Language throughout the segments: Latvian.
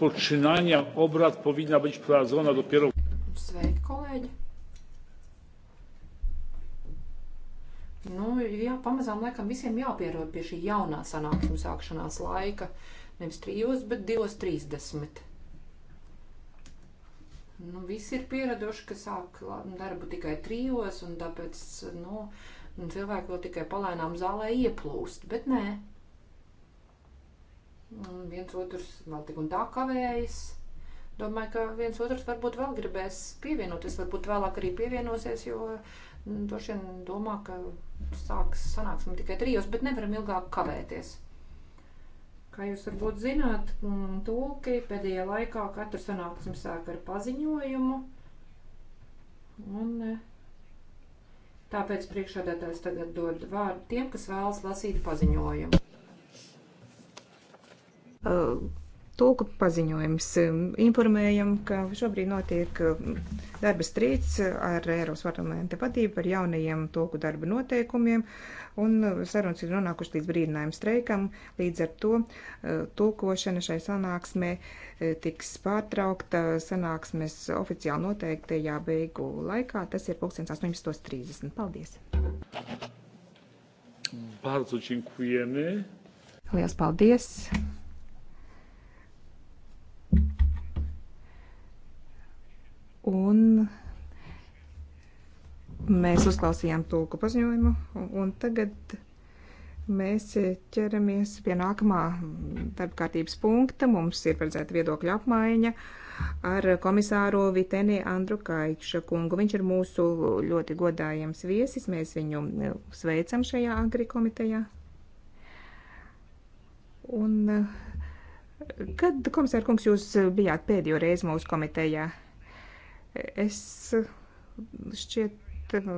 rozpoczynania obrad powinna być prowadzona dopiero. Sveiki, kolēģi! Nu, jā, pamazām laikam visiem jāpierod pie šī jaunā sanāksmu sākšanās laika. Nevis trijos, bet divos trīsdesmit. Nu, visi ir pieraduši, ka sāk darbu tikai trijos, un tāpēc, nu, cilvēki vēl tikai palēnām zālē ieplūst, bet nē. Un viens otrs vēl tik un tā kavējas. Domāju, ka viens otrs varbūt vēl gribēs pievienoties, varbūt vēlāk arī pievienosies, jo mm, droši vien domā, ka sāks sanāksim tikai trijos, bet nevaram ilgāk kavēties. Kā jūs varbūt zināt, mm, tūki pēdējā laikā katru sanāksmi sāk ar paziņojumu. Un eh, tāpēc priekšādātājs tagad dod vārdu tiem, kas vēlas lasīt paziņojumu. Tūku paziņojums. Informējam, ka šobrīd notiek eh, darba strīds ar Eiropas parlamenta vadību par jaunajiem tūku darba noteikumiem, un eh, sarunas ir nonākuši līdz brīdinājuma streikam. Līdz ar to eh, tūkošana šai sanāksmē tiks pārtraukta sanāksmes oficiāli noteiktajā beigu laikā. Tas ir 18.30. Paldies! Bardzo dziękujemy. Lielas paldies! Un mēs uzklausījām tulku paziņojumu, un tagad mēs ķeramies pie nākamā darba kārtības punkta. Mums ir paredzēta viedokļa apmaiņa ar komisāro Viteni Andru Kaikša kungu. Viņš ir mūsu ļoti godājams viesis. Mēs viņu sveicam šajā agri komitejā. Un eh, kad, komisār kungs, jūs bijāt pēdējo reizi mūsu komitejā? Es šķiet, nu,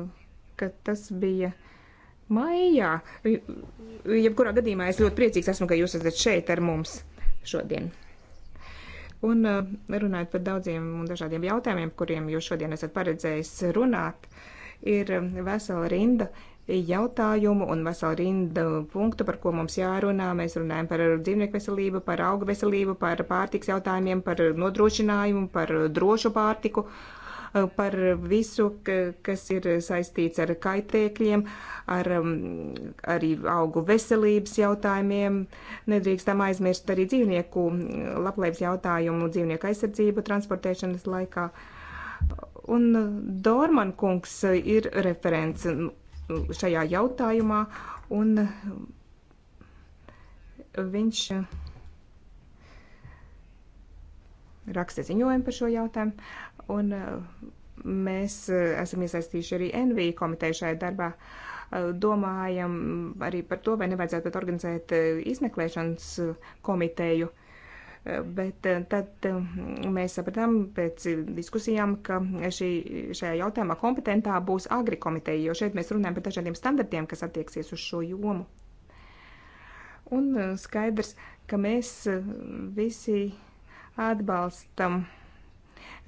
ka tas bija maijā. Jebkurā gadījumā es ļoti priecīgs esmu, ka jūs esat šeit ar mums šodien. Un eh, runājot par daudziem un dažādiem jautājumiem, kuriem jūs šodien esat paredzējis runāt, ir eh, vesela rinda jautājumu un veselu rindu punktu, par ko mums jārunā. Mēs runājam par dzīvnieku veselību, par augu veselību, par pārtiks jautājumiem, par nodrošinājumu, par drošu pārtiku par visu, kas ir saistīts ar kaitēkļiem, ar, um, arī augu veselības jautājumiem. Nedrīkstam aizmirst arī dzīvnieku labklājības jautājumu, dzīvnieku aizsardzību transportēšanas laikā. Un Dorman kungs ir referents, šajā jautājumā, un viņš raksta ziņojumu par šo jautājumu, un uh, mēs uh, esam iesaistījuši arī NV komiteju šajā darbā. Uh, domājam arī par to, vai nevajadzētu pat organizēt izmeklēšanas komiteju Bet eh, tad eh, mēs sapratām pēc diskusijām, ka šī, šajā jautājumā kompetentā būs agri komiteja, jo šeit mēs runājam par dažādiem standartiem, kas attieksies uz šo jomu. Un eh, skaidrs, ka mēs visi atbalstam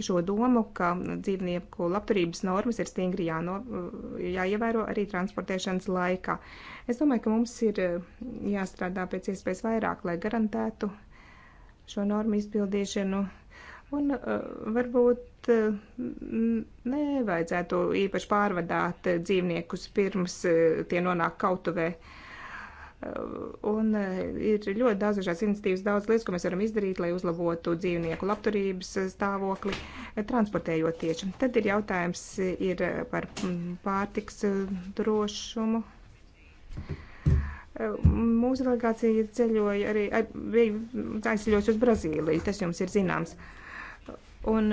šo domu, ka dzīvnieku labturības normas ir stingri jāno, jāievēro arī transportēšanas laikā. Es domāju, ka mums ir jāstrādā pēc iespējas vairāk, lai garantētu uh, šo normu izpildīšanu. Un uh, varbūt uh, nevajadzētu īpaši pārvadāt dzīvniekus pirms uh, tie nonāk kautuvē. Un ir ļoti daudz dažādas iniciatīvas, daudz lietas, ko mēs varam izdarīt, lai uzlabotu dzīvnieku labturības stāvokli, transportējot tieši. Tad ir jautājums ir par mm, pārtiks drošumu. Mūsu delegācija ceļoja arī, bija aizceļojusi uz Brazīliju, tas jums ir zināms. Un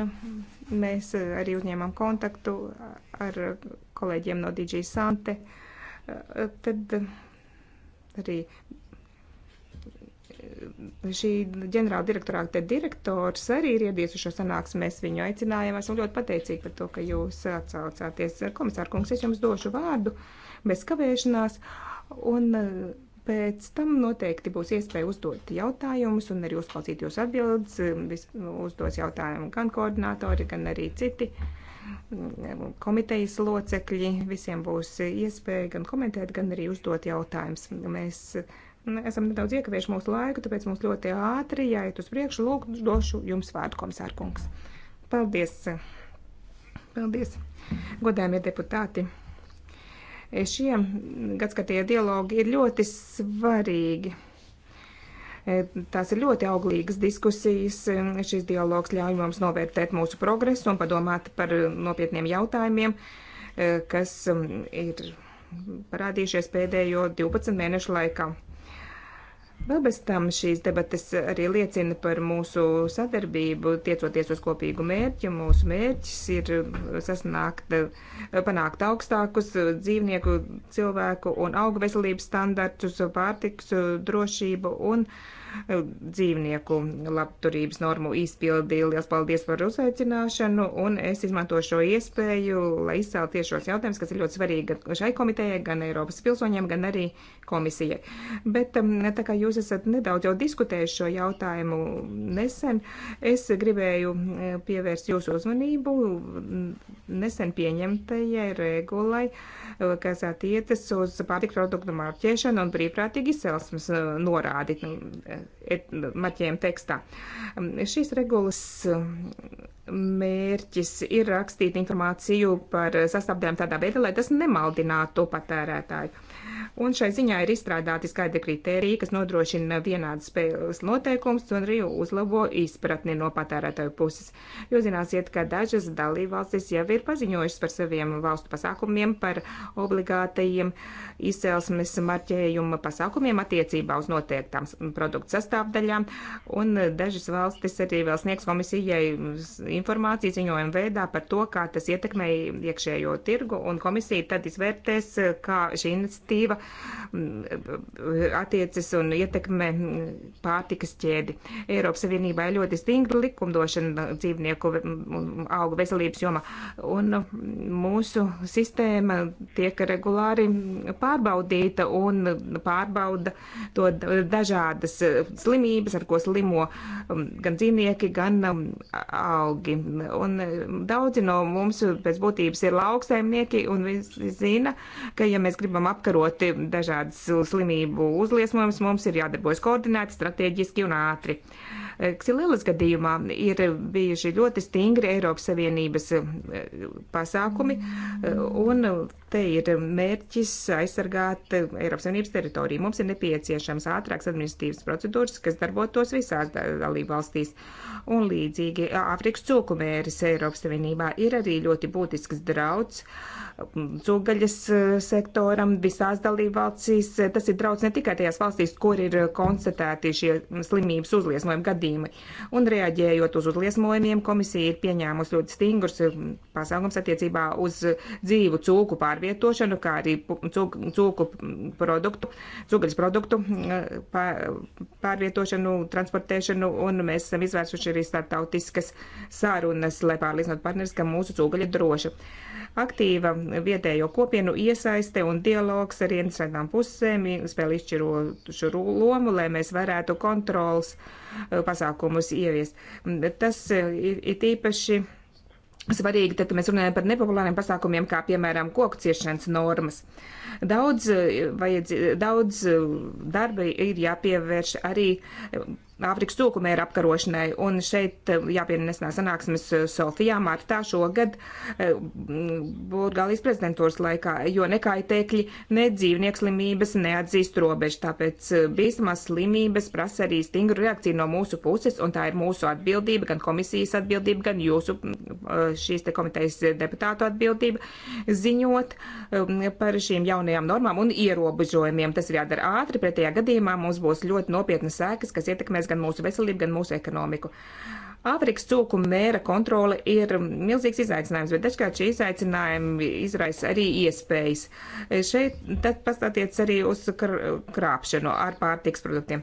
mēs arī uzņēmām kontaktu ar kolēģiem no DJ Sante. Tad arī šī ģenerāla direktorāta direktors arī ir iedies uz šo sanāksmu. Mēs viņu aicinājām. Esmu ļoti pateicīgi par to, ka jūs atsaucāties. Komisāra kungs, es jums došu vārdu bez kavēšanās. Uh, Un e, pēc tam noteikti būs iespēja uzdot jautājumus un arī uzklausīt jūsu atbildes. E, uzdos jautājumu gan koordinātori, gan arī citi e, komitejas locekļi. Visiem būs iespēja gan komentēt, gan arī uzdot jautājumus. Mēs esam nedaudz iekavējuši mūsu laiku, tāpēc mums ļoti ātri jāiet uz priekšu. Lūk, došu jums vārdu, komisārkungs. Paldies! Paldies! Godējumie deputāti! E šie gadskatie dialogi ir ļoti svarīgi. E, tās ir ļoti auglīgas diskusijas. E, šis dialogs ļauj mums novērtēt mūsu progresu un padomāt par nopietniem jautājumiem, kas mm, ir parādījušies pēdējo 12 mēnešu laikā. Vēl bez tam šīs debates arī liecina par mūsu sadarbību, tiecoties uz kopīgu mērķi. Mūsu mērķis ir sasnākt, panākt augstākus dzīvnieku, cilvēku un augu veselības standartus, pārtiks drošību un uh, dzīvnieku labturības normu izpildi. Lielas paldies par uzaicināšanu, un es izmantošu šo iespēju, lai izcēlu tieši šos jautājumus, kas ir ļoti svarīgi gan šai komitejai, gan Eiropas pilsoņiem, gan arī komisijai. Bet um, tā kā jūs esat nedaudz jau diskutējuši šo jautājumu nesen, es gribēju eh, pievērst jūsu uzmanību nesen pieņemtajai regulai, eh, kas attiecas uz pārtiks produktu marķēšanu un brīvprātīgi izcelsmes eh, norādi nu, marķējumu tekstā. Um, šīs regulas um, mērķis ir rakstīt informāciju par sastāvdaļām tādā veidā, lai tas nemaldinātu patērētāju. Un šai ziņā ir izstrādāti skaidri kriteriji, kas nodrošina vienādas spēles noteikums un arī uzlabo izpratni no patērētāju puses. Jūs zināsiet, ka dažas dalībvalstis jau ir paziņojušas par saviem valstu pasākumiem, par obligātajiem izcelsmes marķējuma pasākumiem attiecībā uz noteiktām produktu sastāvdaļām, un dažas valstis arī vēl sniegs komisijai informāciju ziņojumu veidā par to, kā tas ietekmē iekšējo tirgu, un komisija tad izvērtēs, kā šī iniciatīva attiecas un ietekmē pārtikas ķēdi. Eiropas Savienībā ir ļoti stingra likumdošana dzīvnieku un augu veselības jomā, un mūsu sistēma tiek regulāri pārbaudīta un pārbauda to dažādas slimības, ar ko slimo gan dzīvnieki, gan augi. Un daudzi no mums pēc būtības ir lauksaimnieki un visi zina, ka ja mēs gribam apkaroti dažādas slimību uzliesmojums, mums ir jādarbojas koordinēti, strateģiski un ātri. Uh, Ksilēlas gadījumā ir bijuši ļoti stingri Eiropas Savienības eh, pasākumi, eh, un te ir mērķis aizsargāt Eiropas Savienības teritoriju. Mums ir nepieciešams ātrāks administratīvas procedūras, kas darbotos visās dalību valstīs. Un līdzīgi Āfrikas cūkumēris Eiropas Savienībā ir arī ļoti būtisks drauds cūgaļas e, sektoram visās dalību valstīs. Tas ir drauds ne tikai tajās valstīs, kur ir konstatēti šie slimības uzliesmojumi gadījumi nozīmi. Un reaģējot uz uzliesmojumiem, komisija ir pieņēmusi ļoti stingrus eh, pasākums attiecībā uz dzīvu cūku pārvietošanu, kā arī cūku, cūku produktu, cūgaļas produktu eh, pārvietošanu, transportēšanu, un mēs esam izvērsuši arī starptautiskas sārunas, lai pārliecinātu partneris, ka mūsu cūgaļa ir droša. Aktīva vietējo kopienu iesaiste un dialogs ar interesantām pusēm spēl izšķirošu lomu, lai mēs varētu kontrols eh, pasākumus ieviest. Tas eh, ir īpaši svarīgi, tad, kad mēs runājam par nepopulāriem pasākumiem, kā piemēram koku ciešanas normas. Uh, Daudz, eh, vajadz, daudz eh, darba ir jāpievērš arī eh, Āfrikas tūkumēra apkarošanai, un šeit jāpiemina nesenā sanāksmes Sofijā martā šogad Bulgālijas prezidentūras laikā, jo nekaitēkļi, ne dzīvnieku slimības neatzīst robežu, tāpēc bīstamās slimības prasa arī stingru reakciju no mūsu puses, un tā ir mūsu atbildība, gan komisijas atbildība, gan jūsu mm, šīs te komitejas deputātu atbildība ziņot par šīm jaunajām jaunajām normām un ierobežojumiem. Tas ir jādara ātri, pretējā gadījumā mums būs ļoti nopietnas sēkas, kas ietekmēs gan mūsu veselību, gan mūsu ekonomiku. Āfrikas cūku mēra kontrole ir milzīgs izaicinājums, bet dažkārt šie izaicinājumi izraisa arī iespējas. Šeit tad pastātiec arī uz kr krāpšanu ar pārtiks produktiem.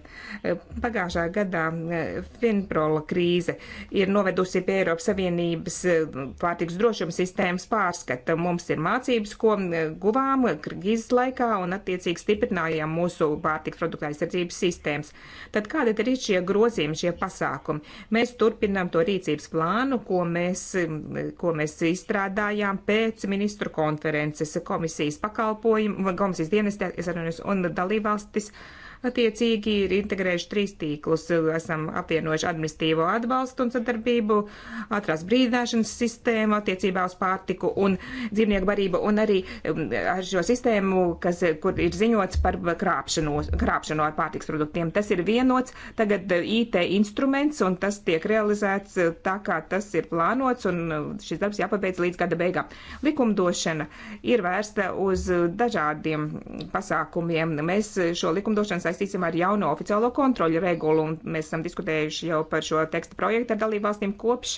Pagājušā gadā eh, Finprola krīze ir novedusi pie Eiropas Savienības eh, pārtiks drošuma sistēmas pārskata. Mums ir mācības, ko eh, guvām krīzes laikā un attiecīgi stiprinājām mūsu pārtiks produktu aizsardzības sistēmas. Tad kādi ir šie grozījumi, šie pasākumi? Mēs turpinām turpinām to rīcības plānu, ko mēs, ko mēs izstrādājām pēc ministru konferences komisijas pakalpojumu, komisijas dienestēs un dalībvalstis. Uh, Attiecīgi ir integrējuši trīs tīklus. Esam apvienojuši administīvo atbalstu un sadarbību, ātrās brīdināšanas sistēmu attiecībā uz pārtiku un dzīvnieku barību un arī um, ar šo sistēmu, kas, kur ir ziņots par krāpšanu, krāpšanu ar pārtiks produktiem. Tas ir vienots tagad uh, IT instruments un tas tiek realizēts uh, tā, kā tas ir plānots un uh, šis darbs jāpabeidz līdz gada beigām. Likumdošana ir vērsta uz dažādiem pasākumiem. Mēs šo likumdošanas saistīsim ar jauno oficiālo kontroļu regulu, un mēs esam diskutējuši jau par šo teksta projektu ar dalībvalstīm kopš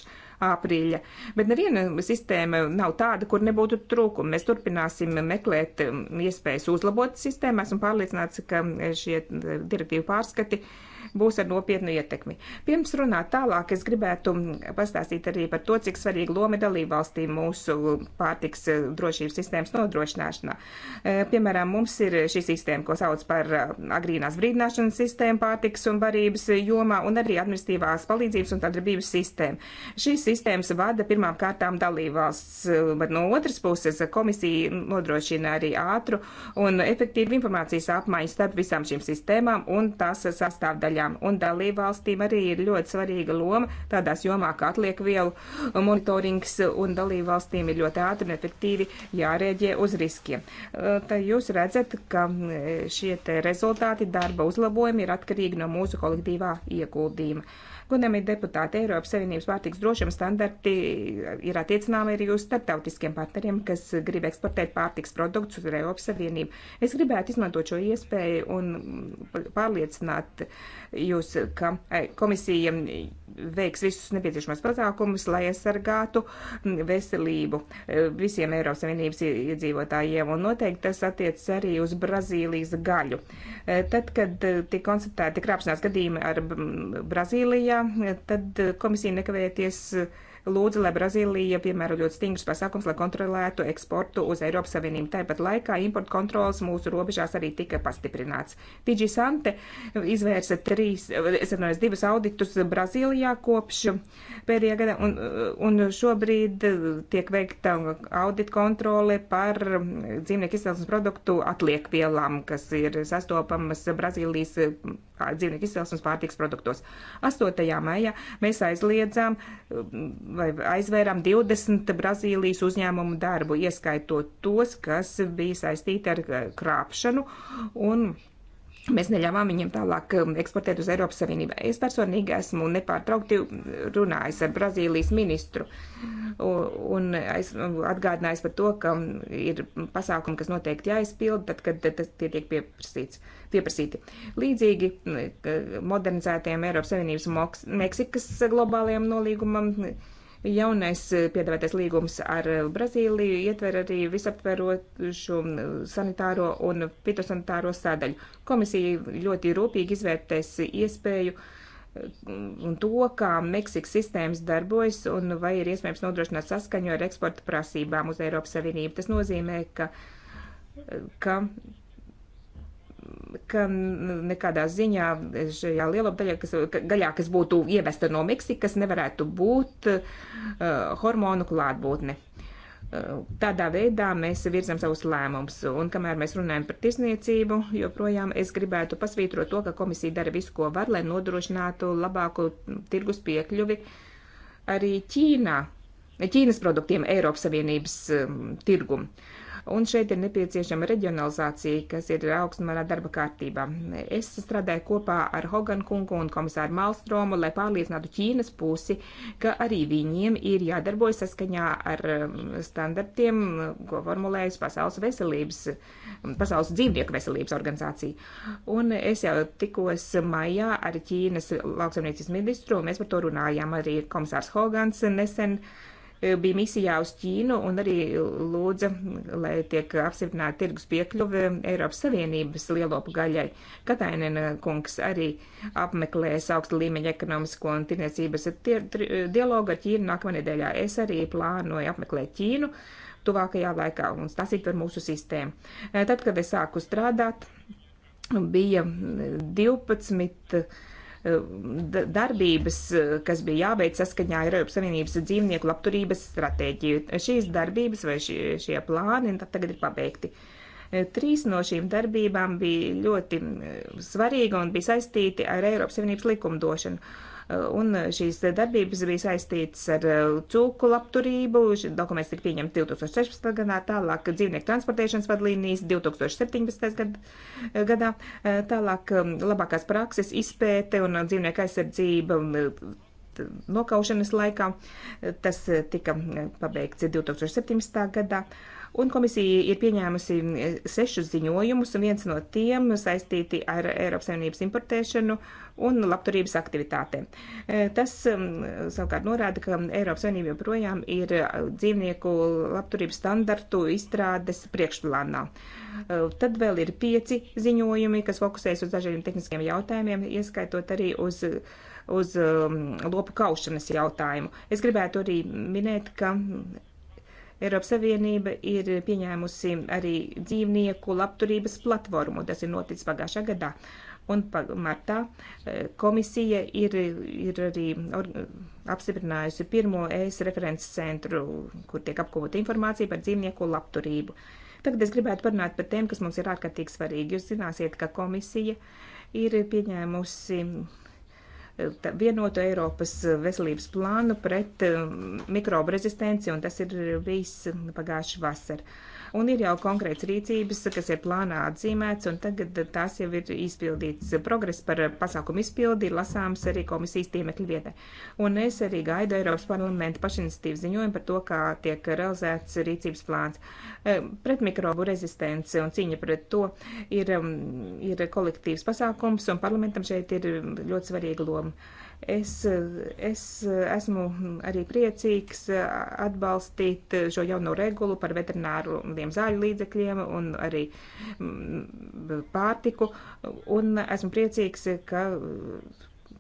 aprīļa. Bet neviena sistēma nav tāda, kur nebūtu trūkumi. Mēs turpināsim meklēt um, iespējas uzlabot sistēmu. Esmu pārliecināts, ka um, šie uh, direktīvu pārskati uh, būs ar nopietnu ietekmi. Pirms runāt tālāk, es gribētu pastāstīt arī par to, cik svarīga loma dalībvalstī mūsu pārtiks eh, drošības sistēmas nodrošināšanā. Eh, piemēram, mums ir šī sistēma, ko sauc par eh, agrīnās brīdināšanas sistēmu pārtiks un barības jomā un arī administratīvās palīdzības un sadarbības sistēma. Šīs sistēmas vada pirmām kārtām dalībvalsts, bet no otras puses komisija nodrošina arī ātru un efektīvu informācijas apmaiņu starp visām šīm sistēmām un tās sastāvdaļām daļām, un dalībvalstīm arī ir ļoti svarīga loma tādās jomā, kā atliek vielu monitorings, un dalībvalstīm ir ļoti ātri un efektīvi jārēģē uz riskiem. Tā jūs redzat, ka šie rezultāti darba uzlabojumi ir atkarīgi no mūsu kolektīvā ieguldījuma. Godami deputāti, Eiropas Savienības pārtiks drošuma standarti eh, ir attiecināmi arī uz starptautiskiem partneriem, kas grib eksportēt pārtiks produktus uz Eiropas Savienību. Es gribētu izmantot šo iespēju un pārliecināt jūs, ka eh, komisija veiks visus nepieciešamos pasākumus, lai aizsargātu veselību e, visiem Eiropas Savienības iedzīvotājiem, un noteikti tas attiec arī uz Brazīlijas gaļu. E, tad, kad tika konstatēti krāpšanās gadījumi ar Brazīlijā, tad e, komisija nekavēties lūdza, lai Brazīlija piemēro ļoti stingrus pasākums, lai kontrolētu eksportu uz Eiropas Savienību. Tāpat laikā importu kontrols mūsu robežās arī tika pastiprināts. Digi Sante izvērsa trīs, es atvainojos, divus auditus Brazīlijā kopš pēdējā gada, un, un šobrīd tiek veikta audit kontrole par dzīvnieku izcelsmes produktu atliekvielām, kas ir sastopamas Brazīlijas dzīvnieku izcelsmes pārtiks produktos. 8. maijā mēs aizliedzām vai aizvērām 20 Brazīlijas uzņēmumu darbu, ieskaitot tos, kas bija saistīti ar eh, krāpšanu un Mēs neļāvām viņiem tālāk um, eksportēt uz Eiropas Savienību. Es personīgi esmu nepārtraukti runājis ar Brazīlijas ministru un atgādinājis par to, ka ir pasākumi, kas noteikti jāizpilda, tad, kad tas tie tiek pieprasīts pieprasīti. Līdzīgi modernizētajam Eiropas Savienības Meksikas globālajam nolīgumam jaunais piedāvātais līgums ar Brazīliju ietver arī visaptverošu sanitāro un fitosanitāro sadaļu. Komisija ļoti rūpīgi izvērtēs iespēju un to, kā Meksikas sistēmas darbojas un vai ir iespējams nodrošināt saskaņu ar eksporta prasībām uz Eiropas Savienību. Tas nozīmē, ka, ka ka nekādā ziņā šajā lielā daļā, kas, gaļā, kas būtu ievesta no Meksikas, nevarētu būt uh, hormonu klātbūtne. Uh, tādā veidā mēs virzam savus lēmumus, un kamēr mēs runājam par tirzniecību, joprojām es gribētu pasvītrot to, ka komisija dara visu, ko var, lai nodrošinātu labāku tirgus piekļuvi arī Ķīnā Ķīnas produktiem Eiropas Savienības um, tirgumu. Un šeit ir nepieciešama reģionalizācija, kas ir augsta manā darba kārtībā. Es strādāju kopā ar Hogan kungu un komisāru Malstromu, lai pārliecinātu Ķīnas pusi, ka arī viņiem ir jādarbojas saskaņā ar um, standartiem, ko formulējas Pasaules veselības, um, Pasaules dzīvnieku veselības organizācija. Un es jau tikos maijā ar Ķīnas lauksaimniecības ministru, un mēs par to runājām arī komisārs Hogans nesen. Uh, bija misijā uz Ķīnu un arī lūdza, lai tiek apstiprināta tirgus piekļuve Eiropas Savienības lielopu gaļai. Katainena kungs arī apmeklēs augsta līmeņa ekonomisko un tirniecības dialogu ar Ķīnu nākamnedēļā. Es arī plānoju apmeklēt Ķīnu tuvākajā laikā un stāstīt par mūsu sistēmu. Tad, kad es sāku strādāt, bija 12 Eh, darbības, eh, kas bija jāveic saskaņā ar Eiropas Savienības dzīvnieku labturības stratēģiju. Šīs darbības vai šie, šie plāni tagad ir pabeigti. Eh, trīs no šīm darbībām bija ļoti mm, svarīga un bija saistīti ar Eiropas Savienības likumdošanu un šīs darbības bija saistītas ar eh, cūku labturību. Dokuments tika pieņemts 2016. gadā, tālāk dzīvnieku transportēšanas vadlīnijas 2017. Gad, eh, gadā, eh, tālāk um, labākās prakses izpēte un dzīvnieku aizsardzība um, nokaušanas laikā. Tas tika pabeigts 2017. gadā. Un komisija ir pieņēmusi sešus ziņojumus, un viens no tiem saistīti ar Eiropas Savienības importēšanu un labturības aktivitātēm. E, tas mm, savukārt norāda, ka Eiropas Savienība joprojām ir e, dzīvnieku labturības standartu izstrādes priekšplānā. E, tad vēl ir pieci ziņojumi, kas fokusējas uz dažādiem tehniskiem jautājumiem, ieskaitot arī uz uz um, lopu kaušanas jautājumu. Es gribētu arī minēt, ka Eiropas Savienība ir pieņēmusi arī dzīvnieku labturības platformu, tas ir noticis pagājušā gadā. Uh, Un martā e, komisija ir, ir arī apstiprinājusi pirmo ES references centru, kur tiek apkopota informācija par dzīvnieku labturību. Tagad es gribētu parunāt par tēmu, kas mums ir ārkārtīgi svarīgi. Jūs zināsiet, ka komisija ir pieņēmusi e, vienotu Eiropas veselības plānu pret e, mikrobu rezistenci, un tas ir bijis pagājuši vasar un ir jau konkrēts rīcības, kas ir plānā atzīmēts, un tagad tās jau ir izpildīts. Progress par pasākumu izpildi ir lasāms arī komisijas tiemekļu vietē. Un es arī gaidu Eiropas parlamenta pašiniciatīvu ziņojumu par to, kā tiek realizēts rīcības plāns. E, Pretmikrobu rezistence un cīņa pret to ir, um, ir kolektīvs pasākums, un parlamentam šeit ir ļoti svarīga loma. Es, es esmu arī priecīgs atbalstīt šo jauno regulu par veterināriem zāļu līdzekļiem un arī mm, pārtiku. Un esmu priecīgs, ka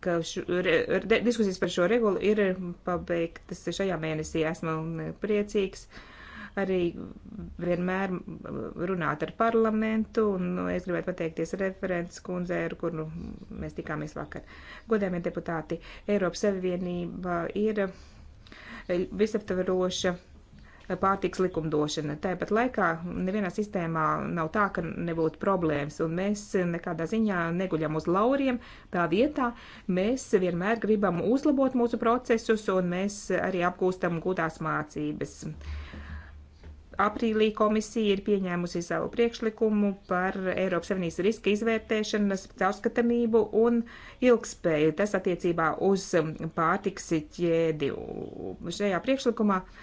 ka šu, re, diskusijas par šo regulu ir pabeigtas šajā mēnesī. Esmu priecīgs, arī vienmēr runāt ar parlamentu, un nu, es gribētu pateikties referents kundzē, ar kur nu, mēs tikāmies vakar. Godējumie deputāti, Eiropas Savienība ir e, visaptveroša pārtiks likumdošana. Tāpat laikā nevienā sistēmā nav tā, ka nebūtu problēmas, un mēs nekādā ziņā neguļam uz lauriem. Tā vietā mēs vienmēr gribam uzlabot mūsu procesus, un mēs arī apgūstam gūtās mācības. Uh, aprīlī komisija ir pieņēmusi savu priekšlikumu par Eiropas Savienības riska izvērtēšanas caurskatamību un ilgspēju. Tas attiecībā uz um, pārtiks ķēdi. Šajā priekšlikumā um,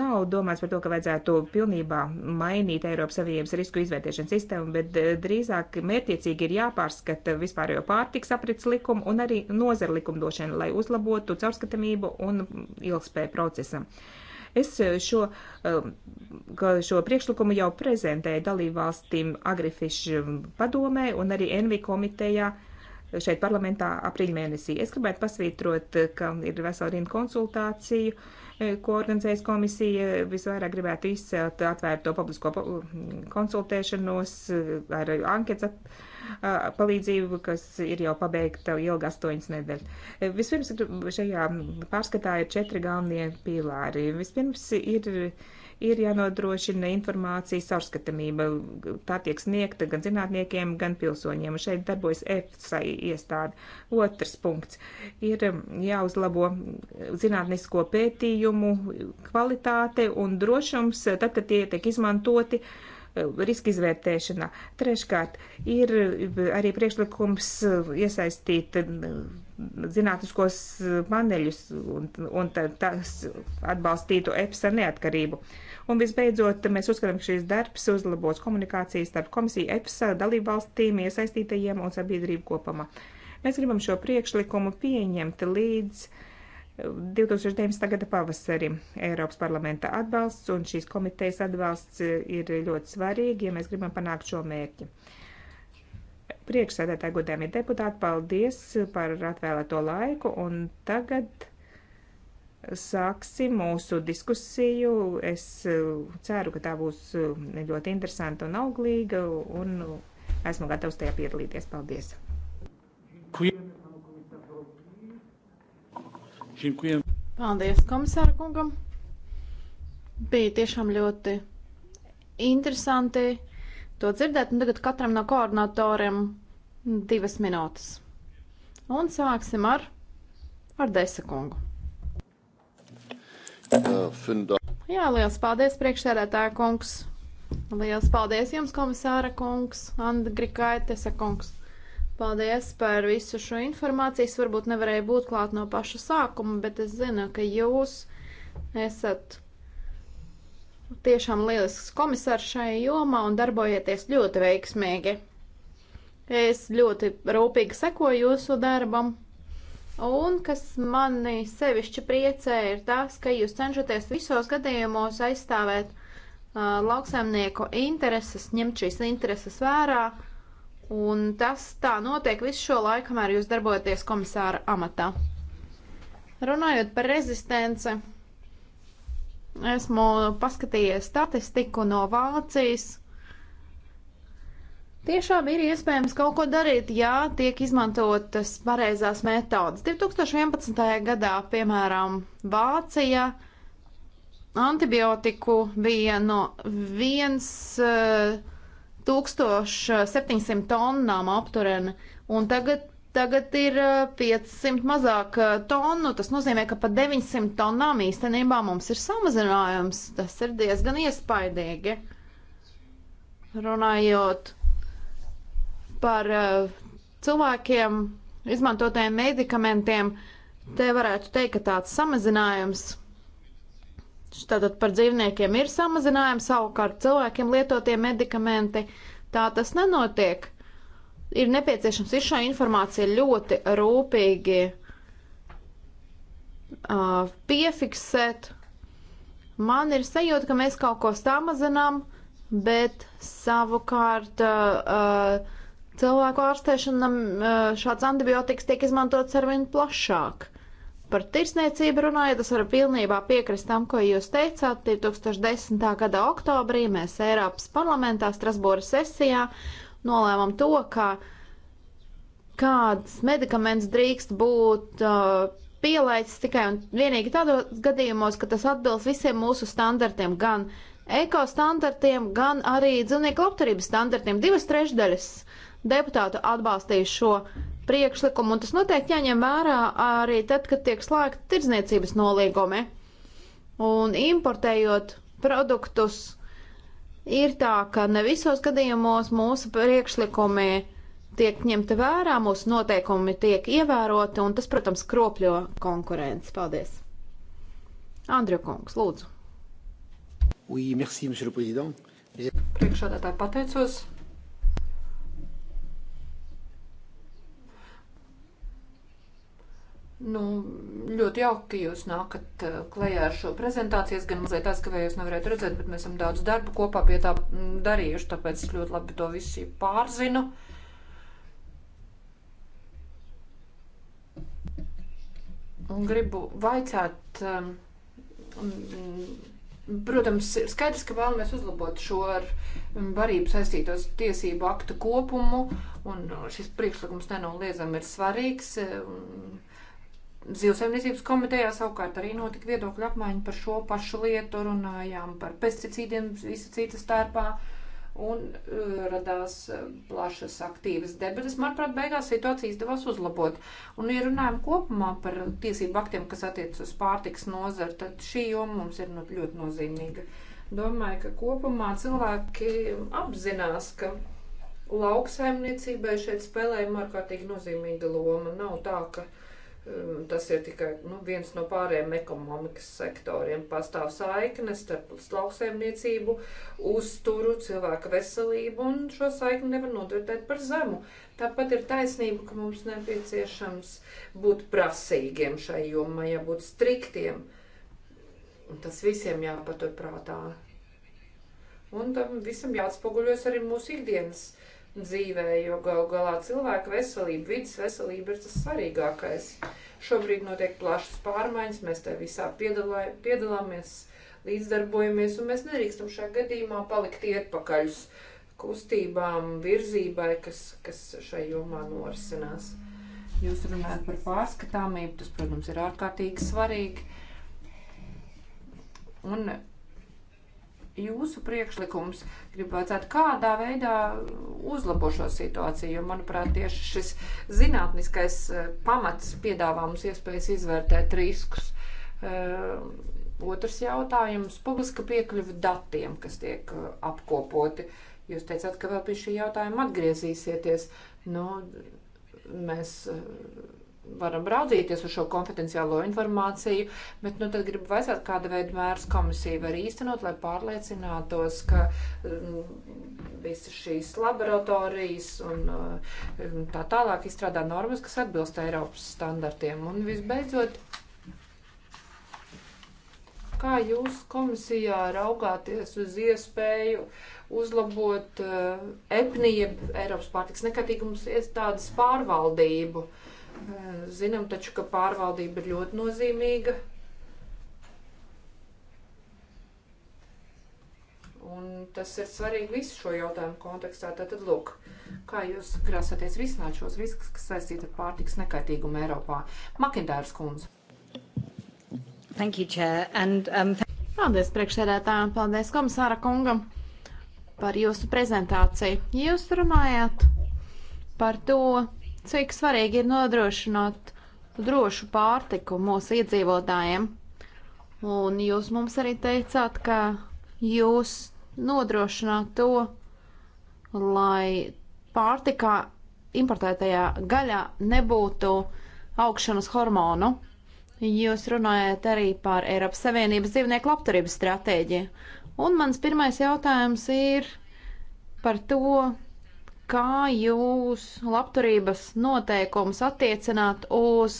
nav domāts par to, ka vajadzētu pilnībā mainīt Eiropas Savienības risku izvērtēšanas sistēmu, bet uh, drīzāk mērķiecīgi ir jāpārskata vispārējo pārtiks aprits likumu un arī nozara likumdošana, lai uzlabotu caurskatamību un ilgspēju procesam. Es eh, šo, eh, šo priekšlikumu jau prezentēju dalībvalstīm Agrifišu eh, padomē un arī Envi komitejā šeit parlamentā aprīļmēnesī. Es gribētu pasvītrot, ka ir vesela rinda konsultāciju, ko organizējas komisija. Visvairāk gribētu izcelt atvērto publisko mm, konsultēšanos ar anketas palīdzību, kas ir jau pabeigta ilgi astoņas nedēļas. Vispirms šajā pārskatā ir četri galvenie pīlāri. Vispirms ir ir jānodrošina informācijas caurskatāmība. Tā tiek sniegta gan zinātniekiem, gan pilsoņiem. Šeit darbojas EFSA iestāde. Otrs punkts ir jāuzlabo zinātnisko pētījumu kvalitāte un drošums, tad, kad tie tiek izmantoti uh, riska izvērtēšanā. Treškārt, ir arī priekšlikums iesaistīt zinātniskos paneļus un, un tas atbalstītu EPSA neatkarību. Un visbeidzot, mēs uzskatām, ka šīs darbs uzlabos komunikācijas starp komisiju EPSA dalībvalstīm, iesaistītajiem un sabiedrību kopumā. Mēs gribam šo priekšlikumu pieņemt līdz uh, 2019. gada pavasarim Eiropas parlamenta atbalsts un šīs komitejas atbalsts ir ļoti svarīgi, ja mēs gribam panākt šo mērķi. Priekšsēdētāji, godējumie deputāti, paldies par atvēlēto laiku un tagad sāksim mūsu diskusiju. Es uh, ceru, ka tā būs uh, ļoti interesanta un auglīga un uh, esmu gatavs tajā piedalīties. Paldies! Queen. Dziękujem. Paldies komisāra kungam. Bija tiešām ļoti interesanti to dzirdēt. Un tagad katram no koordinatoriem divas minūtes. Un sāksim ar, ar Desa kungu. Jā, liels paldies, priekšsēdētāja kungs. Liels paldies jums, komisāra kungs, Andri Kaitesa kungs. Paldies par visu šo informāciju. Es varbūt nevarēju būt klāt no paša sākuma, bet es zinu, ka jūs esat tiešām lielisks komisārs šajā jomā un darbojieties ļoti veiksmīgi. Es ļoti rūpīgi sekoju jūsu darbam. Un kas mani sevišķi priecē, ir tas, ka jūs cenšaties visos gadījumos aizstāvēt uh, lauksaimnieku intereses, ņemt šīs intereses vērā. Uh, Un tas tā notiek visu šo laiku, kamēr jūs darbojaties komisāra amatā. Runājot par rezistenci, esmu paskatījies statistiku no Vācijas. Tiešām ir iespējams kaut ko darīt, ja tiek izmantotas pareizās metodas. 2011. gadā, piemēram, Vācija antibiotiku bija no viens. Uh, 1700 tonnām aptureni, un tagad, tagad ir 500 eh, mazāk eh, tonu. Tas nozīmē, ka pa 900 tonnām īstenībā mums ir samazinājums. Tas ir diezgan iespaidīgi. Runājot par eh, cilvēkiem izmantotiem medikamentiem, te varētu teikt, ka tāds samazinājums Tātad par dzīvniekiem ir samazinājumi, savukārt cilvēkiem lietotie medikamenti. Tā tas nenotiek. Ir nepieciešams visu šo informāciju ļoti rūpīgi uh, piefiksēt. Man ir sajūta, ka mēs kaut ko samazinām, bet savukārt uh, cilvēku ārstēšanam uh, šāds antibiotikas tiek izmantots arvien plašāk. Par tirsniecību runājot, es varu pilnībā piekrist tam, ko jūs teicāt. 2010. gada oktobrī mēs Eiropas parlamentā Strasbūras sesijā nolēmām to, ka kāds medikaments drīkst būt uh, pielaists tikai un vienīgi tādos gadījumos, ka tas atbilst visiem mūsu standartiem, gan ekostandartiem, gan arī dzīvnieku labturības standartiem. Divas trešdaļas deputātu atbalstīja šo priekšlikumu, un tas noteikti jāņem vērā arī tad, kad tiek slēgta tirdzniecības nolīgumi. Un importējot produktus, ir tā, ka ne visos gadījumos mūsu priekšlikumi tiek ņemti vērā, mūsu noteikumi tiek ievēroti, un tas, protams, kropļo konkurenci. Paldies! Andrija Kungs, lūdzu! Oui, merci, Priekšādā tā pateicos. Nu, ļoti jauki, ka jūs nākat eh, klajā ar šo prezentāciju. Es gan mazliet aizkavējos, nevarētu redzēt, bet mēs esam daudz darba kopā pie tā mm, darījuši, tāpēc es ļoti labi to visu pārzinu. Un gribu vaicāt, ehm, mm, protams, ir skaidrs, ka vēlamies uzlabot šo ar barību mm, saistītos tiesību aktu kopumu, un uh, šis priekšlikums nenoliedzami ir svarīgs. Eh, un, Zivsaimniecības komitejā savukārt arī notika viedokļu apmaiņa par šo pašu lietu, runājām par pesticīdiem visu citu starpā un uh, radās eh, plašas aktīvas debatas. Manuprāt, beigās situācija izdevās uzlabot. Un, ja runājam kopumā par tiesību aktiem, kas attiec uz pārtiks nozaru, tad šī joma mums ir nu, ļoti nozīmīga. Domāju, ka kopumā cilvēki apzinās, ka lauksaimniecībai šeit spēlējama ārkārtīgi nozīmīga loma. Nav tā, ka Tas ir tikai nu, viens no pārējiem ekonomikas sektoriem. Pastāv saiknes starp lauksaimniecību, uzturu, cilvēka veselību, un šo saikni nevar notvērtēt par zemu. Tāpat ir taisnība, ka mums nepieciešams būt prasīgiem šai jomai, jābūt striktiem. Un tas visiem jāpaturprātā. Un tam visam jāatspoguļojas arī mūsu ikdienas uh, dzīvē, jo gal galā cilvēka veselība, vidas veselība ir tas svarīgākais. Šobrīd notiek plašas pārmaiņas, mēs te visā piedalā, piedalāmies, līdzdarbojamies, un mēs nedrīkstam šajā gadījumā palikt ietpakaļus kustībām, virzībai, kas, kas šai jomā norisinās. Jūs runājat par pārskatāmību, tas, protams, ir ārkārtīgi svarīgi. Un jūsu priekšlikums gribētu kādā veidā uzlabo šo situāciju, jo, manuprāt, tieši šis zinātniskais eh, pamats piedāvā mums iespējas izvērtēt riskus. Eh, otrs jautājums - publiska piekļuva datiem, kas tiek eh, apkopoti. Jūs teicāt, ka vēl pie šī jautājuma atgriezīsieties. Nu, mēs varam raudzīties uz šo konfidenciālo informāciju, bet nu, tad gribu vaicāt, kāda veida mērs komisija var īstenot, lai pārliecinātos, ka mm, visas šīs laboratorijas un mm, tā tālāk izstrādā normas, kas atbilst Eiropas standartiem. Un visbeidzot, kā jūs komisijā raugāties uz iespēju uzlabot eh, EPNIE, Eiropas pārtiks nekatīgums iestādes pārvaldību? Uh, Eh, zinām taču, ka pārvaldība ir ļoti nozīmīga. Un tas ir svarīgi visu šo jautājumu kontekstā. Tātad, lūk, kā jūs grāsaties risināt šos riskus, kas saistīti ar pārtiks nekaitīgumu Eiropā. Makindērs kundze. Thank you, Chair. And, um, th paldies priekšsēdētājiem, paldies komisāra kungam par jūsu prezentāciju. Jūs runājāt par to, cik svarīgi ir nodrošināt drošu pārtiku mūsu iedzīvotājiem. Un jūs mums arī teicāt, ka jūs nodrošināt to, lai pārtikā importētajā gaļā nebūtu augšanas hormonu. Jūs runājat arī par Eiropas Savienības dzīvnieku labturības stratēģiju. Un mans pirmais jautājums ir par to, kā jūs labturības noteikumus attiecināt uz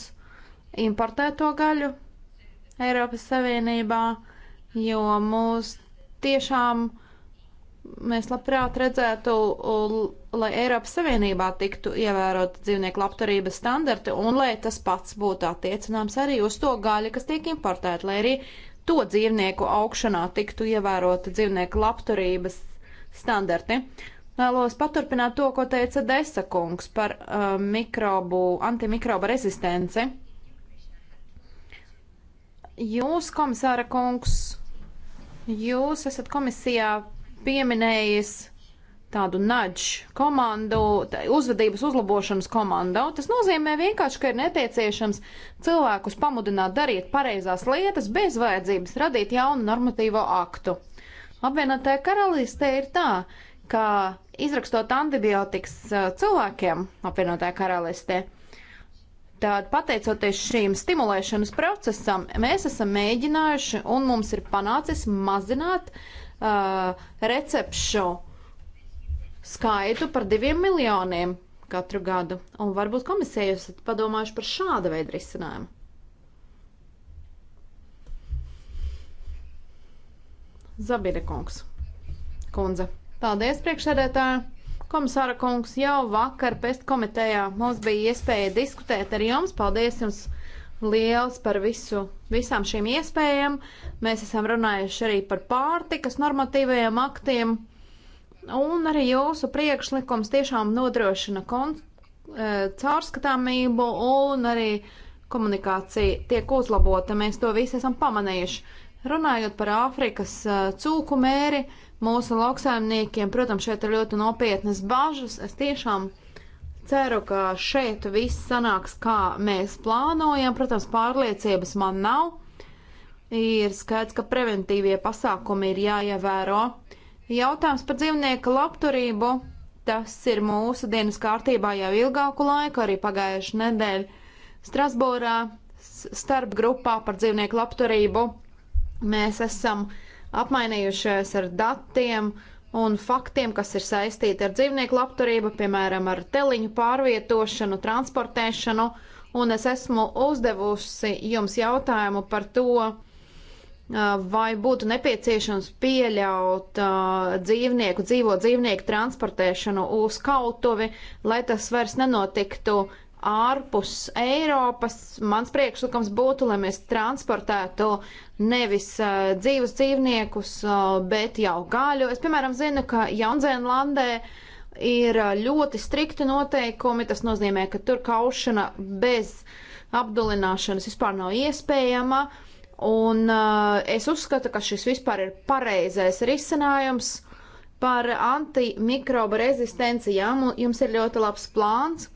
importēto gaļu Eiropas Savienībā, jo mūs tiešām mēs labprāt redzētu, lai Eiropas Savienībā tiktu ievērot dzīvnieku labturības standarti un lai tas pats būtu attiecināms arī uz to gaļu, kas tiek importēta, lai arī to dzīvnieku augšanā tiktu ievērota dzīvnieku labturības standarti. Vēlos paturpināt to, ko teica Desakungs par uh, mikrobu, antimikroba rezistenci. Jūs, komisāra kungs, jūs esat komisijā pieminējis tādu nudžu komandu, uzvedības uzlabošanas komandu. Tas nozīmē vienkārši, ka ir nepieciešams cilvēkus pamudināt darīt pareizās lietas bez vajadzības radīt jaunu normatīvo aktu. Apvienotajā karalistē ir tā, ka izrakstot antibiotikas eh, cilvēkiem apvienotajā karalistē, tad pateicoties šīm stimulēšanas procesam, mēs esam mēģinājuši un mums ir panācis mazināt uh, recepšu skaitu par diviem miljoniem katru gadu. Un varbūt komisija jūs esat padomājuši par šāda veida risinājumu. Zabīra kungs. Kundze. Paldies, priekšsēdētāji! Komisāra kungs, jau vakar pest komitejā mums bija iespēja diskutēt ar jums. Paldies jums liels par visu, visām šīm iespējām. Mēs esam runājuši arī par pārtikas normatīvajiem aktiem. Un arī jūsu priekšlikums tiešām nodrošina kon, e, caurskatāmību un arī komunikācija tiek uzlabota. Mēs to visu esam pamanījuši. Runājot par Āfrikas e, cūku mēri, e, mūsu lauksaimniekiem. Protams, šeit ir ļoti nopietnas bažas. Es tiešām ceru, ka šeit viss sanāks, kā mēs plānojam. Protams, pārliecības man nav. Ir skaidrs, ka preventīvie pasākumi ir jāievēro. Jautājums par dzīvnieku labturību. Tas ir mūsu dienas kārtībā jau ilgāku laiku, arī pagājuši nedēļu Strasbūrā starp grupā par dzīvnieku labturību. Mēs esam uh, apmainījušies ar datiem un faktiem, kas ir saistīti ar dzīvnieku labturību, piemēram, ar teliņu pārvietošanu, transportēšanu, un es esmu uzdevusi jums jautājumu par to, vai būtu nepieciešams pieļaut uh, dzīvnieku, dzīvo dzīvnieku transportēšanu uz kautuvi, lai tas vairs nenotiktu ārpus Eiropas. Mans priekšlikums būtu, lai mēs transportētu nevis uh, dzīvus dzīvniekus, uh, bet jau gaļu. Es, piemēram, zinu, ka Jaunzēnlandē ir ļoti strikti noteikumi. Tas nozīmē, ka tur kaušana bez apdulināšanas vispār nav iespējama. Un uh, es uzskatu, ka šis vispār ir pareizais risinājums par antimikrobu rezistenci. Jā, mums ir ļoti labs plāns.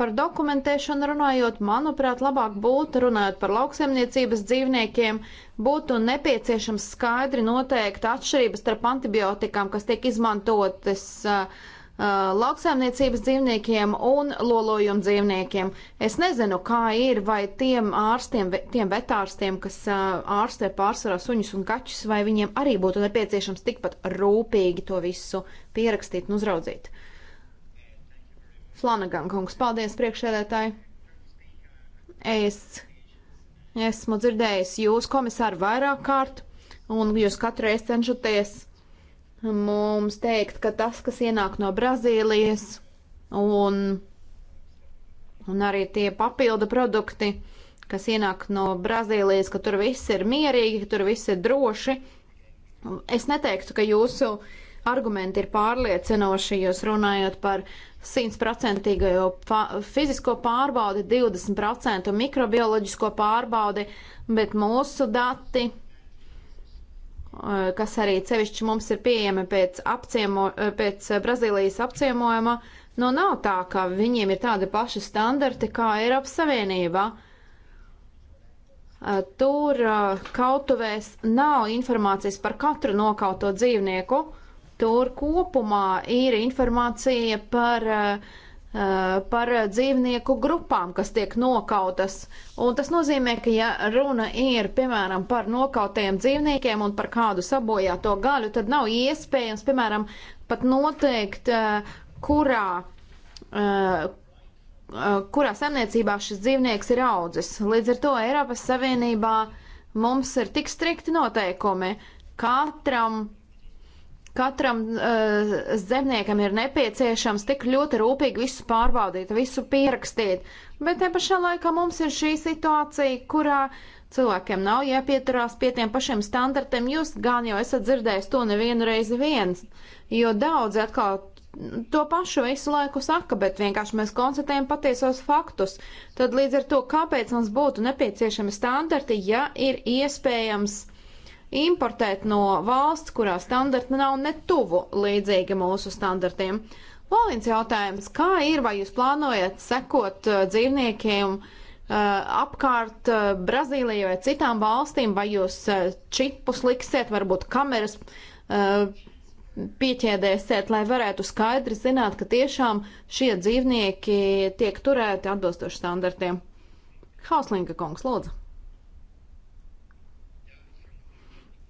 Par dokumentēšanu runājot, manuprāt, labāk būtu, runājot par lauksaimniecības dzīvniekiem, būtu nepieciešams skaidri noteikt atšķirības starp antibiotikām, kas tiek izmantotas uh, uh, lauksaimniecības dzīvniekiem un lolojumu dzīvniekiem. Es nezinu, kā ir, vai tiem ārstiem, tiem vetārstiem, kas uh, ārstē pārsvarā suņus un kaķus, vai viņiem arī būtu nepieciešams tikpat rūpīgi to visu pierakstīt un uzraudzīt. Uh, Flanagan kungs, paldies priekšsēdētāji. Es esmu dzirdējis jūs, komisāri, vairāk kārt, un jūs katru reizi cenšaties mums teikt, ka tas, kas ienāk no Brazīlijas, un, un arī tie papildu produkti, kas ienāk no Brazīlijas, ka tur viss ir mierīgi, ka tur viss ir droši. Es neteiktu, ka jūsu uh, argumenti ir pārliecinoši, jūs runājat par 100% pā, fizisko pārbaudi, 20% mikrobioloģisko pārbaudi, bet mūsu dati, eh, kas arī cevišķi mums ir pieejami pēc, apciemo, eh, pēc Brazīlijas apciemojuma, nu nav tā, ka viņiem ir tādi paši standarti kā Eiropas Savienībā. Eh, tur kautuvēs nav informācijas par katru nokauto dzīvnieku. Tur kopumā ir informācija par, eh, par dzīvnieku grupām, kas tiek nokautas. Un tas nozīmē, ka ja runa ir, piemēram, par nokautajiem dzīvniekiem un par kādu sabojāto gaļu, tad nav iespējams, piemēram, pat noteikt, eh, kurā, eh, kurā saimniecībā šis dzīvnieks ir audzis. Līdz ar to Eiropas Savienībā mums ir tik strikti noteikumi. Katram katram uh, zemniekam ir nepieciešams tik ļoti rūpīgi visu pārbaudīt, visu pierakstīt, bet te pašā laikā mums ir šī situācija, kurā cilvēkiem nav jāpieturās pie tiem pašiem standartiem. Jūs gan jau esat dzirdējis to nevienu reizi viens, jo daudzi atkal to pašu visu laiku saka, bet vienkārši mēs konstatējam patiesos faktus. Tad līdz ar to, kāpēc mums būtu nepieciešami standarti, ja ir iespējams importēt no valsts, kurā standarti nav ne tuvu līdzīgi mūsu standartiem. Vēl viens jautājums, kā ir, vai jūs plānojat sekot uh, dzīvniekiem uh, apkārt uh, Brazīlijai vai citām valstīm, vai jūs uh, čipus liksiet, varbūt kameras uh, pieķēdēsiet, lai varētu skaidri zināt, ka tiešām šie dzīvnieki tiek turēti atbilstoši standartiem? Hauslinga kungs, lūdzu.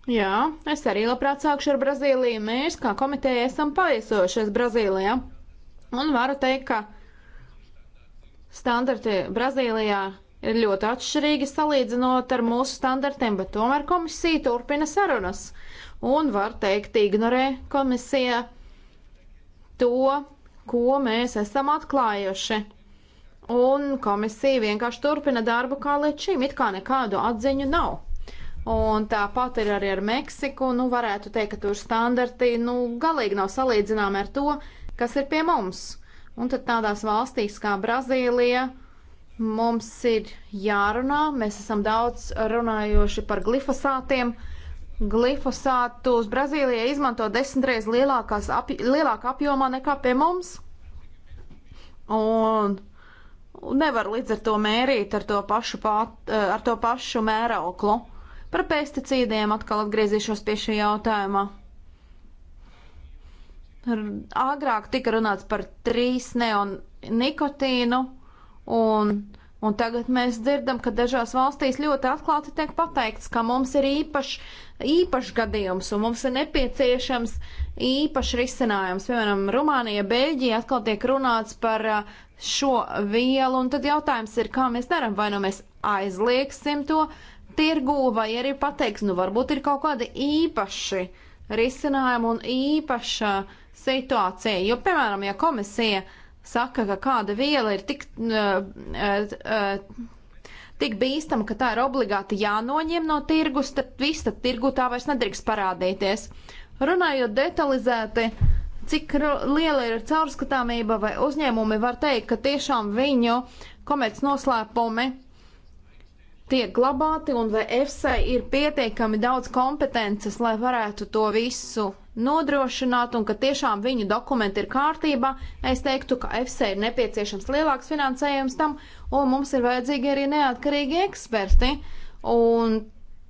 Jā, es arī labprāt sākšu ar Brazīliju. Mēs, kā komiteja, esam paviesojušies Brazīlijā. Un varu teikt, ka standarti Brazīlijā ir ļoti atšķirīgi salīdzinot ar mūsu standartiem, bet tomēr komisija turpina sarunas. Un var teikt, ignorē komisija to, ko mēs esam atklājuši. Un komisija vienkārši turpina darbu kā līdz šim, it kā nekādu atziņu nav. Un tāpat ir arī ar Meksiku. Nu, varētu teikt, ka tur standarti nu, galīgi nav salīdzināmi ar to, kas ir pie mums. Un tad tādās valstīs kā Brazīlija mums ir jārunā. Mēs esam daudz runājuši par glifosātiem. Glifosātus Brazīlijā izmanto desmitreiz lielākās, ap, lielākā apjomā nekā pie mums. Un nevar līdz ar to mērīt ar to pašu, pat, ar to pašu mērauklu. Uh, Par pesticīdiem atkal atgriezīšos pie šī jautājuma. Agrāk tika runāts par trīs neonikotīnu, un, un tagad mēs dzirdam, ka dažās valstīs ļoti atklāti tiek pateikts, ka mums ir īpašs īpaš gadījums un mums ir nepieciešams īpašs risinājums. Piemēram, Rumānija, Bēļģija atkal tiek runāts par šo vielu, un tad jautājums ir, kā mēs darām, vai nu mēs aizliegsim to, tirgū, vai arī pateiks, nu varbūt ir kaut kādi īpaši risinājumi un īpaša situācija. Jo, piemēram, ja komisija saka, ka kāda viela ir tik, uh, uh, tik bīstama, ka tā ir obligāti jānoņem no tirgus, tad viss tad tirgu tā vairs nedrīkst parādīties. Runājot detalizēti, cik liela ir caurskatāmība vai uzņēmumi var teikt, ka tiešām viņu komerc noslēpumi tiek glabāti un vai EFSA ir pietiekami daudz kompetences, lai varētu to visu nodrošināt un ka tiešām viņu dokumenti ir kārtībā. Es teiktu, ka EFSA ir nepieciešams lielāks finansējums tam un mums ir vajadzīgi arī neatkarīgi eksperti. Un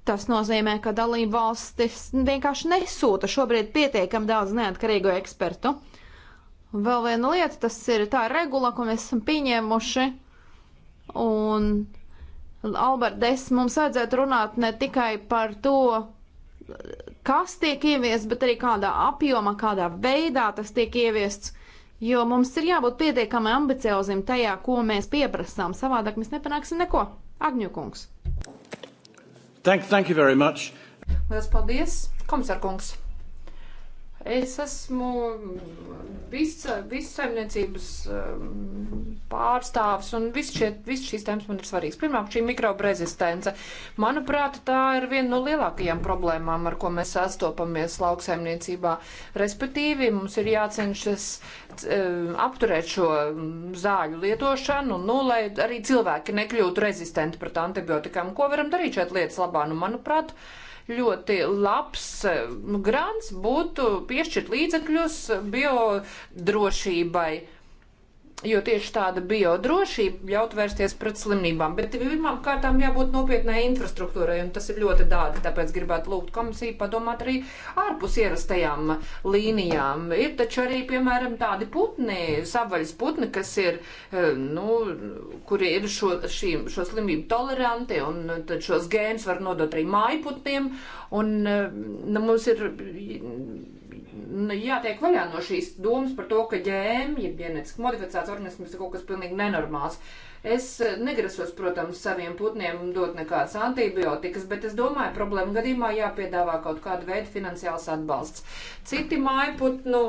tas nozīmē, ka dalību valstis vienkārši nesūta šobrīd pietiekami daudz neatkarīgu ekspertu. Vēl viena lieta, tas ir tā regula, ko mēs esam pieņēmuši. Un Albert, es mums vajadzētu runāt ne tikai par to, kas tiek ieviests, bet arī kādā apjomā, kādā veidā tas tiek ieviests. Jo mums ir jābūt pietiekami ambiciozim tajā, ko mēs pieprasām. Savādāk mēs nepanāksim neko. Agņukungs. Thank, thank you very much. Lielas paldies, komisārkungs. Es esmu visaimniecības um, pārstāvs un viss vis šīs tēmas man ir svarīgs. Pirmkārt, šī mikrobrezistence. Manuprāt, tā ir viena no lielākajām problēmām, ar ko mēs sastopamies lauksaimniecībā. Respektīvi, mums ir jācenšas um, apturēt šo um, zāļu lietošanu, nu, lai arī cilvēki nekļūtu rezistenti pret antibiotikām. Ko varam darīt šeit lietas labā? Nu, manuprāt, uh, ļoti labs eh, nu, grants būtu piešķirt līdzekļus biodrošībai jo tieši tāda biodrošība ļaut vērsties pret slimībām. Bet pirmām kārtām jābūt nopietnai infrastruktūrai, un tas ir ļoti dārgi. Tāpēc gribētu lūgt komisiju padomāt arī ārpus ierastajām līnijām. Ir taču arī, piemēram, tādi putni, savvaļas putni, kas ir, eh, nu, kuri ir šo, šī, šo slimību toleranti, un tad šos gēnus var nodot arī mājputniem, un eh, nu, mums ir Nu, jātiek vaļā no šīs domas par to, ka ģēm, ja ģenetiski modificēts organisms ir kaut kas pilnīgi nenormāls. Es eh, negrasos, protams, saviem putniem dot nekādas antibiotikas, bet es domāju, problēma gadījumā jāpiedāvā kaut kāda veida finansiāls atbalsts. Citi mājputnu,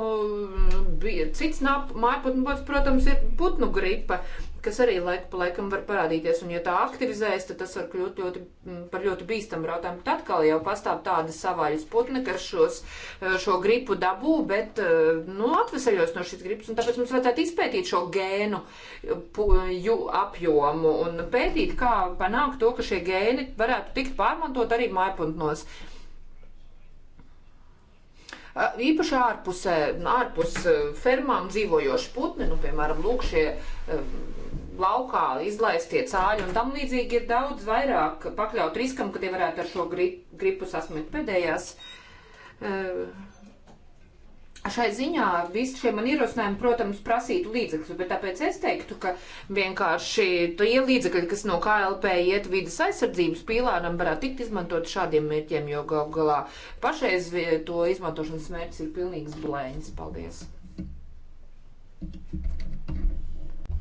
cits nap, mājputnu, protams, ir putnu gripa, kas arī laiku pa laikam var parādīties, un ja tā aktivizējas, tad tas var kļūt ļoti, mm, par ļoti bīstamu jautājumu. Tad atkal jau pastāv tāda savāļas putne, kas šos, eh, šo gripu dabū, bet, eh, nu, atveseļos no šīs gripas, un tāpēc mums vajadzētu izpētīt šo gēnu eh, ju, apjomu un pētīt, kā panākt to, ka šie gēni varētu tikt pārmantot arī mājpuntnos īpaši ārpusē, ārpus fermām dzīvojoši putni, nu, piemēram, lūk, šie laukā izlaistie cāļi un tam līdzīgi ir daudz vairāk pakļaut riskam, ka tie varētu ar šo gripu sasniegt pēdējās. Eh, šai ziņā visi šie man ierosinājumi, protams, prasītu līdzekļus, bet tāpēc es teiktu, ka vienkārši tie līdzekļi, kas no KLP iet vidas aizsardzības pīlāram, varētu tikt izmantot šādiem mērķiem, jo gal galā pašreiz to izmantošanas mērķis ir pilnīgs blēņas. Paldies!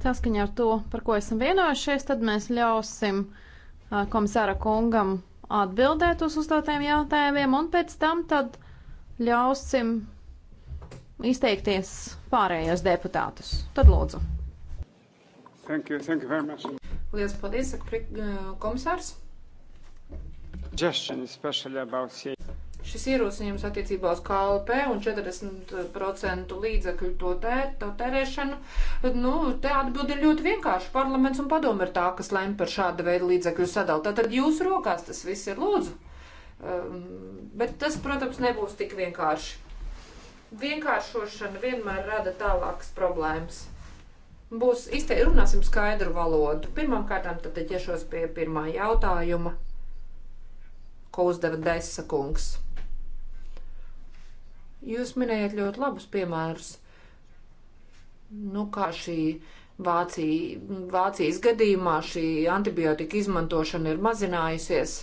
Saskaņā ar to, par ko esam vienojušies, tad mēs ļausim komisāra kungam atbildēt uz uzdotiem jautājumiem, un pēc tam tad ļausim izteikties pārējos deputātus. Tad lūdzu. Thank you, thank you very much. Lielas paldies, saka komisārs. About... Šis ierosinājums attiecībā uz KLP un 40% līdzekļu to, tēr, to tērēšanu, nu, te atbildi ir ļoti vienkārši. Parlaments un padomi ir tā, kas lem par šāda veida līdzekļu sadalu. Tātad jūsu rokās tas viss ir lūdzu. Um, bet tas, protams, nebūs tik vienkārši. Vienkāršošana vienmēr rada tālākas problēmas būs izteikti runāsim skaidru valodu. Pirmkārt, tad ķeršos pie pirmā jautājuma, ko uzdeva Desa kungs. Jūs minējat ļoti labus piemērus. Nu, kā šī Vācija, Vācijas gadījumā šī antibiotika izmantošana ir mazinājusies.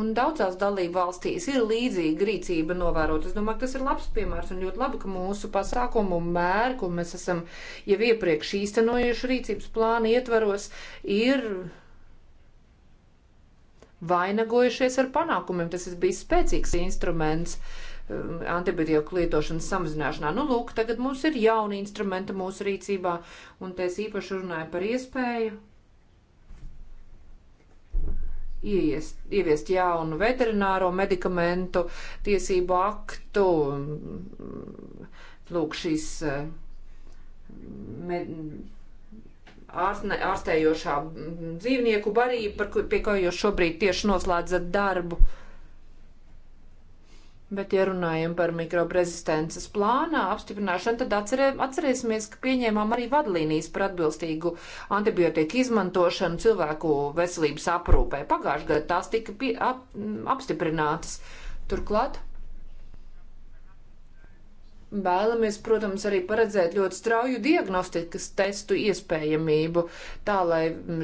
Un daudzās dalību valstīs ir līdzīga rīcība novērot. Es domāju, tas ir labs piemērs un ļoti labi, ka mūsu pasākumu un mērku mēs esam jau iepriekš īstenojuši rīcības plānu ietvaros ir vainagojušies ar panākumiem. Tas ir bijis spēcīgs instruments. Uh, Um, antibiotiku lietošanas samazināšanā. Nu, lūk, tagad mums ir jauni instrumenti mūsu rīcībā, un te es īpaši runāju par iespēju ieiest, ieviest jaunu veterināro medikamentu tiesību aktu. Lūk, šīs uh, med, ārstne, ārstējošā dzīvnieku barība, par, pie ko jūs šobrīd tieši noslēdzat darbu. Uh, Bet, ja runājam par mikrobu rezistences plānā apstiprināšanu, tad atcerē, atcerēsimies, ka pieņēmām arī vadlīnijas par atbilstīgu antibiotiku izmantošanu cilvēku veselības aprūpē. Pagājušajā gadā tās tika pie, ap, apstiprinātas. Turklāt Vēlamies, protams, arī paredzēt ļoti strauju diagnostikas testu iespējamību, tā lai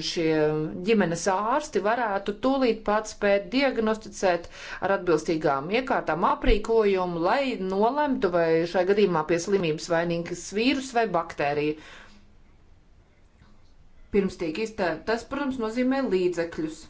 šie ģimenes ārsti varētu tūlīt pat spēt diagnosticēt ar atbilstīgām iekārtām aprīkojumu, lai nolemtu, vai šai gadījumā pie slimības vainīgas vīrus vai baktērija. Pirms tiek iztērēta, tas, protams, nozīmē līdzekļus.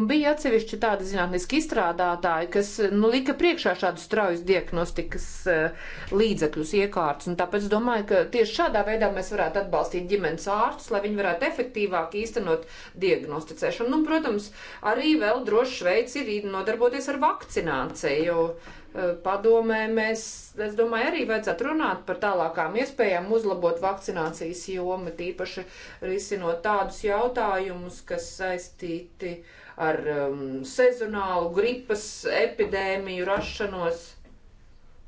Un bija atsevišķi tādi zinātniski izstrādātāji, kas nu, lika priekšā šādu straujas diagnostikas uh, līdzekļus iekārtus. Un tāpēc domāju, ka tieši šādā veidā mēs varētu atbalstīt ģimenes ārstus, lai viņi varētu efektīvāk īstenot diagnosticēšanu. Un, nu, protams, arī vēl drošs veids ir nodarboties ar vakcināciju. Uh, padomē mēs, es domāju, arī vajadzētu runāt par tālākām iespējām uzlabot vakcinācijas jomu, tīpaši risinot tādus jautājumus, kas saistīti uh, ar um, sezonālu gripas epidēmiju rašanos.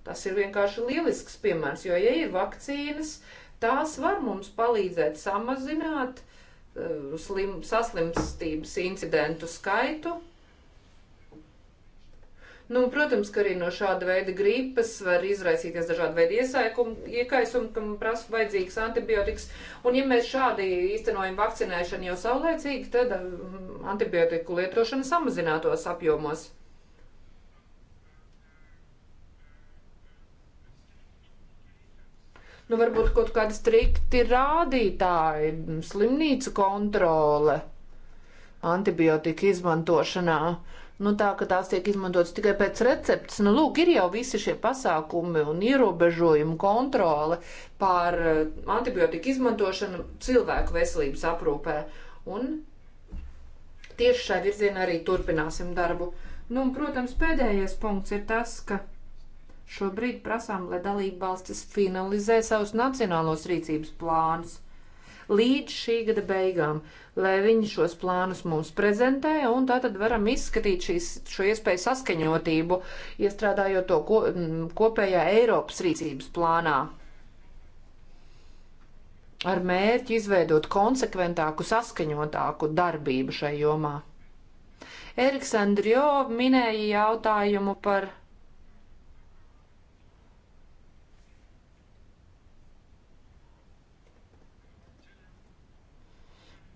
Tas ir vienkārši lielisks piemērs, jo, ja ir vakcīnas, tās var mums palīdzēt samazināt uh, slim, saslimstības incidentu skaitu Nu, protams, ka arī no šāda veida gripas var izraisīties dažādi veidi iekaisumi, kam prasa vajadzīgs antibiotikas. Un, ja mēs šādi īstenojam vakcinēšanu jau saulēcīgi, tad mm, antibiotiku lietošana samazinātos apjomos. nu, varbūt kaut kādi strikti rādītāji, slimnīcu kontrole antibiotika izmantošanā. Nu, tā ka tās tiek izmantotas tikai pēc receptes. Nu, lūk, ir jau visi šie pasākumi un ierobežojumi, kontrole pār eh, antibiotiku izmantošanu cilvēku veselības aprūpē. Un tieši šai virzienā arī turpināsim darbu. Nu, un, protams, pēdējais punkts ir tas, ka. Šobrīd prasām, lai dalība valstis finalizē savus nacionālos rīcības plānus līdz šī gada beigām, lai viņi šos plānus mums prezentē, un tā tad varam izskatīt šīs, šo iespēju saskaņotību, iestrādājot to ko, kopējā Eiropas rīcības plānā ar mērķi izveidot konsekventāku, saskaņotāku darbību šai jomā. Eriks Andrio minēja jautājumu par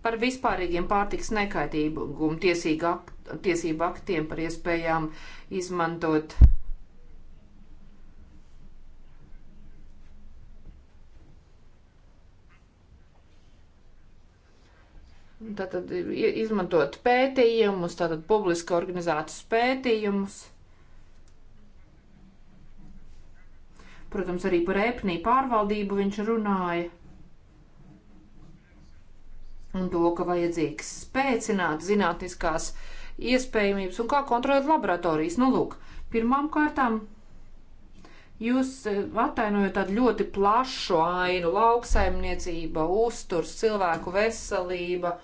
par vispārīgiem pārtiks nekaitīgumu ak, tiesību aktiem, par iespējām izmantot Tātad izmantot pētījumus, tātad publiski organizētus pētījumus. Protams, arī par ēpnī pārvaldību viņš runāja un to, ka vajadzīgs spēcināt zinātniskās iespējamības un kā kontrolēt laboratorijas. Nu, lūk, pirmām kārtām jūs eh, attainojat tādu ļoti plašu ainu - lauksaimniecība, uzturs, cilvēku veselība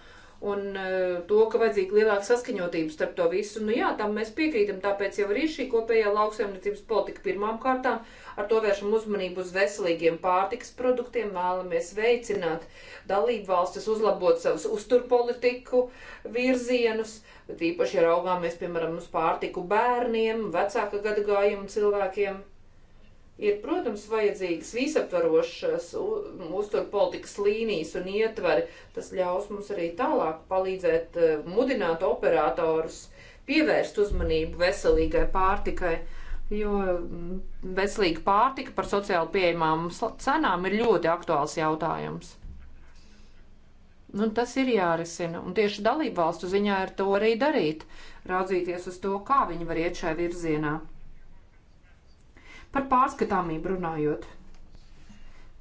un eh, to, ka vajadzīga lielāka saskaņotība starp to visu. Nu jā, tam mēs piekrītam, tāpēc jau arī šī kopējā lauksaimniecības politika pirmām kārtām ar to vēršam uzmanību uz veselīgiem pārtikas produktiem, vēlamies veicināt dalību valstis, uzlabot savus uzturpolitiku virzienus, tīpaši raugāmies, piemēram, uz pārtiku bērniem, vecāka gadagājumu cilvēkiem. Ir, protams, vajadzīgas visaptvarošas uzturpolitikas līnijas un ietveri. Tas ļaus mums arī tālāk palīdzēt eh, mudināt operatorus pievērst uzmanību veselīgai pārtikai, jo mm, veselīga pārtika par sociāli pieejamām cenām ir ļoti aktuāls jautājums. Nu, tas ir jārisina, un tieši dalību valstu ziņā ir to arī darīt, raudzīties uz to, kā viņi var iet šai virzienā. Par pārskatāmību runājot.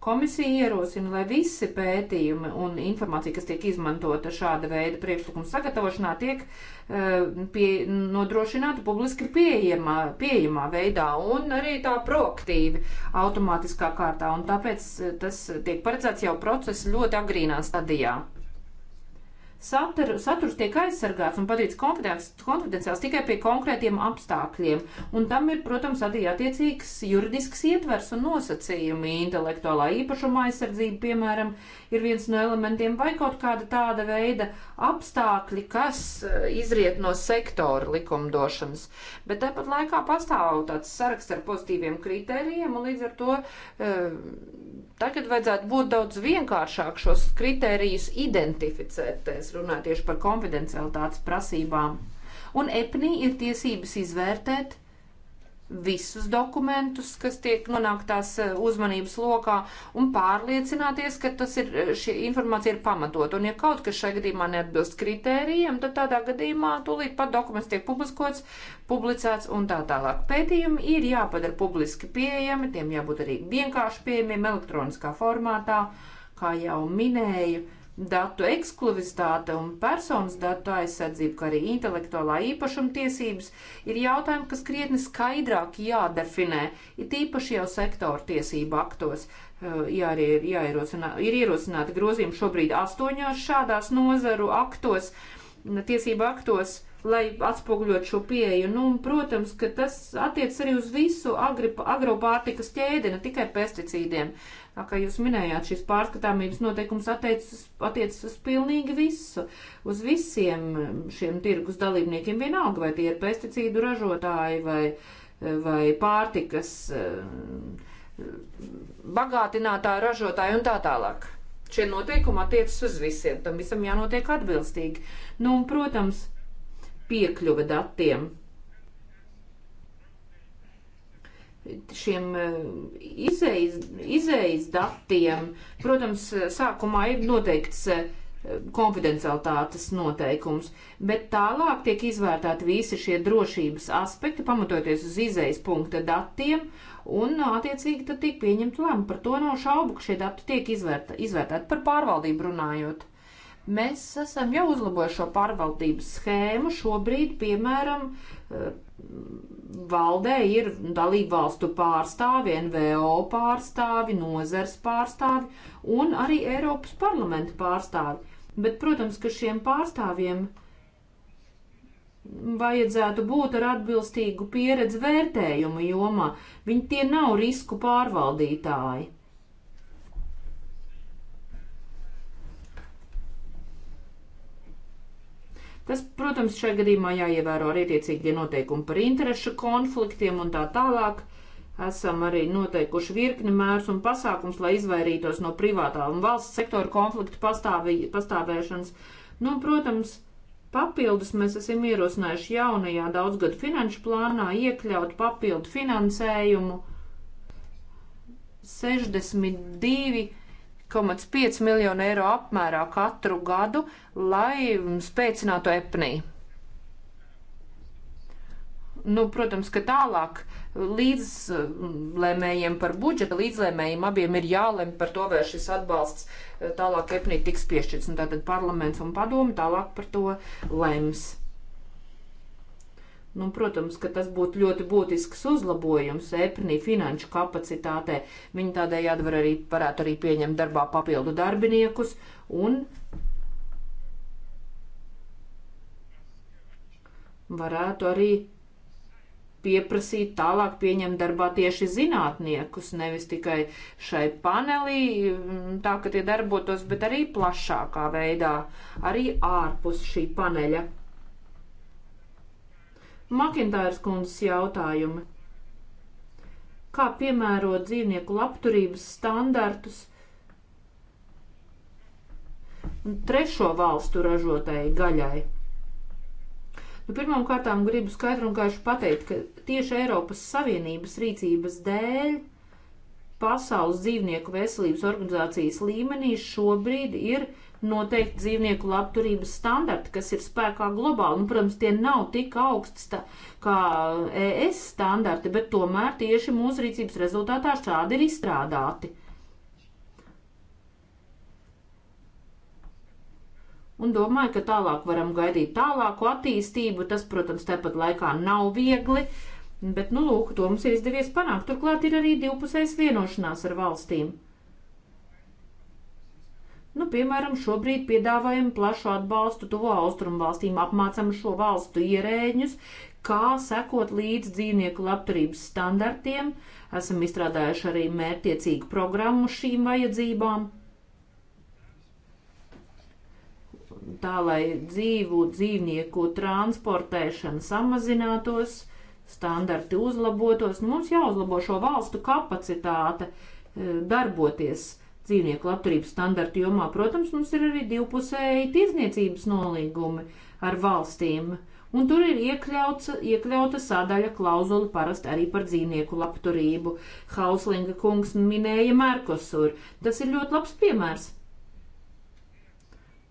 Komisija ierosina, lai visi pētījumi un informācija, kas tiek izmantota šāda veida priekšlikuma sagatavošanā, tiek eh, pie, nodrošināta publiski pieejamā, pieejamā veidā un arī tā proaktīvi automātiskā kārtā. Un tāpēc eh, tas tiek paredzēts jau procesa ļoti agrīnā stadijā satur, saturs tiek aizsargāts un padarīts konfidenciāls tikai pie konkrētiem apstākļiem. Un tam ir, protams, arī attiecīgs juridisks ietvers un nosacījumi. Intelektuālā īpašuma aizsardzība, piemēram, ir viens no elementiem vai kaut kāda tāda veida apstākļi, kas eh, izriet no sektora likumdošanas. Bet tāpat laikā pastāv tāds saraksts ar pozitīviem kritērijiem un līdz ar to. Uh, tagad vajadzētu būt daudz vienkāršāk šos kritērijus identificēt, es runāju tieši par konfidencialitātes prasībām. Un EPNI ir tiesības izvērtēt, visus dokumentus, kas tiek nonāktās eh, uzmanības lokā, un pārliecināties, ka tas ir, eh, šī informācija ir pamatot. Un ja kaut kas šai gadījumā neatbilst kritērijiem, tad tādā gadījumā tūlīt pat dokuments tiek publiskots, publicēts un tā tālāk. Pētījumi ir jāpadara publiski pieejami, tiem jābūt arī vienkārši pieejamiem elektroniskā formātā, kā jau minēju datu ekskluzivitāte un personas datu aizsardzība, kā arī intelektuālā īpašuma tiesības, ir jautājumi, kas krietni skaidrāk jādefinē, ir tīpaši jau sektoru tiesību aktos. Uh, jā, arī ir, jāierosinā, ir ierosināti grozījumi šobrīd astoņās šādās nozaru aktos, mm, tiesību aktos, lai atspoguļot šo pieeju. Nu, un, protams, ka tas attiec arī uz visu agri, agropārtikas ķēdi, ne tikai pesticīdiem. Uh, kā jūs minējāt, šis pārskatāmības noteikums attiecas, attiecas uz pilnīgi visu, uz visiem um, šiem tirgus dalībniekiem vienalga, vai tie ir pesticīdu ražotāji vai, vai pārtikas um, bagātinātāji, ražotāji un tā tālāk. Šie noteikumi attiecas uz visiem, tam visam jānotiek atbilstīgi. Nu, un, protams, piekļuve datiem šiem eh, izējas, izējas datiem. Protams, sākumā ir noteikts eh, konfidencialitātes noteikums, bet tālāk tiek izvērtēti visi šie drošības aspekti, pamatoties uz izējas punkta datiem, un eh, attiecīgi tad tiek pieņemta lēma. Par to nav šaubu, ka šie dati tiek izvērtēti izvērtēt par pārvaldību runājot. Mēs esam jau uzlabojuši šo pārvaldības schēmu, šobrīd, piemēram, valdē ir dalību valstu pārstāvi, NVO pārstāvi, nozars pārstāvi un arī Eiropas parlamenta pārstāvi. Bet, protams, ka šiem pārstāvjiem vajadzētu būt ar atbilstīgu pieredzi vērtējumu jomā. Viņi tie nav risku pārvaldītāji. Tas, protams, šajā gadījumā jāievēro arī tiecīgie noteikumi par interešu konfliktiem un tā tālāk. Esam arī noteikuši virkni mērs un pasākums, lai izvairītos no privātā un valsts sektora konfliktu pastāvī, pastāvēšanas. Nu, protams, papildus mēs esam ierosinājuši jaunajā daudzgadu finanšu plānā iekļaut papildu finansējumu 62 1,5 miljonu eiro apmērā katru gadu, lai spēcinātu epnī. Nu, protams, ka tālāk līdzlēmējiem par budžeta līdzlēmējiem abiem ir jālem par to, vai šis atbalsts eh, tālāk epnī tiks piešķirts. Un nu, tātad parlaments un padomi tālāk par to lems. Nu, protams, ka tas būtu ļoti būtisks uzlabojums EPNI finanšu kapacitātē. Viņi tādējādi var arī, varētu arī pieņemt darbā papildu darbiniekus un varētu arī pieprasīt tālāk pieņemt darbā tieši zinātniekus, nevis tikai šai panelī, mm, tā ka tie darbotos, bet arī plašākā veidā, arī ārpus šī paneļa. Makintāras kundzes jautājumi. Kā piemērot dzīvnieku labturības standartus un trešo valstu ražotāju gaļai? Nu, Pirmkārt, gribu skaidru un gaišu pateikt, ka tieši Eiropas Savienības rīcības dēļ Pasaules dzīvnieku veselības organizācijas līmenī šobrīd ir uh, noteikti dzīvnieku labturības standarti, kas ir spēkā globāli. Un, nu, protams, tie nav tik augsti kā ES standarti, bet tomēr tieši mūsu rīcības rezultātā šādi ir izstrādāti. Un domāju, ka tālāk varam gaidīt tālāku attīstību. Tas, protams, tepat laikā nav viegli, bet, nu, lūk, to mums ir izdevies panākt. Turklāt ir arī divpusējs vienošanās ar valstīm. Nu, piemēram, šobrīd piedāvājam plašu atbalstu to austrumu valstīm, apmācam šo valstu ierēģņus, kā sekot līdz dzīvnieku labturības standartiem. Esam izstrādājuši arī mērķtiecīgu programmu šīm vajadzībām. Tā, lai dzīvu dzīvnieku transportēšana samazinātos, standarti uzlabotos, nu, mums jāuzlabo šo valstu kapacitāte eh, darboties dzīvnieku labturības standartu jomā. Protams, mums ir arī divpusēji tirzniecības nolīgumi ar valstīm, un tur ir iekļauts, iekļauta sādaļa klauzula parasti arī par dzīvnieku labturību. Hauslinga kungs minēja Merkosur. Tas ir ļoti labs piemērs.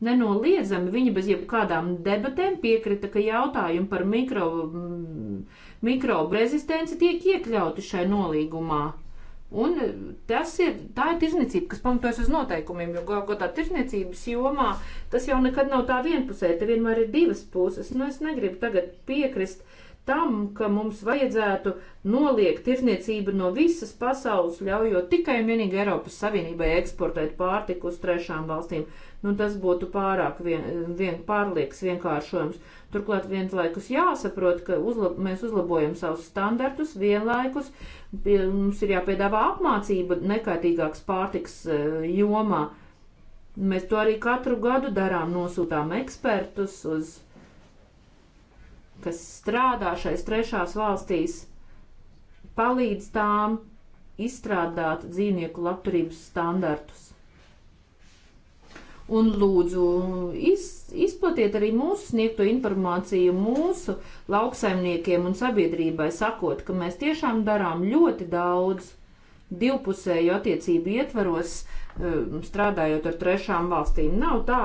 Nenoliedzami viņi bez jebkādām debatēm piekrita, ka jautājumi par mikro, mm, mikrobu rezistenci tiek iekļauti šai nolīgumā. Un e, tas ir, tā ir tirzniecība, kas pamatojas uz noteikumiem, jo galu galā tirzniecības jomā tas jau nekad nav tā vienpusē, te vienmēr ir divas puses. Nu, es negribu tagad piekrist tam, ka mums vajadzētu noliegt tirzniecību no visas pasaules, ļaujot tikai un vienīgi Eiropas Savienībai eksportēt pārtiku uz trešām valstīm. Nu, tas būtu pārāk vien, vien pārlieks vienkāršojums. Turklāt vienlaikus jāsaprot, ka uzlab, mēs uzlabojam savus standartus, vienlaikus Pie, mums ir jāpiedāvā apmācība nekaitīgākas pārtiks e, jomā. Mēs to arī katru gadu darām, nosūtām ekspertus, uz, kas strādā šais trešās valstīs, palīdz tām izstrādāt dzīvnieku labturības standartus un lūdzu iz, izplatiet arī mūsu sniegto informāciju mūsu lauksaimniekiem un sabiedrībai, sakot, ka mēs tiešām darām ļoti daudz divpusēju attiecību ietvaros, eh, strādājot ar trešām valstīm. Nav tā,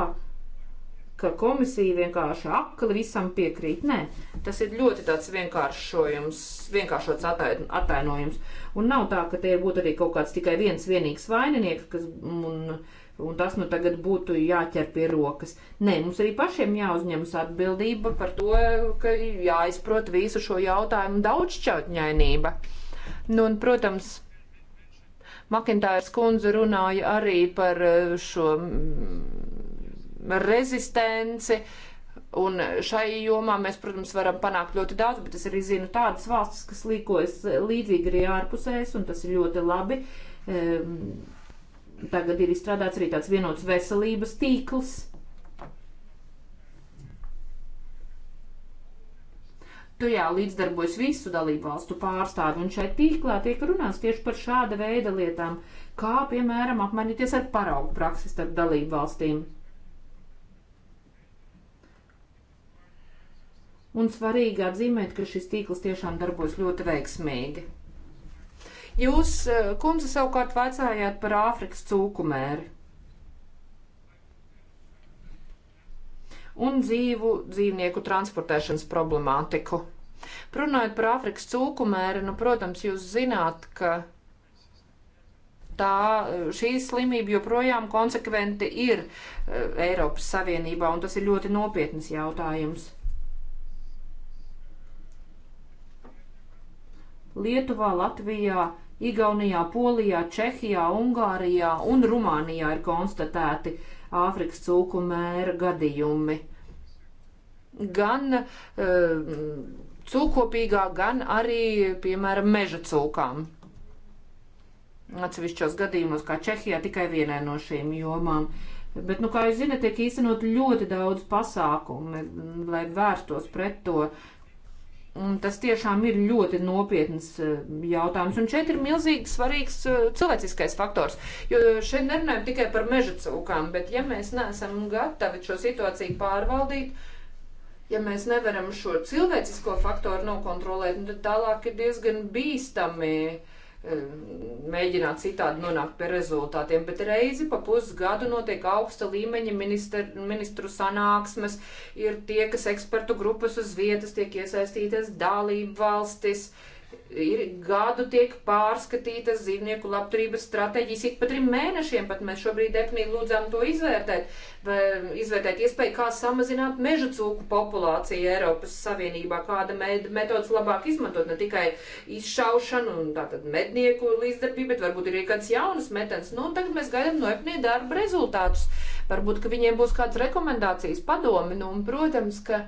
ka komisija vienkārši akli visam piekrīt. Nē, tas ir ļoti tāds vienkāršojums, vienkāršots attainojums. Un nav tā, ka te būtu arī kaut kāds tikai viens vienīgs vaininieks, kas, un, Un tas nu tagad būtu jāķer pie rokas. Nē, mums arī pašiem jāuzņemas atbildība par to, ka jāizprot visu šo jautājumu daudzšķautņainība. Nu, un, protams, Makintājas kundze runāja arī par eh, šo mm, rezistenci, un šai jomā mēs, protams, varam panākt ļoti daudz, bet es arī zinu tādas valstis, kas līkojas eh, līdzīgi arī ārpusēs, un tas ir ļoti labi. Um, Tagad ir izstrādāts arī tāds vienots veselības tīkls. Tajā līdzdarbojas visu dalību valstu pārstāvi, un šai tīklā tiek runāts tieši par šāda veida lietām, kā, piemēram, apmainīties ar paraugu praksi starp dalību valstīm. Un svarīgi atzīmēt, ka šis tīkls tiešām darbojas ļoti veiksmīgi. Jūs, eh, kundze, savukārt vaicājāt par Āfrikas cūkumēri. Un dzīvu dzīvnieku transportēšanas problemātiku. Runājot par Āfrikas cūkumēri, nu, protams, jūs zināt, ka tā, eh, šī slimība joprojām konsekventi ir eh, Eiropas Savienībā, un tas ir ļoti nopietnas jautājums. Lietuvā, Latvijā Igaunijā, Polijā, Čehijā, Ungārijā un Rumānijā ir konstatēti Āfrikas cūku mēra gadījumi. Gan uh, cūkopīgā, gan arī, piemēram, meža cūkām. Atsevišķos gadījumos, kā Čehijā, tikai vienai no šīm jomām. Bet, nu, kā jūs zinat, tiek īstenot ļoti daudz pasākumu, lai vērstos pret to. Un tas tiešām ir ļoti nopietns eh, jautājums. Un šeit ir milzīgi svarīgs eh, cilvēciskais faktors. Jo šeit nerunājam tikai par meža cūkām, bet ja mēs neesam gatavi šo situāciju pārvaldīt, ja mēs nevaram šo cilvēcisko faktoru nokontrolēt, nu, tad tālāk ir diezgan bīstami uh, mēģināt citādi nonākt pie rezultātiem, bet reizi pa pusgadu notiek augsta līmeņa minister, ministru sanāksmes, ir tie, kas ekspertu grupas uz vietas tiek iesaistītas dalību valstis, uh, ir gadu tiek pārskatītas dzīvnieku labturības stratēģijas ik pa trim mēnešiem, pat mēs šobrīd EPNI lūdzām to izvērtēt, izvērtēt iespēju, kā samazināt meža cūku populāciju Eiropas Savienībā, kāda med metodas labāk izmantot, ne tikai izšaušanu un tātad mednieku līdzdarbību, bet varbūt ir arī kāds jaunas metens. Nu, tagad mēs gaidām no EPNI darba rezultātus. Varbūt, ka viņiem būs kādas rekomendācijas, padomi, nu, un, protams, ka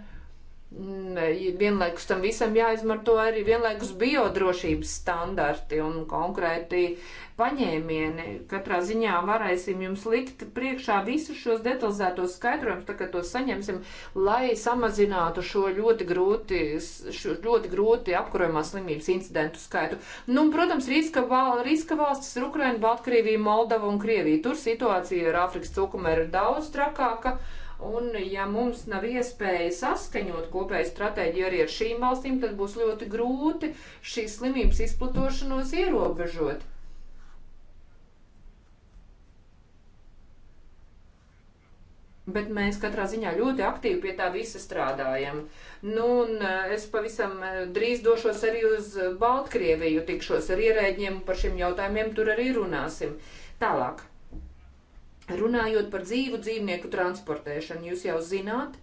vienlaikus tam visam jāizmanto arī vienlaikus biodrošības standarti un konkrēti paņēmieni. Katrā ziņā varēsim jums likt priekšā visus šos detalizētos skaidrojumus, tā kā tos saņemsim, lai samazinātu šo ļoti grūti, šo ļoti grūti apkarojumā slimības incidentu skaitu. Nu, protams, riska, val, riska valstis ir Ukraina, Baltkrievija, Moldova un Krievija. Tur situācija ar Āfrikas cūkumēru ir daudz trakāka. Un, ja mums nav iespēja saskaņot kopēju stratēģiju arī ar šīm valstīm, tad būs ļoti grūti šīs slimības izplatošanos ierobežot. Bet mēs katrā ziņā ļoti aktīvi pie tā visa strādājam. Nu, un eh, es pavisam eh, drīz došos arī uz Baltkrieviju, tikšos ar ierēģiem par šiem jautājumiem, tur arī runāsim. Tālāk. Runājot par dzīvu dzīvnieku transportēšanu, jūs jau zināt,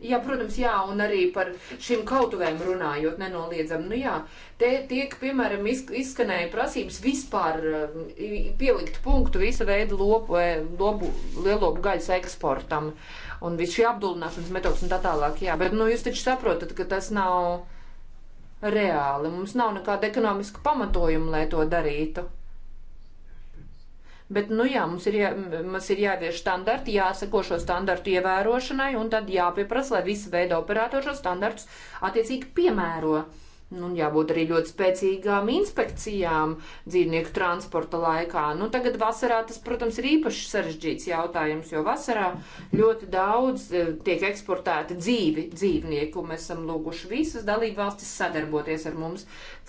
Jā, protams, jā, un arī par šīm kautuvēm runājot, nenoliedzam. Nu, jā, te tiek, piemēram, izskanēja prasības vispār eh, pielikt punktu visu veidu lopu, eh, lopu, lielopu gaļas eksportam un visu šī apdulināšanas metodas un tā tālāk. Jā, bet nu, jūs taču saprotat, ka tas nav reāli. Mums nav nekāda ekonomiska pamatojuma, lai to darītu. Bet, nu jā, mums ir, jā, mums ir jāievieš standarti, jāsako šo standartu ievērošanai, un tad jāpieprasa, lai visi veido operatori šo standartus attiecīgi piemēro. Uh, Nu, jābūt arī ļoti spēcīgām inspekcijām dzīvnieku transporta laikā. Nu, tagad vasarā tas, protams, ir īpaši sarežģīts jautājums, jo vasarā ļoti daudz eh, tiek eksportēti dzīvi dzīvnieku. Mēs esam lūguši visas dalībvalstis sadarboties ar mums,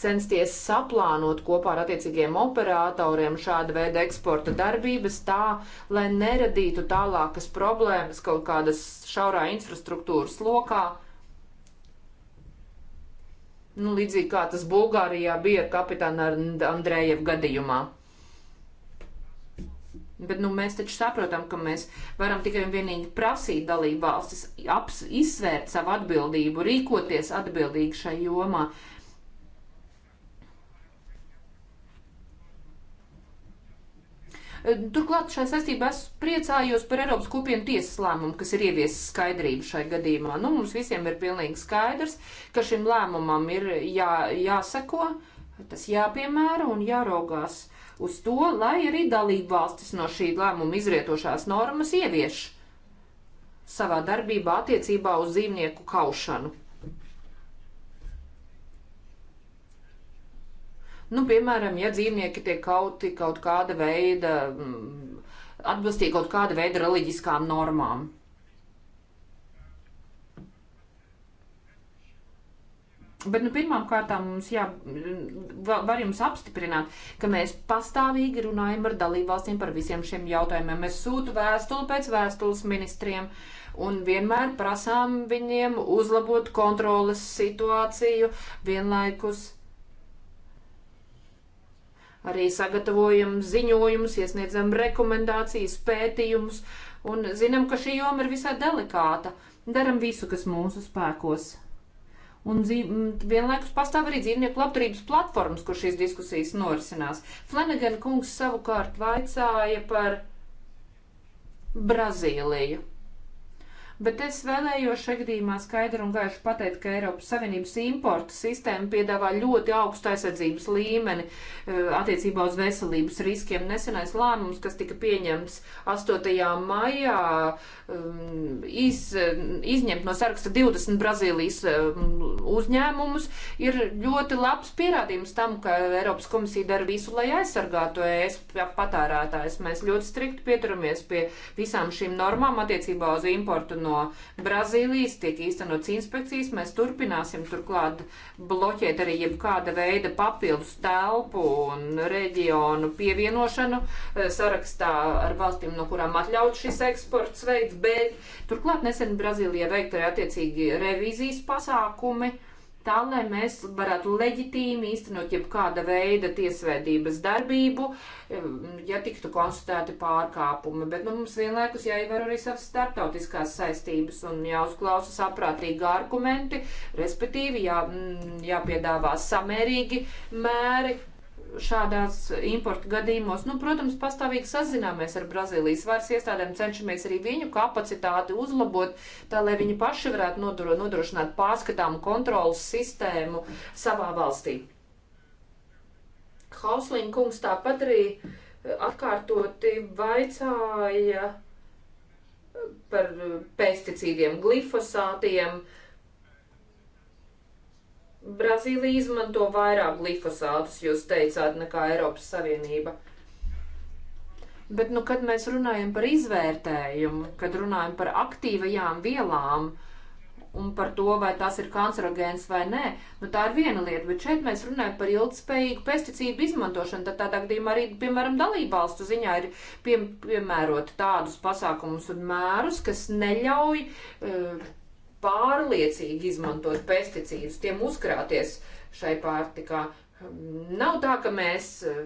censties saplānot kopā ar attiecīgiem operatoriem šāda veida eksporta darbības tā, lai neradītu tālākas problēmas kaut kādas šaurā infrastruktūras lokā Nu, līdzīgi kā tas Bulgārijā bija ar kapitānu Andrējevu gadījumā. Bet nu, mēs taču saprotam, ka mēs varam tikai un vienīgi prasīt dalību valstis, aps, izsvērt savu atbildību, rīkoties atbildīgi šai jomā. Uh, Turklāt šai saistībā es priecājos par Eiropas kopienu tiesas lēmumu, kas ir ieviesis skaidrību šai gadījumā. Nu, mums visiem ir pilnīgi skaidrs, ka šim lēmumam ir jā, jāseko, tas jāpiemēra un jāraugās uz to, lai arī dalību valstis no šī lēmuma izrietošās normas ievieš savā darbībā attiecībā uz dzīvnieku kaušanu. Nu, piemēram, ja dzīvnieki tiek kauti kaut kāda veida, mm, atbilstīgi kaut kāda veida reliģiskām normām. Bet, nu, pirmām kārtām mums jā, var jums apstiprināt, ka mēs pastāvīgi runājam ar dalībvalstīm par visiem šiem jautājumiem. Es sūtu vēstuli pēc vēstules ministriem un vienmēr prasām viņiem uzlabot kontroles situāciju vienlaikus Arī sagatavojam ziņojumus, iesniedzam rekomendācijas, pētījumus un zinām, ka šī joma ir visai delikāta. Daram visu, kas mūsu spēkos. Un vienlaikus pastāv arī dzīvnieku labturības platformas, kur šīs diskusijas norisinās. Flanagan kungs savukārt vaicāja par Brazīliju bet es vēlējos šajā gadījumā skaidri un gaiši pateikt, ka Eiropas Savienības importa sistēma piedāvā ļoti augstu aizsardzības līmeni eh, attiecībā uz veselības riskiem. Nesenais lēmums, kas tika pieņemts 8. maijā, um, iz, izņemt no saraksta 20 Brazīlijas um, uzņēmumus, ir ļoti labs pierādījums tam, ka Eiropas komisija dara visu, lai aizsargātu ES patārētājs. Mēs ļoti strikti pieturamies pie visām šīm normām attiecībā uz importu no no Brazīlijas, tiek īstenots inspekcijas. Mēs turpināsim turklāt bloķēt arī jebkāda veida papildus telpu un reģionu pievienošanu eh, sarakstā ar valstīm, no kurām atļauts šis eksports veids, bet turklāt nesen Brazīlijā veikt arī attiecīgi revīzijas pasākumi. Uh, tā lai mēs varētu leģitīmi īstenot jebkāda veida tiesvedības darbību, ja tiktu konstatēti pārkāpumi. Bet nu, mums vienlaikus jāievēro arī savas starptautiskās saistības un jāuzklausa saprātīgi argumenti, respektīvi jā, jāpiedāvā samērīgi mēri šādās importu gadījumos. Nu, protams, pastāvīgi sazināmies ar Brazīlijas varas iestādēm, cenšamies arī viņu kapacitāti uzlabot, tā lai viņi paši varētu nodro, nodrošināt pārskatāmu kontrolas sistēmu savā valstī. Hauslīna kungs tāpat arī eh, atkārtoti vaicāja eh, par pesticīdiem, glifosātiem, uh, Brazīlija izmanto vairāk glifosātus, jūs teicāt, nekā Eiropas Savienība. Bet, nu, kad mēs runājam par izvērtējumu, kad runājam par aktīvajām vielām un par to, vai tas ir kancerogēns vai nē, nu, tā ir viena lieta, bet šeit mēs runājam par ilgspējīgu pesticīdu izmantošanu, tad tādā gadījumā arī, piemēram, dalībvalstu ziņā ir pie, piemērot tādus pasākumus un mērus, kas neļauj uh, pārliecīgi izmantot pesticīdus, tiem uzkrāties šai pārtikā. Nav tā, ka mēs eh,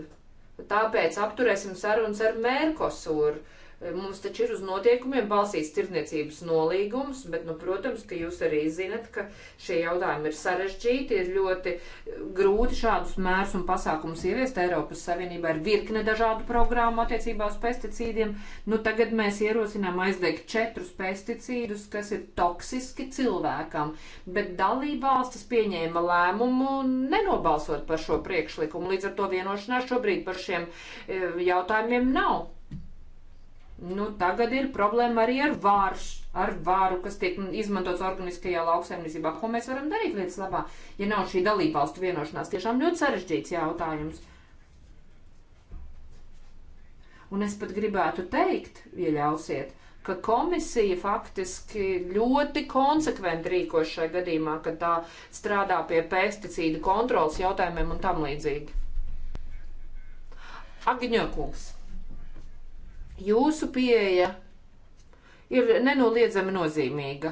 tāpēc apturēsim sarunas ar Mērkosuru Eh, mums taču ir uz noteikumiem balsīts tirdzniecības nolīgums, bet, nu, protams, ka jūs arī zinat, ka šie jautājumi ir sarežģīti, ir ļoti eh, grūti šādus mērus un pasākumus ieviest. Eiropas Savienībā ir virkne dažādu programmu attiecībā uz pesticīdiem. Nu, tagad mēs ierosinām aizliegt četrus pesticīdus, kas ir toksiski cilvēkam, bet dalībvalstis pieņēma lēmumu nenobalsot par šo priekšlikumu. Līdz ar to vienošanās šobrīd par šiem eh, jautājumiem nav. Nu, tagad ir problēma arī ar vārš, ar vāru, kas tiek izmantots organiskajā lauksaimniecībā. Ko mēs varam darīt lietas labā, ja nav šī dalībvalstu vienošanās? Tiešām ļoti sarežģīts jautājums. Un es pat gribētu teikt, ja ļausiet, ka komisija faktiski ļoti konsekventi rīkojas šajā gadījumā, kad tā strādā pie pesticīdu kontrolas jautājumiem un tam līdzīgi. Agņokums. Jūsu pieeja ir nenoliedzami nozīmīga.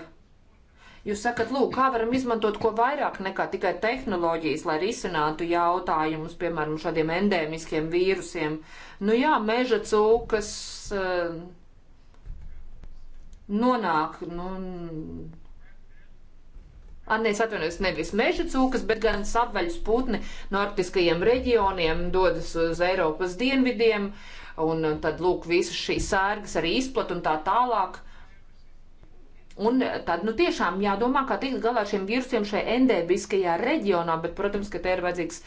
Jūs sakat, lūk, kā varam izmantot ko vairāk nekā tikai tehnoloģijas, lai risinātu jautājumus, piemēram, šādiem endēmiskiem vīrusiem. Nu jā, meža cūkas uh, nonāk, nu, Anīs atvainojas nevis meža cūkas, bet gan sapveļus putni no arktiskajiem reģioniem dodas uz Eiropas dienvidiem, un tad lūk visas šīs sērgas arī izplat un tā tālāk. Un tad, nu, tiešām jādomā, kā tikt galā ar šiem vīrusiem šajā endēbiskajā reģionā, bet, protams, ka te ir vajadzīgs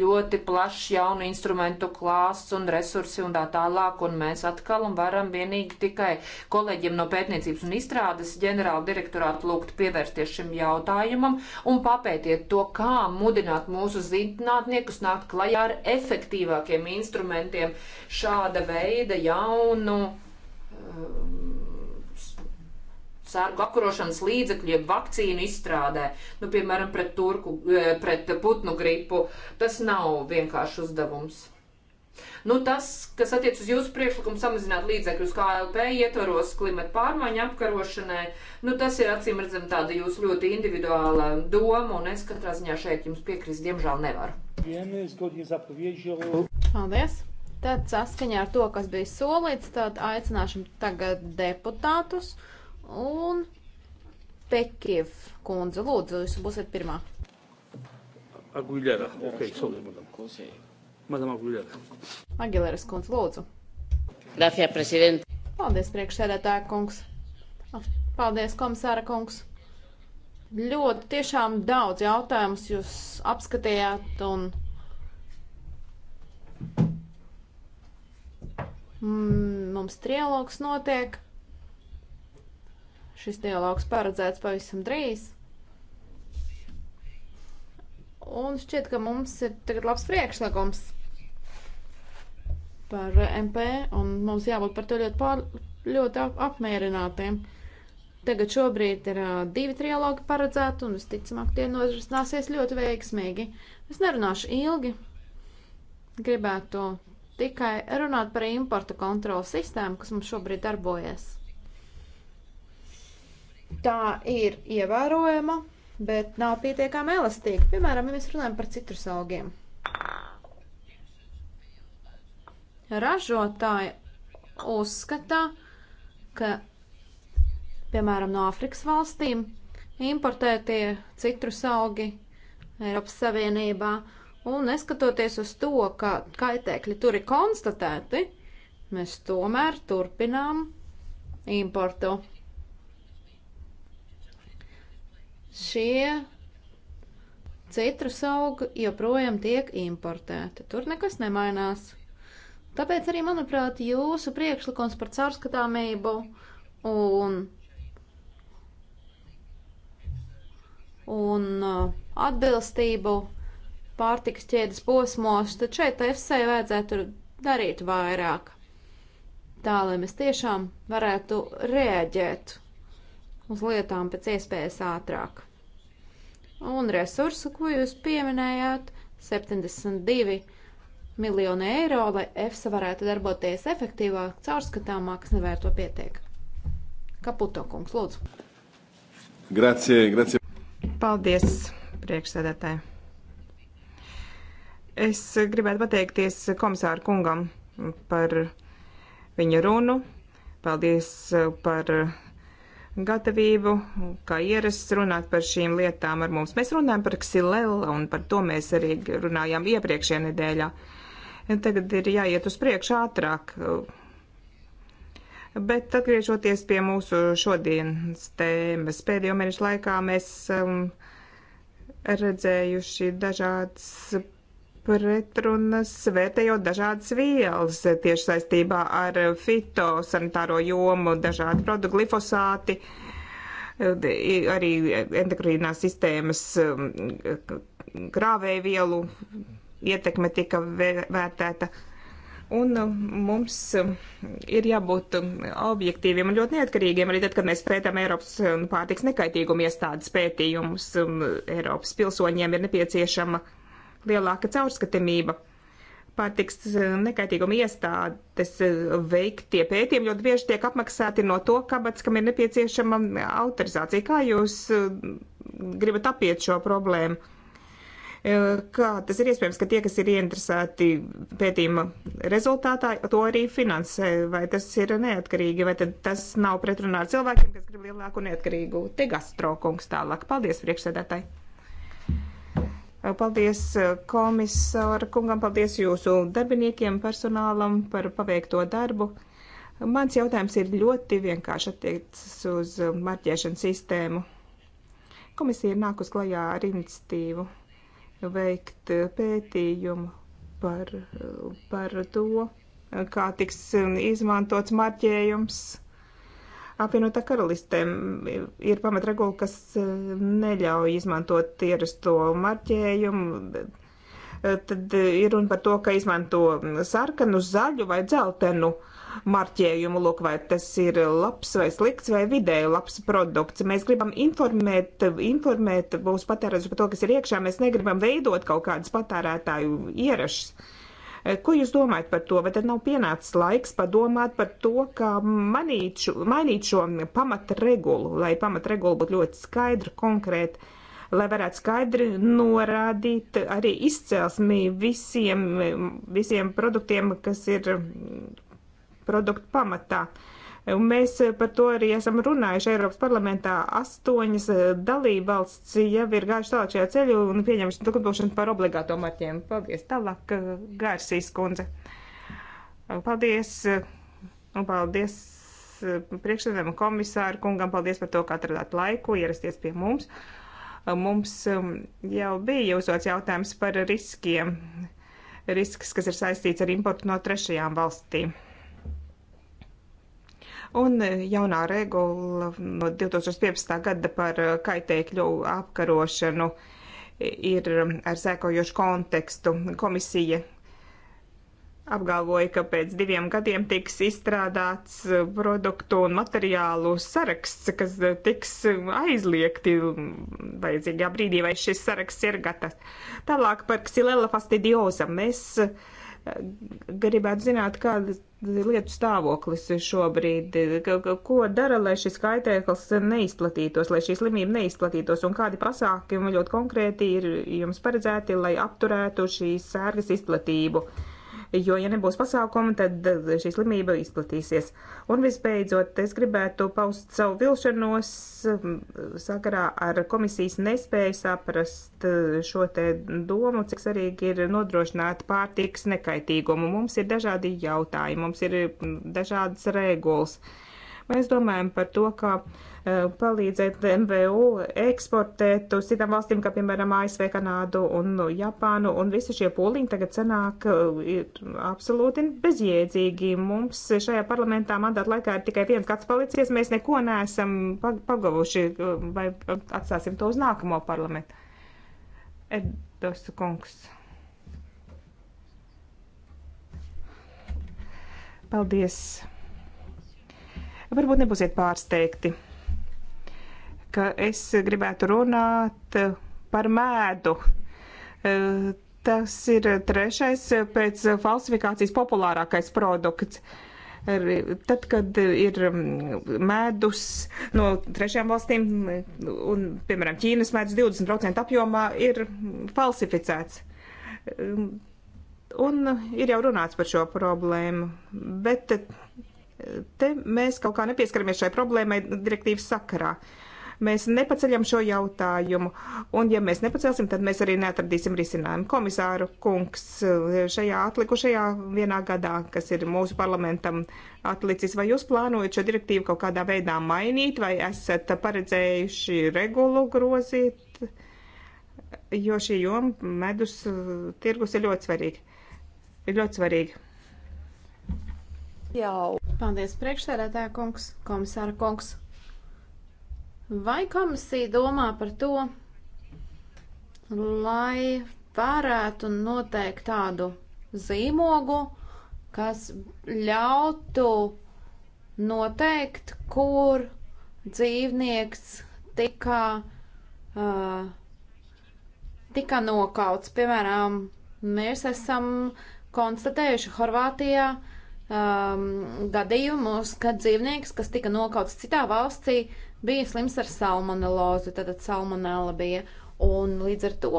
ļoti plašs jaunu instrumentu klāsts un resursi un tā tālāk, un mēs atkal un varam vienīgi tikai kolēģiem no pētniecības un izstrādes ģenerāla direktorāta lūgt pievērsties šim jautājumam un papētiet to, kā mudināt mūsu zinātniekus nākt klajā ar efektīvākiem instrumentiem šāda veida jaunu. Um, sērgu apkarošanas līdzekļu, jeb vakcīnu izstrādē, nu, piemēram, pret, turku, e, pret putnu gripu. Tas nav vienkārši uzdevums. Nu, tas, kas attiec uz jūsu priekšlikumu samazināt līdzekļus KLP ietvaros klimata pārmaiņu apkarošanai, nu, tas ir acīm redzam tāda jūsu ļoti individuāla doma, un es katrā ziņā šeit jums piekrist, diemžēl nevaru. Paldies! Tad saskaņā ar to, kas bija solīts, tad aicināšam tagad deputātus Un Pekiev kundze, lūdzu, jūs būsiet pirmā. Aguilera, ok, sorry, madam. Madam Aguilera. Aguileras kundze, lūdzu. Gracias, prezident. Paldies, priekšsēdētāja kungs. Paldies, komisāra kungs. Ļoti tiešām daudz jautājumus jūs apskatījāt un. Mm, mums trialogs notiek. Šis dialogs paredzēts pavisam drīz. Un šķiet, ka mums ir tagad labs priekšlikums par MP, un mums jābūt par to ļoti, pār, ļoti apmierinātiem. Tagad šobrīd ir uh, divi trialogi paredzēti, un visticamāk tie norisināsies ļoti veiksmīgi. Es nerunāšu ilgi, gribētu tikai runāt par importa kontrolas sistēmu, kas mums šobrīd darbojas tā ir ievērojama, bet nav pietiekami elastīga. Piemēram, ja mēs runājam par citrus augiem. Ražotāji uzskata, ka, piemēram, no Āfrikas valstīm importētie citrus augi Eiropas Savienībā, un neskatoties uz to, ka kaitēkļi tur ir konstatēti, mēs tomēr turpinām importu. šie citrus augi joprojām tiek importēti. Tur nekas nemainās. Tāpēc arī, manuprāt, jūsu priekšlikums par caurskatāmību un, un uh, atbilstību pārtikas ķēdes posmos, tad šeit FC vajadzētu darīt vairāk. Tā, lai mēs tiešām varētu rēģēt uz lietām pēc iespējas ātrāk. Un resursu, ko jūs pieminējāt, 72 miljoni eiro, lai EFSA varētu darboties efektīvāk, caurskatāmāk, kas nevēr to pietiek. Kaputo kungs, lūdzu. Grazie, grazie. Paldies, priekšsēdētāji. Es gribētu pateikties komisāru kungam par viņa runu. Paldies par gatavību, kā ierasts, runāt par šīm lietām ar mums. Mēs runājam par ksilelu, un par to mēs arī runājām iepriekšējā nedēļā. Tagad ir jāiet uz priekšu ātrāk. Bet atgriežoties pie mūsu šodienas tēmas, pēdējo mēnešu laikā mēs um, redzējuši dažādas pretrunas vērtējot dažādas vielas tieši saistībā ar fitosanitāro jomu, dažādi produkti, glifosāti, arī endokrīnās sistēmas um, grāvējvielu ietekme tika vērtēta. Un um, mums um, ir jābūt objektīviem un ļoti neatkarīgiem arī tad, kad mēs pētām Eiropas pārtiks nekaitīgumu iestādes pētījumus. Eiropas pilsoņiem ir nepieciešama uh, lielāka caurskatamība. Pārtiks eh, nekaitīguma iestādes eh, veiktie pētījumi ļoti bieži tiek apmaksāti no to kabats, kam ir nepieciešama autorizācija. Kā jūs eh, gribat apiet šo problēmu? Kā tas ir iespējams, ka tie, kas ir ieinteresēti pētījuma rezultātā, to arī finansē? Vai tas ir neatkarīgi, vai tas nav pretrunā ar cilvēkiem, kas grib lielāku neatkarīgu? Te gastrokungs tālāk. Paldies, priekšsēdētāji! Paldies eh, komisāra kungam, paldies jūsu darbiniekiem, personālam par paveikto darbu. Mans jautājums ir ļoti vienkārši attiecas uz eh, marķēšanas sistēmu. Komisija ir nākus klajā ar iniciatīvu veikt eh, pētījumu par, par to, kā tiks izmantots marķējums apvienotā karalistē ir pamatregula, kas eh, neļauj izmantot ierasto marķējumu. Tad eh, ir runa par to, ka izmanto sarkanu, zaļu vai dzeltenu marķējumu. Lūk, vai tas ir labs vai slikts vai vidēji labs produkts. Mēs gribam informēt, informēt mūsu patērētājus par to, kas ir iekšā. Mēs negribam veidot kaut kādas patērētāju ierašas Ko jūs domājat par to? Vai tad nav pienācis laiks padomāt par to, kā manīt šo, mainīt šo pamatregulu, lai pamatregula būtu ļoti skaidra, konkrēta? lai varētu skaidri norādīt arī izcelsmi visiem, visiem produktiem, kas ir produktu pamatā. Uh, Mēs eh, par to arī esam runājuši Eiropas parlamentā. Astoņas eh, dalībvalsts jau ir gājuši tālāk šajā ceļu un pieņemšu likumdošanu par obligāto marķējumu. Paldies. Tālāk eh, Gārsīs kundze. Paldies. Un paldies priekšsēdēm un komisāru kungam. Paldies par to, ka atradāt laiku ierasties pie mums. Mums um, jau bija uzdots jautājums par riskiem risks, kas ir saistīts ar importu no trešajām valstīm. Un e, jaunā regula no 2015. gada par e, kaitēkļu apkarošanu ir e, ar sēkojošu kontekstu. Komisija apgalvoja, ka pēc diviem gadiem tiks izstrādāts produktu un materiālu saraksts, kas tiks aizliegti vajadzīgā brīdī, vai šis saraksts ir gatavs. Tālāk par ksilella fastidioza mēs uh, Gribētu zināt, kāda lietu stāvoklis šobrīd, ko dara, lai šis kaitēklis neizplatītos, lai šī slimība neizplatītos, un kādi pasākumi ļoti konkrēti ir jums paredzēti, lai apturētu šīs sērgas izplatību. Uh, jo, ja nebūs pasākuma, tad eh, šī slimība izplatīsies. Un visbeidzot, es gribētu paust savu vilšanos mm, sakarā ar komisijas nespēju saprast eh, šo te domu, cik svarīgi ir nodrošināt pārtiks nekaitīgumu. Mums ir dažādi jautājumi, mums ir mm, dažādas regulas. Mēs domājam par to, kā e, palīdzēt MVU eksportēt uz citām valstīm, kā piemēram ASV, Kanādu un Japānu, un visi šie pūliņi tagad sanāk e, absolūti bezjēdzīgi. Mums šajā parlamentā mandāta laikā ir tikai viens gads palicies, mēs neko neesam pagavuši, e, vai atstāsim to uz nākamo parlamentu. Edos kungs. Paldies! Varbūt nebūsiet pārsteigti, ka es gribētu runāt par mēdu. Tas ir trešais pēc falsifikācijas populārākais produkts tad, kad ir medus no trešajām valstīm, un, piemēram, Ķīnas medus 20% apjomā ir falsificēts. Un ir jau runāts par šo problēmu, bet te mēs kaut kā nepieskaramies šai problēmai direktīvas sakarā. Mēs nepaceļam šo jautājumu, un ja mēs nepacelsim, tad mēs arī neatradīsim risinājumu. Komisāru kungs šajā atlikušajā vienā gadā, kas ir mūsu parlamentam atlicis, vai jūs plānojat šo direktīvu kaut kādā veidā mainīt, vai esat paredzējuši regulu grozīt, jo šī joma medus tirgus ir ļoti svarīga. Ir ļoti svarīga. Jau. Paldies, priekšsēdētāja kungs, komisāra kungs. Vai komisija domā par to, lai varētu noteikt tādu zīmogu, kas ļautu noteikt, kur dzīvnieks tika, uh, tika nokauts. Piemēram, mēs esam konstatējuši Horvātijā uh, um, gadījumus, kad dzīvnieks, kas tika nokauts citā valstī, bija slims ar salmonellozi, tad salmonella bija. Un līdz ar to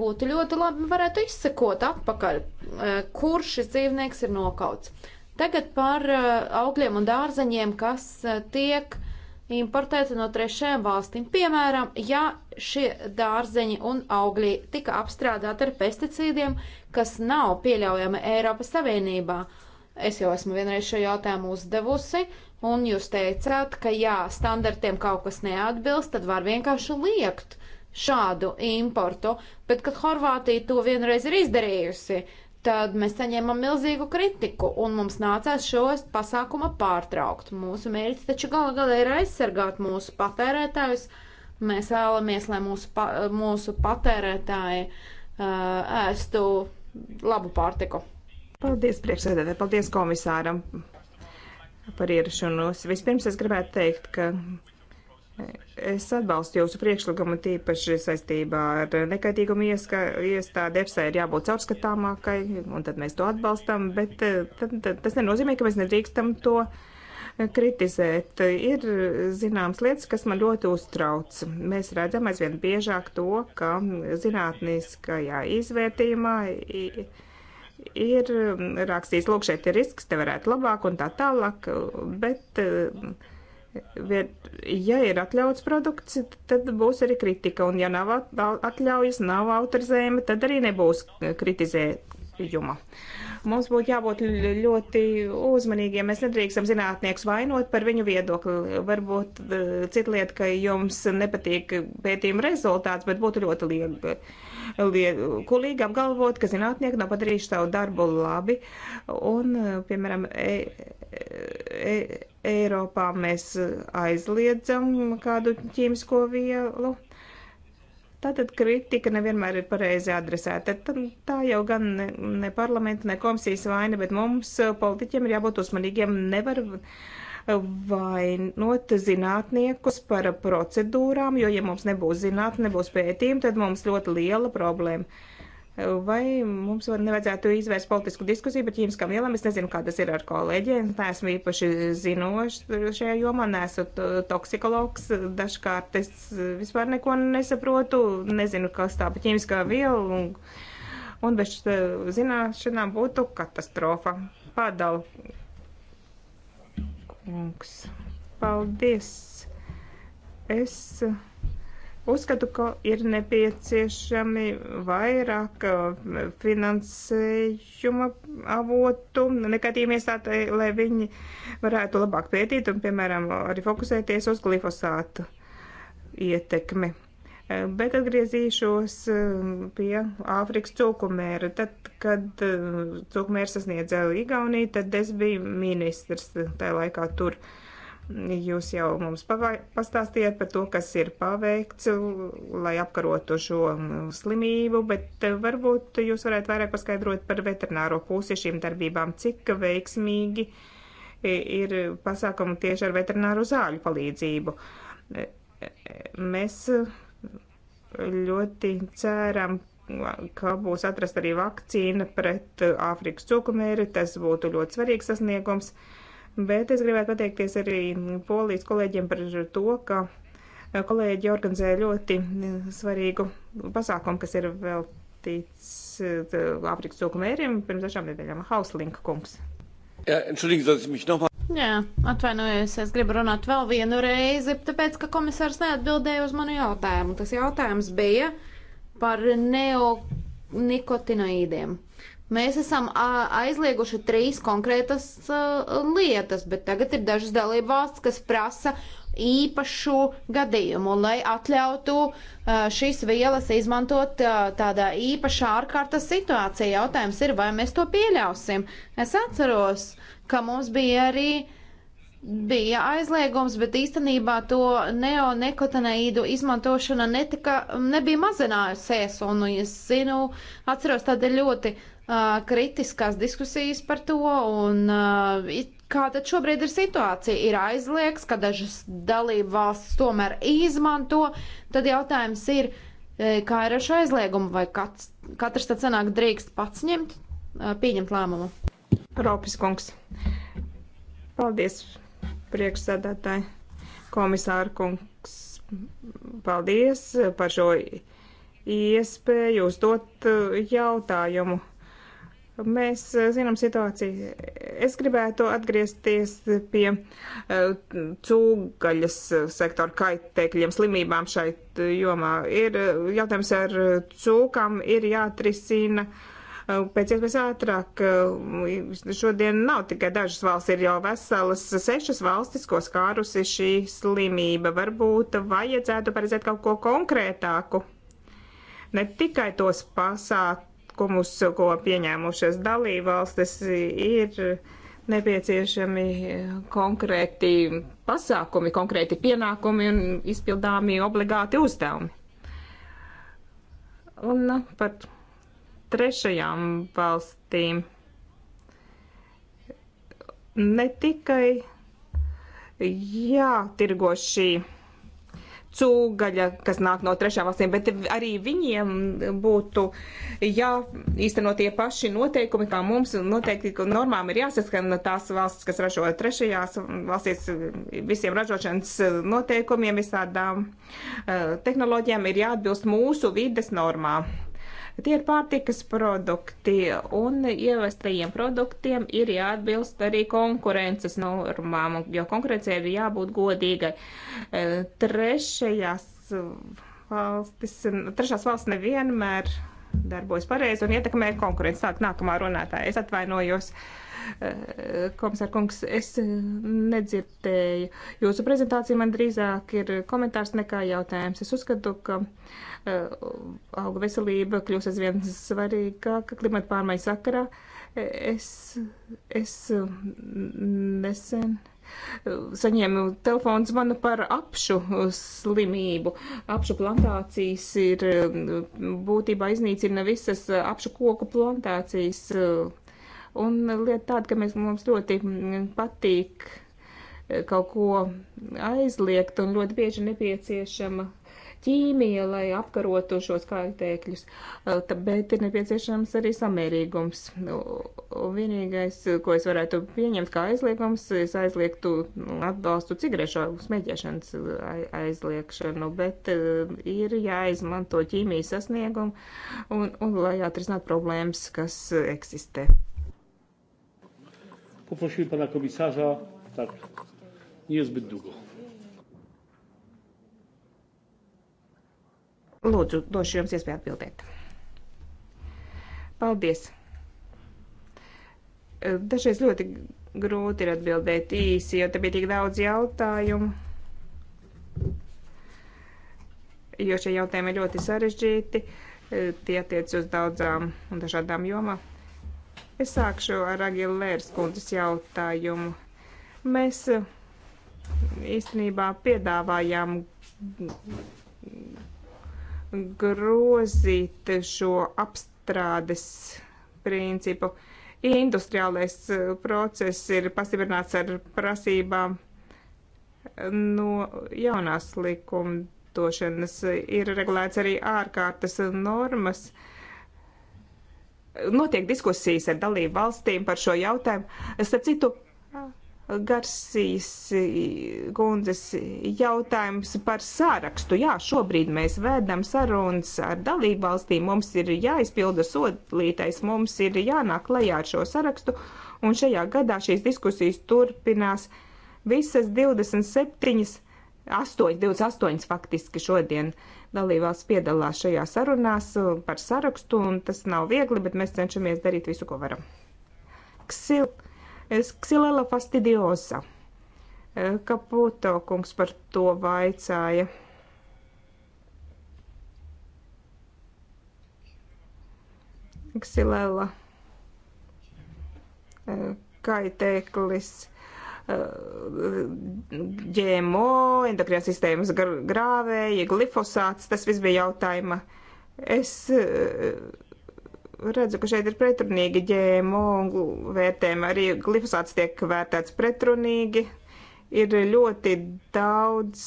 būtu ļoti labi varētu izsekot atpakaļ, uh, kurš šis dzīvnieks ir nokauts. Tagad par uh, augļiem un dārzeņiem, kas uh, tiek uh, importēti no trešajām valstīm. Piemēram, ja šie dārzeņi un augļi tika apstrādāti ar pesticīdiem, kas nav pieļaujami Eiropas Savienībā. Es jau esmu vienreiz šo jautājumu uzdevusi, un jūs teicāt, ka jā, standartiem kaut kas neatbilst, tad var vienkārši liekt šādu importu, bet kad Horvātija to vienreiz ir izdarījusi, uh, tad mēs saņēmām milzīgu kritiku un mums nācās šos pasākuma pārtraukt. Mūsu mērķis taču gala galā ir aizsargāt mūsu patērētājus. Mēs vēlamies, lai mūsu, pa, mūsu patērētāji uh, ēstu labu pārtiku. Paldies priekšsēdētāji, paldies komisāram par ierašanos. Vispirms es gribētu teikt, ka Es atbalstu jūsu priekšlikumu tīpaši saistībā ar nekaitīgumu iestādi. EFSA ir jābūt caurskatāmākai, un tad mēs to atbalstam, bet eh, tad, tad, tas nenozīmē, ka mēs nedrīkstam to kritizēt. Ir zināmas lietas, kas man ļoti uztrauc. Mēs redzam aizvien biežāk to, ka zinātniskajā izvērtījumā ir rakstīts, lūk, šeit ir risks, te varētu labāk un tā tālāk, bet eh, ja ir atļauts produkts, tad būs arī kritika, un ja nav atļaujas, nav autorizējumi, tad arī nebūs kritizējuma. Mums būtu jābūt ļoti uzmanīgiem. Mēs nedrīkstam zinātniekus vainot par viņu viedokli. Varbūt e, cita lieta, ka jums nepatīk pētījuma rezultāts, bet būtu ļoti liega kulīgi apgalvot, ka zinātnieki nav padarījuši savu darbu labi. Un, e, piemēram, e, e, Eiropā mēs eh, aizliedzam kādu ķīmisko vielu. Tātad kritika nevienmēr ir pareizi adresēta. Tā jau gan ne, ne parlamenta, ne komisijas vaina, bet mums eh, politiķiem ir jābūt uzmanīgiem. Nevar eh, vainot zinātniekus par procedūrām, jo ja mums nebūs zinātne, nebūs pētījumi, tad mums ļoti liela problēma Vai mums var nevajadzētu izvērst politisku diskusiju par ķīmiskām vielām? Es nezinu, kā tas ir ar kolēģiem. Neesmu īpaši zinošs šajā jomā, neesmu toksikologs. Dažkārt es eh, vispār neko nesaprotu, nezinu, kas tā pa ķīmiskā viela. Un, un bez eh, zināšanām būtu katastrofa. Pādal. Kungs. Paldies. Es. Uh, Uzskatu, ka ir nepieciešami vairāk eh, finansējuma avotu negatīviem iestādēm, lai viņi varētu labāk pētīt un, piemēram, arī fokusēties uz glifosātu ietekmi. Eh, bet atgriezīšos eh, pie Āfrikas cūkumēra. Tad, kad cūkumērs sasniedza Igauniju, tad es biju ministrs tajā laikā tur. Uh, Jūs jau mums pastāstījāt par to, kas ir paveikts, lai apkarotu šo mm, slimību, bet eh, varbūt jūs varētu vairāk paskaidrot par veterināro pusi šīm darbībām, cik veiksmīgi ir pasākumi tieši ar veterināru zāļu palīdzību. Mēs ļoti ceram, ka būs atrasta arī vakcīna pret Āfrikas cukumēri. Tas būtu ļoti svarīgs sasniegums. Uh, Bet es gribētu pateikties arī polijas kolēģiem par to, ka eh, kolēģi organizē ļoti eh, svarīgu pasākumu, kas ir veltīts eh, Āfrikas cūku mēriem pirms dažām nedēļām. Hauslinka kungs. Jā, Jā atvainojos, es gribu runāt vēl vienu reizi, tāpēc, ka komisārs neatbildēja uz manu jautājumu. Tas jautājums bija par neonikotinoīdiem. Mēs esam aizlieguši trīs konkrētas uh, lietas, bet tagad ir dažas dalība valsts, kas prasa īpašu gadījumu, lai atļautu uh, šīs vielas izmantot uh, tādā īpašā ārkārtas situācijā. Jautājums ir, vai mēs to pieļausim. Es atceros, ka mums bija arī bija aizliegums, bet īstenībā to neonekotinoīdu izmantošana netika, nebija mazinājusies, un es zinu, atceros tādu ļoti kritiskās diskusijas par to, un kā tad šobrīd ir situācija? Ir aizliegts, ka dažas dalību valsts tomēr izmanto, tad jautājums ir, kā ir ar šo aizliegumu, vai kats, katrs tad sanāk drīkst pats ņemt, pieņemt lēmumu? Ropis kungs. Paldies, priekšsēdētāji, komisāra kungs. Paldies par šo iespēju uzdot jautājumu Mēs eh, zinām situāciju. Es gribētu atgriezties pie eh, cūgaļas eh, sektora kaitēkļiem, slimībām šeit jomā. Ir jautājums ar cūkam, ir jāatrisina pēc iespējas ātrāk. Šodien nav tikai dažas valsts, ir jau veselas sešas valstis, ko skārusi šī slimība. Varbūt vajadzētu paredzēt kaut ko konkrētāku. Ne tikai tos pasākumus noteikumus, ko pieņēmušas dalībvalstis, ir nepieciešami konkrēti pasākumi, konkrēti pienākumi un izpildāmi obligāti uzdevumi. Un nu, par trešajām valstīm ne tikai jātirgo šī cūgaļa, kas nāk no trešām valstīm, bet arī viņiem būtu jāīsteno tie paši noteikumi, kā mums noteikti normām ir jāsaskana tās valstis, kas ražo trešajās valstīs visiem ražošanas noteikumiem, visādām eh, tehnoloģijām ir jāatbilst mūsu vides normām. Tie ir pārtikas produkti, un ievestajiem produktiem ir jāatbilst arī konkurences normām, jo konkurencei ir jābūt godīgai. E, trešajās valstis, trešās valsts nevienmēr darbojas pareizi un ietekmē konkurenci. Sāk nākamā runātāja. Es atvainojos, e, komisār kungs, es nedzirdēju. Jūsu prezentācija man drīzāk ir komentārs nekā jautājums. Es uzskatu, ka Eh, auga veselība kļūs aizvien svarīgāka klimata pārmaiņu sakarā. Es, es mm, nesen eh, saņēmu telefonu zvanu par apšu slimību. Apšu plantācijas ir eh, būtībā iznīcina visas apšu koku plantācijas. Un lieta tāda, ka mēs, mums ļoti mm, patīk kaut ko aizliegt un ļoti bieži nepieciešama ķīmija, lai apkarotu šos kaitēkļus, bet ir nepieciešams arī samērīgums. Vienīgais, ko es varētu pieņemt kā aizliegums, es aizliegtu atbalstu cigarešu smēķēšanas aizliegšanu, bet ir jāizmanto ķīmijas sasniegumu un, un lai atrisināt problēmas, kas eksistē. Poprosimy pana komisarza, tak niezbyt długo. Lūdzu, došu jums iespēju atbildēt. Paldies! Dažreiz ļoti grūti ir atbildēt īsi, jo te bija tik daudz jautājumu. Jo šie jautājumi ir ļoti sarežģīti, tie attiec uz daudzām un dažādām jomām. Es sākšu ar Agilēras kundzes jautājumu. Mēs eh, īstenībā piedāvājām grozīt šo apstrādes principu. Industriālais eh, process ir pastiprināts ar prasībām eh, no jaunās likumdošanas. Ir regulēts arī ārkārtas normas. Notiek diskusijas ar dalību valstīm par šo jautājumu. Starp citu, Garsīs kundzes jautājums par sārakstu. Jā, šobrīd mēs vēdam sarunas ar dalību valstīm, mums ir jāizpilda sodlītais, mums ir jānāk lejā ar šo sarakstu, un šajā gadā šīs diskusijas turpinās visas 27, 8, 28 faktiski šodien dalībvalsts piedalās šajā sarunās par sarakstu, un tas nav viegli, bet mēs cenšamies darīt visu, ko varam. Ksil Ksilella fastidiosa. Eh, Kaputo kungs par to vaicāja. Ksilella eh, kaitēklis, eh, ģēmo, endokrinās sistēmas grāvēji, glifosāts, tas viss bija jautājuma. Es redzu, ka šeit ir pretrunīgi ģēmo vērtējumi. Arī glifosāts tiek vērtēts pretrunīgi. Ir ļoti daudz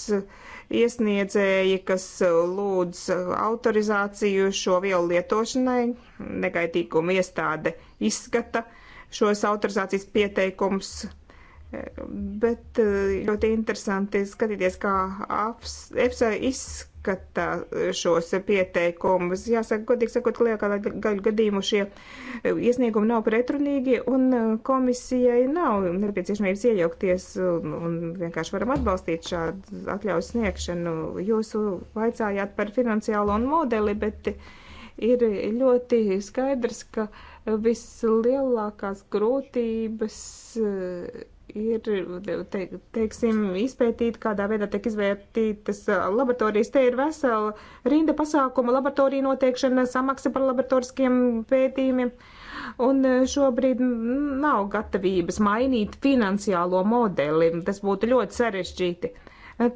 iesniedzēji, kas lūdz autorizāciju šo vielu lietošanai. Negaitīguma iestāde izskata šos autorizācijas pieteikums. Eh, bet eh, ļoti interesanti skatīties, kā EFSA izskata izskatā šos pieteikumus. Jāsaka, godīgi sakot, lielākā daļa gadījumu šie iesniegumi nav pretrunīgi, un komisijai nav nepieciešamības iejaukties, un, un vienkārši varam atbalstīt šādu atļauju sniegšanu. Jūsu vaicājāt par finansiālo un modeli, bet ir ļoti skaidrs, ka vislielākās grūtības ir, te, teiksim, izpētīt, kādā veidā tiek izvērtītas laboratorijas. Te ir vesela rinda pasākumu, laboratorija noteikšana, samaksa par laboratoriskiem pētījumiem. Un šobrīd nav gatavības mainīt finansiālo modeli. Tas būtu ļoti sarežģīti.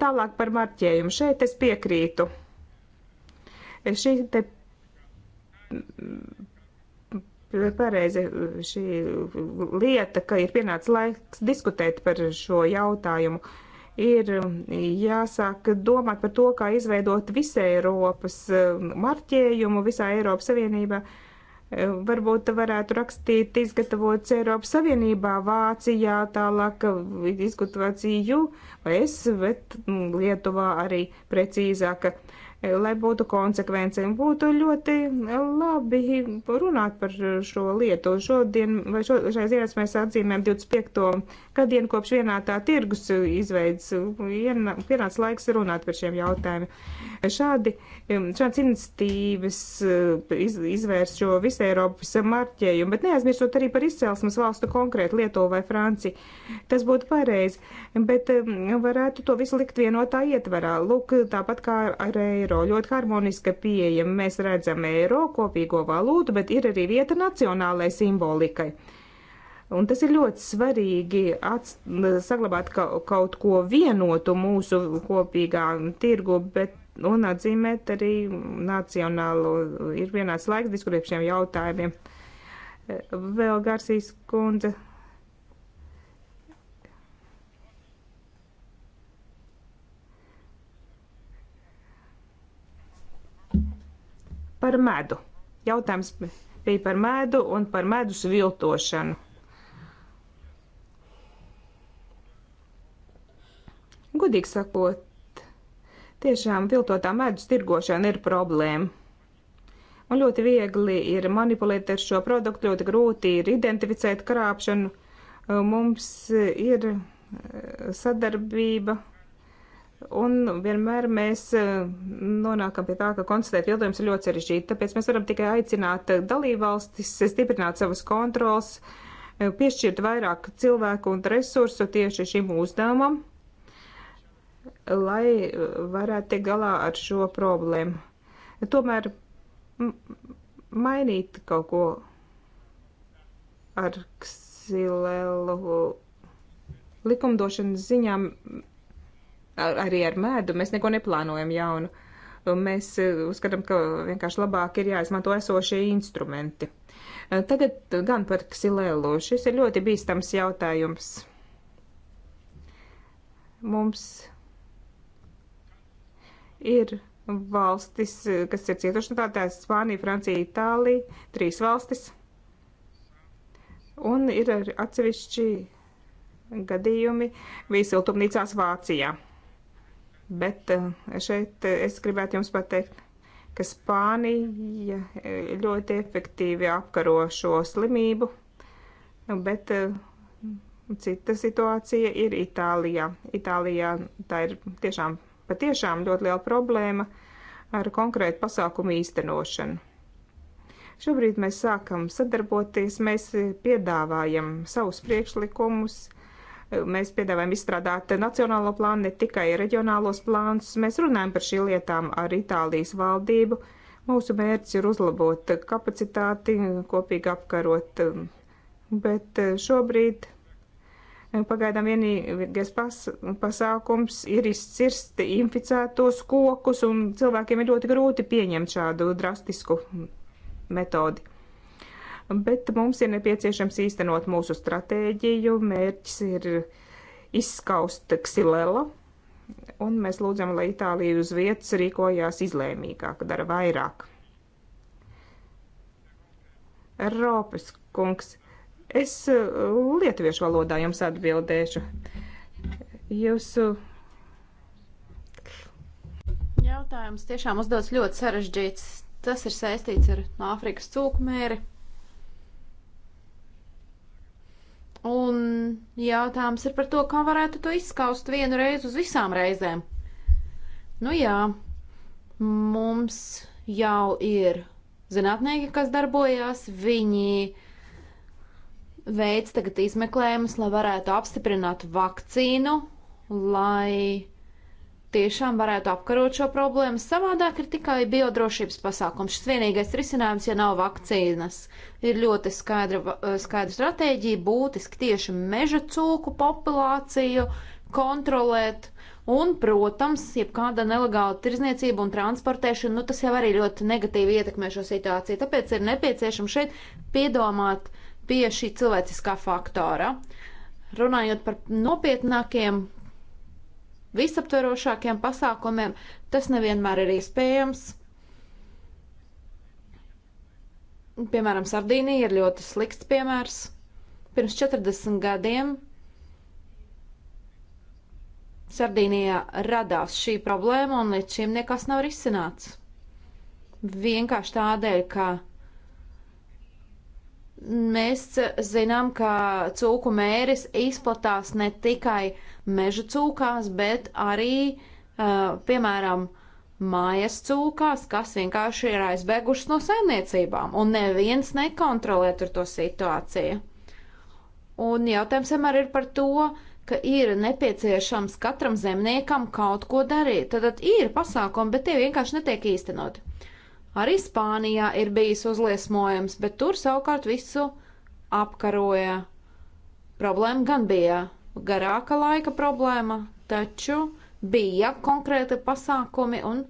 Tālāk par marķējumu. Šeit es piekrītu. Šī te pareizi šī lieta, ka ir pienācis laiks diskutēt par šo jautājumu. Ir jāsāk domāt par to, kā izveidot visu Eiropas um, marķējumu visā Eiropas Savienībā. Um, varbūt varētu rakstīt izgatavots Eiropas Savienībā, Vācijā, tālāk um, izgatavots EU vai es, bet mm, Lietuvā arī precīzāk. Uh, lai būtu konsekvence. Būtu ļoti labi runāt par šo lietu. Šodien, vai šo, šai ziņās mēs atzīmējam 25. gadienu kopš vienā tā tirgus izveids. Pienāca laiks runāt par šiem jautājumiem. Šādi, šāds iniciatīvas eh, iz, izvērs šo visu Eiropas marķējumu, bet neaizmirstot arī par izcelsmes valstu konkrēti Lietuvu vai Franciju. Tas būtu pareizi, bet eh, varētu to visu likt vienotā ietvarā. Lūk, tāpat kā ar eiro eiro. Ļoti harmoniska pieeja. Mēs redzam eiro, kopīgo valūtu, bet ir arī vieta nacionālai simbolikai. Un tas ir ļoti svarīgi ats, saglabāt ka, kaut ko vienotu mūsu kopīgā tirgu, bet un atzīmēt arī nacionālo, ir vienāds laiks diskutēt šiem jautājumiem. Vēl Garsīs kundze Par medu. Jautājums bija par medu un par medus viltošanu. Gudīgi sakot, tiešām viltotā medus tirgošana ir problēma. Un ļoti viegli ir manipulēt ar šo produktu, ļoti grūti ir identificēt krāpšanu. Mums ir eh, sadarbība Un vienmēr mēs eh, nonākam pie tā, ka konstatēt viltojumus ir ļoti sarežģīti. Tāpēc mēs varam tikai aicināt eh, dalībvalstis stiprināt savas kontrols, eh, piešķirt vairāk cilvēku un resursu tieši šim uzdevumam, lai varētu tikt galā ar šo problēmu. Tomēr mainīt kaut ko ar ksilelu likumdošanas ziņām arī ar mēdu mēs neko neplānojam jaunu. Mēs e, uzskatām, ka vienkārši labāk ir jāizmanto esošie instrumenti. E, tagad gan par ksilēlu. Šis ir ļoti bīstams jautājums. Mums ir valstis, e, kas ir cietuši no tādās Spānija, Francija, Itālija, trīs valstis. Un ir atsevišķi gadījumi visiltumnīcās Vācijā. Bet eh, šeit eh, es gribētu jums pateikt, ka Spānija eh, ļoti efektīvi apkaro šo slimību, nu, bet cita situācija ir Itālijā. Itālijā tā ir tiešām, patiešām ļoti liela problēma ar konkrētu pasākumu īstenošanu. Šobrīd mēs sākam sadarboties, mēs piedāvājam savus priekšlikumus, uh, Mēs piedāvājam izstrādāt nacionālo plānu, ne tikai reģionālos plānus. Mēs runājam par šī lietām ar Itālijas valdību. Mūsu mērķis ir uzlabot kapacitāti, kopīgi apkarot, bet šobrīd Pagaidām vienīgais pas, pasākums ir izcirst inficētos kokus, un cilvēkiem ir ļoti grūti pieņemt šādu drastisku metodi bet mums ir nepieciešams īstenot mūsu stratēģiju. Mērķis ir izskaust ksilelu, un mēs lūdzam, lai Itālija uz vietas rīkojās izlēmīgāk, dara vairāk. Ropes kungs, es uh, lietuviešu valodā jums atbildēšu. Jūsu uh, jautājums tiešām uzdodas ļoti sarežģīts. Tas ir saistīts ar Āfrikas cūku mēri. Un jautājums ir par to, kā varētu to izskaust vienu reizi uz visām reizēm. Nu jā, mums jau ir zinātnieki, kas darbojās, viņi veids tagad izmeklējumus, lai varētu apstiprināt vakcīnu, lai tiešām varētu apkarot šo problēmu. Savādāk ir tikai biodrošības pasākums. Šis vienīgais risinājums, ja nav vakcīnas, ir ļoti skaidra, eh, skaidra stratēģija būtiski tieši meža cūku populāciju kontrolēt. Un, protams, jebkāda nelegāla tirzniecība un transportēšana, nu, tas jau arī ļoti negatīvi ietekmē šo situāciju. Tāpēc ir nepieciešams šeit piedomāt pie šī cilvēciskā faktora. Runājot par nopietnākiem visaptverošākiem pasākumiem, tas nevienmēr ir iespējams. Piemēram, Sardīnija ir ļoti slikts piemērs. Pirms 40 gadiem Sardīnijā radās šī problēma un līdz šim nekas nav risināts. Vienkārši tādēļ, ka mēs zinām, ka cūku mēris izplatās ne tikai uh, meža cūkās, bet arī, uh, piemēram, mājas cūkās, kas vienkārši ir aizbēgušas no saimniecībām, un neviens nekontrolē tur to situāciju. Un jautājums vienmēr ir par to, ka ir nepieciešams katram zemniekam kaut ko darīt. Tad, tad ir pasākumi, bet tie vienkārši netiek īstenoti. Arī Spānijā ir bijis uzliesmojums, bet tur savukārt visu apkaroja. Problēma gan bija garāka laika problēma, taču bija konkrēti pasākumi un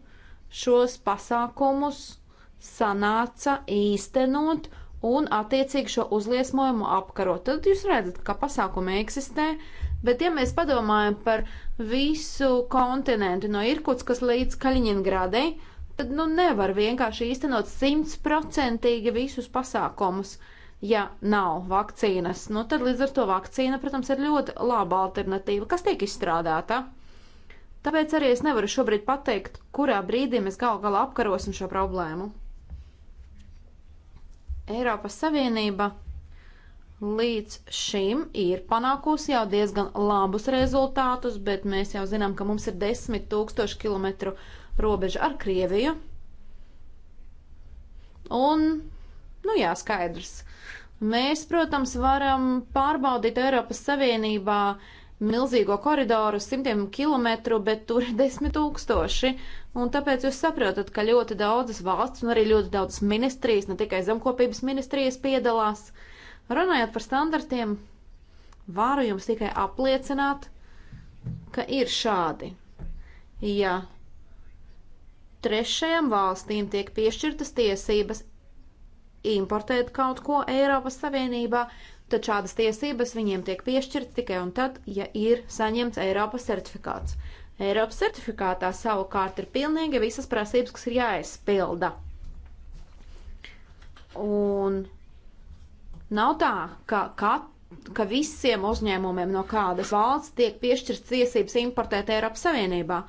šos pasākumus sanāca īstenot un attiecīgi šo uzliesmojumu apkarot. Tad jūs redzat, ka pasākumi eksistē, bet ja mēs padomājam par visu kontinentu no Irkutskas līdz Kaļiņingrādai, tad nu nevar vienkārši īstenot simtprocentīgi visus pasākumus. Uh, ja nav vakcīnas. Nu, tad līdz ar to vakcīna, protams, ir ļoti laba alternatīva, kas tiek izstrādāta. Tāpēc arī es nevaru šobrīd pateikt, kurā brīdī mēs gal galā apkarosim šo problēmu. Eiropas Savienība līdz šim ir panākusi jau diezgan labus rezultātus, bet mēs jau zinām, ka mums ir 10 000 km robeža ar Krieviju. Un, nu jā, skaidrs Mēs, protams, varam pārbaudīt Eiropas Savienībā milzīgo koridoru simtiem kilometru, bet tur ir desmit tūkstoši. Un tāpēc jūs saprotat, ka ļoti daudzas valsts un arī ļoti daudzas ministrijas, ne tikai zemkopības ministrijas piedalās. Runājot par standartiem, varu jums tikai apliecināt, ka ir šādi. Ja trešajām valstīm tiek piešķirtas tiesības importēt kaut ko Eiropas Savienībā, tad šādas tiesības viņiem tiek piešķirtas tikai un tad, ja ir saņemts Eiropas certifikāts. Eiropas certifikātā savukārt ir pilnīgi visas prasības, kas ir jāizpilda. Un nav tā, ka, ka, ka visiem uzņēmumiem no kādas valsts tiek piešķirtas tiesības importēt Eiropas Savienībā.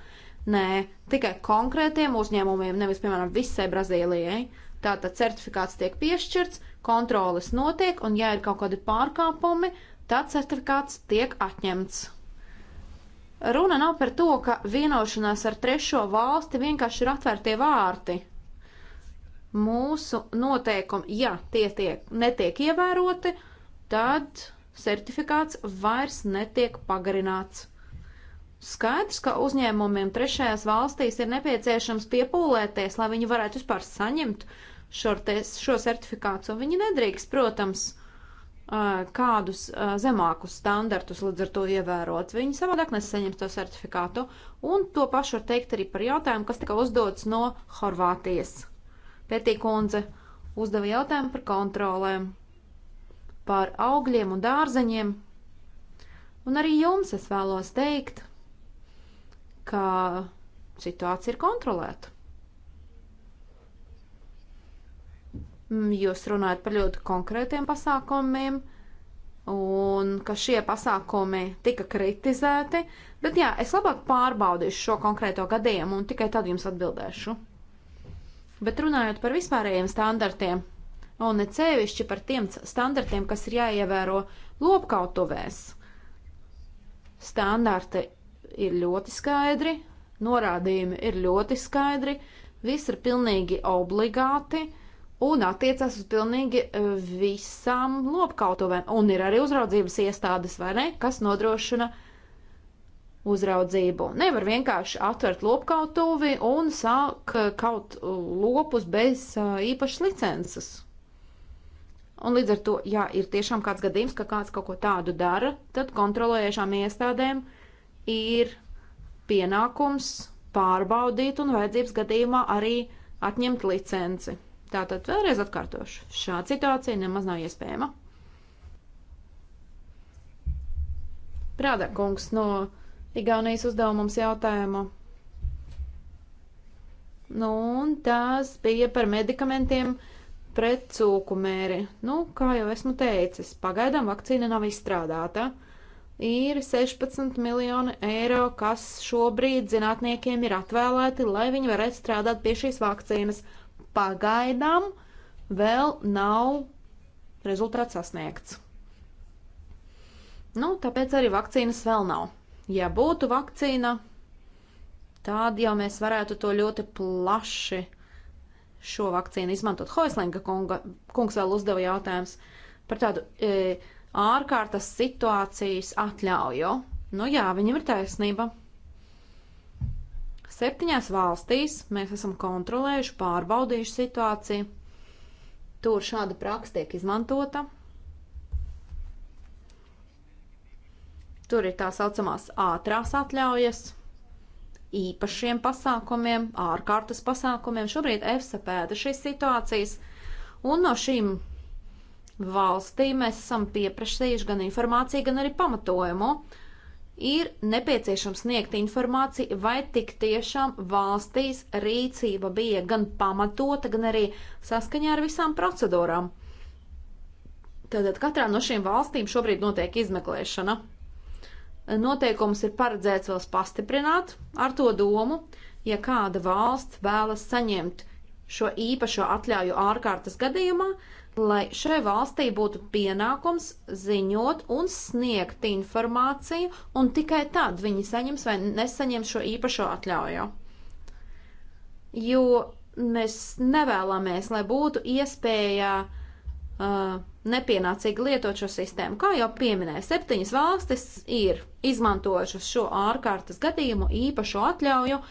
Nē, tikai konkrētiem uzņēmumiem, nevis, piemēram, visai Brazīlijai. Tātad certifikāts tiek piešķirts, kontroles notiek, un ja ir kaut kādi pārkāpumi, tad certifikāts tiek atņemts. Runa nav par to, ka vienošanās ar trešo valsti vienkārši ir atvērtie vārti. Mūsu noteikumi, ja tie tiek, netiek ievēroti, tad certifikāts vairs netiek pagarināts. Skaidrs, ka uzņēmumiem trešajās valstīs ir nepieciešams piepūlēties, lai viņi varētu vispār saņemt uh, šo, tes, šo certifikāciju. Viņi nedrīkst, protams, kādus zemākus standartus līdz ar to ievērot. Viņi savādāk nesaņems to certifikātu. Un to pašu var teikt arī par jautājumu, kas tika uzdots no Horvātijas. Pētī kundze uzdeva jautājumu par kontrolēm, par augļiem un dārzeņiem. Un arī jums es vēlos teikt, ka situācija ir kontrolēta. Mm, jūs runājat par ļoti konkrētiem pasākumiem, un ka šie pasākumi tika kritizēti, bet jā, es labāk pārbaudīšu šo konkrēto gadījumu un tikai tad jums atbildēšu. Bet runājot par vispārējiem standartiem, un ne cevišķi par tiem standartiem, kas ir jāievēro lopkautuvēs, standarti ir ļoti skaidri, norādījumi ir ļoti skaidri, viss ir pilnīgi obligāti un attiecas uz pilnīgi eh, visām lopkautuvēm. Un ir arī uzraudzības iestādes, vai ne, kas nodrošina uzraudzību. Nevar vienkārši atvert lopkautuvi un sāk eh, kaut lopus bez eh, īpašas licences. Un līdz ar to, ja ir tiešām kāds gadījums, ka kāds kaut ko tādu dara, tad kontrolējušām iestādēm ir pienākums pārbaudīt un vajadzības gadījumā arī atņemt licenci. Tātad vēlreiz atkārtošu. Šāda situācija nemaz nav iespējama. Prādā kungs no Igaunijas uzdeva mums jautājumu. Nu, un tās bija par medikamentiem pret cūku mēri. Nu, kā jau esmu teicis, pagaidām vakcīna nav izstrādāta. Ir 16 miljoni eiro, kas šobrīd zinātniekiem ir atvēlēti, lai viņi varētu strādāt pie šīs vakcīnas pagaidām vēl nav rezultāts sasniegts. Nu, tāpēc arī vakcīnas vēl nav. Ja būtu vakcīna, tad jau mēs varētu to ļoti plaši šo vakcīnu izmantot. Hoislinga kunga, kungs vēl uzdeva jautājums par tādu e, ārkārtas situācijas atļauju. Nu jā, viņam ir taisnība. Septiņās valstīs mēs esam kontrolējuši, pārbaudījuši situāciju. Tur šāda praksa tiek izmantota. Tur ir tā saucamās ātrās atļaujas īpašiem pasākumiem, ārkārtas pasākumiem. Šobrīd EFSA pēta šīs situācijas, un no šīm valstīm mēs esam pieprasījuši gan informāciju, gan arī pamatojumu. Uh, ir nepieciešams sniegt informāciju, vai tik tiešām valstīs rīcība bija gan pamatota, gan arī saskaņā ar visām procedūrām. Tātad katrā no šīm valstīm šobrīd notiek izmeklēšana. Noteikums ir paredzēts vēl pastiprināt ar to domu, ja kāda valsts vēlas saņemt šo īpašo atļauju ārkārtas gadījumā, lai šai valstī būtu pienākums ziņot un sniegt informāciju, un tikai tad viņi saņems vai nesaņems šo īpašo atļauju. Jo mēs nevēlamies, lai būtu iespēja uh, nepienācīgi lietot šo sistēmu. Kā jau pieminēju, septiņas valstis ir izmantojušas šo ārkārtas gadījumu īpašo atļauju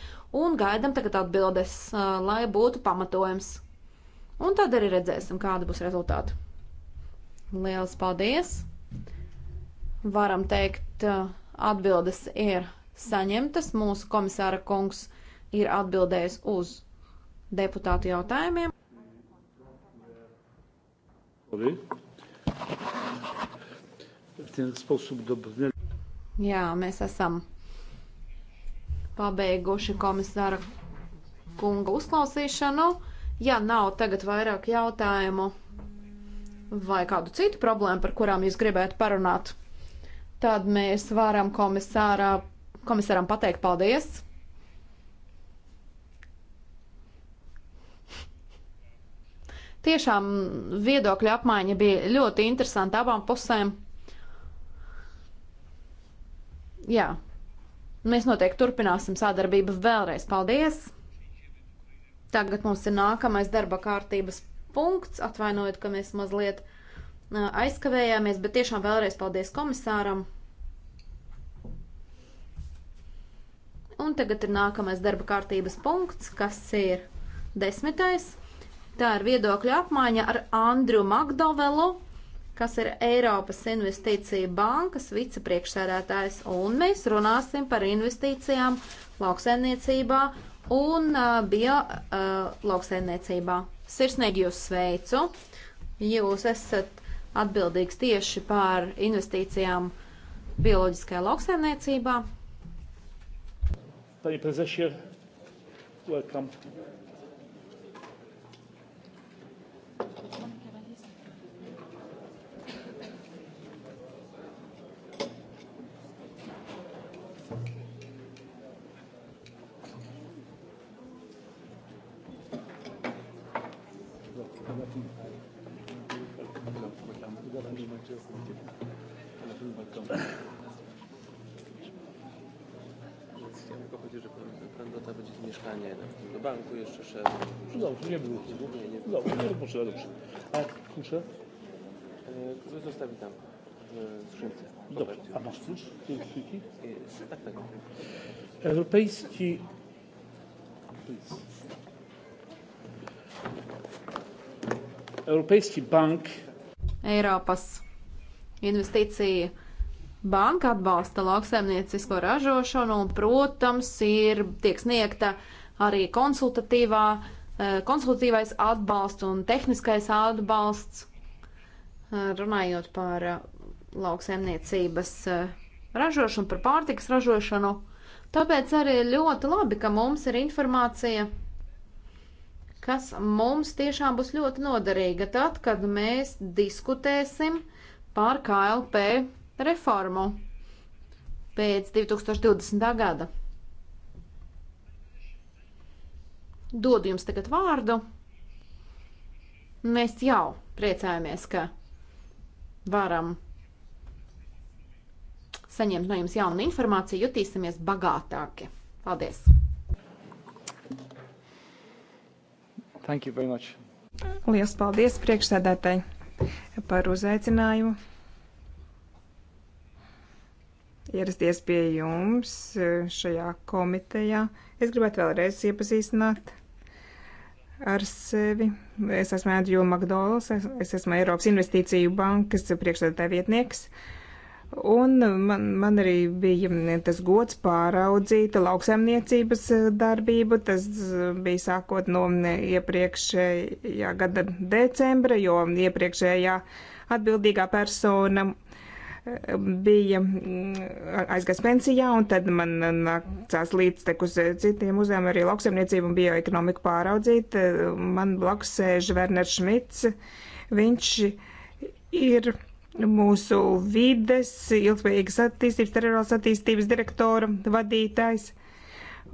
un gaidam tagad atbildes, uh, lai būtu pamatojums Un tad arī redzēsim, kāda būs rezultāta. Lielas paldies! Varam teikt, uh, atbildes ir saņemtas. Mūsu komisāra kungs ir atbildējis uz deputātu jautājumiem. Jā, mēs esam pabeiguši komisāra kunga uzklausīšanu. Ja nav tagad vairāk jautājumu vai kādu citu problēmu, par kurām jūs gribētu parunāt, tad mēs varam komisārā, komisāram pateikt paldies. Tiešām viedokļa apmaiņa bija ļoti interesanta abām pusēm. Jā, mēs noteikti turpināsim sadarbību vēlreiz. Paldies! Tagad mums ir nākamais darba kārtības punkts. Atvainojiet, ka mēs mazliet aizkavējāmies, bet tiešām vēlreiz paldies komisāram. Un tagad ir nākamais darba kārtības punkts, kas ir desmitais. Tā ir viedokļa apmaiņa ar Andriju Magdovelu, kas ir Eiropas Investīcija bankas vicepriekšsēdētājs, un mēs runāsim par investīcijām lauksaimniecībā un bio lauksaimniecībā. Sirsnīgi jūs sveicu! Jūs esat atbildīgs tieši par investīcijām bioloģiskajā lauksaimniecībā. Panie prezesie, welcome. Więc ja tylko chodzi, że pan, pan Dota będzie z mieszkania do banku jeszcze szedł. No dobrze, nie było. Nie, nie było. Dobrze, nie potrzeba, dobrze. A klucze? Klucze zostawi tam w skrzynce. Dobrze. A masz klucz? Tak, tak. Europejski... Please. Europejski Bank. Eiropas Investīcija banka atbalsta lauksaimniecisko ražošanu un, protams, ir tiek sniegta arī konsultatīvā, eh, konsultatīvais atbalsts un tehniskais atbalsts, eh, runājot par eh, lauksaimniecības ražošanu, par pārtikas ražošanu. Tāpēc arī ļoti labi, ka mums ir informācija, kas mums tiešām būs ļoti noderīga tad, kad mēs diskutēsim uh, par KLP reformu pēc 2020. gada. Dodu jums tagad vārdu. Mēs jau priecājamies, ka varam saņemt no jums jaunu informāciju, jutīsimies bagātāki. Paldies! Thank you very much. Lielas paldies priekšsēdētāji! par uzaicinājumu ierasties pie jums eh, šajā komitejā. Es gribētu vēlreiz iepazīstināt ar sevi. Es esmu Andrija Makdols, es esmu Eiropas Investīciju bankas priekšsēdētāja vietnieks. Uh, Un man, man arī bija tas gods pāraudzīt lauksaimniecības eh, darbību. Tas eh, bija sākot no mm, iepriekšējā gada decembra, jo iepriekšējā atbildīgā persona eh, bija mm, aizgājis pensijā, un tad man nācās līdztekus citiem uzņēmumiem arī lauksaimniecību un bioekonomiku pāraudzīt. Man blakus sēž Werners Šmits. Viņš ir mūsu vides, ilgspējīgas attīstības, teritoriālas attīstības direktora vadītājs.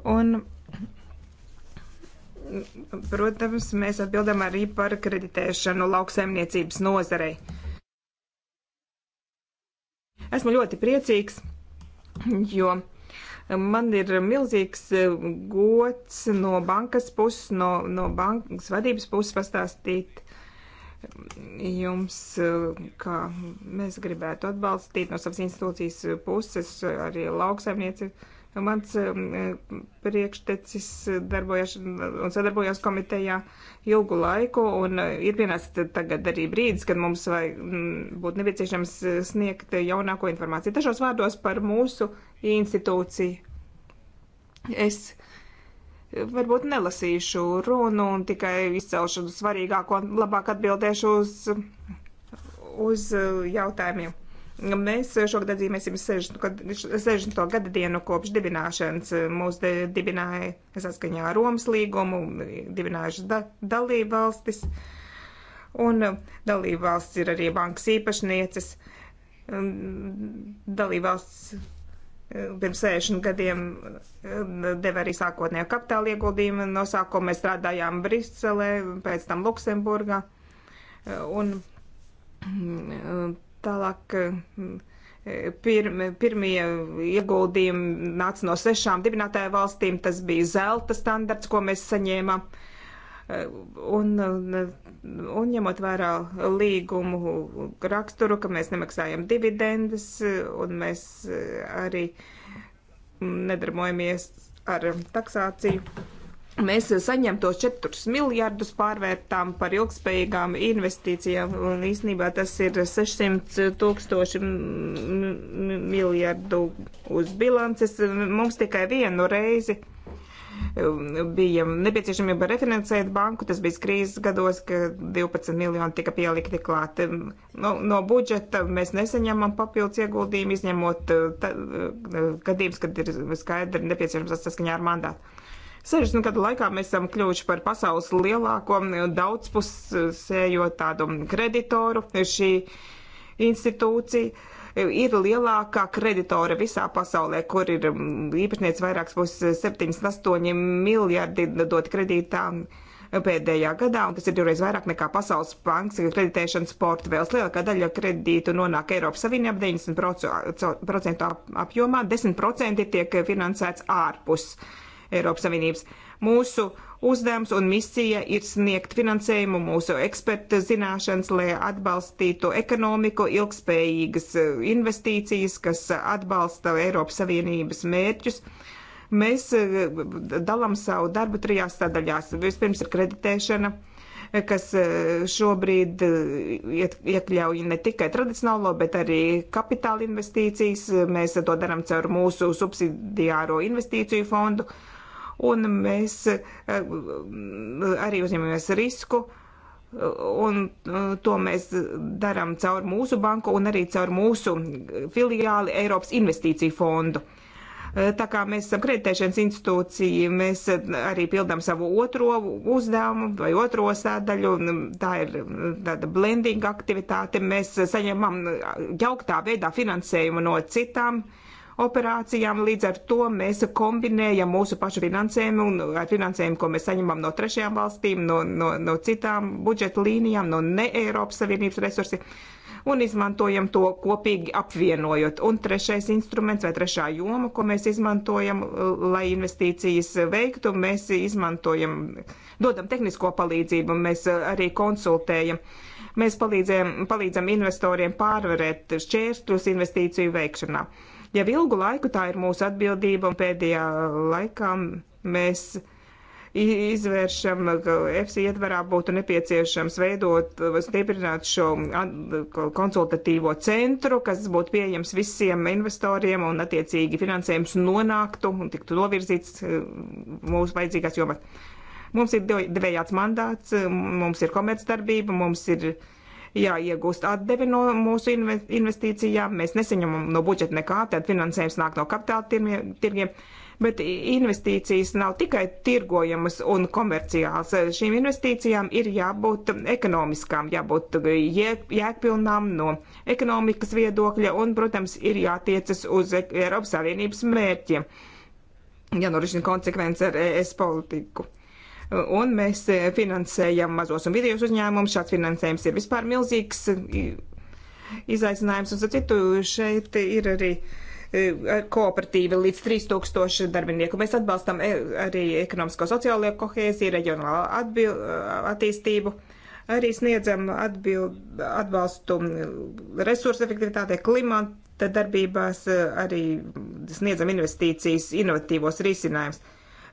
Un, protams, mēs atbildam arī par kreditēšanu lauksaimniecības nozarei. Esmu ļoti priecīgs, jo man ir milzīgs eh, gods no bankas puses, no, no bankas vadības puses pastāstīt jums, kā mēs gribētu atbalstīt no savas institūcijas puses, arī lauksaimniecību. Mans um, priekštecis darbojās un sadarbojās komitejā ilgu laiku, un ir pienācis tagad arī brīdis, kad mums vajag mm, būt nepieciešams sniegt jaunāko informāciju. Dažos vārdos par mūsu institūciju. Es varbūt nelasīšu runu un tikai izcelšu svarīgāko un labāk atbildēšu uz, uz jautājumiem. Mēs šogad atzīmēsim 60. 60. gada dienu kopš dibināšanas. Mūs dibināja saskaņā ar Romas līgumu, dibinājušas da, dalību valstis, un dalību valsts ir arī bankas īpašnieces. Dalību valsts pirms 60 gadiem um, deva arī sākotnējā kapitāla ieguldījuma. No sākuma mēs strādājām Briselē, pēc tam Luksemburgā. Un um, tālāk um, pirmie, pirmie ieguldījumi nāca no sešām dibinātāju valstīm. Tas bija zelta standarts, ko mēs saņēmām. Uh, Un, un ņemot vērā līgumu raksturu, ka mēs nemaksājam dividendes un mēs arī nedarbojamies ar taksāciju. Mēs saņem tos 4 miljardus pārvērtām par ilgspējīgām investīcijām, un īsnībā tas ir 600 tūkstoši miljardu uz bilances. Mums tikai vienu reizi bija nepieciešamība refinansēt banku. Tas bija krīzes gados, ka 12 miljoni tika pielikti klāt. No, no budžeta mēs nesaņemam papildus ieguldījumu, izņemot uh, tā, uh, gadījums, kad ir skaidri nepieciešams saskaņā ar mandātu. 60 gadu laikā mēs esam kļuvuši par pasaules lielāko daudzpusējo tādu kreditoru. Šī institūcija ir lielākā kreditore visā pasaulē, kur ir mm, īpašniec vairāks būs 7,8 miljardi dot kredītā pēdējā gadā, un tas ir divreiz vairāk nekā Pasaules bankas kreditēšanas portfēls. Lielākā daļa kredītu nonāk Eiropas Savienībā 90% apjomā, 10% tiek finansēts ārpus Eiropas Savienības. Mūsu uh, Uzdevums un misija ir sniegt finansējumu mūsu eksperta zināšanas, lai atbalstītu ekonomiku, ilgspējīgas e, investīcijas, kas atbalsta Eiropas Savienības mērķus. Mēs e, dalām savu darbu trijās sadaļās. Vispirms ir kreditēšana e, kas šobrīd iekļauj ne tikai tradicionālo, bet arī kapitāla investīcijas. Mēs to darām caur mūsu subsidiāro investīciju fondu un mēs eh, arī uzņemamies risku, un eh, to mēs darām caur mūsu banku un arī caur mūsu filiāli Eiropas investīciju fondu. Eh, tā kā mēs esam kreditēšanas institūcija, mēs arī pildām savu otro uzdevumu vai otro sādaļu. Mm, tā ir mm, tāda blendinga aktivitāte. Mēs saņemam jauktā veidā finansējumu no citām uh, operācijām. Līdz ar to mēs kombinējam mūsu pašu finansējumu un ar eh, finansējumu, ko mēs saņemam no trešajām valstīm, no, no, no citām budžeta līnijām, no ne Eiropas Savienības resursiem un izmantojam to kopīgi apvienojot. Un trešais instruments vai trešā joma, ko mēs izmantojam, eh, lai investīcijas veiktu, mēs izmantojam, dodam tehnisko palīdzību, mēs eh, arī konsultējam. Mēs palīdzam, palīdzam investoriem pārvarēt šķēršļus investīciju veikšanā. Jau ilgu laiku tā ir mūsu atbildība, un pēdējā laikā mēs izvēršam, ka EFSI ietvarā būtu nepieciešams veidot, stiprināt šo konsultatīvo centru, kas būtu pieejams visiem investoriem un attiecīgi finansējums nonāktu un tiktu novirzīts e, mūsu vajadzīgās jomās. Mums ir devējāts mandāts, mums ir komercdarbība, mums ir uh, jāiegūst atdevi no mūsu investīcijām. Mēs nesaņemam no budžeta nekā, tad finansējums nāk no kapitāla tirgiem. Bet investīcijas nav tikai tirgojamas un komerciāls. Šīm investīcijām ir jābūt ekonomiskām, jābūt jēgpilnām no ekonomikas viedokļa un, protams, ir jātiecas uz Eiropas Savienības mērķiem. Ja norisin konsekvence ar ES politiku un mēs eh, finansējam mazos un vidējos uzņēmumus. Šāds finansējums ir vispār milzīgs izaicinājums, un citu šeit ir arī e, kooperatīva līdz 3000 darbinieku. Mēs atbalstam e, arī ekonomisko sociālo kohēziju, reģionālo attīstību arī sniedzam atbild, atbalstu resursu efektivitātei, klimata darbībās, e, arī sniedzam investīcijas, inovatīvos risinājumus.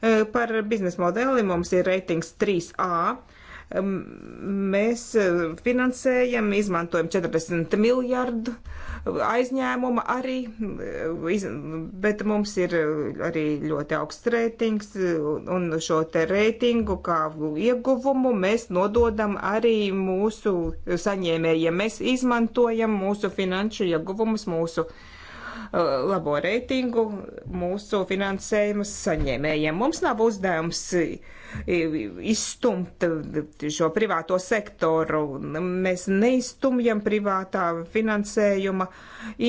Eh, par biznesa modeli mums ir reitings 3A. Mēs eh, finansējam, izmantojam 40 miljardu aizņēmuma arī, eh, bet mums ir arī ļoti augsts reitings, un šo te reitingu kā ieguvumu mēs nododam arī mūsu saņēmējiem. Mēs izmantojam mūsu finanšu ieguvumus, mūsu uh, Uh, labo reitingu mūsu finansējuma saņēmējiem. Mums nav uzdevums izstumt šo privāto sektoru. Mēs neizstumjam privātā finansējuma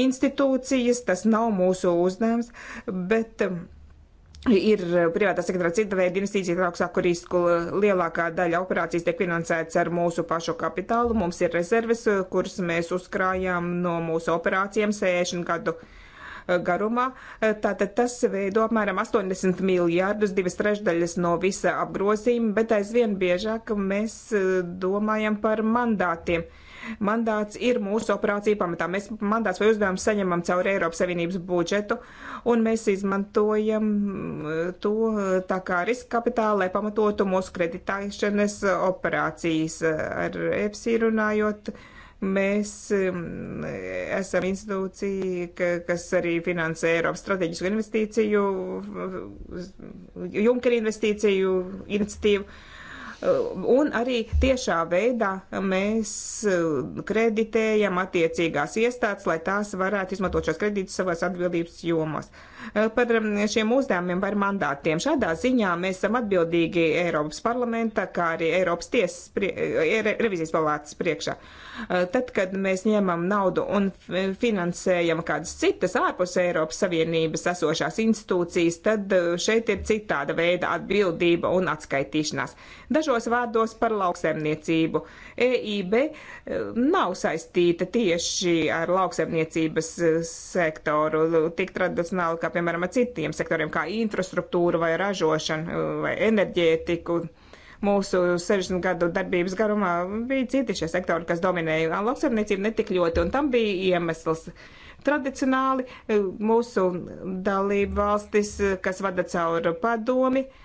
institūcijas, tas nav mūsu uzdevums, bet. Um, ir eh, privātā sektora cita veida investīcija ar augstāku risku. Lielākā daļa operācijas tiek finansētas ar mūsu pašu kapitālu. Mums ir rezerves, eh, kuras mēs uzkrājām no mūsu operācijām 60 gadu eh, garumā. Tātad tas veido apmēram 80 miljārdus, divas trešdaļas no visa apgrozījuma, bet aizvien biežāk mēs domājam par mandātiem. Uh, Mandāts ir mūsu operācija pamatā. Mēs mandāts vai uzdevumus saņemam caur Eiropas Savienības budžetu, un mēs izmantojam mm, to eh, tā kā riska kapitālu, lai pamatotu mūsu kreditēšanas eh, operācijas ar EPSI runājot mēs mm, esam institūcija, kas arī finansē Eiropas strateģisku investīciju, Junkera investīciju iniciatīvu. Eh, un arī tiešā veidā mēs eh, kreditējam attiecīgās iestādes, lai tās varētu izmantot šos kredītus savās atbildības jomās. Eh, par um, šiem uzdevumiem vai mandātiem. Šādā ziņā mēs esam atbildīgi Eiropas parlamenta, kā arī Eiropas tiesas prie, eh, revizijas palātas priekšā. Eh, tad, kad mēs ņemam naudu un finansējam kādas citas ārpus Eiropas Savienības esošās institūcijas, tad šeit ir citāda veida atbildība un atskaitīšanās. Dažos vārdos par lauksaimniecību. Uh, EIB eh, nav saistīta tieši ar lauksaimniecības eh, sektoru, tik tradicionāli kā, piemēram, ar citiem sektoriem, kā infrastruktūra vai ražošana eh, vai enerģētiku mūsu 60 gadu darbības garumā bija citi šie sektori, kas dominēja. Lauksaimniecība netik ļoti, un tam bija iemesls. Tradicionāli mūsu dalība valstis, kas vada caur padomi, uh,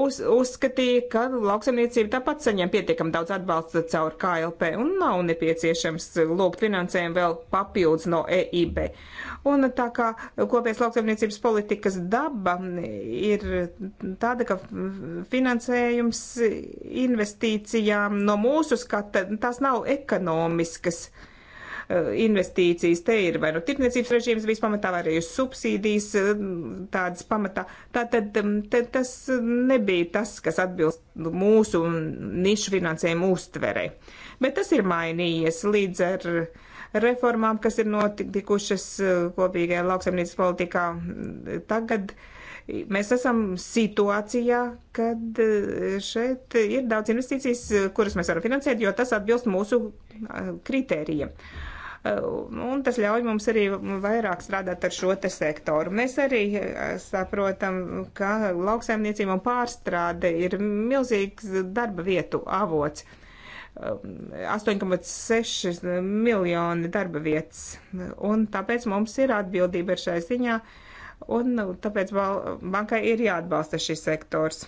uz, uzskatīja, ka nu, lauksaimniecība tāpat saņem pietiekam daudz atbalsta caur KLP un nav nepieciešams lūgt finansējumu vēl papildus no EIB. Un tā kā kopējas lauksaimniecības politikas daba ir tāda, ka finansējums investīcijām no mūsu skata, tās nav ekonomiskas. Uh, Eh, investīcijas. Te ir vai nu tirniecības režīms bijis pamatā, vai arī subsīdijas eh, tādas pamatā. Tātad mm, tas nebija tas, kas atbilst mūsu nišu finansējumu uztverē. Bet tas ir mainījies līdz ar reformām, kas ir notikušas eh, kopīgajā lauksaimniecības politikā. Tagad mēs esam situācijā, kad šeit ir daudz investīcijas, kuras mēs varam finansēt, jo tas atbilst mūsu kritērijiem. Uh, Eh, un tas ļauj mums arī vairāk strādāt ar šo te sektoru. Mēs arī eh, saprotam, ka lauksaimniecība un pārstrāde ir milzīgs darba vietu avots. 8,6 eh, miljoni darba vietas, un tāpēc mums ir atbildība ar šai ziņā, un tāpēc bankai ir jāatbalsta šis sektors.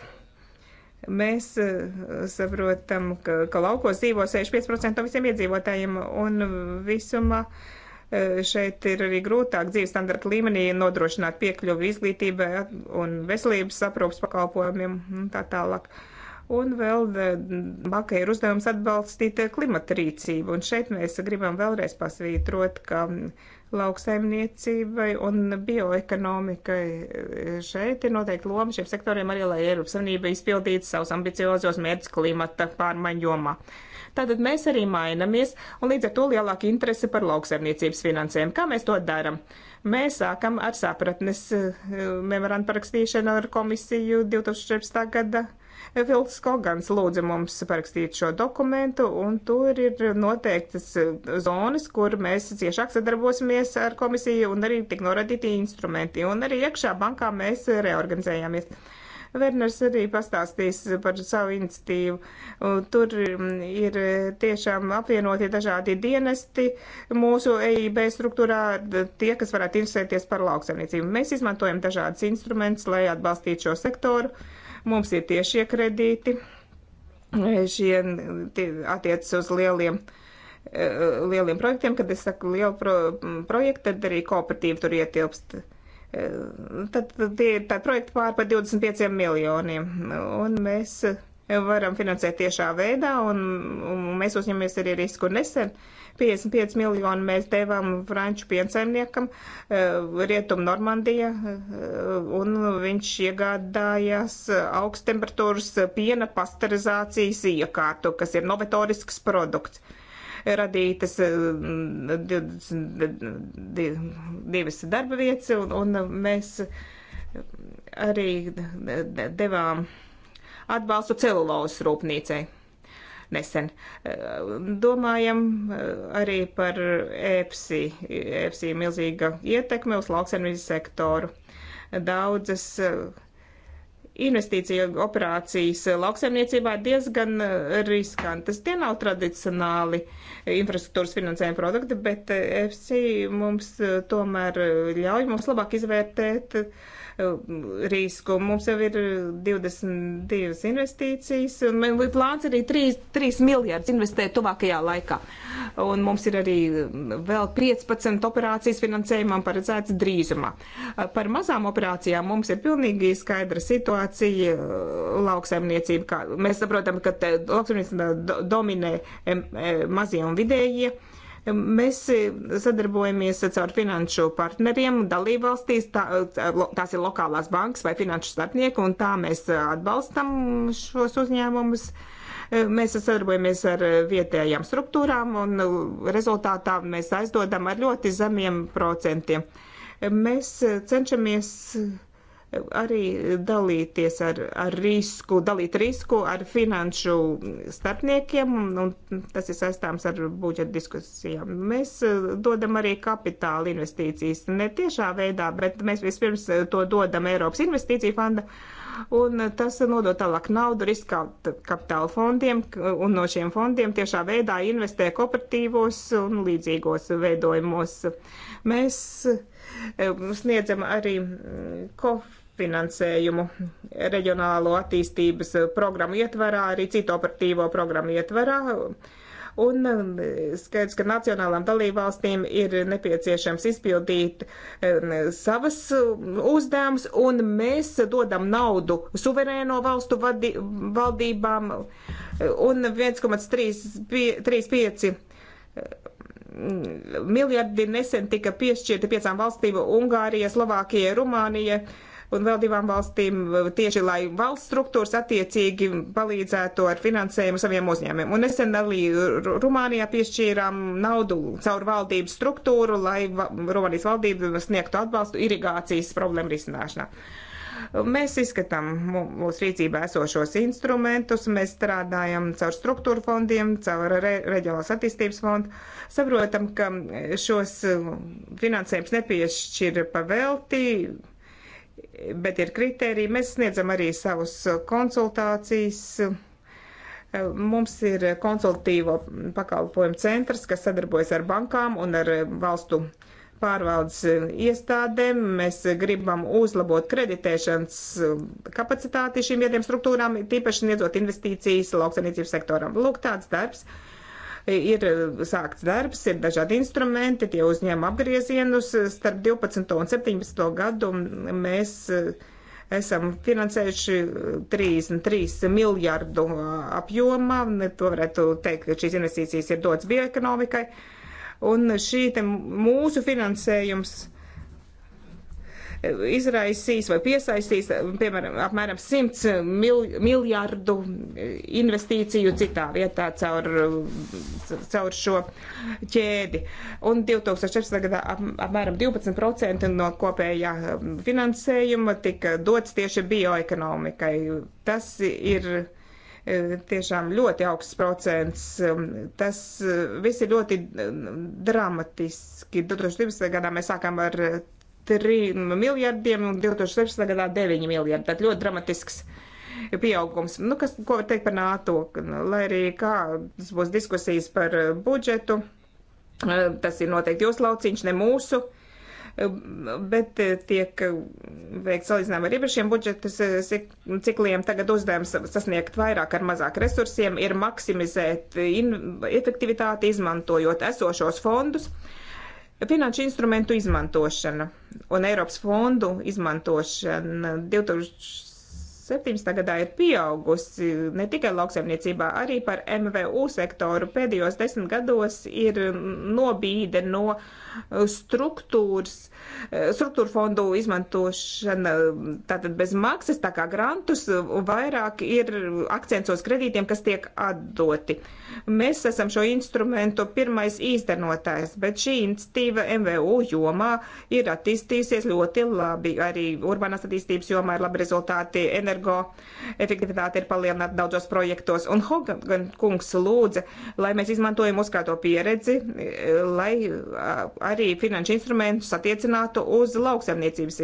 Mēs eh, saprotam, ka, ka laukos dzīvo 65% no visiem iedzīvotājiem un visumā eh, šeit ir arī grūtāk dzīves standarta līmenī nodrošināt piekļuvi izglītībai un veselības aprūpas pakalpojumiem un tā tālāk. Un vēl eh, bankai ir uzdevums atbalstīt klimata rīcību, un šeit mēs gribam vēlreiz pasvītrot, ka uh, lauksaimniecībai un bioekonomikai. Šeit ir noteikti loma šiem sektoriem arī, lai Eiropas Savienība izpildītu savus ambiciozos mērķus klimata pārmaiņu jomā. Tātad mēs arī mainamies, un līdz ar to lielāka interese par lauksaimniecības finansēm. Kā mēs to darām? Mēs sākam ar sapratnes eh, memorandu parakstīšanu ar komisiju 2014. gada Vilks Kogans lūdza mums parakstīt šo dokumentu, un tur ir noteiktas eh, zonas, kur mēs ciešāk sadarbosimies ar komisiju, un arī tik noradīti instrumenti, un arī iekšā bankā mēs reorganizējāmies. Verners arī pastāstīs par savu iniciatīvu. Tur mm, ir tiešām apvienoti dažādi dienesti mūsu EIB struktūrā, tie, kas varētu interesēties par lauksaimniecību. Mēs izmantojam dažādas instrumentus, lai atbalstītu šo sektoru. Mums ir tiešie kredīti, šie attiecas uz lieliem eh, lieliem projektiem, kad es saku lielu pro, projektu, tad arī kooperatīva tur ietilpst. Eh, tad tie ir tādi projekti pār par 25 miljoniem. Un mēs varam finansēt tiešā veidā, un, un mēs uzņemamies arī risku. Nesen 55 miljoni mēs devām franču piensaimniekam eh, Rietum Normandija, eh, un viņš iegādājās augsttemperatūras piena pasterizācijas iekārtu, kas ir novatorisks produkts radītas eh, divas darba vietas, un, un mēs arī devām atbalstu celulozes rūpnīcai nesen. Eh, domājam eh, arī par EPSI, EPSI milzīga ietekme uz lauksaimniecības sektoru. Daudzas eh, investīcija operācijas lauksaimniecībā diezgan riskantas. Tie nav tradicionāli infrastruktūras finansējuma produkti, bet EFSI mums tomēr ļauj mums labāk izvērtēt uh, Eh, risku. Mums jau ir 22 eh, investīcijas, un plāns arī 3, 3 miljārdus investēt tuvākajā laikā. Un mums ir arī eh, vēl 15 operācijas finansējumam paredzēts drīzumā. Par mazām operācijām mums ir pilnīgi skaidra situācija lauksaimniecība. Mēs saprotam, ka lauksaimniecība dominē mazie un vidējie. Ja Mēs e, sadarbojamies caur finanšu partneriem dalībvalstīs, tā, e, tās ir lokālās bankas vai finanšu starpnieki, un tā mēs e, atbalstam šos uzņēmumus. Mēs sadarbojamies ar vietējām struktūrām, un rezultātā mēs aizdodam ar ļoti zemiem procentiem. Mēs cenšamies arī dalīties ar, ar risku, dalīt risku ar finanšu starpniekiem, un tas ir saistāms ar budžeta diskusijām. Mēs eh, dodam arī kapitāla investīcijas, ne tiešā veidā, bet mēs vispirms eh, to dodam Eiropas investīciju fonda, un tas nodot tālāk naudu riska kapitāla fondiem, un no šiem fondiem tiešā veidā investē kooperatīvos un līdzīgos veidojumos. Mēs eh, sniedzam arī mm, kof finansējumu reģionālo attīstības programmu ietvarā, arī citu operatīvo programmu ietvarā. Un eh, skaidrs, ka nacionālām dalībvalstīm ir nepieciešams izpildīt eh, savas mm, uzdevumus, un mēs dodam naudu suverēno valstu vadi, valdībām, un 1,35 mm, miljardi nesen tika piešķirti piecām valstīm - Ungārijai, Slovākijai, Rumānijai un vēl divām valstīm, eh, tieši lai valsts struktūras attiecīgi palīdzētu ar finansējumu saviem uzņēmumiem. Un nesen arī Rumānijā piešķīrām naudu caur valdības struktūru, lai Rumānijas valdība sniegtu atbalstu irigācijas problēmu risināšanā. Mēs izskatām mūsu rīcībā esošos instrumentus, mēs strādājam caur struktūru fondiem, caur re reģionālās attīstības fondu. Saprotam, ka šos eh, finansējums nepiešķir pavelti, bet ir kriteriji. Mēs sniedzam arī savus konsultācijas. Mums ir konsultīvo pakalpojumu centrs, kas sadarbojas ar bankām un ar valstu pārvaldes iestādēm. Mēs gribam uzlabot kreditēšanas kapacitāti šīm vietiem struktūrām, tīpaši sniedzot investīcijas lauksaimniecības sektoram. Lūk, tāds darbs ir e, sākts darbs, ir dažādi instrumenti, tie uzņēma apgriezienus. Starp 12. un 17. gadu mēs e, esam finansējuši 33 e, miljardu apjomā. To varētu teikt, ka šīs investīcijas ir dots bioekonomikai. Un šī mūsu finansējums izraisīs vai piesaistīs, piemēram, apmēram 100 mil, miljardu investīciju citā vietā caur, caur šo ķēdi. Un 2014. gadā ap, apmēram 12% no kopējā finansējuma tika dots tieši bioekonomikai. Tas ir e, tiešām ļoti augsts procents. Tas e, viss ir ļoti e, dramatiski. 2012. gadā mēs sākām ar 3 miljardiem un 2016. gadā 9 miljardi. Tad ļoti dramatisks pieaugums. Nu, kas, ko var teikt par NATO? Lai arī kādas būs diskusijas par eh, budžetu, eh, tas ir noteikti jūsu lauciņš, ne mūsu. Eh, bet tiek veikts salīdzinājumi ar iepriekšējiem budžetas cikliem. Tagad uzdevums sasniegt vairāk ar mazāk resursiem ir maksimizēt efektivitāti, izmantojot esošos fondus. Uh, Finanšu instrumentu izmantošana un Eiropas fondu izmantošana 2017. gadā ir pieaugusi ne tikai lauksaimniecībā, arī par MVU sektoru pēdējos desmit gados ir nobīde no struktūras struktūra fondu izmantošana tātad bez maksas, tā kā grantus, vairāk ir akcents uz kredītiem, kas tiek atdoti. Mēs esam šo instrumentu pirmais īstenotājs, bet šī institīva MVU jomā ir attīstījusies ļoti labi. Arī urbanās attīstības jomā ir labi rezultāti, energoefektivitāte ir palielināta daudzos projektos. Un Hogan kungs lūdza, lai mēs izmantojam uzkrāto pieredzi, lai arī finanšu instrumentus attiecinātu uzsvērtu uz lauksaimniecības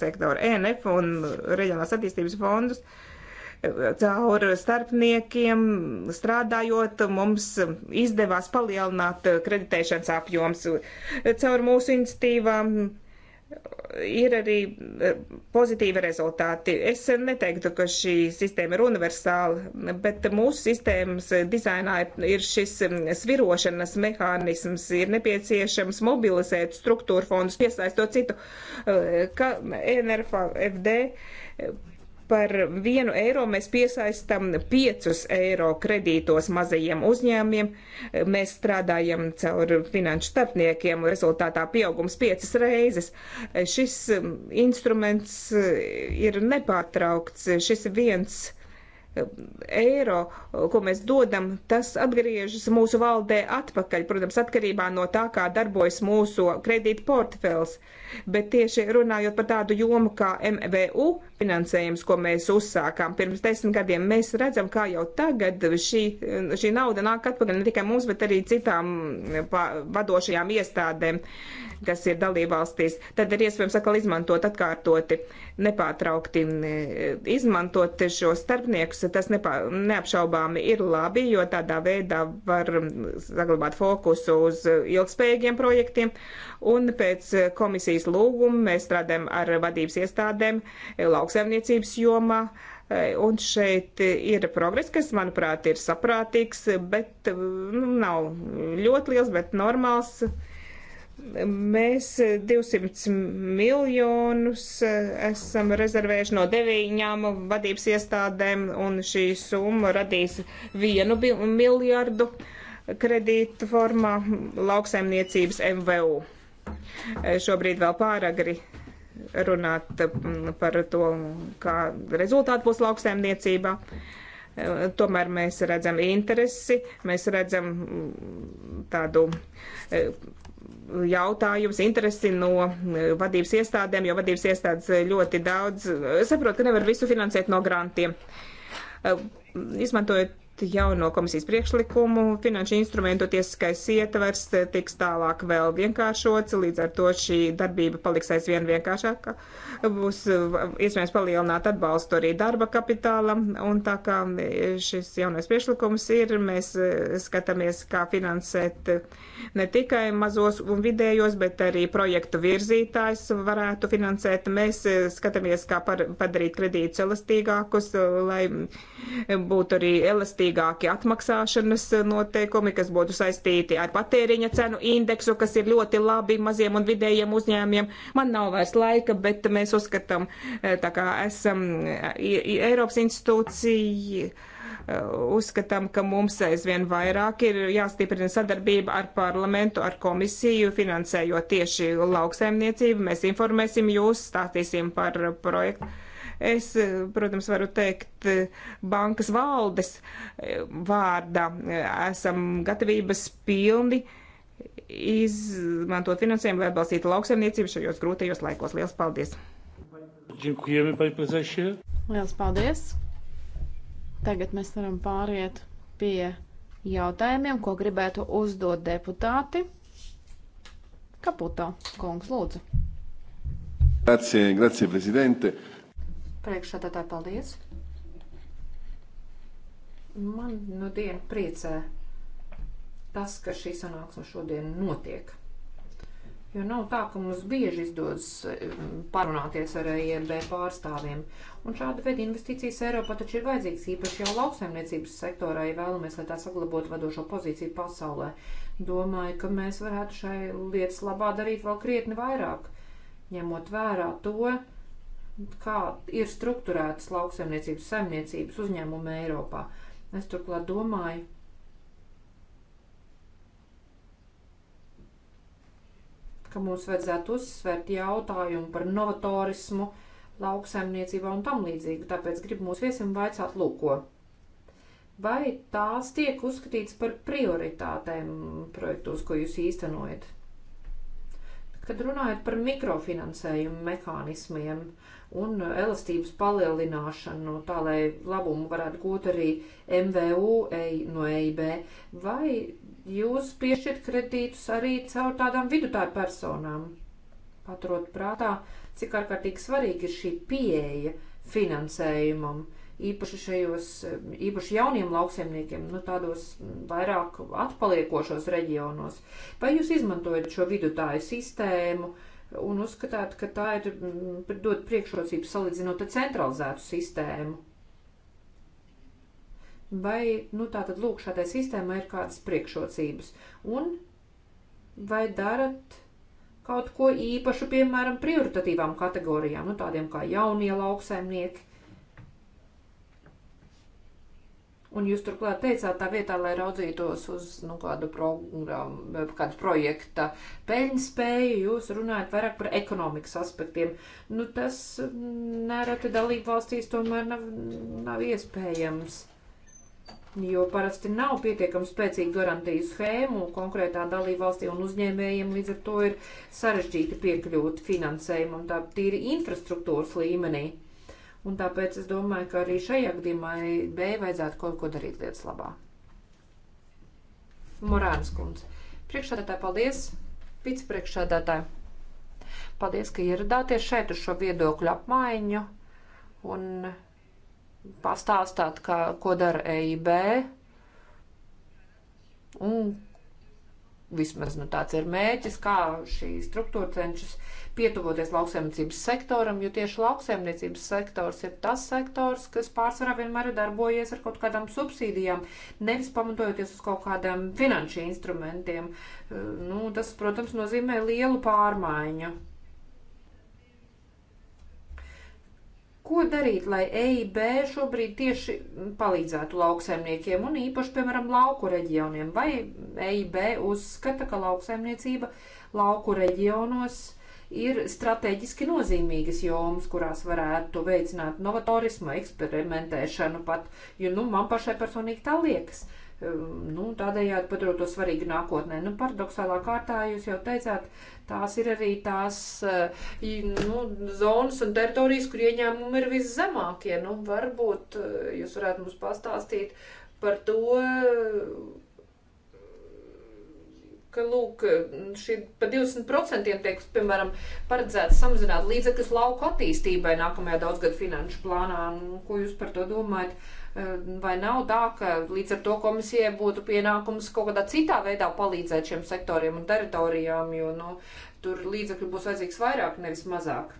sektoru, ENF un reģionālās attīstības fondus. Caur starpniekiem strādājot, mums izdevās palielināt kreditēšanas apjoms. Caur mūsu institīvām ir arī e, pozitīvi rezultāti. Es neteiktu, ka šī sistēma ir universāla, bet mūsu sistēmas dizainā ir šis svirošanas mehānisms, ir nepieciešams mobilizēt struktūru fondus, piesaistot citu, e, ka NRFD par vienu eiro mēs piesaistam piecus eiro kredītos mazajiem uzņēmiem. Mēs strādājam caur finanšu starpniekiem, rezultātā pieaugums piecas reizes. Šis mm, instruments mm, ir nepārtraukts. Šis viens eiro, ko mēs dodam, tas atgriežas mūsu valdē atpakaļ, protams, atkarībā no tā, kā darbojas mūsu kredīta portfels. Bet tieši runājot par tādu jomu kā MVU finansējums, ko mēs uzsākām pirms desmit gadiem, mēs redzam, kā jau tagad šī, šī nauda nāk atpakaļ ne tikai mums, bet arī citām vadošajām iestādēm, kas ir dalībvalstīs. Tad ir iespējams atkal izmantot atkārtoti. Uh, nepārtraukti mm, izmantot šos starpniekus. Tas nepā, neapšaubāmi ir labi, jo tādā veidā var mm, saglabāt fokusu uz ilgspējīgiem projektiem. Un pēc komisijas lūguma mēs strādājam ar vadības iestādēm eh, lauksaimniecības jomā. Eh, un šeit ir progress, kas, manuprāt, ir saprātīgs, bet mm, nu, nav ļoti liels, bet normāls. Mēs 200 eh, miljonus eh, esam rezervējuši no deviņām vadības iestādēm, un šī summa radīs vienu miljardu kredītu formā lauksaimniecības MVU. Eh, šobrīd vēl pāragri runāt mm, par to, kā rezultāti būs lauksaimniecībā. Uh, Tomēr mēs redzam interesi, mēs redzam mm, tādu e, jautājums, interesi no e, vadības iestādēm, jo vadības iestādes ļoti daudz saprot, ka nevar visu finansēt no grantiem. E, izmantojot jauno komisijas priekšlikumu finanšu instrumentu tiesiskais ietvers tiks tālāk vēl vienkāršots, līdz ar to šī darbība paliks aizvien vienkāršāka. Būs iespējams palielināt atbalstu arī darba kapitālam, un tā kā šis jaunais priekšlikums ir, mēs skatāmies, kā finansēt ne tikai mazos un vidējos, bet arī projektu virzītājs varētu finansēt. Mēs skatāmies, kā par, padarīt kredītus elastīgākus, lai būtu arī elastīgi elastīgāki atmaksāšanas eh, noteikumi, kas būtu saistīti ar patēriņa cenu indeksu, kas ir ļoti labi maziem un vidējiem uzņēmiem. Man nav vairs laika, bet mēs uzskatām, eh, tā kā esam eh, Eiropas institūcija uzskatām, ka mums aizvien vairāk ir jāstiprina sadarbība ar parlamentu, ar komisiju, finansējot tieši lauksaimniecību. Mēs informēsim jūs, stāstīsim par projektu Es, eh, protams, varu teikt eh, bankas valdes eh, vārdā. Esam gatavības pilni izmantot finansējumu, lai atbalstītu lauksaimniecību šajos grūtajos laikos. Lielas paldies! Lielas paldies! Tagad mēs varam pāriet pie jautājumiem, ko gribētu uzdot deputāti. Kaputo, kungs, lūdzu. Grazie, grazie, prezidente. Priekšsēdētāji, paldies! Man nu dienu priecē tas, ka šī sanāksme šodien notiek. Jo nav tā, ka mums bieži izdodas um, parunāties ar EIB pārstāvjiem. Un šāda veida investīcijas Eiropā taču ir vajadzīgas īpaši jau lauksaimniecības sektorā, ja vēlamies, lai tā saglabotu vadošo pozīciju pasaulē. Domāju, ka mēs varētu šai lietas labā darīt vēl krietni vairāk, ņemot vērā to, kā ir strukturētas lauksaimniecības saimniecības uzņēmuma Eiropā. Es turklāt domāju, ka mums vajadzētu uzsvērt jautājumu par novatorismu lauksaimniecībā un tam līdzīgi, tāpēc gribu mūsu viesim vaicāt lūko. Vai tās tiek uzskatīts par prioritātēm projektos, ko jūs īstenojat? Kad runājat par mikrofinansējumu mehānismiem, uh, un elastības palielināšanu, tā lai labumu varētu gūt arī MVU no EIB, vai jūs piešķirt kredītus arī caur tādām vidutāju personām, paturot prātā, cik ārkārtīgi svarīgi ir šī pieeja finansējumam īpaši šajos, īpaši jauniem lauksaimniekiem, nu tādos vairāk atpaliekošos reģionos. Vai jūs izmantojat šo vidutāju sistēmu, uh, un uzskatāt, ka tā ir mm, dod priekšrocības salīdzinot ar centralizētu sistēmu. Vai, nu tā tad lūk, šādai sistēmai ir kādas priekšrocības? Un vai darat kaut ko īpašu, piemēram, prioritatīvām kategorijām, nu tādiem kā jaunie lauksaimnieki, Un jūs turklāt teicāt, tā vietā, lai raudzītos uz nu, kādu programmu, kādu projekta peļņspēju, jūs runājat vairāk par ekonomikas aspektiem. Nu, tas mm, nereti dalību valstīs tomēr nav, nav iespējams. Jo parasti nav pietiekami spēcīga garantiju schēmu konkrētā dalībvalstī un uzņēmējiem, līdz ar to ir sarežģīti piekļūt finansējumam, tā tīri infrastruktūras līmenī. Uh, Un tāpēc es domāju, ka arī šajā gadījumā EIB vajadzētu kaut ko darīt lietas labā. Morānas kundze. Priekšādātāji, paldies! Vicepriekšādātāji, paldies, ka ieradāties šeit uz šo viedokļu apmaiņu un pastāstāt, kā, ko dara EIB. Un vismaz nu, tāds ir mērķis, kā šī struktūra cenšas pietuvoties lauksaimniecības sektoram, jo tieši lauksaimniecības sektors ir tas sektors, kas pārsvarā vienmēr ir darbojies ar kaut kādām subsīdijām, nevis pamatojoties uz kaut kādām finanšu instrumentiem. Eh, nu, tas, protams, nozīmē lielu pārmaiņu. Ko darīt, lai EIB šobrīd tieši palīdzētu lauksaimniekiem un īpaši, piemēram, lauku reģioniem? Vai EIB uzskata, ka lauksaimniecība lauku reģionos ir strateģiski nozīmīgas jomas, kurās varētu veicināt novatorismu, eksperimentēšanu pat, jo, nu, man pašai personīgi tā liekas. Ehm, nu, tādējādi padarot to svarīgi nākotnē. Nu, paradoxālā kārtā jūs jau teicāt, tās ir arī tās eh, nu, zonas un teritorijas, kur ieņēmumi ir viszemākie. Nu, varbūt eh, jūs varētu mums pastāstīt par to, ka, lūk, šī pa 20% tiek, piemēram, paredzēts samazināt līdzekļus lauku attīstībai nākamajā daudzgad finanšu plānā. Nu, ko jūs par to domājat? Eh, vai nav tā, ka līdz ar to komisijai būtu pienākums kaut kādā citā veidā palīdzēt šiem sektoriem un teritorijām, jo, nu, tur līdzekļu būs vajadzīgs vairāk, nevis mazāk?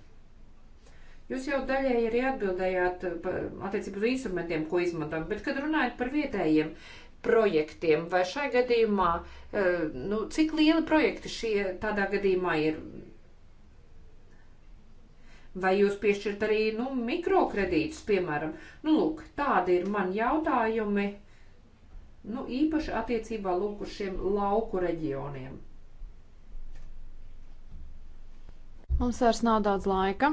Jūs jau daļēji arī atbildējāt attiecībā uz instrumentiem, ko izmantojam, bet, kad runājat par vietējiem, uh, projektiem, vai šai gadījumā, eh, nu, cik lieli projekti šie tādā gadījumā ir? Vai jūs piešķirt arī, nu, mikrokredītus, piemēram? Nu, lūk, tādi ir man jautājumi, nu, īpaši attiecībā, lūk, uz šiem lauku reģioniem. Mums vairs nav daudz laika.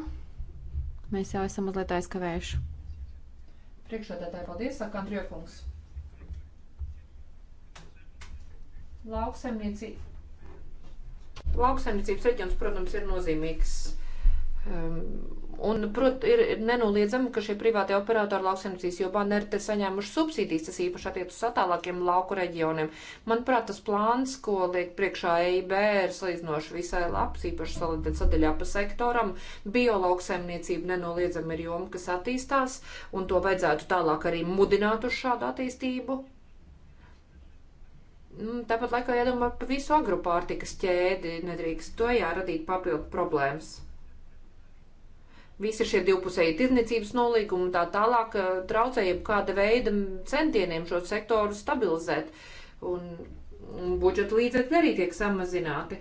Mēs jau esam mazliet aizkavējuši. Priekšādātāji, paldies, saka Andrija Kungs. Lauksaimniecība. Lauksaimniecības reģions, protams, ir nozīmīgs. Um, un, protams, ir, ir nenoliedzami, ka šie privātie operatori lauksaimniecības jomā nereti saņēmuši subsīdijas, tas īpaši attiecas uz attālākiem lauku reģioniem. Manuprāt, tas plāns, ko liek priekšā EIB, ir salīdzinoši visai labs, īpaši sadaļā pa sektoram. Biolauksaimniecība nenoliedzami ir joma, kas attīstās, un to vajadzētu tālāk arī mudināt uz šādu attīstību Nu, tāpat laikā jādomā par visu agropārtikas ķēdi, nedrīkst to jāradīt papildu problēmas. Visi šie divpusēji tirniecības nolīgumi un tā tālāk traucēja kāda veida centieniem šo sektoru stabilizēt, un, un budžeta līdzekļi arī tiek samazināti.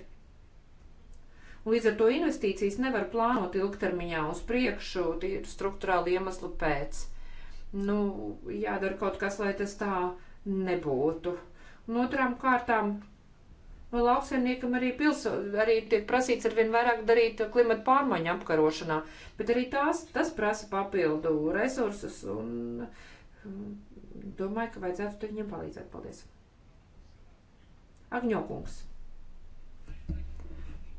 Līdz ar to investīcijas nevar plānot ilgtermiņā uz priekšu, tīri struktūrāli iemeslu pēc. Nu, jādara kaut kas, lai tas tā nebūtu. Uh, Un otrām kārtām no lauksaimniekam arī, pilso, arī tiek prasīts ar vien vairāk darīt klimata pārmaiņu apkarošanā, bet arī tās, tas prasa papildu resursus un mm, domāju, ka vajadzētu viņiem palīdzēt. Paldies! Agņokungs!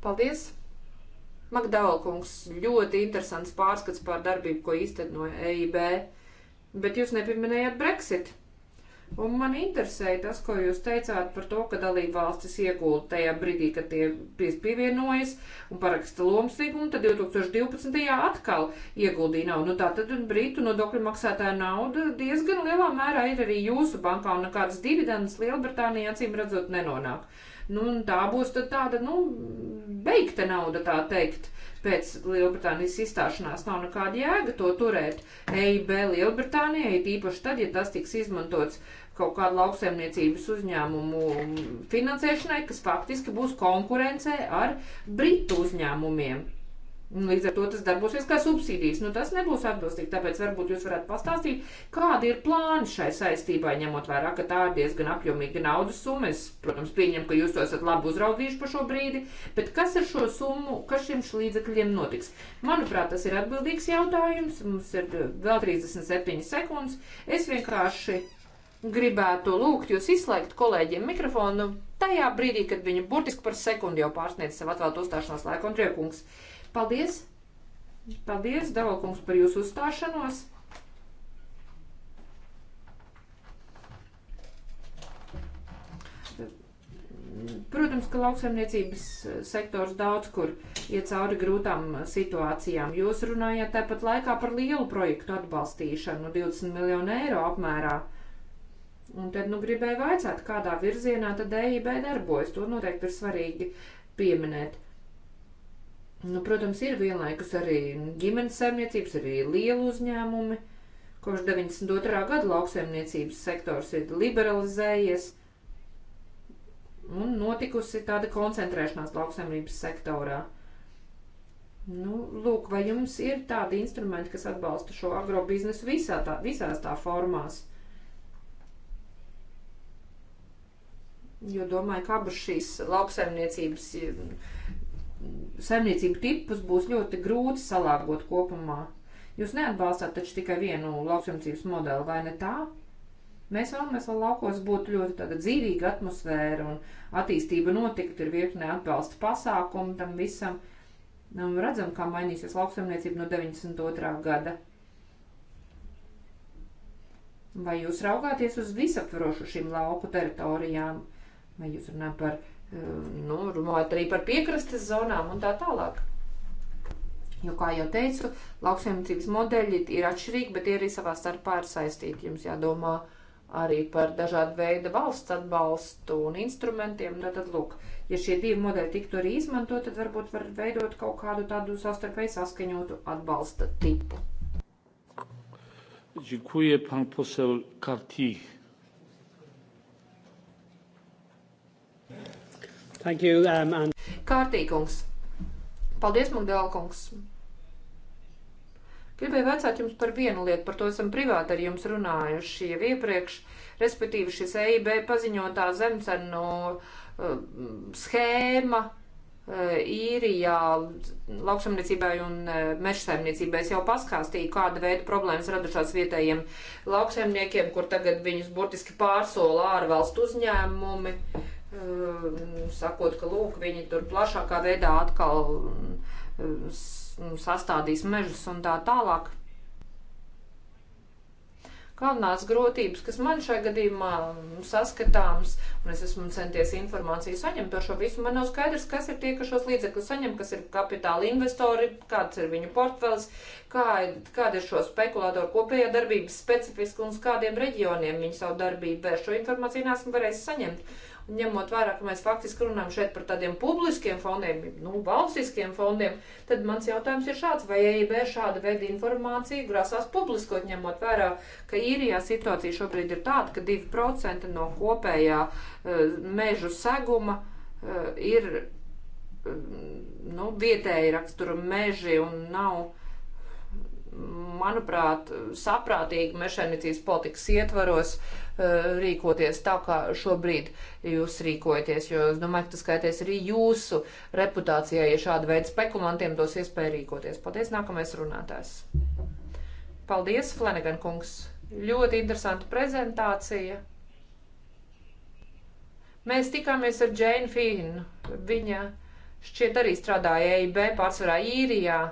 Paldies! Magdālkungs, ļoti interesants pārskats par darbību, ko īstenoja EIB, bet jūs nepieminējāt Brexit. Un man interesēja tas, ko jūs teicāt par to, ka dalība valstis iegulda tajā brīdī, kad tie pievienojas un paraksta lomas līgumu, tad 2012. atkal ieguldīja naudu. Nu, tā tad brītu nodokļu maksātāja nauda diezgan lielā mērā ir arī jūsu bankā un nekādas dividendes Lielbritānijā, acīm redzot, nenonāk. Nu, tā būs tāda, nu, beigta nauda, tā teikt pēc Lielbritānijas izstāšanās nav nekāda jēga to turēt EIB Lielbritānijai, tīpaši tad, ja tas tiks izmantots kaut kādu lauksaimniecības uzņēmumu finansēšanai, kas faktiski būs konkurencē ar britu uzņēmumiem. Līdz ar to tas darbosies kā subsīdijas. Nu, tas nebūs atbilstīgi, tāpēc varbūt jūs varētu pastāstīt, kādi ir plāni šai saistībai, ņemot vērā, ka tā ir diezgan apjomīga naudas summa. Es, protams, pieņemu, ka jūs to esat labi uzraudzījuši pa šo brīdi, bet kas ar šo summu, kas šiem līdzekļiem notiks? Manuprāt, tas ir atbildīgs jautājums. Mums ir eh, vēl 37 sekundes. Es vienkārši gribētu lūgt jūs izslēgt kolēģiem mikrofonu tajā brīdī, kad viņi burtiski par sekundi jau pārsniedz sev atvēlēt uzstāšanās laiku. Un Riekungs, paldies! Paldies, Davokungs, par jūsu uzstāšanos! Protams, ka lauksaimniecības eh, sektors daudz kur iet cauri grūtām eh, situācijām. Jūs runājat tāpat laikā par lielu projektu atbalstīšanu 20 miljonu eiro apmērā. Uh, Un tad, nu, gribēju vaicāt, kādā virzienā tad EIB darbojas. To noteikti ir svarīgi pieminēt. Nu, protams, ir vienlaikus arī ģimenes saimniecības, arī lielu uzņēmumi. Kopš 92. gada lauksaimniecības sektors ir liberalizējies un notikusi tāda koncentrēšanās lauksaimniecības sektorā. Nu, lūk, vai jums ir tādi instrumenti, kas atbalsta šo agrobiznesu visā tā, visās tā formās? jo domāju, ka abas šīs lauksaimniecības saimniecību tipus būs ļoti grūti salāgot kopumā. Jūs neatbalstāt taču tikai vienu lauksaimniecības modeli, vai ne tā? Mēs vēlamies, lai laukos būtu ļoti tāda dzīvīga atmosfēra un attīstība notikt, ir virkne atbalsta pasākumu tam visam. Un nu, redzam, kā mainīsies lauksaimniecība no 92. gada. Vai jūs raugāties uz visaptvarošu šīm lauku teritorijām? vai jūs runājat par, eh, nu, runājat arī par piekrastes zonām un tā tālāk. Jo, kā jau teicu, lauksaimniecības modeļi ir atšķirīgi, bet tie arī savā starpā ir saistīti. Jums jādomā arī par dažādu veidu valsts atbalstu un instrumentiem. Tad, tad lūk, ja šie divi modeļi tiktu arī izmantot, tad varbūt var veidot kaut kādu tādu savstarpēji saskaņotu atbalsta tipu. Dziękuję pan poseł Kartij. Thank you, um, and... Kārtīkungs. Paldies, Magdālkungs. Gribēju vecāt jums par vienu lietu, par to esam privāti ar jums runājuši jau iepriekš, respektīvi šis EIB paziņotā zemcenu uh, schēma uh, īrijā lauksaimniecībai un uh, mežsaimniecībai. Es jau paskāstīju, kāda veida problēmas radušās vietējiem lauksaimniekiem, kur tagad viņus burtiski pārsola ārvalstu uzņēmumi sakot, ka lūk, viņi tur plašākā veidā atkal sastādīs mežus un tā tālāk. Galvenās grūtības, kas man šajā gadījumā saskatāms, un es esmu centies informāciju saņemt par šo visu, man nav skaidrs, kas ir tie, kas šos līdzekļus saņem, kas ir kapitāla investori, kāds ir viņu portfels, kā, kāda ir šo spekulātoru kopējā darbības specifiska un uz kādiem reģioniem viņi savu darbību vērš. Šo informāciju nesmu varējis saņemt. Uh, ņemot vērā, ka mēs faktiski runājam šeit par tādiem publiskiem fondiem, nu, valstiskiem fondiem, tad mans jautājums ir šāds, vai EIB šāda veida informāciju grasās publiskot, ņemot vērā, ka īrijā situācija šobrīd ir tāda, ka 2% no kopējā uh, mežu seguma uh, ir, uh, nu, vietēji rakstura meži un nav manuprāt, saprātīgi mešanicijas politikas ietvaros uh, Eh, rīkoties tā, kā šobrīd jūs rīkojaties, jo es domāju, ka tas skaitēs arī jūsu reputācijai, ja šāda veida spekulantiem dos iespēju rīkoties. Paldies, nākamais runātājs. Paldies, Flanagan kungs. Ļoti interesanta prezentācija. Mēs tikāmies ar Džēnu Fīnu. Viņa šķiet arī strādāja EIB pārsvarā īrijā. Ja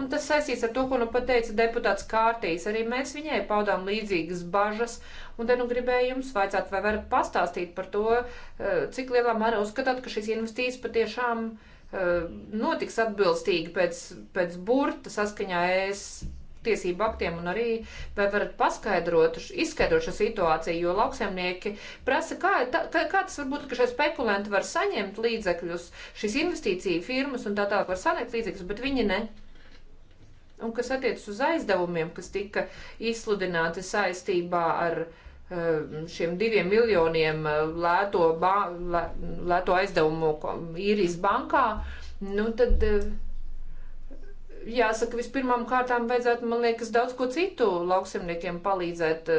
Un tas saistīts ar to, ko nu pateica deputāts Kārtīs. Arī mēs viņai paudām līdzīgas bažas, un te nu gribēju jums vaicāt, vai varat pastāstīt par to, eh, cik lielā mērā uzskatāt, ka šīs investīcijas patiešām eh, notiks atbilstīgi pēc, pēc burta saskaņā es tiesību aktiem un arī vai varat paskaidrot, izskaidrot šo situāciju, jo lauksaimnieki prasa, kā, tā, kā tas var būt, ka šie spekulanti var saņemt līdzekļus, šīs investīcija firmas un tā tā var saņemt līdzekļus, bet viņi ne. Un kas attiecas uz aizdevumiem, kas tika izsludināti saistībā ar eh, šiem diviem miljoniem eh, lēto, ba, lē, lēto aizdevumu īrijas bankā, nu tad eh, jāsaka, vispirmām kārtām vajadzētu, man liekas, daudz ko citu lauksimniekiem palīdzēt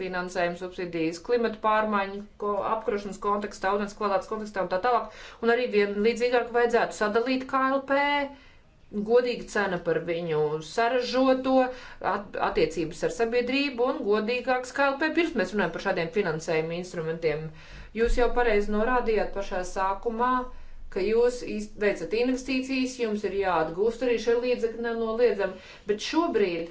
finansējumu subsidijas, klimatu pārmaiņu, ko, apkrošanas kontekstā, ūdens kvalitātes kontekstā un tā tālāk. Un arī vienlīdzīgāk vajadzētu sadalīt KLP godīga cena par viņu saražoto, at, attiecības ar sabiedrību un godīgāks KLP. Pirms mēs runājam par šādiem finansējuma instrumentiem, jūs jau pareizi norādījāt pašā sākumā, ka jūs veicat investīcijas, jums ir jāatgūst arī šie līdzekļi nenoliedzami, bet šobrīd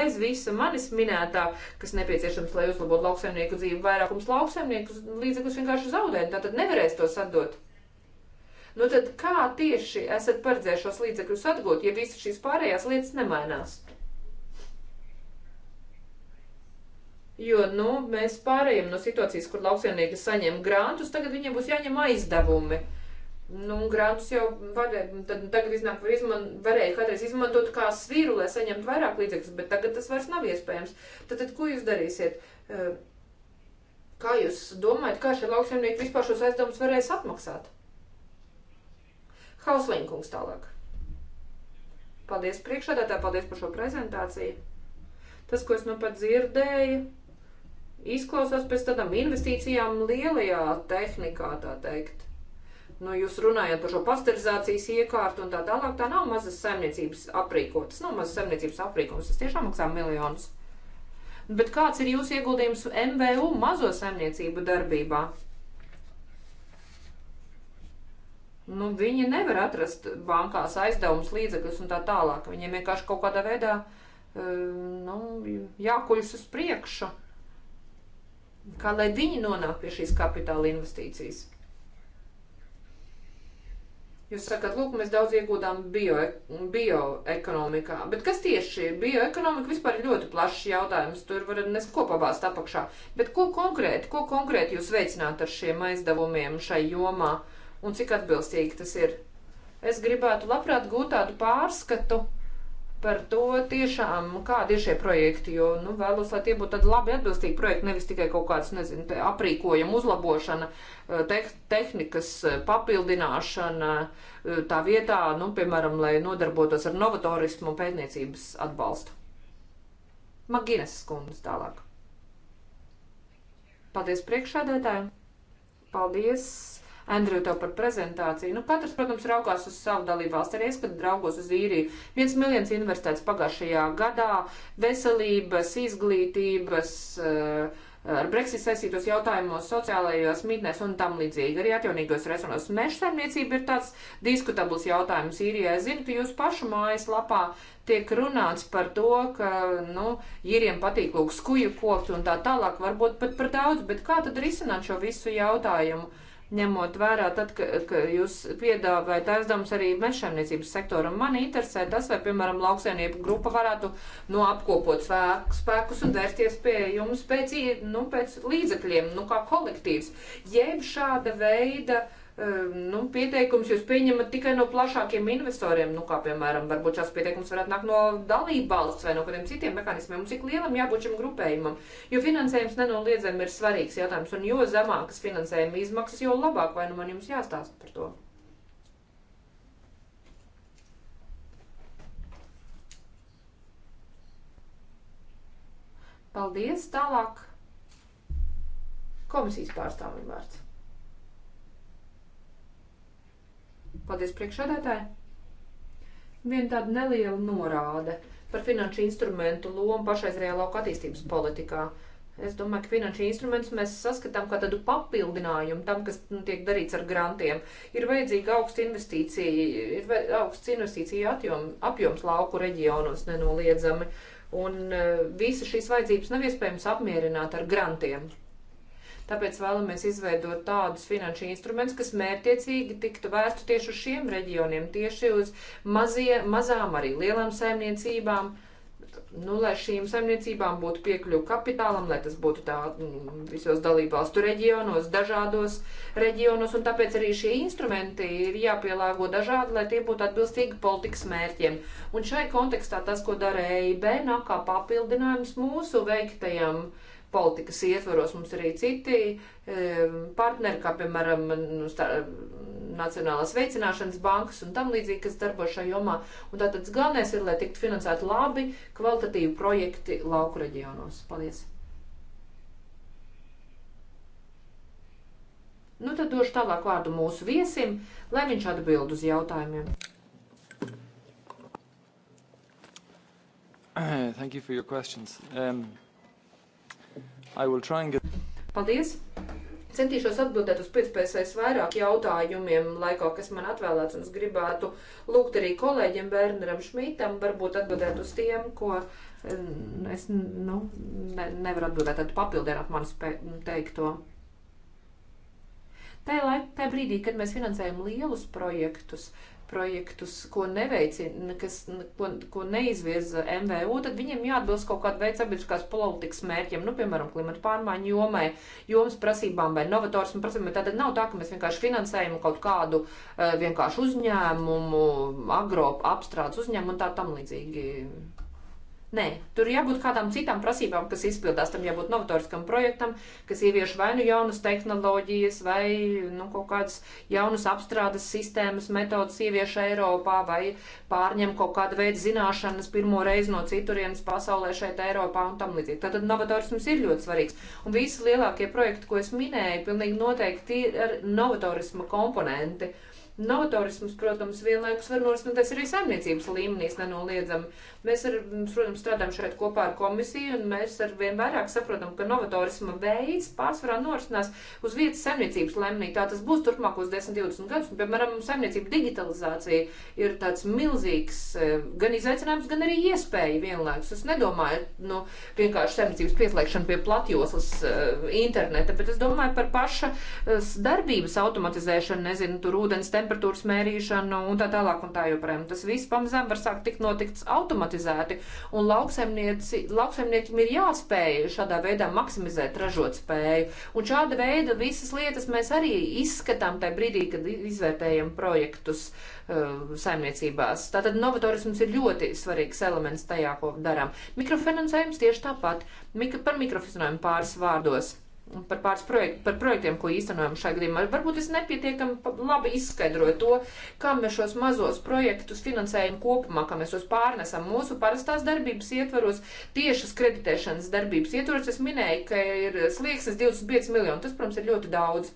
bez visa manis minētā, kas nepieciešams, lai uzlabotu lauksaimnieku dzīvi, vairākums lauksaimnieku līdzekļus vienkārši zaudēt, tātad nevarēs tos atdot. Nu tad kā tieši esat paredzējuši šos līdzekļus atgūt, ja visas šīs pārējās lietas nemainās? Jo, nu, mēs pārējām no situācijas, kur lauksienīgi saņem grantus, tagad viņiem būs jāņem aizdevumi. Nu, grantus jau varēja, tad tagad iznāk, var izman, varēja kādreiz izmantot kā svīru, lai saņemtu vairāk līdzekļus, bet tagad tas vairs nav iespējams. Tad, tad ko jūs darīsiet? Kā jūs domājat, kā šie lauksienīgi vispār šos aizdevumus varēs atmaksāt? Hauslinkungs tālāk. Paldies priekšādātā, paldies par šo prezentāciju. Tas, ko es nu pat dzirdēju, izklausās pēc tādām investīcijām lielajā tehnikā, tā teikt. Nu, jūs runājat par šo pasteurizācijas iekārtu un tā tālāk. Tā nav mazas saimniecības aprīko. Tas nav mazas saimniecības aprīkums. Tas tiešām maksā miljonus. Bet kāds ir jūsu ieguldījums MVU mazo saimniecību darbībā? nu, viņi nevar atrast bankās aizdevumus, līdzekļus un tā tālāk. Viņiem vienkārši kaut kādā veidā eh, nu, jākuļas uz priekšu. Kā lai viņi nonāk pie šīs kapitāla investīcijas? Jūs sakat, lūk, mēs daudz iegūdām bioekonomikā. Bio, bio bet kas tieši ir bioekonomika? Vispār ir ļoti plašs jautājums. Tur var nes ko pabāzt apakšā. Bet ko konkrēti, ko konkrēti jūs veicināt ar šiem aizdevumiem šai jomā? Uh, un cik atbilstīgi tas ir. Es gribētu labprāt gūt tādu pārskatu par to tiešām, kādi ir šie projekti, jo, nu, vēlos, lai tie būtu tādi labi atbilstīgi projekti, nevis tikai kaut kāds, nezinu, aprīkojuma uzlabošana, eh, te tehnikas eh, papildināšana, eh, tā vietā, nu, piemēram, lai nodarbotos ar novatorismu un pētniecības atbalstu. Magīnes skundas tālāk. Paldies priekšādētājiem! Paldies! Andriju tev par prezentāciju. Nu, katrs, protams, raugās uz savu dalību valsts. Arī es, kad draugos uz īriju, viens miljons investēts pagājušajā gadā veselības, izglītības. Uh, ar Brexit saistītos jautājumos, sociālajās mītnēs un tam līdzīgi. Arī atjaunīgos resursos meža saimniecība ir tāds diskutabls jautājums īrijā. Es zinu, ka jūs pašu mājas lapā tiek runāts par to, ka, nu, īriem patīk lūk skuju kopt un tā tālāk, varbūt pat par daudz, bet kā tad risināt šo visu jautājumu? ņemot vērā, tad, ka, ka jūs piedāvājat aizdevumus arī mežsaimniecības sektoram. Man interesē tas, vai, piemēram, lauksaimnieku grupa varētu no apkopot spēku, spēkus un vērsties pie jums pēc, nu, pēc līdzekļiem, nu, kā kolektīvs. Jeb šāda veida uh, Ehm, nu, pieteikums jūs pieņemat tikai no plašākiem investoriem, nu, kā piemēram, varbūt šāds pieteikums varētu nākt no dalību valsts vai no kādiem citiem mekanismiem, un cik lielam jābūt šim grupējumam, jo finansējums nenoliedzami ir svarīgs jautājums, un jo zemākas finansējuma izmaksas, jo labāk, vai nu man jums jāstāsta par to. Paldies, tālāk komisijas pārstāvim vārds. Paldies, priekšādātāji! Viena tāda neliela norāde par finanšu instrumentu lomu pašreizējā lauka attīstības politikā. Es domāju, ka finanšu instrumentus mēs saskatām kā tādu papildinājumu tam, kas nu, tiek darīts ar grantiem. Ir vajadzīga augsta investīcija, ir augsts investīcija atjom, apjoms lauku reģionos nenoliedzami, un uh, visas šīs vajadzības nav iespējams apmierināt ar grantiem. Tāpēc vēlamies izveidot tādus finanšu instrumentus, kas mērķiecīgi tiktu vērstu tieši uz šiem reģioniem, tieši uz mazie, mazām arī lielām saimniecībām. Nu, lai šīm saimniecībām būtu piekļuva kapitālam, lai tas būtu tā mm, visos dalībvalstu reģionos, dažādos reģionos, un tāpēc arī šie instrumenti ir jāpielāgo dažādi, lai tie būtu atbilstīgi politikas mērķiem. Un šai kontekstā tas, ko dara EIB, nāk kā papildinājums mūsu veiktajam uh, politikas ietvaros mums arī citi partneri, kā piemēram nu, Nacionālās veicināšanas bankas un tam līdzīgi, kas darbo šajā jomā. Un tātad galvenais ir, lai tiktu finansēti labi, kvalitatīvi projekti lauku reģionos. Paldies! Nu tad došu tālāk vārdu mūsu viesim, lai viņš atbild uz jautājumiem. Thank you for your questions. Um... Get... Paldies! Centīšos atbildēt uz pēc pēcais vairāk jautājumiem laikā, kas man atvēlēts, un es gribētu lūgt arī kolēģiem Bērneram Šmītam, varbūt atbildēt uz tiem, ko eh, es, nu, ne, nevaru atbildēt, tad papildināt manu teikto. Tajā, laik, tajā brīdī, kad mēs finansējam lielus projektus, uh, projektus, ko neveicina, kas, ko, ko neizvirza MVU, tad viņiem jāatbilst kaut kāda veida sabiedriskās politikas mērķiem, nu, piemēram, klimata pārmaiņu jomai, jomas prasībām vai novatorismu prasībām. Tātad nav tā, ka mēs vienkārši finansējam kaut kādu eh, vienkārši uzņēmumu, agro apstrādes uzņēmumu un tā tam līdzīgi Nē, tur jābūt kādām citām prasībām, kas izpildās. Tam jābūt novatoriskam projektam, kas ievieš vai nu jaunas tehnoloģijas, vai nu, kaut kādas jaunas apstrādes sistēmas, metodas ievieš Eiropā, vai pārņem kaut kādu veidu zināšanas pirmo reizi no citurienes pasaulē šeit Eiropā un tam līdzīgi. Tad, tad novatorisms ir ļoti svarīgs. Un visi lielākie projekti, ko es minēju, pilnīgi noteikti ir ar novatorisma komponenti. Uh, Novatorisms, protams, vienlaikus var norisināties nu, arī saimniecības līmenīs nenoliedzami. Mēs, ar, protams, strādājam šeit kopā ar komisiju, un mēs ar vien vairāk saprotam, ka novatorisma veids pārsvarā norisinās uz vietas saimniecības līmenī. Tā tas būs turpmākos 10, 20 gadus, un, piemēram, saimniecība digitalizācija ir tāds milzīgs e, gan izaicinājums, gan arī iespēja vienlaikus. Es nedomāju, nu, vienkārši saimniecības pieslēgšanu pie platjoslas e, interneta, bet es domāju par paša e, darbības automatizēšanu, nezinu, tur ūdens temperatūru temperatūras mērīšanu un tā tālāk un tā joprojām. Tas viss pamazām var sākt tikt notikts automatizēti, un lauksaimniekiem ir jāspēj šādā veidā maksimizēt ražot spēju. Un šāda veida visas lietas mēs arī izskatām tajā brīdī, kad izvērtējam projektus uh, saimniecībās. Tātad novatorisms ir ļoti svarīgs elements tajā, ko darām. Mikrofinansējums tieši tāpat. Mik par mikrofinansējumu pāris vārdos par pāris projekt, par projektiem, ko īstenojam šai gadījumā. Varbūt es nepietiekami labi izskaidroju to, kā mēs šos mazos projektus finansējam kopumā, kā mēs tos pārnesam mūsu parastās darbības ietvaros, tiešas kreditēšanas darbības ietvaros. Es minēju, ka ir slieksnis 25 miljoni. Tas, protams, ir ļoti daudz.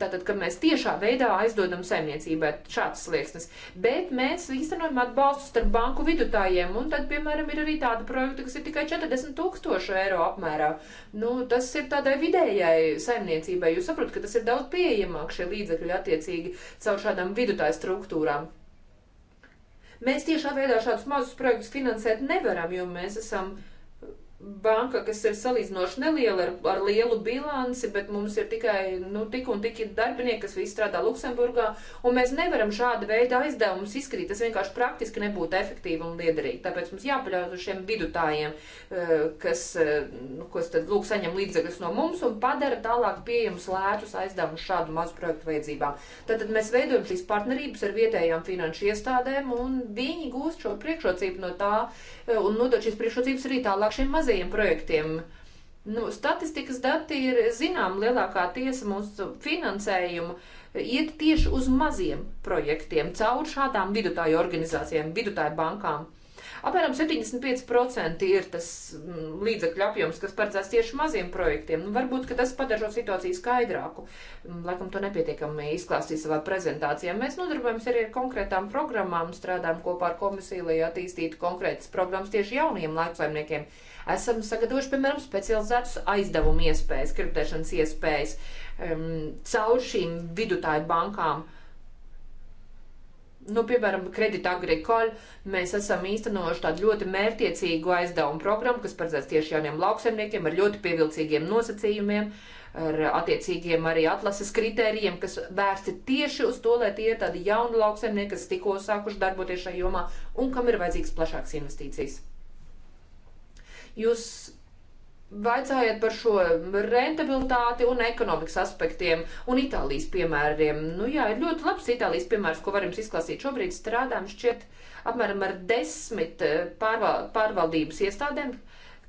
Tātad, ka mēs tiešā veidā aizdodam saimniecībai šāds slieksnis. Bet mēs īstenojam atbalstu starp banku vidutājiem, un tad, piemēram, ir arī tāda projekta, kas ir tikai 40 tūkstoši eiro apmērā. Nu, tas ir tādai vidējai saimniecībai. Jūs saprotat, ka tas ir daudz pieejamāk šie līdzekļi attiecīgi caur šādām vidutāju struktūrām. Mēs tiešā veidā šādus mazus projektus finansēt nevaram, jo mēs esam uh, banka, kas ir salīdzinoši neliela ar, ar lielu bilanci, bet mums ir tikai nu, tik un tik darbinieki, kas visi strādā Luksemburgā, un mēs nevaram šāda veida aizdevumus izskatīt. Tas vienkārši praktiski nebūtu efektīvi un liederīgi. Tāpēc mums jāpaļaujas uz šiem vidutājiem, eh, kas, eh, nu, kas tad lūk saņem līdzekļus no mums un padara tālāk pieejams lētus aizdevumus šādu mazu projektu vajadzībām. Tātad mēs veidojam šīs partnerības ar vietējām finanšu iestādēm, un viņi gūst šo priekšrocību no tā, E, un nodot šīs priekšrocības arī tālāk šiem mazajiem projektiem. Nu, statistikas dati ir zinām, lielākā tiesa mūsu finansējumu iet tieši uz maziem projektiem, caur šādām vidutāju organizācijām, vidutāju bankām. Apmēram 75% ir tas mm, līdzekļu apjoms, kas paredzēts tieši maziem projektiem. Nu, varbūt, ka tas padara šo situāciju skaidrāku. Mm, laikam to nepietiekami izklāstīja savā prezentācijā. Mēs nodarbojamies arī ar konkrētām programmām, strādājam kopā ar komisiju, lai attīstītu konkrētas programmas tieši jauniem laiksaimniekiem esam sagatavojuši, piemēram, specializētus aizdevumu iespējas, kreditēšanas iespējas um, caur šīm vidutāju bankām. Uh, Nu, piemēram, kredīta agrikoli mēs esam īstenojuši tādu ļoti mērķiecīgu aizdevumu programmu, kas paredzēts tieši jauniem lauksemniekiem ar ļoti pievilcīgiem nosacījumiem, ar attiecīgiem arī atlases kritērijiem, kas vērsti tieši uz to, lai tie ir tādi jauni lauksemnieki, kas tikko sākuši darboties šajā jomā un kam ir vajadzīgas plašākas investīcijas. Jūs Vaicājiet par šo rentabilitāti un ekonomikas aspektiem un Itālijas piemēriem. Nu jā, ir ļoti labs Itālijas piemērs, ko varam izklāstīt. Šobrīd strādājam šķiet apmēram ar desmit eh, pārval pārvaldības iestādēm,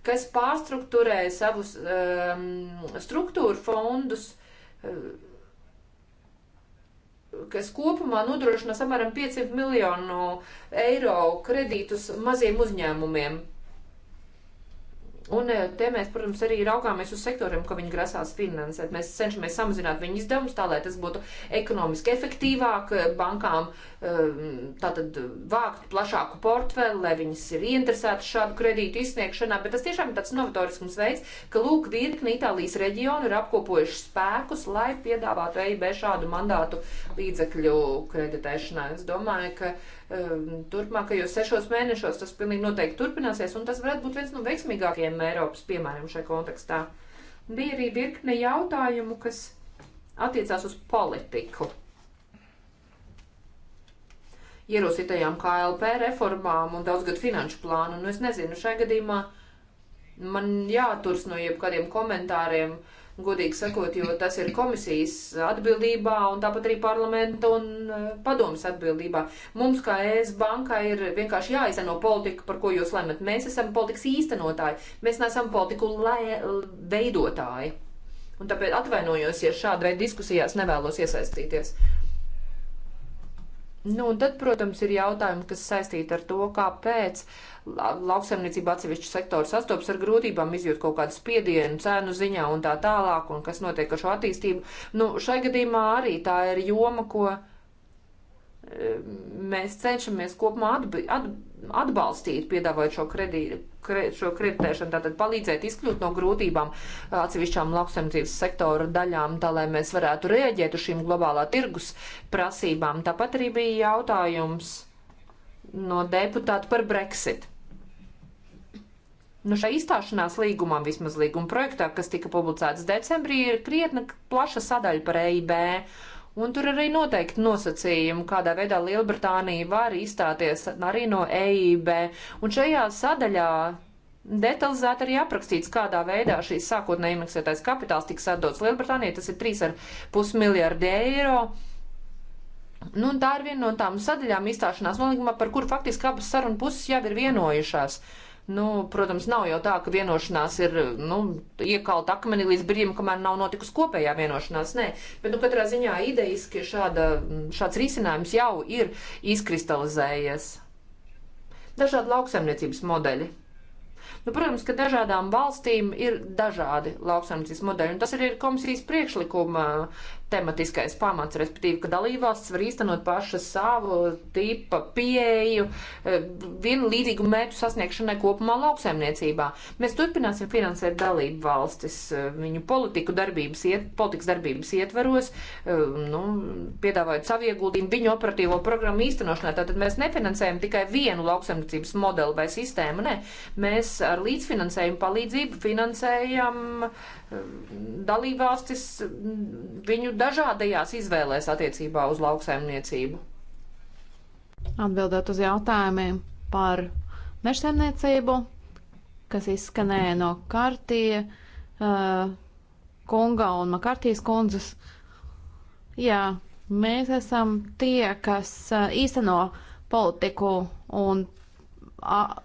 kas pārstruktūrē savus um, struktūru fondus, um, kas kopumā nodrošinās apmēram 500 miljonu eiro kredītus maziem uzņēmumiem Un eh, te mēs, protams, arī raugāmies uz sektoriem, ko viņi grasās finansēt. Mēs cenšamies samazināt viņu izdevumus tā, lai tas būtu ekonomiski efektīvāk, eh, bankām eh, tātad vākt plašāku portfeli, lai viņas ir ieinteresētas šādu kredītu izsniegšanā. Bet tas tiešām ir tāds novatorisms veids, ka lūk, virkni Itālijas reģionu ir apkopojuši spēkus, lai piedāvātu EIB šādu mandātu līdzekļu kreditēšanā. Es domāju, ka Ehm, turpmākajos sešos mēnešos. Tas pilnīgi noteikti turpināsies, un tas varētu būt viens no veiksmīgākajiem Eiropas piemēram šajā kontekstā. Bija arī virkne jautājumu, kas attiecās uz politiku. Ierosītajām KLP reformām un daudzgad finanšu plānu, un nu, es nezinu, šajā gadījumā man jāturs no jebkādiem komentāriem uh, godīgi sakot, jo tas ir komisijas atbildībā un tāpat arī parlamenta un e, padomas atbildībā. Mums, kā ES bankā, ir vienkārši jāizteno politika, par ko jūs lemat. Mēs esam politikas īstenotāji, mēs neesam politiku veidotāji. Un tāpēc atvainojos, ja šāda veida diskusijās nevēlos iesaistīties. Nu, un tad, protams, ir jautājumi, kas saistīti ar to, kāpēc lauksaimniecība atsevišķu sektoru sastopas ar grūtībām, izjūt kaut kādu spiedienu cēnu ziņā un tā tālāk, un kas notiek ar šo attīstību. Nu, šai gadījumā arī tā ir joma, ko eh, mēs cenšamies kopumā atbi, atbi, atbalstīt, piedāvājot šo, kredī, kre, šo kreditēšanu, tātad palīdzēt izkļūt no grūtībām uh, atsevišķām lauksaimniecības sektora daļām, tā lai mēs varētu rēģēt uz šīm globālā tirgus prasībām. Tāpat arī bija jautājums no deputāta par Brexit. Nu, šai izstāšanās līgumā, vismaz līguma projektā, kas tika publicēts decembrī, ir krietna plaša sadaļa par EIB Un tur arī noteikti nosacījumi, kādā veidā Lielbritānija var izstāties arī no EIB. Un šajā sadaļā detalizēti arī aprakstīts, kādā veidā šīs sākotnēji iemaksātais kapitāls tiks atdots Lielbritānijai. Tas ir 3,5 miljārdi eiro. Nu, tā ir viena no tām sadaļām izstāšanās nolīgumā, par kur faktiski abas sarunu puses jau ir vienojušās. Uh, Nu, protams, nav jau tā, ka vienošanās ir nu, iekalta akmenī līdz brīdim, kamēr nav notikusi kopējā vienošanās. Nē, bet nu, katrā ziņā idejiski šāda, šāds risinājums jau ir izkristalizējies. Dažādi lauksaimniecības modeļi. Nu, protams, ka dažādām valstīm ir dažādi lauksaimniecības modeļi, un tas arī ir komisijas priekšlikuma tematiskais pamats, respektīvi, ka dalībvalsts var īstenot paša savu tipa pieeju eh, vienu līdzīgu mērķu sasniegšanai kopumā lauksaimniecībā. Mēs turpināsim finansēt dalību valstis eh, viņu politiku darbības, iet, politikas darbības ietveros, eh, nu, piedāvājot savu ieguldījumu viņu operatīvo programmu īstenošanā. Tātad mēs nefinansējam tikai vienu lauksaimniecības modeli vai sistēmu, nē, mēs ar līdzfinansējumu palīdzību finansējam uh, dalībvalstis viņu dažādajās izvēlēs attiecībā uz lauksaimniecību. Atbildot uz jautājumiem par mežsaimniecību, kas izskanēja no Kartie uh, kunga un Makartijas kundzes. Jā, mēs esam tie, kas uh, īsteno politiku un uh,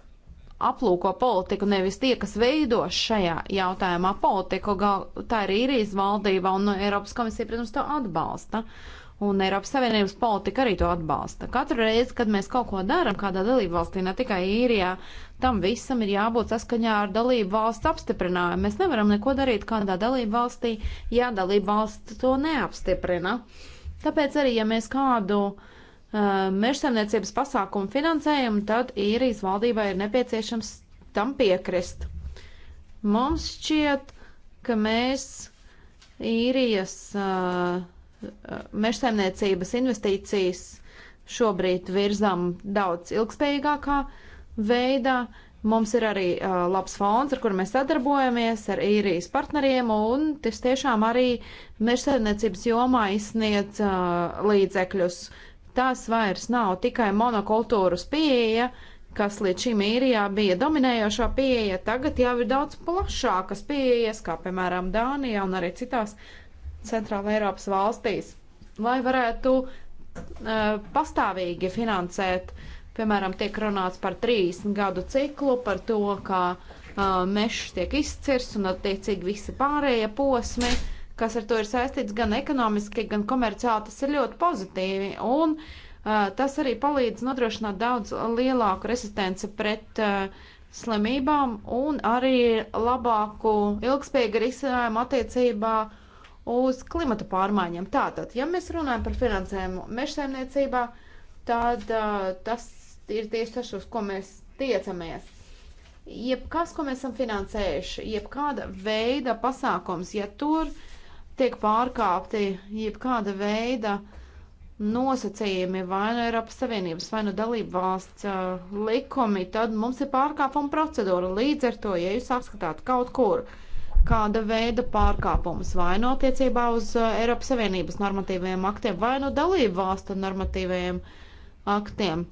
aplūko politiku, nevis tie, kas veido šajā jautājumā politiku. Gal, tā ir īrijas valdība un Eiropas komisija, protams, to atbalsta. Un Eiropas Savienības politika arī to atbalsta. Katru reizi, kad mēs kaut ko darām kādā dalību valstī, ne tikai īrijā, tam visam ir jābūt saskaņā ar dalību valsts apstiprinājumu. Mēs nevaram neko darīt kādā dalību valstī, ja dalību valsts to neapstiprina. Tāpēc arī, ja mēs kādu uh, Uh, mežsaimniecības pasākumu finansējumu, tad īrijas valdībai ir nepieciešams tam piekrist. Mums šķiet, ka mēs īrijas uh, mežsaimniecības investīcijas šobrīd virzām daudz ilgspējīgākā veidā. Mums ir arī uh, labs fonds, ar kuru mēs sadarbojamies ar īrijas partneriem, un tas tiešām arī mežsaimniecības jomā izsniedz uh, līdzekļus. Uh, Tas vairs nav tikai monokultūras pieeja, kas līdz šim īrijā bija dominējošā pieeja, tagad jau ir daudz plašākas pieejas, kā piemēram Dānijā un arī citās Centrāla Eiropas valstīs, lai varētu uh, pastāvīgi finansēt, piemēram, tiek runāts par 30 gadu ciklu, par to, kā uh, eh, mežs tiek izcirs un attiecīgi visi pārējie posmi. Uh, kas ar to ir saistīts gan ekonomiski, gan komerciāli, tas ir ļoti pozitīvi. Un uh, tas arī palīdz nodrošināt daudz lielāku resistenci pret uh, slimībām un arī labāku ilgspējīgu risinājumu attiecībā uz klimata pārmaiņām. Tātad, ja mēs runājam par finansējumu mežsaimniecībā, tad uh, tas ir tieši tas, uz ko mēs tiecamies jebkas, ko mēs esam finansējuši, jebkāda veida pasākums, ja tur tiek pārkāpti jebkāda veida nosacījumi vai no nu Eiropas Savienības, vai no nu dalību valsts uh, likumi, tad mums ir pārkāpuma procedūra. Līdz ar to, ja jūs apskatāt kaut kur kāda veida pārkāpumus vai no nu attiecībā uz uh, Eiropas Savienības normatīviem aktiem, vai no dalību valstu normatīviem aktiem,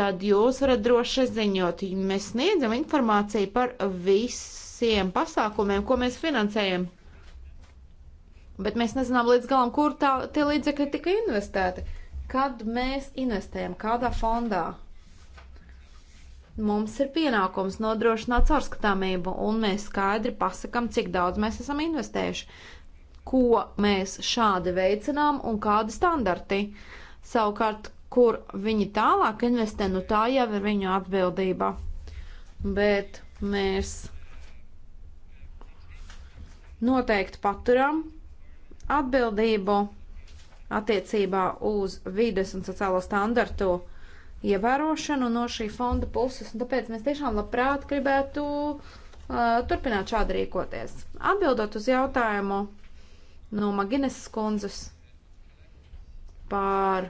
tad jūs varat droši ziņot. Mēs sniedzam informāciju par visiem pasākumiem, ko mēs finansējam bet mēs nezinām līdz galam, kur tā, tie līdzekļi tika investēti. Kad mēs investējam kādā fondā, mums ir pienākums nodrošināt caurskatāmību, un mēs skaidri pasakam, cik daudz mēs esam investējuši, ko mēs šādi veicinām un kādi standarti. Savukārt, kur viņi tālāk investē, nu tā jau ir viņu atbildība. Bet mēs noteikti paturam atbildību attiecībā uz vides un sociālo standartu ievērošanu no šī fonda puses, un tāpēc mēs tiešām labprāt gribētu uh, turpināt šādi rīkoties. Atbildot uz jautājumu no Magines skundzes par,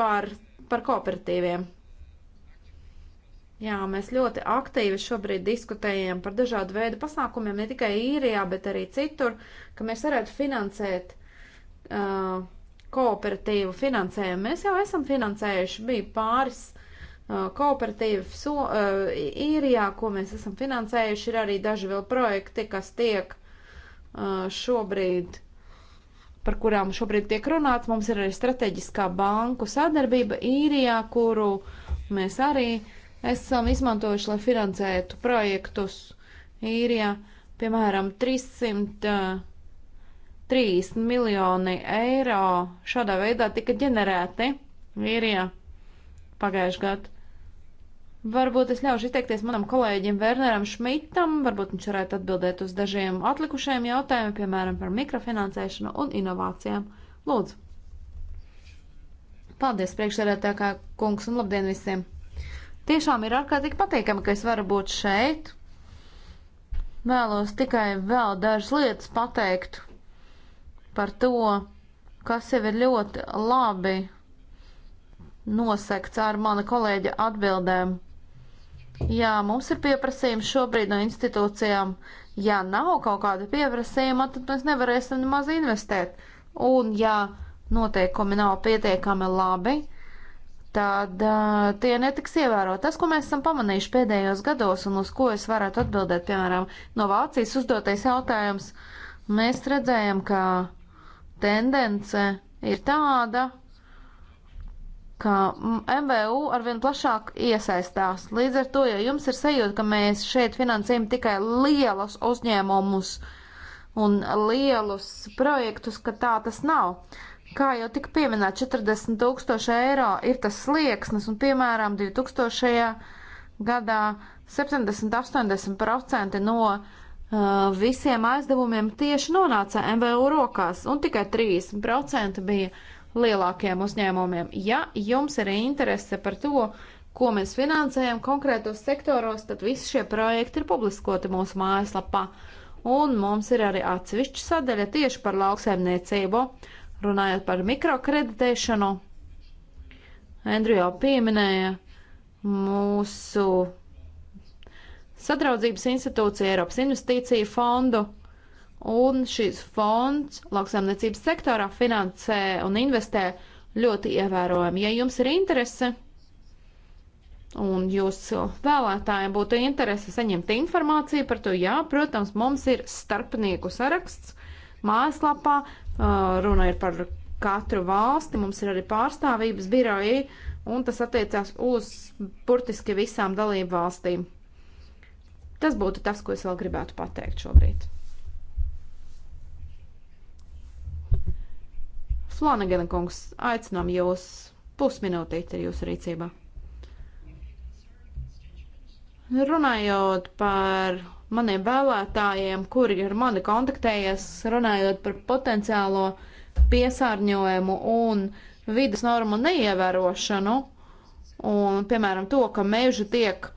par, par kooperatīviem. Jā, mēs ļoti aktīvi šobrīd diskutējam par dažādu veidu pasākumiem, ne tikai īrijā, bet arī citur, ka mēs varētu finansēt uh, kooperatīvu finansējumu. Mēs jau esam finansējuši, bija pāris uh, kooperatīvu so, uh, īrijā, ko mēs esam finansējuši, ir arī daži vēl projekti, kas tiek uh, šobrīd par kurām šobrīd tiek runāts. Mums ir arī strateģiskā banku sadarbība īrijā, kuru mēs arī uh, esam izmantojuši, lai finansētu projektus īrijā. Piemēram, 330 miljoni eiro šādā veidā tika ģenerēti īrijā pagājušajā gadā. Varbūt es ļaušu izteikties manam kolēģim Werneram Šmitam, varbūt viņš varētu atbildēt uz dažiem atlikušajiem jautājumiem, piemēram, par mikrofinansēšanu un inovācijām. Lūdzu! Paldies, priekšsēdētākā kungs, un labdien visiem! Tiešām ir ārkārtīgi patīkami, ka es varu būt šeit. Vēlos tikai vēl dažas lietas pateikt par to, kas jau ir ļoti labi nosekts ar mana kolēģa atbildēm. Jā, mums ir pieprasījums šobrīd no institūcijām. Ja nav kaut kāda pieprasījuma, tad mēs nevarēsim nemaz investēt. Un ja noteikumi nav pietiekami labi, tad uh, tie netiks ievērot. Tas, ko mēs esam pamanījuši pēdējos gados un uz ko es varētu atbildēt, piemēram, no Vācijas uzdotais jautājums, mēs redzējam, ka tendence ir tāda, ka MVU arvien plašāk iesaistās. Līdz ar to, ja jums ir sajūta, ka mēs šeit finansējam tikai lielus uzņēmumus un lielus projektus, ka tā tas nav. Kā jau tika pieminēts, 40 tūkstoši eiro ir tas slieksnis, un piemēram 2000. gadā 70-80% no uh, visiem aizdevumiem tieši nonāca MVU rokās, un tikai 30% bija lielākiem uzņēmumiem. Ja jums ir interese par to, ko mēs finansējam konkrētos sektoros, tad visi šie projekti ir publiskoti mūsu mājaslapā, un mums ir arī atsevišķa sadaļa tieši par lauksaimniecību. Runājot par mikrokreditēšanu, Andrija jau pieminēja mūsu sadraudzības institūciju Eiropas investīciju fondu, un šīs fonds lauksaimniecības sektorā finansē un investē ļoti ievērojami. Ja jums ir interese un jūsu vēlētājiem būtu interese saņemt informāciju par to, jā, protams, mums ir starpnieku saraksts mājaslapā, Runa ir par katru valsti, mums ir arī pārstāvības biroji, un tas attiecās uz burtiski visām dalību valstīm. Tas būtu tas, ko es vēl gribētu pateikt šobrīd. Flanagana kungs, aicinām jūs pusminūtīti ir jūsu rīcībā. Runājot par maniem vēlētājiem, kuri ar mani kontaktējies, runājot par potenciālo piesārņojumu un vidas normu neievērošanu, un, piemēram, to, ka meži tiek uh,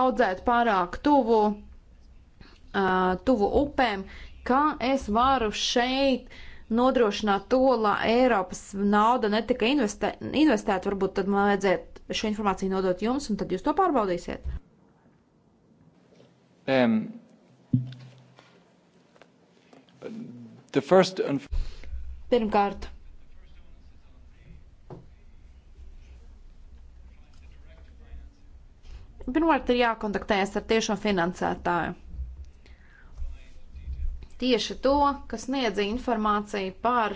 audzēti pārāk tuvu, uh, tuvu upēm, kā es varu šeit nodrošināt to, lai Eiropas nauda netika investē, investēta, varbūt tad man vajadzētu šo informāciju nodot jums, un tad jūs to pārbaudīsiet. Um, the first and Pirmkārt, pirmkārt ir jākontaktējas ar tiešo finansētāju. Tieši to, kas niedz informāciju par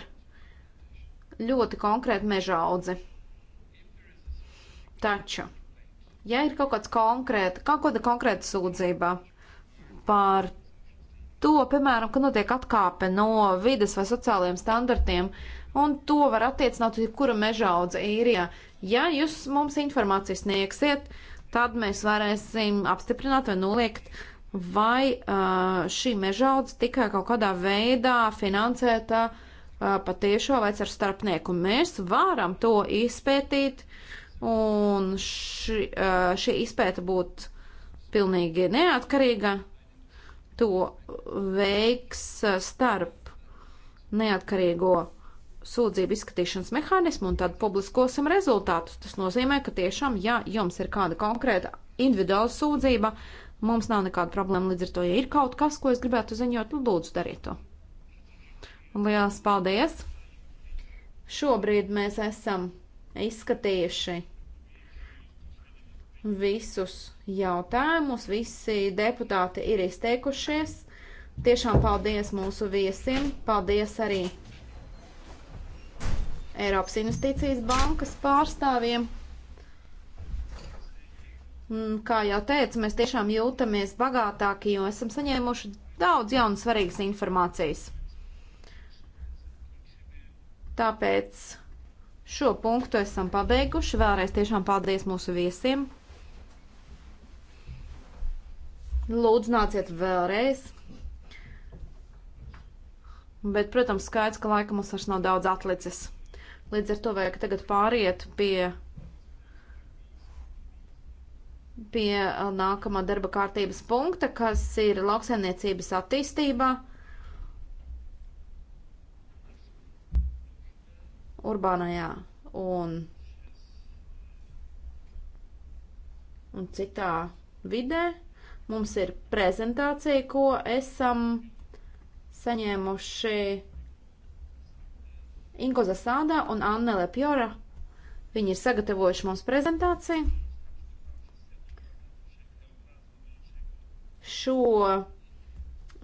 ļoti konkrētu meža audzi. Taču, ja ir kaut kāds konkrēta, kaut kāda konkrēta sūdzība, par to, piemēram, ka notiek atkāpe no vides vai sociālajiem standartiem, un to var attiecināt uz jebkura meža audze īrijā. Ja jūs mums informāciju sniegsiet, tad mēs varēsim apstiprināt vai noliegt, vai uh, šī meža audze tikai kaut kādā veidā finansēta uh, patiešo vai ar starpnieku. Mēs varam to izpētīt, un ši, uh, šī izpēta būtu pilnīgi neatkarīga, to veiks starp neatkarīgo sūdzību izskatīšanas mehānismu un tad publiskosim rezultātus. Tas nozīmē, ka tiešām, ja jums ir kāda konkrēta individuāla sūdzība, mums nav nekāda problēma līdz ar to, ja ir kaut kas, ko es gribētu ziņot, nu, lūdzu dariet to. Un liels paldies! Šobrīd mēs esam izskatījuši visus jautājumus. Visi deputāti ir izteikušies. Tiešām paldies mūsu viesim. Paldies arī Eiropas Investīcijas bankas pārstāvjiem. Kā jau teicu, mēs tiešām jūtamies bagātāki, jo esam saņēmuši daudz jaunas svarīgas informācijas. Tāpēc šo punktu esam pabeiguši. Vēlreiz tiešām paldies mūsu viesiem. Lūdzu, nāciet vēlreiz. Bet, protams, skaidrs, ka laika mums vairs nav daudz atlicis. Līdz ar to vajag tagad pāriet pie, pie nākamā darba kārtības punkta, kas ir lauksaimniecības attīstībā. urbānajā un, un citā vidē. Mums ir prezentācija, ko esam saņēmuši Ingo Zasādā un Anne Lepjora. Viņi ir sagatavojuši mums prezentāciju. Šo,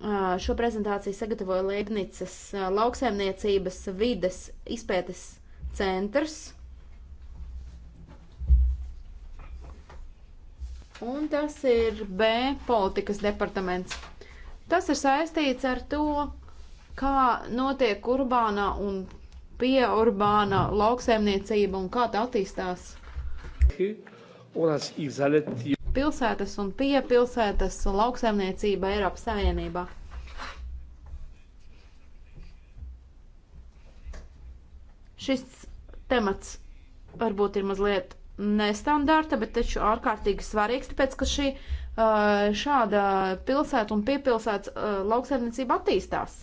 šo prezentāciju sagatavoja Liebnicas lauksaimniecības vides izpētes centrs. un tas ir B politikas departaments. Tas ir saistīts ar to, kā notiek urbānā un pieurbāna lauksaimniecība un kā tā attīstās. Pilsētas un piepilsētas lauksaimniecība Eiropas Savienībā. Šis temats varbūt ir mazliet nestandarta, bet taču ārkārtīgi svarīgs, tāpēc ka šī šāda pilsēta un piepilsētas lauksaimniecība attīstās.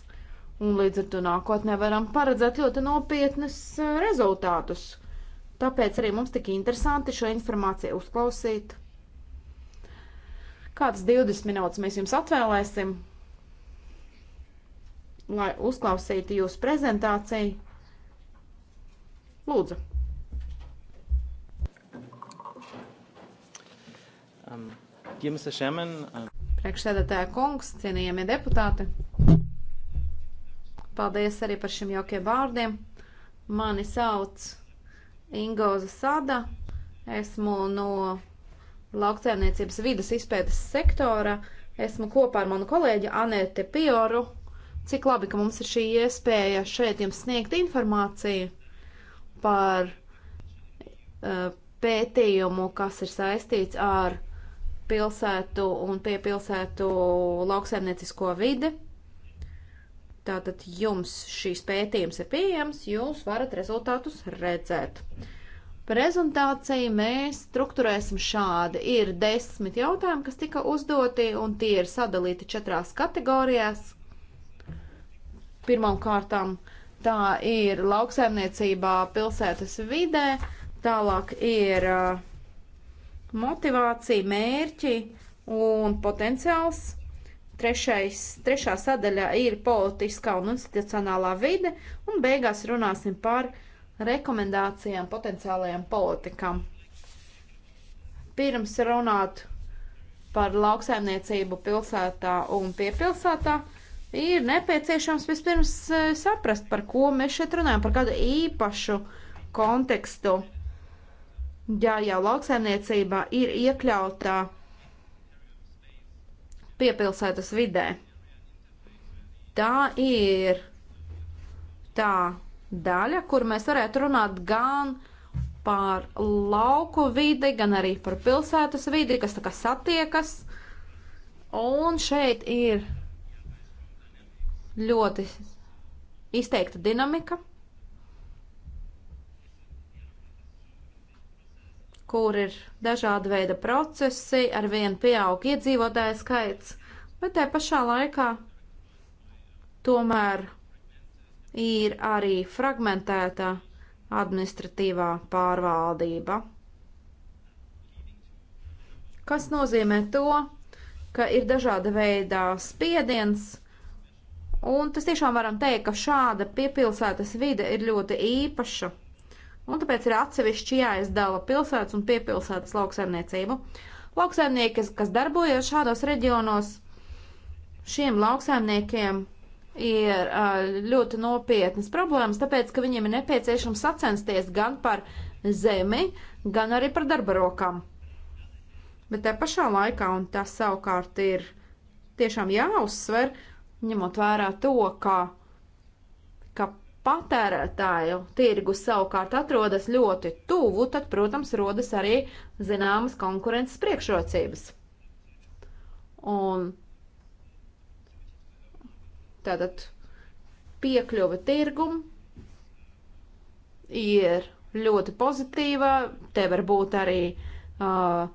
Un līdz ar to nākotnē varam paredzēt ļoti nopietnus rezultātus. Tāpēc arī mums tik interesanti šo informāciju uzklausīt. Kādas 20 minūtes mēs jums atvēlēsim, lai uzklausītu jūsu prezentāciju? Lūdzu! Um, um... Priekšsēdētāja kungs, cienījamie deputāti, paldies arī par šiem jaukiem vārdiem. Mani sauc Ingoza Sada, esmu no lauksaimniecības vidas izpētes sektora, esmu kopā ar manu kolēģi Anēti Pioru. Cik labi, ka mums ir šī iespēja šeit jums sniegt informāciju par uh, pētījumu, kas ir saistīts ar uh, pilsētu un pie pilsētu lauksaimniecisko vidi. Tātad jums šīs pētījums ir pieejams, jūs varat rezultātus redzēt. Prezentāciju mēs struktūrēsim šādi. Ir desmit jautājumi, kas tika uzdoti, un tie ir sadalīti četrās kategorijās. Pirmām kārtām tā ir lauksaimniecībā pilsētas vidē, tālāk ir uh, motivācija, mērķi un potenciāls. Trešais, trešā sadaļā ir politiskā un institucionālā vide, un beigās runāsim par rekomendācijām potenciālajām politikām. Pirms runāt par lauksaimniecību pilsētā un piepilsētā, ir nepieciešams vispirms eh, saprast, par ko mēs šeit runājam, par kādu īpašu kontekstu ja jau lauksaimniecība ir iekļautā piepilsētas vidē. Tā ir tā daļa, kur mēs varētu runāt gan par lauku vidi, gan arī par pilsētas vidi, kas tā kā satiekas. Un šeit ir ļoti izteikta dinamika. kur ir dažāda veida procesi, ar vien pieaug iedzīvotāju skaits, bet te pašā laikā tomēr ir arī fragmentēta administratīvā pārvaldība. Kas nozīmē to, ka ir dažāda veidā spiediens, un tas tiešām varam teikt, ka šāda piepilsētas vide ir ļoti īpaša un tāpēc ir atsevišķi jāizdala pilsētas un piepilsētas lauksaimniecību. Lauksaimnieki, kas, kas darbojas šādos reģionos, šiem lauksaimniekiem ir ļoti nopietnas problēmas, tāpēc, ka viņiem ir nepieciešams sacensties gan par zemi, gan arī par darba rokām. Bet te pašā laikā, un tas savukārt ir tiešām jāuzsver, ņemot vērā to, ka patērētāju tirgus savukārt atrodas ļoti tuvu, tad, protams, rodas arī zināmas konkurences priekšrocības. Un tātad piekļuva tirgum ir ļoti pozitīva. Te var būt arī uh,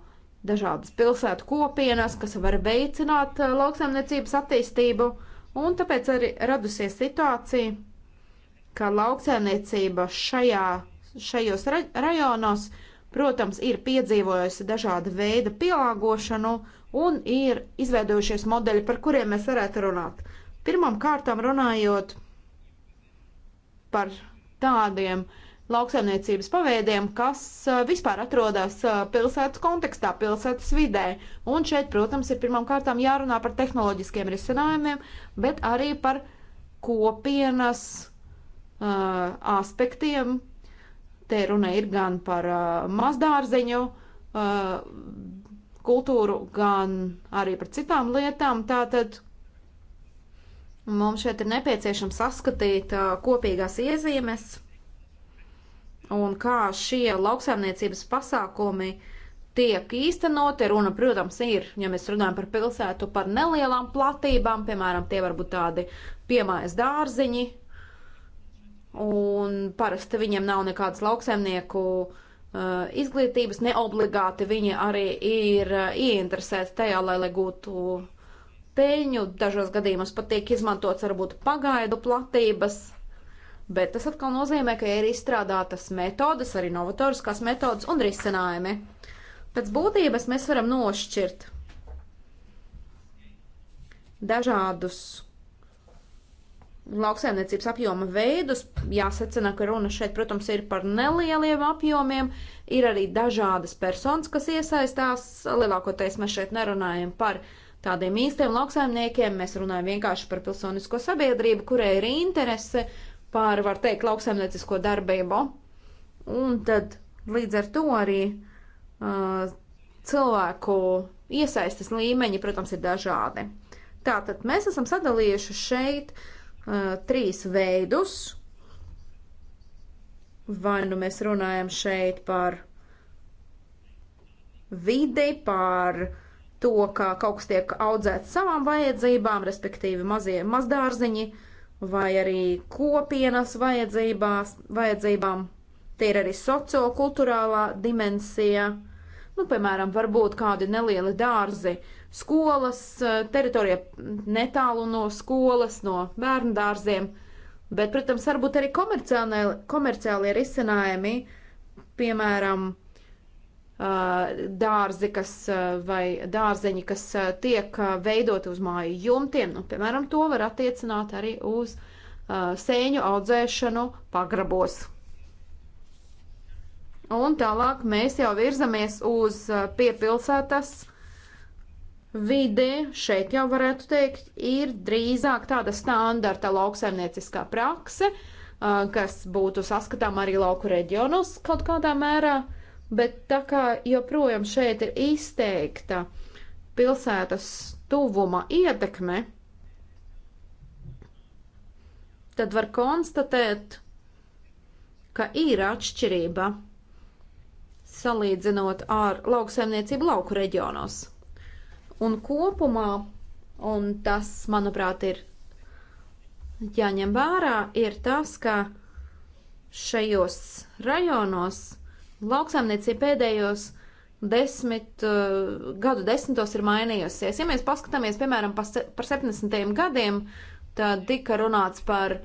dažādas pilsētu kopienas, kas var veicināt uh, lauksaimniecības attīstību, un tāpēc arī radusies situācija, ka lauksaimniecība šajā, šajos rajonos, protams, ir piedzīvojusi dažāda veida pielāgošanu un ir izveidojušies modeļi, par kuriem mēs varētu runāt. Pirmam kārtām runājot par tādiem lauksaimniecības paveidiem, kas vispār atrodas pilsētas kontekstā, pilsētas vidē. Un šeit, protams, ir pirmām kārtām jārunā par tehnoloģiskiem risinājumiem, bet arī par kopienas aspektiem. Te runa ir gan par mazdārziņu kultūru, gan arī par citām lietām. Tātad mums šeit ir nepieciešams saskatīt kopīgās iezīmes un kā šie lauksaimniecības pasākumi tiek īstenoti. Runa, protams, ir, ja mēs runājam par pilsētu, par nelielām platībām, piemēram, tie var būt tādi piemājas dārziņi, un parasti viņiem nav nekādas lauksaimnieku uh, izglītības, neobligāti viņi arī ir uh, ieinteresēti tajā, lai, lai gūtu peļņu. Dažos gadījumos pat tiek izmantots varbūt pagaidu platības, bet tas atkal nozīmē, ka ir izstrādātas metodas, arī novatoriskās metodas un risinājumi. Pēc būtības mēs varam nošķirt dažādus lauksaimniecības apjoma veidus. Jāsacena, ka runa šeit, protams, ir par nelieliem apjomiem. Ir arī dažādas personas, kas iesaistās. Lielākoties mēs šeit nerunājam par tādiem īstiem lauksaimniekiem, mēs runājam vienkārši par pilsonisko sabiedrību, kurai ir interese par, var teikt, lauksaimniecisko darbību. Un tad līdz ar to arī uh, cilvēku iesaistas līmeņi, protams, ir dažādi. Tātad mēs esam sadalījuši šeit uh, uh, trīs veidus. Vai nu mēs runājam šeit par vidi, par to, kā kaut kas tiek audzēts savām vajadzībām, respektīvi mazie mazdārziņi, vai arī kopienas vajadzībās, vajadzībām. Tie ir arī sociokulturālā dimensija. Nu, piemēram, varbūt kādi nelieli dārzi uh, skolas eh, teritorija netālu no skolas, no bērnu dārziem, bet, protams, varbūt arī komerciālie, komerciālie risinājumi, piemēram, eh, dārzi, kas, eh, vai dārzeņi, kas tiek veidoti uz māju jumtiem, nu, piemēram, to var attiecināt arī uz sēņu audzēšanu pagrabos. Un tālāk mēs jau virzamies uz piepilsētas uh, vide, šeit jau varētu teikt, ir drīzāk tāda standarta lauksaimnieciskā prakse, kas būtu saskatām arī lauku reģionos kaut kādā mērā, bet tā kā joprojām šeit ir izteikta pilsētas tuvuma ietekme, tad var konstatēt, ka ir atšķirība salīdzinot ar lauksaimniecību lauku reģionos. Un kopumā, un tas, manuprāt, ir jāņem vērā, ir tas, ka šajos rajonos lauksaimniecība pēdējos desmit, uh, gadu desmitos ir mainījusies. Ja mēs paskatāmies, piemēram, pa se, par 70. gadiem, tad tika runāts par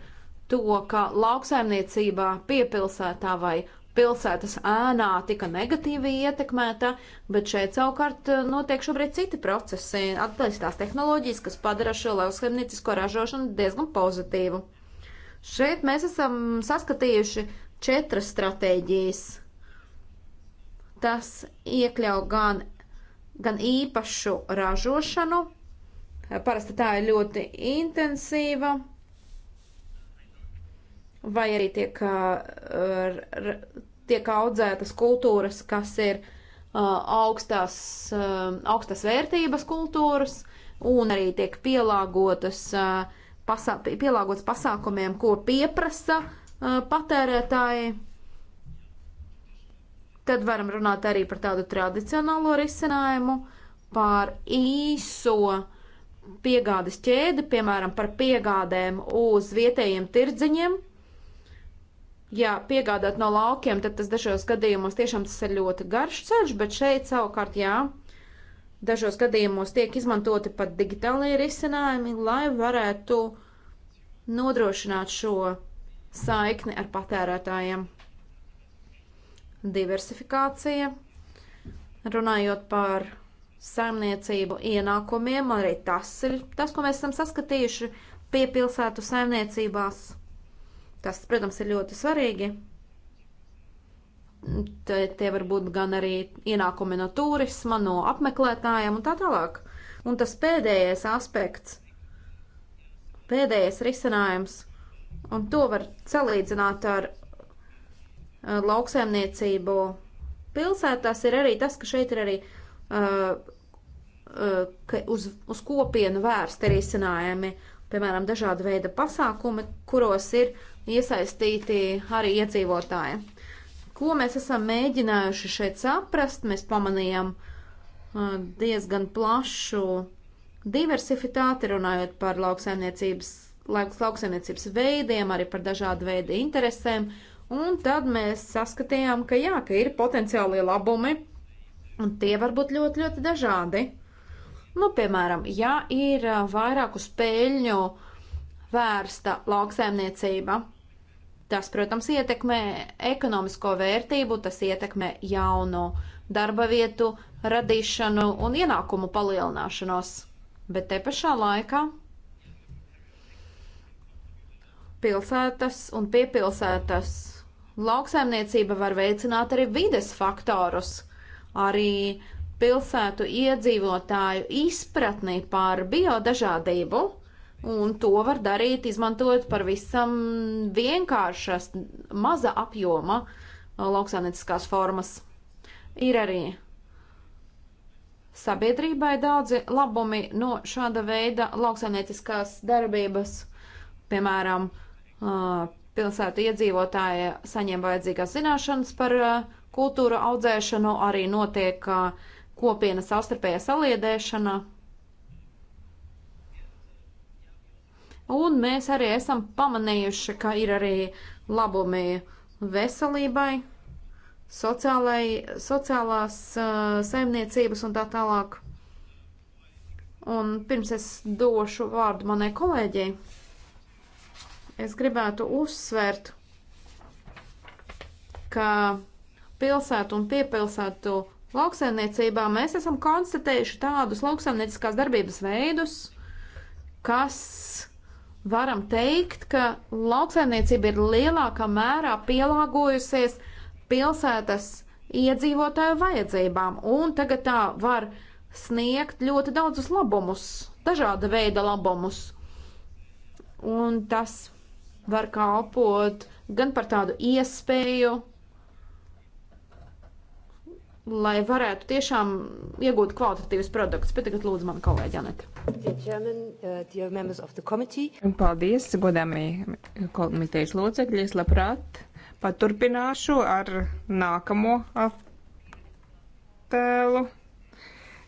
to, ka lauksaimniecībā piepilsētā vai pilsētas ēnā tika negatīvi ietekmēta, bet šeit savukārt eh, notiek šobrīd citi procesi, attīstās tehnoloģijas, kas padara šo lauksaimniecisko ražošanu diezgan pozitīvu. Šeit mēs esam saskatījuši četras stratēģijas. Tas iekļauj gan, gan īpašu ražošanu, parasti tā ir ļoti intensīva vai arī tiek, tiek audzētas kultūras, kas ir augstās, augstās vērtības kultūras, un arī tiek pielāgotas, pasā, pielāgotas pasākumiem, ko pieprasa patērētāji. Tad varam runāt arī par tādu tradicionālo risinājumu, par īso piegādes ķēdi, piemēram, par piegādēm uz vietējiem tirdziņiem, ja piegādāt no laukiem, tad tas dažos gadījumos tiešām tas ir ļoti garš ceļš, bet šeit savukārt jā, dažos gadījumos tiek izmantoti pat digitālie risinājumi, lai varētu nodrošināt šo saikni ar patērētājiem. Diversifikācija. Runājot par saimniecību ienākumiem, arī tas ir tas, ko mēs esam saskatījuši piepilsētu saimniecībās. Tas, protams, ir ļoti svarīgi. Te, tie var būt gan arī ienākumi no turisma, no apmeklētājiem un tā tālāk. Un tas pēdējais aspekts, pēdējais risinājums, un to var salīdzināt ar eh, lauksaimniecību pilsētās, ir arī tas, ka šeit ir arī uh, uh, uz, uz kopienu vērsti risinājumi, piemēram, dažāda veida pasākumi, kuros ir uh, iesaistīti arī iedzīvotāji. Ko mēs esam mēģinājuši šeit saprast? Mēs pamanījām uh, diezgan plašu diversifitāti, runājot par lauksaimniecības, lauksaimniecības veidiem, arī par dažādu veidu interesēm. Un tad mēs saskatījām, ka jā, ka ir potenciāli labumi, un tie var būt ļoti, ļoti dažādi. Nu, piemēram, ja ir uh, vairāku spēļņu vērsta lauksaimniecība, Tas, protams, ietekmē ekonomisko vērtību, tas ietekmē jaunu darba vietu radīšanu un ienākumu palielināšanos. Bet te pašā laikā pilsētas un piepilsētas lauksaimniecība var veicināt arī vides faktorus, arī pilsētu iedzīvotāju izpratni par biodažādību Un to var darīt, izmantojot par visam vienkāršas, maza apjoma uh, lauksaimnieciskās formas. Ir arī sabiedrībai daudzi labumi no šāda veida lauksaimnieciskās darbības. Piemēram, uh, pilsētu iedzīvotāji saņem vajadzīgās zināšanas par uh, kultūru audzēšanu, arī notiek kopienas savstarpējā saliedēšana Un mēs arī esam pamanījuši, ka ir arī labumi veselībai, sociālai, sociālās uh, saimniecības un tā tālāk. Un pirms es došu vārdu manai kolēģei, es gribētu uzsvērt, ka pilsētu un piepilsētu lauksaimniecībā mēs esam konstatējuši tādus lauksaimnieciskās darbības veidus, kas varam teikt, ka lauksaimniecība ir lielākā mērā pielāgojusies pilsētas iedzīvotāju vajadzībām, un tagad tā var sniegt ļoti daudzus labumus, dažāda veida labumus. Un tas var kalpot gan par tādu iespēju lai varētu tiešām iegūt kvalitatīvas produktus. Bet tagad lūdzu man kolēģi Aneti. Uh, Paldies, godāmie komitejas locekļi. Es labprāt paturpināšu ar nākamo attēlu,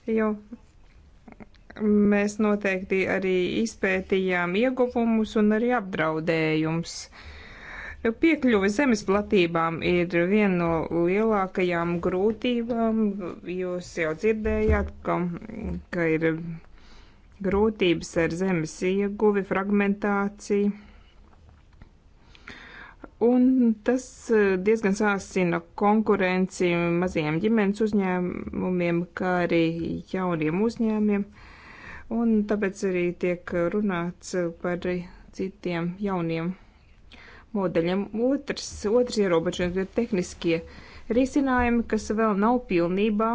jo mēs noteikti arī izpētījām ieguvumus un arī apdraudējumus. Uh, Piekļuve zemes platībām ir viena no lielākajām grūtībām. Jūs jau dzirdējāt, ka, ka ir grūtības ar zemes ieguvi, fragmentāciju. Un tas eh, diezgan sāsina konkurenci mazajiem ģimenes uzņēmumiem, kā arī jauniem uzņēmiem. Un tāpēc arī tiek runāts par citiem jauniem uzņēmumiem modeļiem. Otrs, otrs ierobežojums ir tehniskie risinājumi, kas vēl nav pilnībā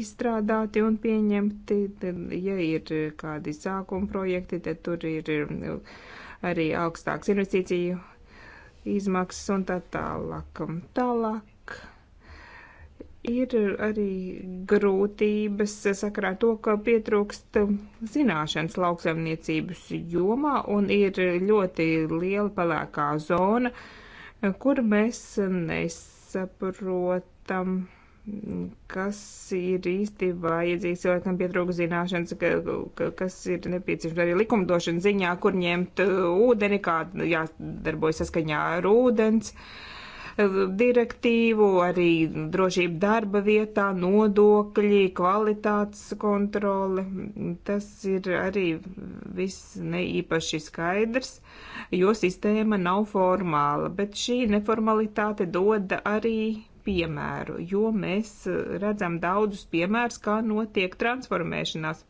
izstrādāti un pieņemti. Tad, ja ir kādi sākuma projekti, tad tur ir, ir arī augstāks investīciju izmaksas un tā tālāk. Tālāk ir arī grūtības sakarā to, ka pietrūkst zināšanas lauksaimniecības jomā un ir ļoti liela pelēkā zona, kur mēs nesaprotam, kas ir īsti vajadzīgs cilvēkam pietrūkst zināšanas, ka, ka, kas ir nepieciešams arī likumdošana ziņā, kur ņemt ūdeni, kā jādarbojas saskaņā ar ūdens. Uh, direktīvu, arī drošība darba vietā, nodokļi, kvalitātes kontrole. Tas ir arī viss neīpaši skaidrs, jo sistēma nav formāla, bet šī neformalitāte doda arī piemēru, jo mēs redzam daudzus piemērus, kā notiek transformēšanās.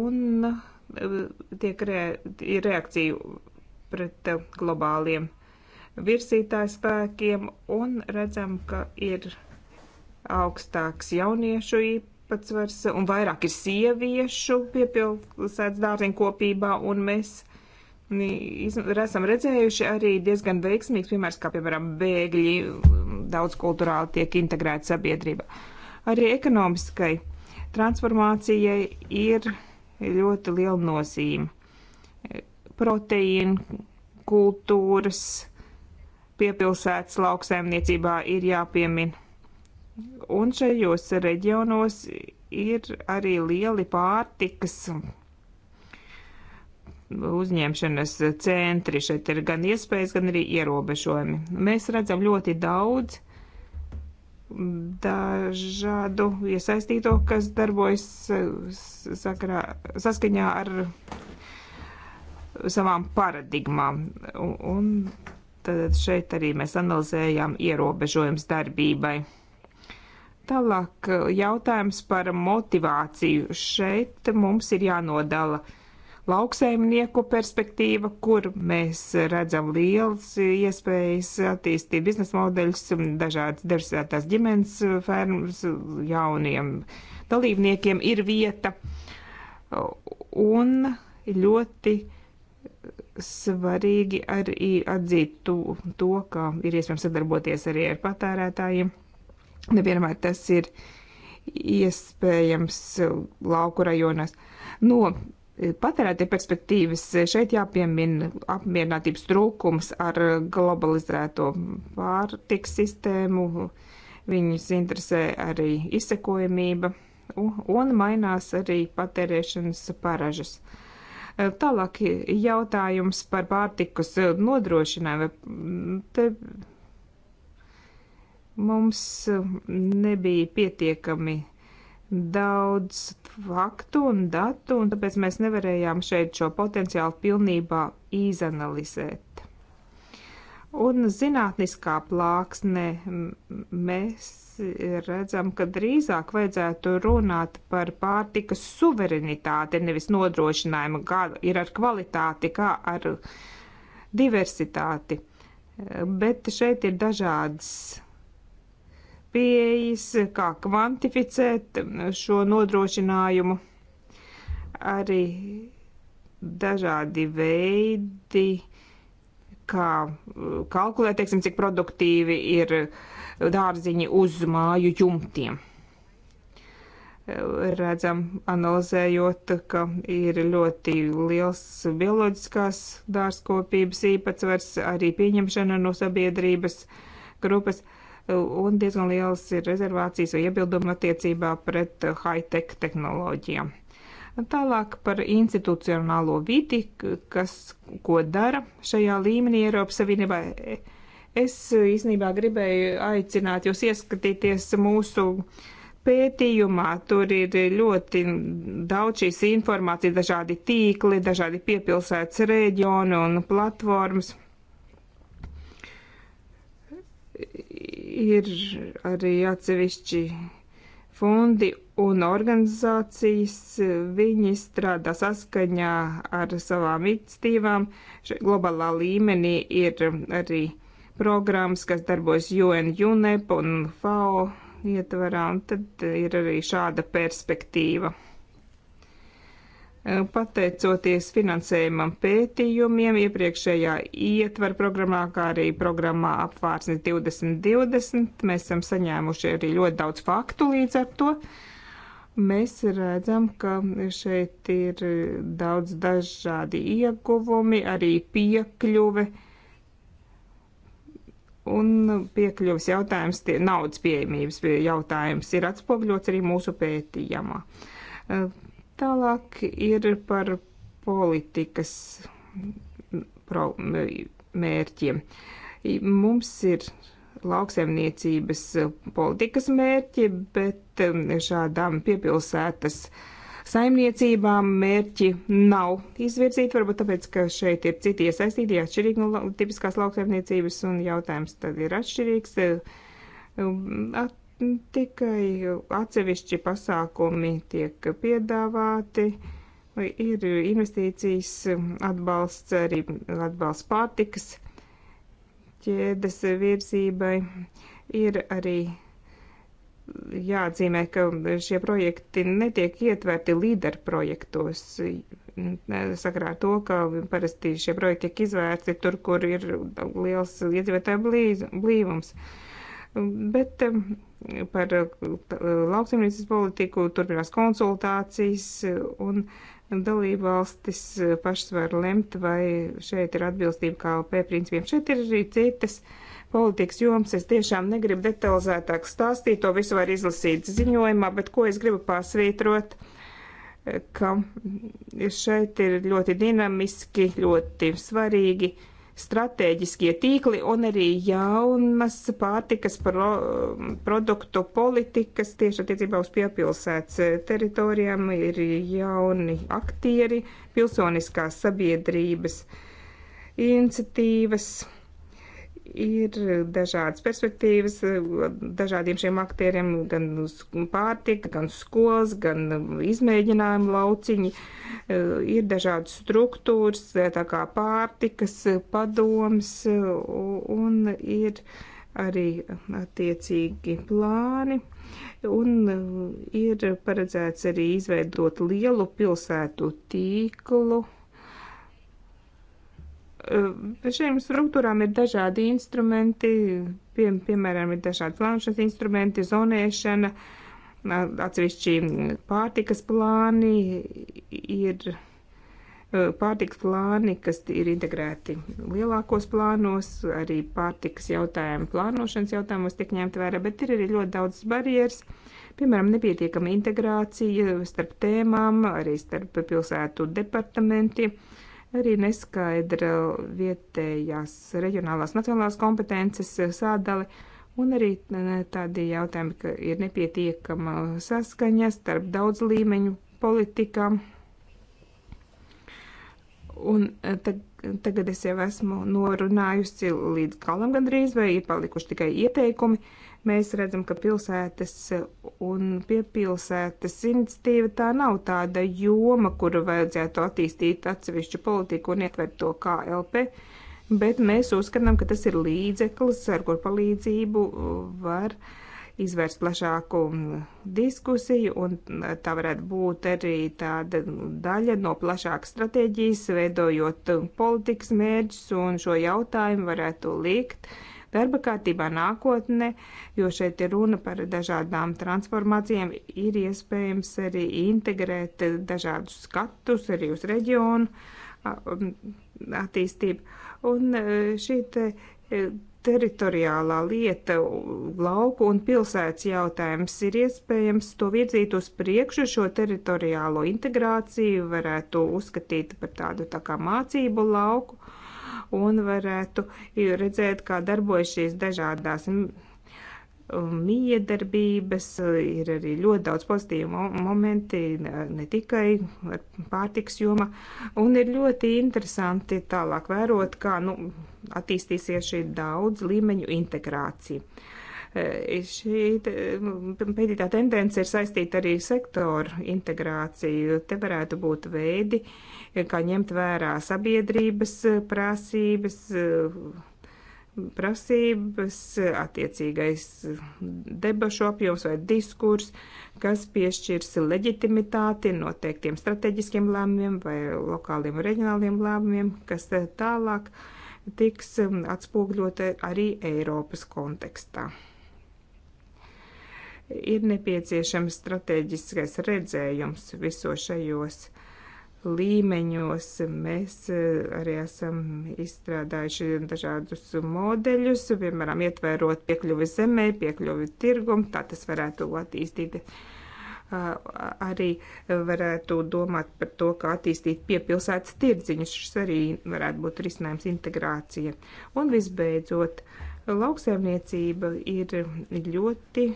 Un e, tiek re, reakcija pret globāliem virsītājspēkiem un redzam, ka ir augstāks jauniešu īpatsvars un vairāk ir sieviešu piepilsēts dārziņkopībā un mēs esam redzējuši arī diezgan veiksmīgs piemērs, kā piemēram bēgļi mm, daudz kulturāli tiek integrēti sabiedrībā. Arī ekonomiskai transformācijai ir ļoti liela nozīme. Proteīna kultūras, pie pilsētas lauksaimniecībā ir jāpiemin. Un šajos reģionos ir arī lieli pārtikas uzņemšanas centri. Šeit ir gan iespējas, gan arī ierobežojumi. Mēs redzam ļoti daudz dažādu iesaistīto, kas darbojas eh, sakarā, saskaņā ar savām paradigmām. Un, un Tad šeit arī mēs analizējām ierobežojums darbībai. Tālāk eh, jautājums par motivāciju. Šeit mums ir jānodala lauksaimnieku perspektīva, kur mēs redzam liels iespējas attīstīt biznesa modeļus, dažādas diversitētās ģimenes fermas, jauniem dalībniekiem ir vieta. Un ļoti svarīgi arī atzīt to, to ka ir iespējams sadarboties arī ar patērētājiem. Nevienmēr tas ir iespējams lauku rajonos. No patērētie perspektīvas šeit jāpiemina apmierinātības trūkums ar globalizēto pārtiks sistēmu, viņus interesē arī izsekojamība un mainās arī patērēšanas paražas. Uh, Tālāk jautājums par pārtikas nodrošinājumu. Te mums nebija pietiekami daudz faktu un datu, un tāpēc mēs nevarējām šeit šo potenciālu pilnībā izanalizēt. Un zinātniskā plāksne mēs redzam, ka drīzāk vajadzētu runāt par pārtikas suverenitāti, nevis nodrošinājumu, kā ir ar kvalitāti, kā ar diversitāti. Bet šeit ir dažādas pieejas, kā kvantificēt šo nodrošinājumu, arī dažādi veidi kā uh, kalkulēt, teiksim, cik produktīvi ir dārziņi uz māju jumtiem. Uh, redzam, analizējot, ka ir ļoti liels bioloģiskās dārzkopības īpatsvars, arī pieņemšana no sabiedrības grupas, uh, un diezgan liels ir rezervācijas vai iebildumi attiecībā pret high-tech tehnoloģijām. Tālāk par institucionālo vidi, kas ko dara šajā līmenī Eiropas Savienībā. Es īstenībā gribēju aicināt jūs ieskatīties mūsu pētījumā tur ir ļoti daudz šīs informācijas, dažādi tīkli, dažādi piepilsētas reģioni un platformas. Ir arī atsevišķi fondi un organizācijas, viņi strādā saskaņā ar savām iniciatīvām. Globālā līmenī ir arī programmas, kas darbojas e UN, UNEP un FAO ietvarā, un tad ir arī šāda perspektīva. Eh, pateicoties finansējumam pētījumiem, iepriekšējā ietvara programmā, kā arī programmā apvārsnes 2020, mēs esam saņēmuši arī ļoti daudz faktu līdz ar to. Uh, Mēs redzam, ka šeit ir daudz dažādi ieguvumi, arī piekļuve. Un piekļuves jautājums, tie, naudas pieejamības jautājums ir atspogļots arī mūsu pētījumā. Tālāk ir par politikas mērķiem. Mums ir lauksaimniecības eh, politikas mērķi, bet eh, šādām piepilsētas saimniecībām mērķi nav izvirzīti, varbūt tāpēc, ka šeit ir citi iesaistīti atšķirīgi no tipiskās lauksaimniecības un jautājums tad ir atšķirīgs. Eh, at, tikai atsevišķi pasākumi tiek piedāvāti. Ir investīcijas atbalsts, arī atbalsts pārtikas ķēdes virzībai. Ir arī jāatzīmē, ka šie projekti netiek ietverti līderu projektos. Sakarā ar to, ka parasti šie projekti tiek izvērti tur, kur ir liels iedzīvotāju blīvums. Bet um, par uh, lauksimniecības politiku turpinās konsultācijas un uh, Dalībvalstis eh, pašas var lemt, vai šeit ir atbilstība KLP principiem. Šeit ir arī citas politikas joms. Es tiešām negribu detalizētāk stāstīt, to visu var izlasīt ziņojumā, bet ko es gribu pasvītrot, eh, ka šeit ir ļoti dinamiski, ļoti svarīgi stratēģiskie tīkli un arī jaunas pārtikas pro, produktu politikas tieši attiecībā uz piepilsētas teritorijām ir jauni aktieri, pilsoniskās sabiedrības iniciatīvas ir dažādas perspektīvas dažādiem šiem aktieriem, gan pārtika, gan skolas, gan um, izmēģinājumu lauciņi, uh, ir dažādas struktūras, tā kā pārtikas padoms, uh, un ir arī attiecīgi plāni, un uh, ir paredzēts arī izveidot lielu pilsētu tīklu šiem struktūrām ir dažādi instrumenti, pie, piemēram, ir dažādi plānošanas instrumenti, zonēšana, atsevišķi pārtikas plāni, ir e, pārtikas plāni, kas ir integrēti lielākos plānos, arī pārtikas jautājumu plānošanas jautājumos tiek ņemt vērā, bet ir arī ļoti daudz barjeras, piemēram, nepietiekama integrācija starp tēmām, arī starp pilsētu departamentiem arī neskaidra vietējās reģionālās nacionālās kompetences sādali, un arī tādi jautājumi, ka ir nepietiekama saskaņa starp daudz līmeņu politikām. Un e, tag, tagad es jau esmu norunājusi līdz galam gandrīz, vai ir palikuši tikai ieteikumi. Uh, Mēs redzam, ka pilsētas un piepilsētas iniciatīva tā nav tāda joma, kuru vajadzētu attīstīt atsevišķu politiku un ietvert to kā LP, bet mēs uzskatām, ka tas ir līdzeklis, ar kur palīdzību var izvērst plašāku diskusiju, un tā varētu būt arī tāda daļa no plašākas stratēģijas, veidojot politikas mērķus, un šo jautājumu varētu likt uh, darba kārtībā nākotne, jo šeit ir runa par dažādām transformācijām, ir iespējams arī integrēt dažādus skatus arī uz reģionu attīstību. Un e, šī te e, teritoriālā lieta, lauku un pilsētas jautājums ir iespējams to virzīt uz priekšu, šo teritoriālo integrāciju varētu uzskatīt par tādu tā kā mācību lauku un varētu redzēt, kā darbojas šīs dažādās miedarbības. Ir arī ļoti daudz pozitīvu momenti, ne tikai pārtiks joma, un ir ļoti interesanti tālāk vērot, kā nu, attīstīsies šī daudz līmeņu integrācija. E, šī pēdējā tendence ir saistīta arī sektoru integrāciju. Te varētu būt veidi, kā ņemt vērā sabiedrības prasības, prasības, attiecīgais debašu apjoms vai diskurs, kas piešķirs leģitimitāti noteiktiem strateģiskiem lēmumiem vai lokāliem un reģionāliem lēmumiem, kas tālāk tiks atspūgļota arī Eiropas kontekstā ir nepieciešams strateģiskais redzējums visos šajos līmeņos. Mēs eh, arī esam izstrādājuši dažādus modeļus, piemēram, ietvērot piekļuvi zemē, piekļuvi tirgumu, tā tas varētu attīstīt eh, arī varētu domāt par to, kā attīstīt piepilsētas tirdziņus. Šis arī varētu būt risinājums integrācija. Un visbeidzot, lauksēmniecība ir ļoti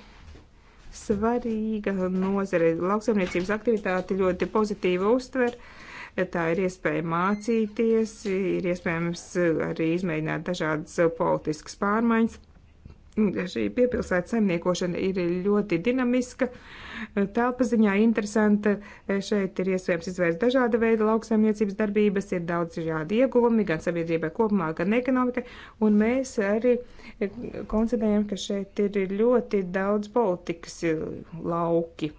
svarīga nozare. Lauksaimniecības aktivitāti ļoti pozitīvi uztver. Tā ir iespēja mācīties, ir iespējams arī izmēģināt dažādas politiskas pārmaiņas šī piepilsēta saimniekošana ir ļoti dinamiska, telpaziņā interesanta. Šeit ir iespējams izvērst dažāda veida lauksaimniecības darbības, ir daudz dažādi ieguvumi gan sabiedrībai kopumā, gan ekonomikai, un mēs arī koncentrējam, ka šeit ir ļoti daudz politikas lauki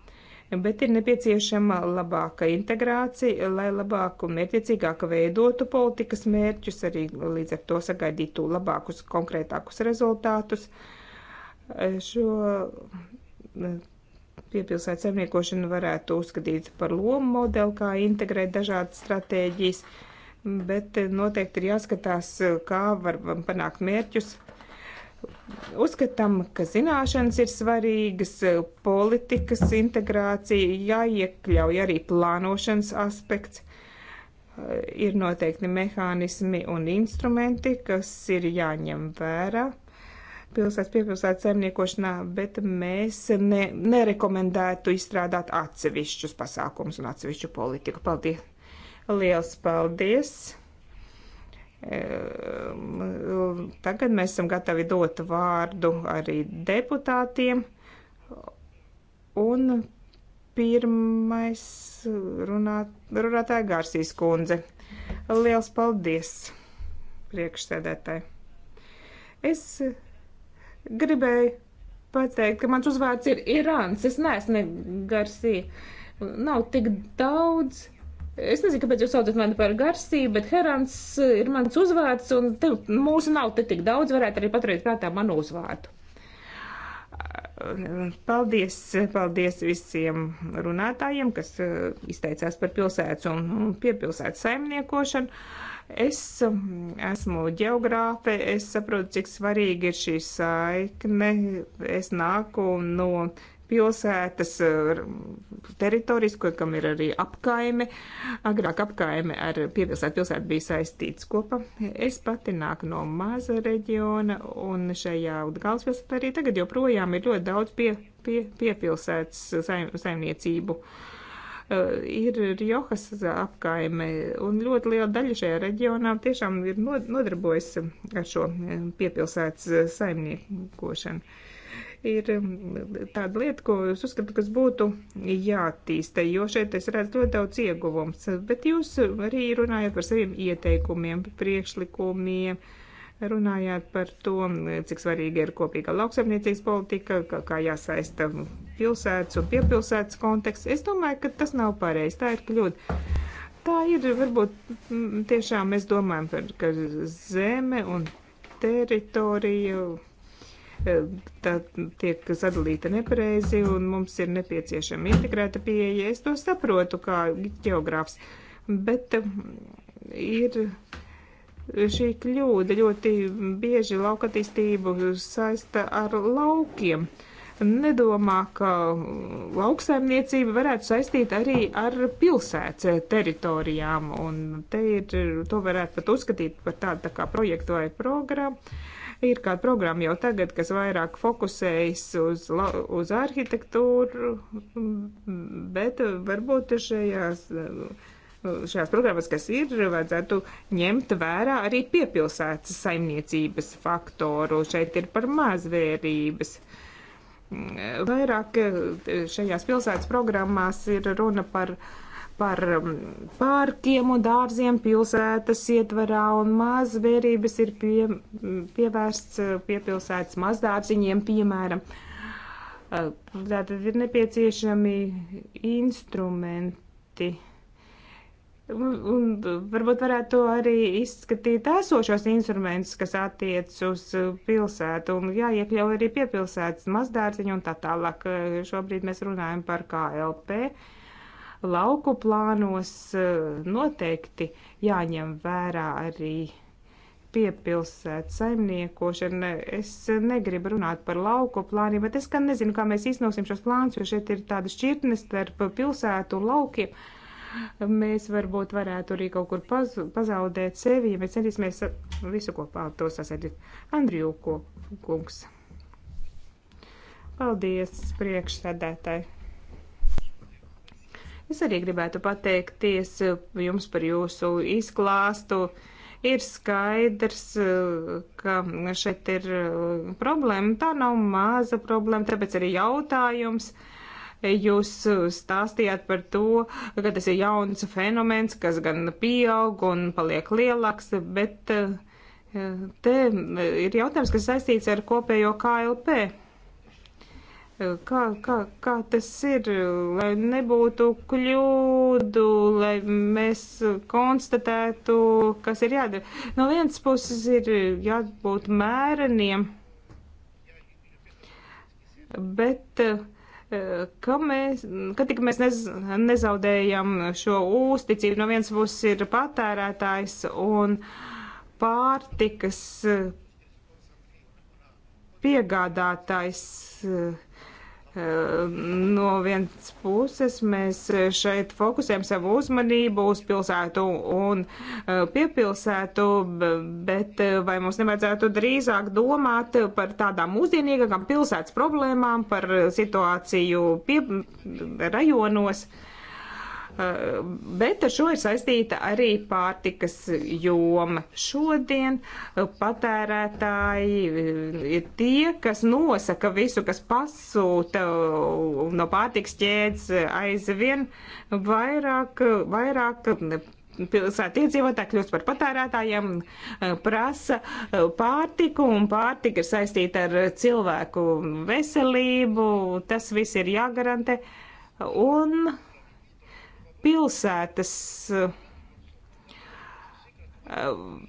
bet ir nepieciešama labāka integrācija, lai labāk un mērķiecīgāk veidotu politikas mērķus, arī līdz ar to sagaidītu labākus, konkrētākus rezultātus. Šo piepilsētu saimniekošanu varētu uzskatīt par lomu modeli, kā integrēt dažādas stratēģijas, bet noteikti ir jāskatās, kā var panākt mērķus Uzskatām, ka zināšanas ir svarīgas, politikas integrācija, jāiekļauj arī plānošanas aspekts. Eh, ir noteikti mehānismi un instrumenti, kas ir jāņem vērā pilsētas piepilsētas saimniekošanā, bet mēs ne, nerekomendētu izstrādāt atsevišķus pasākumus un atsevišķu politiku. Paldies! Liels paldies! Ehm, tagad mēs esam gatavi dot vārdu arī deputātiem. Un pirmais runā, runātāja Gārsīs kundze. Liels paldies priekšsēdētāji. Es gribēju pateikt, ka mans uzvārds ir Irāns. Es neesmu ne Garsī. Nav tik daudz Es nezinu, kāpēc jūs saucat mani par garsību, bet Herants eh, ir mans uzvārds, un te, mūsu nav te tik daudz, varētu arī paturēt prātā manu uzvārdu. Eh, paldies, paldies visiem runātājiem, kas eh, izteicās par pilsētas un piepilsētas saimniekošanu. Es esmu ģeogrāfe, es saprotu, cik svarīgi ir šī saikne. Es nāku no pilsētas eh, teritorijas, kur, kam ir arī apkaime. Agrāk apkaime ar piepilsētu pilsētu bija saistīts kopā. Es pati nāku no maza reģiona, un šajā galvaspilsētā arī tagad joprojām ir ļoti daudz pie, pie, piepilsētas saim, saimniecību. Uh, ir Riohas apkaime, un ļoti liela daļa šajā reģionā tiešām ir nodarbojas ar šo eh, piepilsētas saimniekošanu. Uh, ir mm, tāda lieta, ko es uzskatu, kas būtu jātīsta, jo šeit es redzu ļoti daudz ieguvums, bet jūs arī runājat par saviem ieteikumiem, priekšlikumiem, runājāt par to, cik svarīga ir kopīga lauksaimniecības politika, kā jāsaista pilsētas un piepilsētas konteksts. Es domāju, ka tas nav pareizi, tā ir kļūda. Tā ir, varbūt mm, tiešām mēs domājam par, ka zeme un teritoriju tā tiek sadalīta nepareizi, un mums ir nepieciešama integrēta pieeja. Es to saprotu kā geogrāfs, bet um, ir šī kļūda ļoti bieži lauka attīstību saista ar laukiem. Nedomā, ka lauksaimniecība varētu saistīt arī ar pilsētas teritorijām, un te ir, to varētu pat uzskatīt par tādu tā kā projektu vai programmu Ir kāda programma jau tagad, kas vairāk fokusējas uz, uz arhitektūru, bet varbūt šajās, šajās programmas, kas ir, vajadzētu ņemt vērā arī piepilsētas saimniecības faktoru. Šeit ir par mazvērības. Vairāk šajās pilsētas programmās ir runa par uh, par um, parkiem un dārziem pilsētas ietvarā, un maz vērības ir pie, pievērsts uh, pie pilsētas mazdārziņiem, piemēram. Uh, Tātad ir nepieciešami instrumenti. Un varbūt varētu arī izskatīt esošos instrumentus, kas attiec uz uh, pilsētu, un jāiekļau arī piepilsētas mazdārziņu un tā tālāk. Šobrīd mēs runājam par KLP. Uh, lauku plānos eh, noteikti jāņem vērā arī piepilsēta saimniekošana. Es negribu runāt par lauku plāniem, bet es gan nezinu, kā mēs īstenosim šos plānus, jo šeit ir tāda šķirtne starp pilsētu un laukiem. Mēs varbūt varētu arī kaut kur paz, pazaudēt sevi, ja mēs centīsimies visu kopā to sasēdīt. Andriju kungs. Paldies, priekšsēdētāji. Es arī gribētu pateikties eh, jums par jūsu izklāstu. Ir skaidrs, eh, ka šeit ir eh, problēma. Tā nav maza problēma, tāpēc arī jautājums jūs stāstījāt par to, ka tas ir jauns fenomens, kas gan pieaug un paliek lielāks, bet te ir jautājums, kas saistīts ar kopējo KLP kā, kā, kā tas ir, lai nebūtu kļūdu, lai mēs konstatētu, kas ir jādara. No vienas puses ir jābūt mēreniem, bet ka mēs, ka tik mēs nez, nezaudējam šo uzticību, no vienas puses ir patērētājs un pārtikas piegādātājs. Uh, No vienas puses mēs šeit fokusējam savu uzmanību uz pilsētu un e, piepilsētu, bet e, vai mums nevajadzētu drīzāk domāt par tādām mūsdienīgākām pilsētas problēmām, par situāciju pie, rajonos? Uh, Eh, bet ar šo ir saistīta arī pārtikas joma. Šodien eh, patērētāji eh, ir tie, kas nosaka visu, kas pasūta no pārtikas ķēdes aizvien vairāk, vairāk pilsētu iedzīvotāji kļūst par patērētājiem, prasa pārtiku, un pārtika ir saistīta ar cilvēku veselību, tas viss ir jāgarantē. Un pilsētas eh,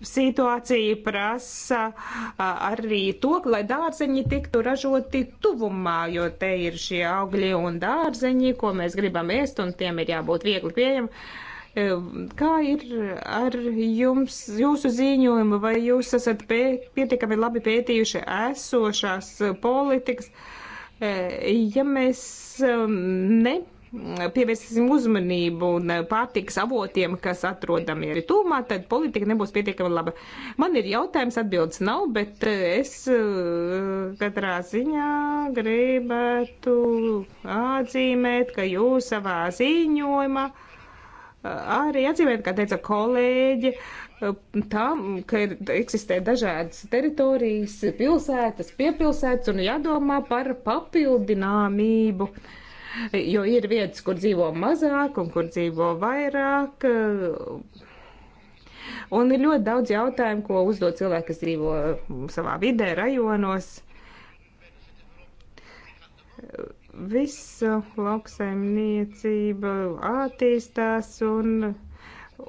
situācija prasa eh, arī to, lai dārzeņi tiktu ražoti tuvumā, jo te ir šie augļi un dārzeņi, ko mēs gribam ēst, un tiem ir jābūt viegli pieejami. Eh, kā ir ar jums, jūsu ziņojumu, vai jūs esat pē, pietiekami labi pētījuši esošās politikas? Ja mēs ne pievērsīsim uzmanību eh, pārtiks avotiem, kas atrodami arī tūmā, tad politika nebūs pietiekami laba. Man ir jautājums, atbildes nav, bet eh, es eh, katrā ziņā gribētu atzīmēt, ka jūs savā ziņojumā arī atzīmēt, kā teica kolēģi, tam, ka ir, eksistē dažādas teritorijas, pilsētas, piepilsētas un jādomā par papildināmību. Uh, jo ir vietas, kur dzīvo mazāk un kur dzīvo vairāk. Un ir ļoti daudz jautājumu, ko uzdod cilvēki, kas dzīvo savā vidē, rajonos. Visa lauksaimniecība attīstās un,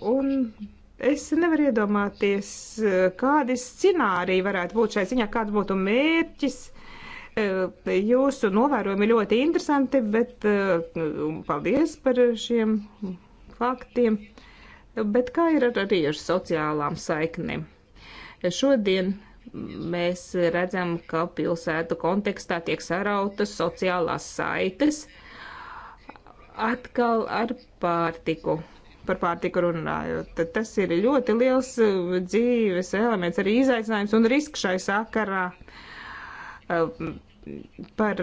un es nevaru iedomāties, kādi scenāriji varētu būt šai ziņā, kāds būtu mērķis Eh, jūsu novērojumi ļoti interesanti, bet eh, paldies par šiem faktiem. Bet kā ir ar arī ar sociālām saiknēm? Šodien mēs redzam, ka pilsētu kontekstā tiek sarautas sociālās saites atkal ar pārtiku par pārtiku runājot. Tas ir ļoti liels eh, dzīves elements, arī izaicinājums un risks šai sakarā. Uh, Uh, par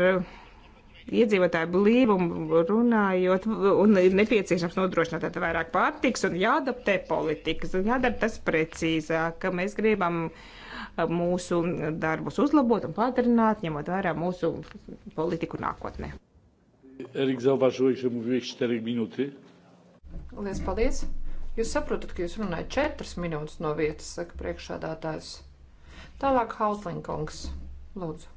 iedzīvotāju blīvumu runājot, un ir nepieciešams nodrošināt tātad vairāk pārtiks un jāadaptē politikas, un jādara tas precīzāk, ka mēs gribam uh, mūsu darbus uzlabot un padarināt, ņemot vērā mūsu politiku nākotnē. Erika, zauvažoju, ka mūvīju 4 minūti. Lielas paldies! Jūs saprotat, ka jūs runājat 4 minūtes no vietas, saka priekšādātājs. Tālāk Hauslinkungs, lūdzu.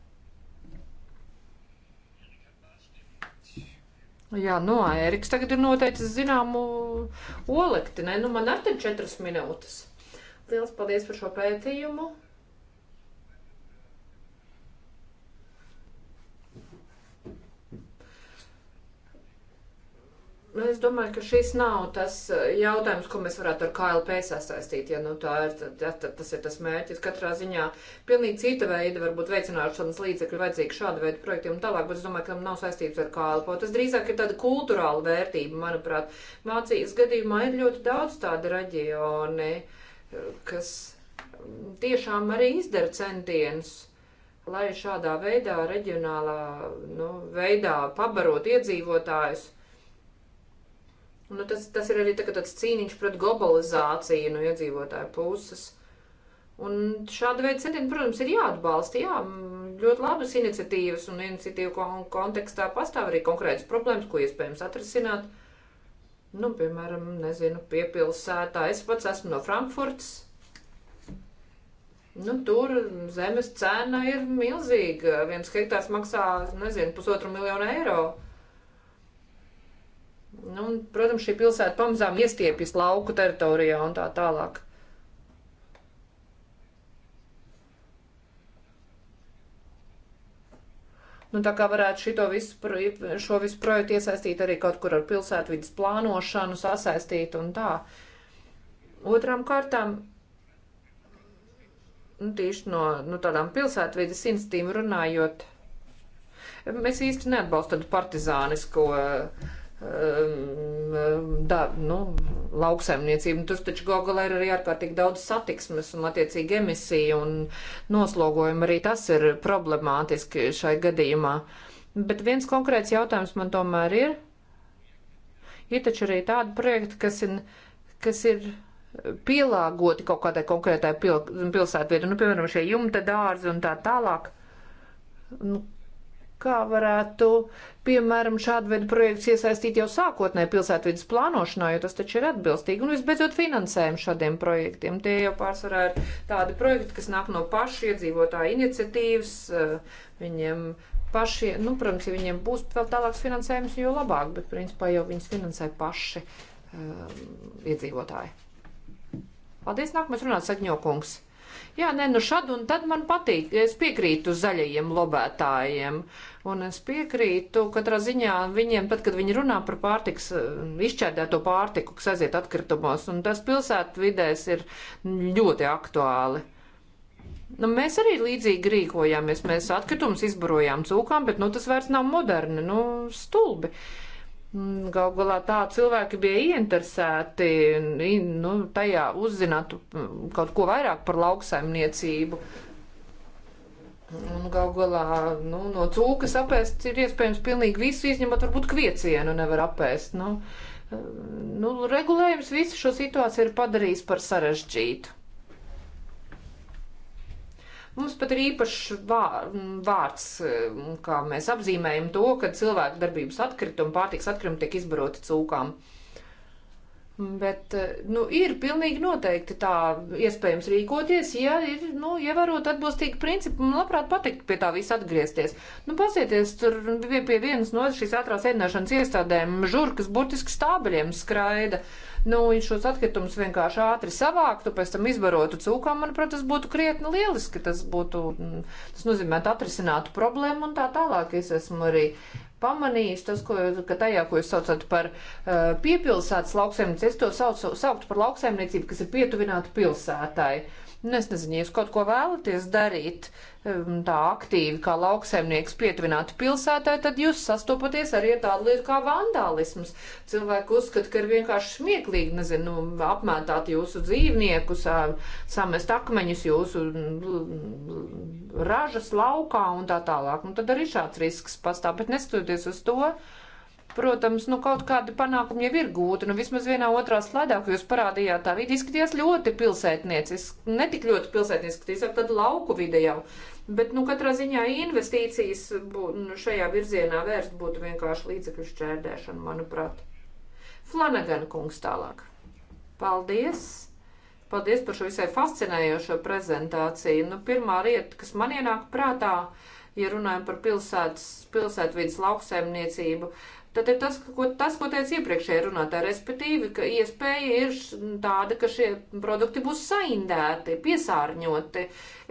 Jā, nu, Eriks tagad ir noteicis zināmu olekti, ne? Nu, man ar te četras minūtes. Liels paldies par šo pētījumu. Nu, es domāju, ka šis nav tas eh, jautājums, ko mēs varētu ar KLP sasaistīt, ja nu, tā ir, tad, tad, tas ir tas mērķis. Katrā ziņā pilnīgi cita veida, varbūt veicināšanas līdzekļi vajadzīgi šāda veida projektiem un tālāk, bet es domāju, ka tam nav saistības ar KLP. Tas drīzāk ir tāda kulturāla vērtība, manuprāt. Vācijas gadījumā ir ļoti daudz tādu reģioni, eh, kas mm, tiešām arī izdara centienus lai šādā veidā, reģionālā nu, veidā pabarot iedzīvotājus. Nu, tas, tas ir arī tā, tāds cīniņš pret globalizāciju no iedzīvotāju puses. Un šāda veida centieni, protams, ir jāatbalsta. Jā, ļoti labas iniciatīvas un iniciatīvu kontekstā pastāv arī konkrētas problēmas, ko iespējams atrisināt. Nu, piemēram, nezinu, piepilsētā. Es pats esmu no Frankfurts. Nu, tur zemes cena ir milzīga. Viens hektārs maksā, nezinu, pusotru miljonu eiro. Nu, un, protams, šī pilsēta pamazām iestiepjas lauku teritorijā un tā tālāk. Nu, tā kā varētu šito visu, šo visu projektu iesaistīt arī kaut kur ar pilsētvidas plānošanu, sasaistīt un tā. Otram kārtām, nu, tīši no nu, tādām pilsētvidas instīm runājot, mēs īsti neatbalstam partizānisko uh, Ehm, ehm, da, nu, lauksaimniecību. Nu, Tur taču Gogalē ir arī ārkārtīgi daudz satiksmes un attiecīgi emisiju un noslogojumu. Arī tas ir problemātiski šai gadījumā. Bet viens konkrēts jautājums man tomēr ir. Ir taču arī tādi projekti, kas ir, kas ir pielāgoti kaut kādai konkrētai pil, pilsētvietā, nu, piemēram, šie jumta dārzi un tā tālāk. Nu, kā varētu, piemēram, šādu veidu projekts iesaistīt jau sākotnē pilsētvidas plānošanā, jo tas taču ir atbilstīgi. Un visbeidzot finansējumu šādiem projektiem. Tie jau pārsvarā ir tādi projekti, kas nāk no pašu iedzīvotāju iniciatīvas, eh, viņiem paši, nu, protams, ja viņiem būs vēl tālāks finansējums, jo labāk, bet principā jau viņus finansē paši um, iedzīvotāji. Paldies, nākamais runāt, Saģņokungs. Jā, nē, nu šad un tad man patīk, es piekrītu zaļajiem lobētājiem. Uh, Un es piekrītu, katrā ziņā viņiem, tad, kad viņi runā par pārtiks, eh, izšķērdēto pārtiku, kas aiziet atkritumos, un tas pilsētvidēs ir ļoti aktuāli. Nu, mēs arī līdzīgi rīkojāmies. Mēs atkritumus izbarojām cūkām, bet nu, tas vairs nav moderni, nu, stulbi. Mm, Galu galā tā cilvēki bija ieinteresēti nu, tajā uzzināt mm, kaut ko vairāk par lauksaimniecību, Un gal galā nu, no cūkas apēst ir iespējams pilnīgi visu, izņemot varbūt kviecienu nevar apēst. Nu, ehm, nu, regulējums visu šo situāciju ir padarījis par sarežģītu. Mums pat ir īpašs vārds, kā mēs apzīmējam to, kad cilvēku darbības atkritumi, pārtiks atkritumi tiek izbaroti cūkām. Bet, eh, nu, ir pilnīgi noteikti tā iespējams rīkoties, ja ir, nu, ievērot atbilstīgi principi, un labprāt patiktu pie tā visa atgriezties. Nu, pasieties, tur pie vienas no šīs ātrās ēdināšanas iestādēm žurkas burtiski stābeļiem skraida. Nu, viņš šos atkritumus vienkārši ātri savāktu, pēc tam izbarotu cūkām, manuprāt, tas būtu krietni lieliski, tas būtu, mm, tas nozīmē, atrisinātu problēmu un tā tālāk. Es esmu arī pamanījis, tas, ko, ka tajā, ko jūs saucat par uh, piepilsētas lauksaimniecību, es to saucu, sauktu par lauksaimniecību, kas ir pietuvināta pilsētai. Nu, es nezinu, ja jūs kaut ko vēlaties darīt, uh, Um, tā aktīvi kā lauksaimnieks pietuvināti pilsētai, tad jūs sastopaties arī ar tādu lietu kā vandālisms. Cilvēki uzskata, ka ir vienkārši smieklīgi, nezinu, apmētāt jūsu dzīvniekus, samest akmeņus jūsu mm, ražas laukā un tā tālāk. Un nu, tad arī šāds risks pastāv, bet neskatoties uz to, Protams, nu kaut kādi panākumi jau ir gūti, nu vismaz vienā otrā slēdā, ko jūs parādījāt, tā vidi izskatījās ļoti pilsētniecis, ne tik ļoti pilsētniecis, ka tīsāk tad lauku vide jau. Uh, Bet, nu, katrā ziņā investīcijas bū, nu, šajā virzienā vērst būtu vienkārši līdzekļu šķērdēšana, manuprāt. Flanagan kungs tālāk. Paldies! Paldies par šo visai fascinējošo prezentāciju. Nu, pirmā lieta, kas man ienāk prātā, ja runājam par pilsētas, pilsētvidas lauksaimniecību, uh, tad ir tas, ko, tas, ko teica iepriekšējā runātā, respektīvi, ka iespēja ir tāda, ka šie produkti būs saindēti, piesārņoti.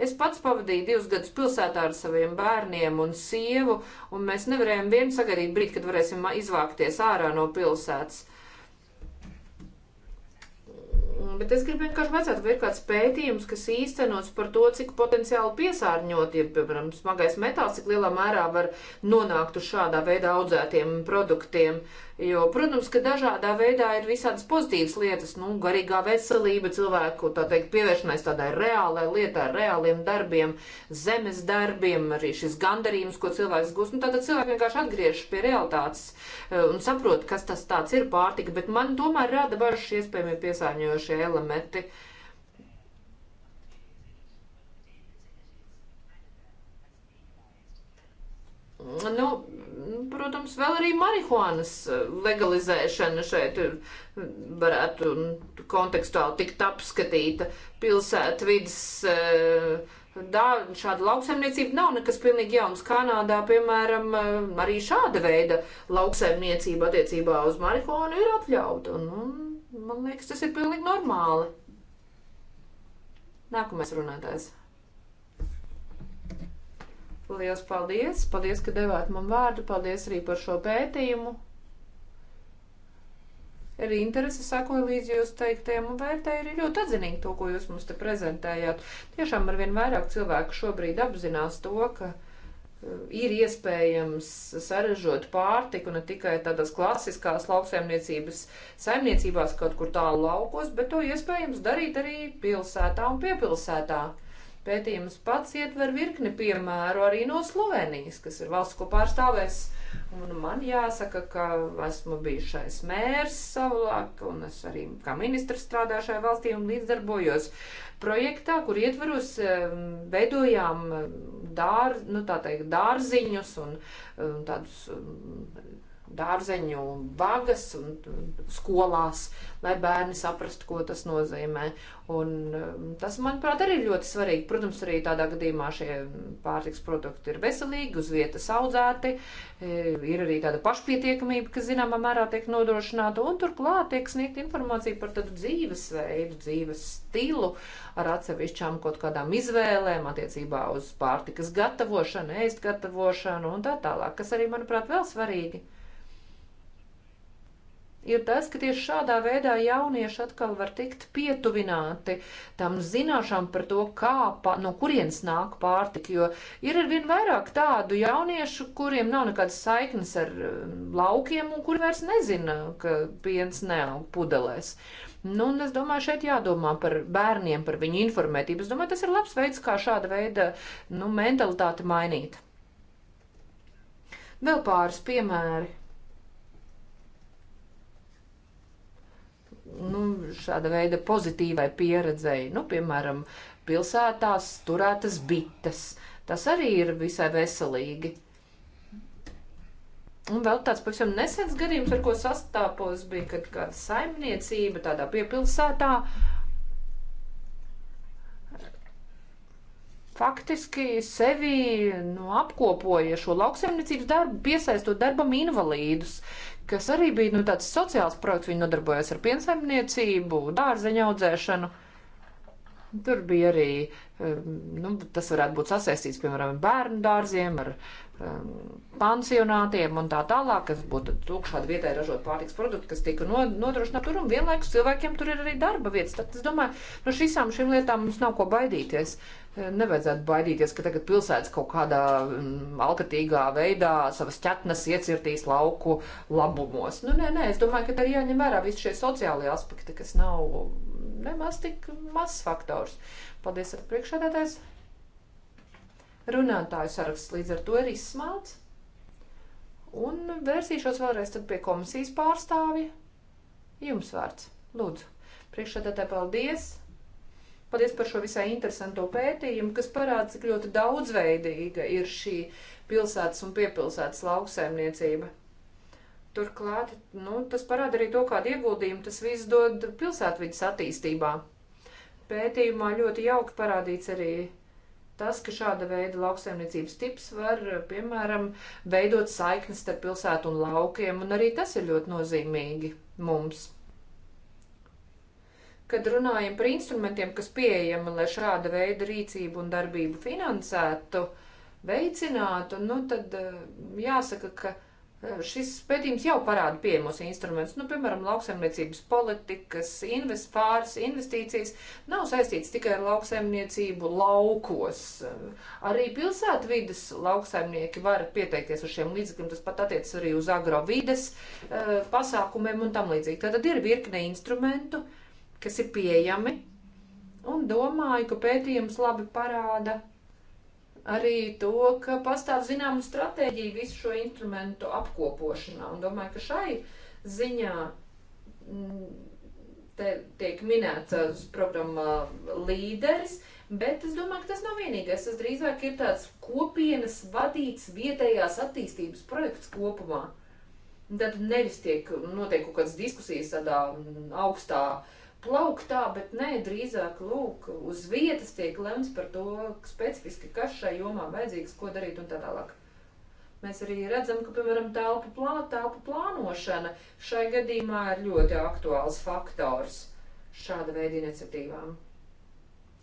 Es pats pavadīju divus gadus pilsētā ar saviem bērniem un sievu, un mēs nevarējām vien sagaidīt brīdi, kad varēsim izvākties ārā no pilsētas. bet es gribu vienkārši vecāt, vai ir kāds pētījums, kas īstenots par to, cik potenciāli piesārņot, ja, piemēram, smagais metāls, cik lielā mērā var nonākt uz šādā veidā audzētiem produktiem. Uh, Jo, protams, ka dažādā veidā ir visādas pozitīvas lietas, nu, garīgā veselība, cilvēku, tā teikt, pievēršanās tādai reālai lietai, reāliem darbiem, zemes darbiem, arī šis gandarījums, ko cilvēks gūst. Nu, tātad cilvēki vienkārši atgriežas pie realitātes e, un saprot, kas tas tāds ir pārtika, bet man tomēr rada bažas iespējami piesārņojošie elementi. Uh, Nu, protams, vēl arī marihuānas eh, legalizēšana šeit varētu kontekstuāli tikt apskatīta. Pilsētvidas eh, šāda lauksaimniecība nav nekas pilnīgi jauns. Kanādā, piemēram, eh, arī šāda veida lauksaimniecība attiecībā uz marihuānu ir atļauta. Un, un, man liekas, tas ir pilnīgi normāli. Nākamais runātājs. Lielas paldies! Paldies, ka devāt man vārdu. Paldies arī par šo pētījumu. Arī interesi sakoju līdzi jūsu teiktajiem un vērtēju arī ļoti atzinīgi to, ko jūs mums te prezentējāt. Tiešām arvien vairāk cilvēku šobrīd apzinās to, ka eh, ir iespējams sarežot pārtiku ne tikai tādās klasiskās lauksaimniecības saimniecībās kaut kur tālu laukos, bet to iespējams darīt arī pilsētā un piepilsētā. Pētījums pats ietver virkni piemēru arī no Slovenijas, kas ir valsts, ko pārstāvēs. Un man jāsaka, ka esmu bijušais mērs savulāk, un es arī kā ministrs strādāju šajā valstī un līdzdarbojos projektā, kur ietveros ehm, veidojām ehm, dār, nu, tā teikt, dārziņus un, un ehm, tādus dārzeņu vagas un skolās, lai bērni saprastu, ko tas nozīmē. Un um, tas, manuprāt, arī ir ļoti svarīgi. Protams, arī tādā gadījumā šie pārtiks produkti ir veselīgi, uz vietas audzēti, e, ir arī tāda pašpietiekamība, kas zināmā mērā tiek nodrošināta, un turklāt tiek sniegt informācija par tādu dzīvesveidu, dzīves stilu ar atsevišķām kaut kādām izvēlēm attiecībā uz pārtikas gatavošanu, ēst gatavošanu un tā tālāk, kas arī, manuprāt, vēl svarīgi ir tas, ka tieši šādā veidā jaunieši atkal var tikt pietuvināti tam zināšanām par to, kā, pa, no kurienes nāk pārtika, jo ir arvien vairāk tādu jauniešu, kuriem nav nekādas saiknes ar um, laukiem un kuri vairs nezina, ka piens neaug pudelēs. Nu, un es domāju, šeit jādomā par bērniem, par viņu informētību. Es domāju, tas ir labs veids, kā šāda veida nu, mentalitāti mainīt. Vēl pāris piemēri. nu, šāda veida pozitīvai pieredzei, nu, piemēram, pilsētās turētas bites. Tas arī ir visai veselīgi. Un vēl tāds pavisam nesens gadījums, ar ko sastāpos, bija, kad kāda saimniecība tādā piepilsētā faktiski sevi nu, apkopoja šo lauksaimniecības darbu, piesaistot darbam invalīdus kas arī bija nu, tāds sociāls projekts. Viņi nodarbojas ar piensaimniecību, dārzeņu audzēšanu. Tur bija arī, um, nu, tas varētu būt sasaistīts, piemēram, bērnu dārziem, ar um, pansionātiem un tā tālāk, kas būtu tūkšādi vietai ražot pārtiks produktu, kas tika nodrošināti tur, un vienlaikus cilvēkiem tur ir arī darba vietas. Tad, es domāju, no šīsām šīm lietām mums nav ko baidīties. Uh, Nevajadzētu baidīties, ka tagad pilsētas kaut kādā mm, alkatīgā veidā savas ķetnes iecirtīs lauku labumos. Nu, nē, nē, es domāju, ka arī jāņem vērā visi šie sociālie aspekti, kas nav nemaz tik mazs faktors. Paldies, ar priekšādātājs. Runātāju saraksts līdz ar to ir izsmāts. Un vērsīšos vēlreiz tad pie komisijas pārstāvi. Jums vārds. Lūdzu. Priekšādātāji, paldies. Paldies par šo visai interesanto pētījumu, kas parāda, cik ļoti daudzveidīga ir šī pilsētas un piepilsētas lauksaimniecība. Turklāt, nu, tas parāda arī to, kādu ieguldījumu tas viss dod pilsētvidas attīstībā. Pētījumā ļoti jauki parādīts arī tas, ka šāda veida lauksaimniecības tips var, piemēram, veidot saiknes starp pilsētu un laukiem, un arī tas ir ļoti nozīmīgi mums kad runājam par instrumentiem, kas pieejami, lai šāda veida rīcību un darbību finansētu, veicinātu, nu tad eh, jāsaka, ka eh, šis pētījums jau parāda pieejamos instrumentus, nu, piemēram, lauksaimniecības politikas, invest, pāris investīcijas nav saistīts tikai ar lauksaimniecību laukos. Arī pilsētvidas lauksaimnieki var pieteikties uz šiem līdzekļiem, tas pat attiec arī uz agrovides eh, pasākumiem un tam līdzīgi. Tātad ir virkne instrumentu, uh, kas ir pieejami, un domāju, ka pētījums labi parāda arī to, ka pastāv zināma stratēģija visu šo instrumentu apkopošanā, un domāju, ka šai ziņā mm, te, tiek minēts uh, programmā līderis, Bet es domāju, ka tas nav vienīgais. Tas drīzāk ir tāds kopienas vadīts vietējās attīstības projekts kopumā. Tad nevis tiek nu, notiek kaut kādas diskusijas tādā augstā uh, plauktā, bet nē, drīzāk lūk, uz vietas tiek lemts par to specifiski, kas šai jomā vajadzīgs, ko darīt un tā tālāk. Mēs arī redzam, ka, piemēram, telpu, plā, telpu plānošana šai gadījumā ir ļoti aktuāls faktors šāda veida iniciatīvām.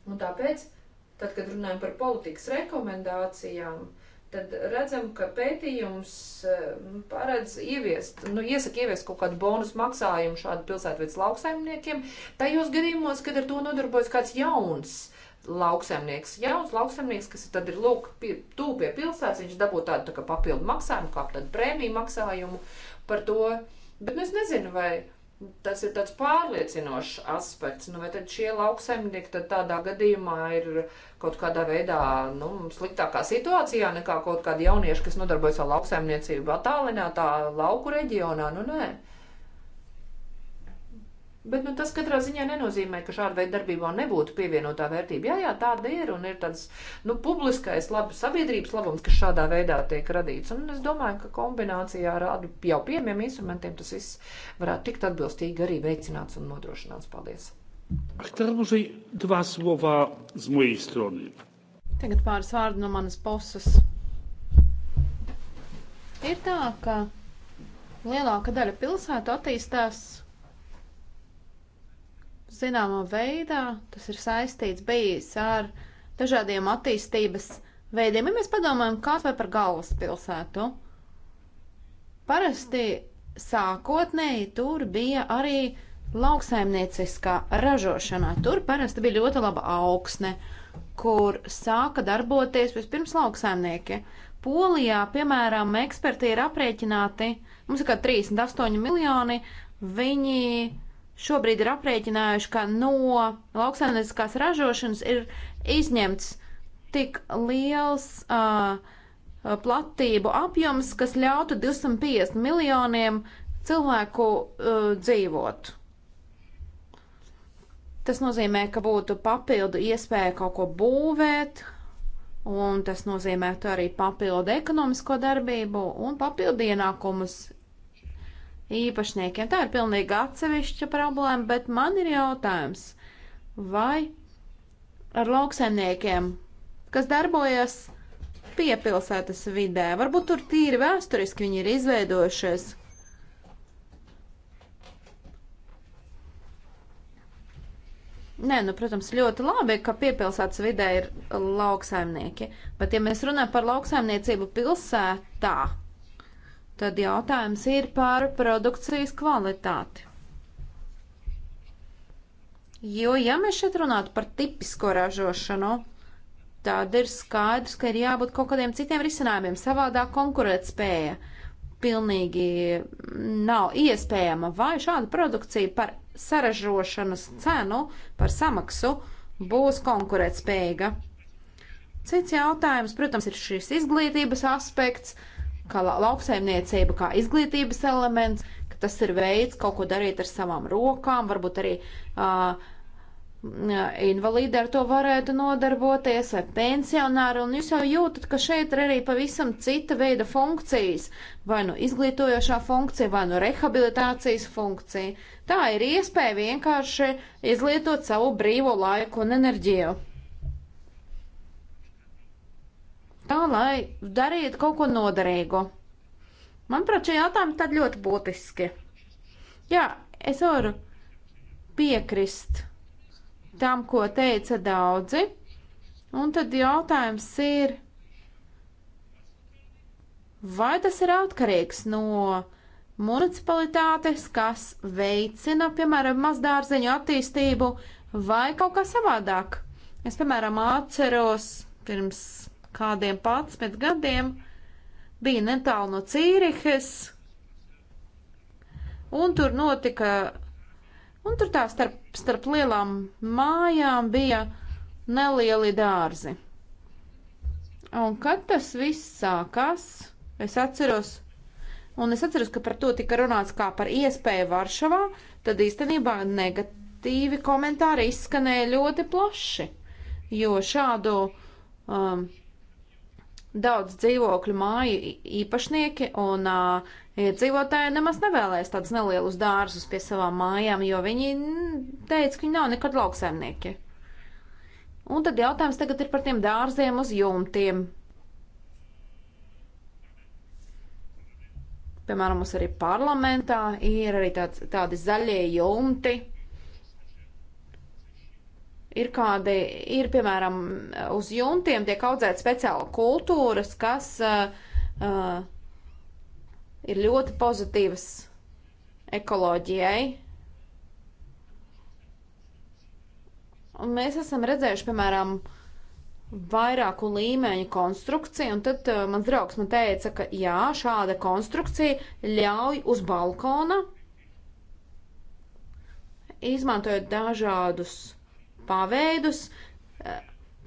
Un tāpēc, tad, kad runājam par politikas rekomendācijām, tad redzam, ka pētījums eh, paredz ieviest, nu, iesaka ieviest kaut kādu bonus maksājumu šādu pilsētvietas lauksaimniekiem, tajos gadījumos, kad ar to nodarbojas kāds jauns lauksaimnieks. Jauns lauksaimnieks, kas tad ir lūk tūp pie pilsētas, viņš dabū tādu tā kā papildu maksājumu, kā tādu prēmiju maksājumu par to, bet nu, es nezinu, vai Tas ir tāds pārliecinošs aspekts. Nu, vai tad šie lauksaimnieki tad tādā gadījumā ir kaut kādā veidā nu, sliktākā situācijā nekā kaut kādi jaunieši, kas nodarbojas ar lauksaimniecību attālinātā lauku reģionā? Nu, nē. Bet nu, tas katrā ziņā nenozīmē, ka šāda veida darbībā nebūtu pievienotā vērtība. Jā, jā, tāda ir un ir tāds nu, publiskais labi, sabiedrības labums, kas šādā veidā tiek radīts. Un es domāju, ka kombinācijā ar jau pieejamiem instrumentiem tas viss varētu tikt atbilstīgi arī veicināts un nodrošināts. Paldies! Tagad pāris vārdi no manas puses. Ir tā, ka lielāka daļa pilsētu attīstās zināmā veidā tas ir saistīts bijis ar dažādiem attīstības veidiem. Ja mēs padomājam kaut vai par galvaspilsētu, parasti sākotnēji tur bija arī lauksaimnieciskā ražošanā. Tur parasti bija ļoti laba augsne, kur sāka darboties vispirms lauksaimnieki. Polijā, piemēram, eksperti ir aprēķināti, mums ir kā 38 miljoni, viņi šobrīd ir aprēķinājuši, ka no lauksaimnieciskās ražošanas ir izņemts tik liels uh, platību apjoms, kas ļautu 250 miljoniem cilvēku uh, dzīvot. Tas nozīmē, ka būtu papildu iespēja kaut ko būvēt, un tas nozīmētu arī papildu ekonomisko darbību un papildu ienākumus īpašniekiem. Tā ir pilnīgi atsevišķa problēma, bet man ir jautājums, vai ar lauksaimniekiem, kas darbojas piepilsētas vidē, varbūt tur tīri vēsturiski viņi ir izveidojušies. Nē, nu, protams, ļoti labi, ka piepilsētas vidē ir lauksaimnieki, bet ja mēs runājam par lauksaimniecību pilsētā, tad jautājums ir par produkcijas kvalitāti. Jo, ja mēs šeit runātu par tipisko ražošanu, tad ir skaidrs, ka ir jābūt kaut kādiem citiem risinājumiem. Savādāk konkurētspēja pilnīgi nav iespējama, vai šāda produkcija par saražošanas cenu, par samaksu būs konkurētspējīga. Cits jautājums, protams, ir šis izglītības aspekts kā lauksaimniecība, kā izglītības elements, ka tas ir veids kaut ko darīt ar savām rokām, varbūt arī uh, invalīdi ar to varētu nodarboties vai pensionāri, un jūs jau jūtat, ka šeit ir arī pavisam cita veida funkcijas, vai nu izglītojošā funkcija, vai nu rehabilitācijas funkcija. Tā ir iespēja vienkārši izlietot savu brīvo laiku un enerģiju. tā, lai darītu kaut ko noderīgu. Manuprāt, šie jautājumi tad ļoti būtiski. Jā, es varu piekrist tam, ko teica daudzi, un tad jautājums ir, vai tas ir atkarīgs no municipalitātes, kas veicina, piemēram, mazdārziņu attīstību, vai kaut kā savādāk. Es, piemēram, atceros pirms kādiem 11 gadiem, bija netālu no Cīrihes, un tur notika, un tur tā starp, starp lielām mājām bija nelieli dārzi. Un kad tas viss sākās, es atceros, un es atceros, ka par to tika runāts kā par iespēju Varšavā, tad īstenībā negatīvi komentāri izskanēja ļoti plaši, jo šādu um, Daudz dzīvokļu māju īpašnieki un uh, iedzīvotāji nemaz nevēlēs tādus nelielus dārzus pie savām mājām, jo viņi teica, ka viņi nav nekad lauksaimnieki. Un tad jautājums tagad ir par tiem dārziem uz jumtiem. Piemēram, mums arī parlamentā ir arī tāds, tādi zaļie jumti ir kādi, ir piemēram uz jumtiem tiek audzēt speciāla kultūras, kas uh, uh, ir ļoti pozitīvas ekoloģijai. Un mēs esam redzējuši, piemēram, vairāku līmeņu konstrukciju, un tad uh, mans draugs man teica, ka jā, šāda konstrukcija ļauj uz balkona, izmantojot dažādus paveidus eh,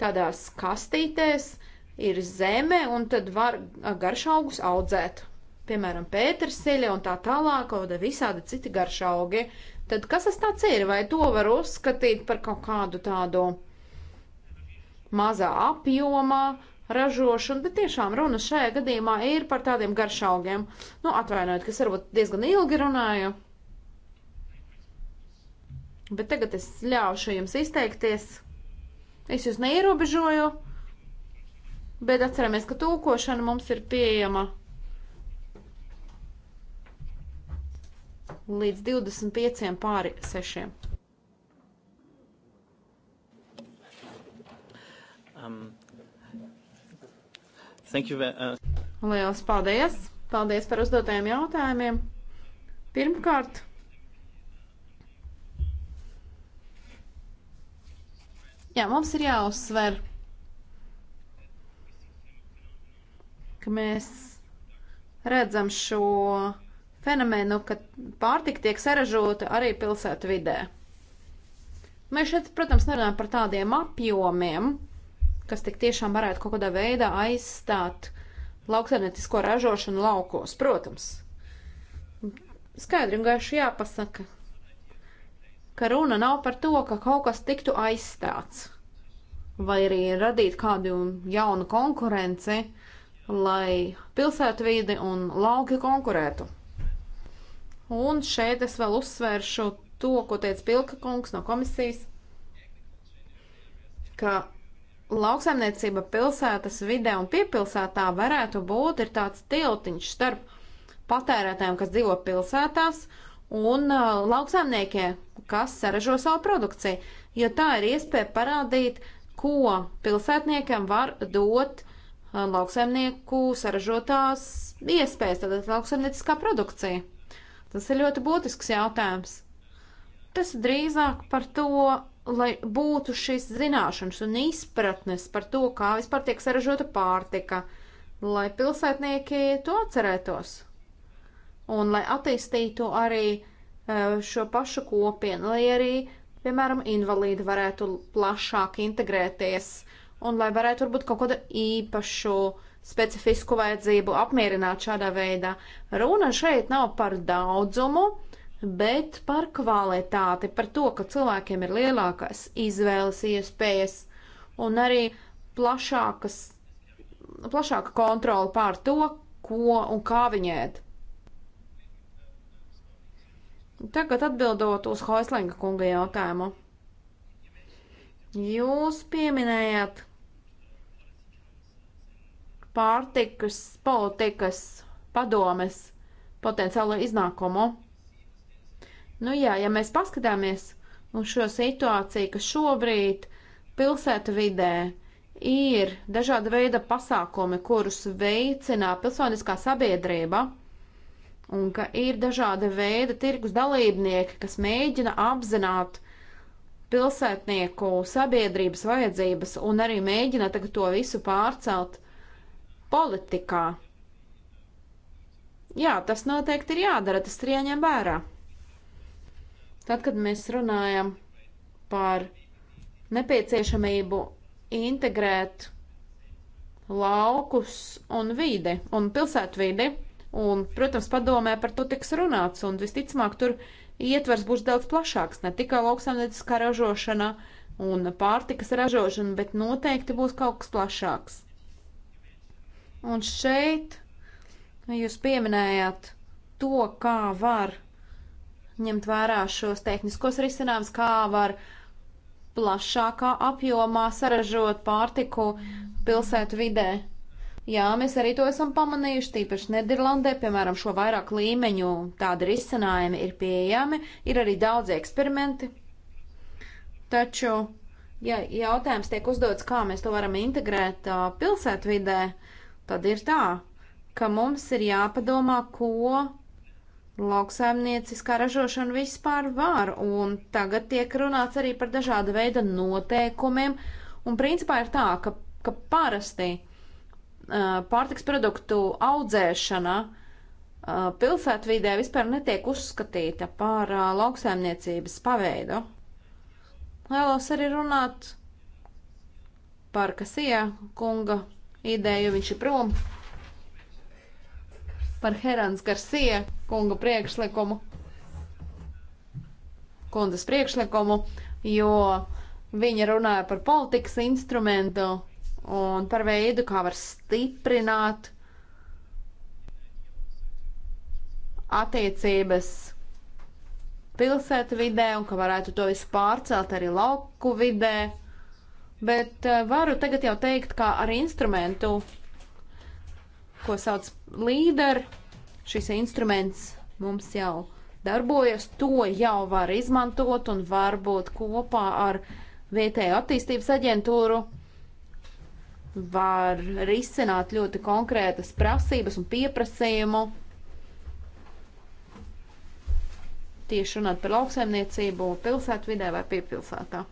tādās kastītēs, ir zeme, un tad var garšaugus audzēt. Piemēram, pēterseļa un tā tālāk, un visādi citi garšaugi. Tad kas tas tāds ir? Vai to var uzskatīt par kaut kādu tādu mazā apjomā ražošanu, bet tiešām runa šajā gadījumā ir par tādiem garšaugiem. Nu, atvainojiet, kas varbūt diezgan ilgi runāju. Bet tagad es ļaušu jums izteikties. Es jūs neierobežoju, bet atceramies, ka tūkošana mums ir pieejama līdz 25 pāri 6. Um, thank you. Uh... Lielas paldies! Paldies par uzdotajiem jautājumiem! Pirmkārt, Jā, mums ir jāuzsver, ka mēs redzam šo fenomenu, ka pārtika tiek saražota arī pilsētu vidē. Mēs šeit, protams, nerunājam par tādiem apjomiem, kas tik tiešām varētu kaut kādā veidā aizstāt lauksaimniecisko ražošanu laukos, protams. Skaidri un gaiši jāpasaka, ka runa nav par to, ka kaut kas tiktu aizstāts vai arī radīt kādu jaunu konkurenci, lai pilsētvīdi un lauki konkurētu. Un šeit es vēl uzsvēršu to, ko teica Pilka kungs no komisijas, ka lauksaimniecība pilsētas vidē un piepilsētā varētu būt ir tāds tiltiņš starp patērētājiem, kas dzīvo pilsētās, un uh, lauksaimniekiem, kas saražo savu produkciju, jo tā ir iespēja parādīt, ko pilsētniekiem var dot uh, lauksaimnieku saražotās iespējas, tātad lauksaimnieciskā produkcija. Tas ir ļoti būtisks jautājums. Tas drīzāk par to, lai būtu šīs zināšanas un izpratnes par to, kā vispār tiek saražota pārtika, lai pilsētnieki to atcerētos un lai attīstītu arī e, šo pašu kopienu, lai arī, piemēram, invalīdi varētu plašāk integrēties un lai varētu varbūt kaut kādu īpašu specifisku vajadzību apmierināt šādā veidā. Runa šeit nav par daudzumu, bet par kvalitāti, par to, ka cilvēkiem ir lielākās izvēles iespējas un arī plašākas, plašāka kontrola pār to, ko un kā viņi ēd. Tagad atbildot uz Hoislinga kunga jautājumu. Jūs pieminējāt pārtikas politikas padomes potenciālo iznākumu. Nu jā, ja mēs paskatāmies uz šo situāciju, ka šobrīd pilsētu vidē ir dažāda veida pasākumi, kurus veicinā pilsoniskā sabiedrība – un ka ir dažāda veida tirgus dalībnieki, kas mēģina apzināt pilsētnieku sabiedrības vajadzības un arī mēģina tagad to visu pārcelt politikā. Jā, tas noteikti ir jādara, tas ir jāņem vērā. Tad, kad mēs runājam par nepieciešamību integrēt laukus un vidi un pilsētvidi, Un, protams, padomē par to tiks runāts, un visticamāk tur ietvers būs daudz plašāks, ne tikai lauksaimnieciskā ražošana un pārtikas ražošana, bet noteikti būs kaut kas plašāks. Un šeit jūs pieminējāt to, kā var ņemt vērā šos tehniskos risinājumus, kā var plašākā apjomā saražot pārtiku pilsētu vidē. Jā, mēs arī to esam pamanījuši, tīpaši Nederlandē, piemēram, šo vairāk līmeņu tādi risinājumi ir pieejami, ir arī daudz eksperimenti. Taču, ja jautājums tiek uzdots, kā mēs to varam integrēt uh, pilsētvidē, tad ir tā, ka mums ir jāpadomā, ko lauksaimnieciskā ražošana vispār var, un tagad tiek runāts arī par dažāda veida noteikumiem, un principā ir tā, ka, ka parasti pārtiks produktu audzēšana pilsētvidē vispār netiek uzskatīta par lauksaimniecības paveidu. Vēlos arī runāt par Kasija kunga ideju, viņš ir prom, par Herans Garcia kunga priekšlikumu, kundas priekšlikumu, jo viņa runāja par politikas instrumentu un par veidu, kā var stiprināt attiecības pilsētu vidē un ka varētu to visu pārcelt arī lauku vidē. Bet eh, varu tagad jau teikt, kā ar instrumentu, ko sauc līderi, šis instruments mums jau darbojas, to jau var izmantot un varbūt kopā ar vietēju attīstības aģentūru var risināt ļoti konkrētas prasības un pieprasījumu. Tieši runāt par lauksaimniecību pilsētvidē vai piepilsētā.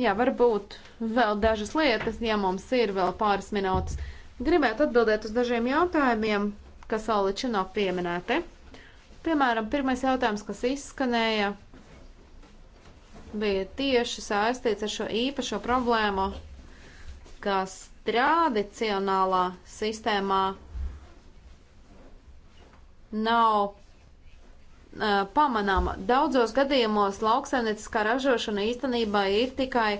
Jā, varbūt vēl dažas lietas, ja mums ir vēl pāris minūtes. Gribētu atbildēt uz dažiem jautājumiem, kas vēl līdz šim nav pieminēti. Piemēram, pirmais jautājums, kas izskanēja, bija tieši saistīts ar šo īpašo problēmu kas tradicionālā sistēmā nav uh, pamanāma. Daudzos gadījumos lauksainieciskā ražošana īstenībā ir tikai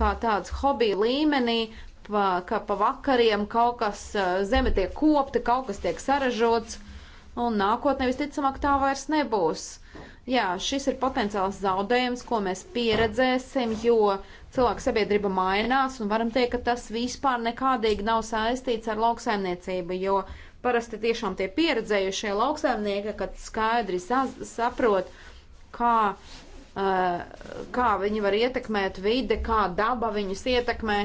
kā tāds hobija līmenī, pa, ka pa vakariem kaut kas uh, zeme tiek kopta, kaut kas tiek saražots, un nākotnē visticamāk tā vairs nebūs. Uh, Jā, šis ir potenciāls zaudējums, ko mēs pieredzēsim, jo cilvēku sabiedrība mainās un varam teikt, ka tas vispār nekādīgi nav saistīts ar lauksaimniecību, jo parasti tiešām tie pieredzējušie lauksaimnieki, kad skaidri sa saprot, kā, uh, kā viņi var ietekmēt vide, kā daba viņus ietekmē.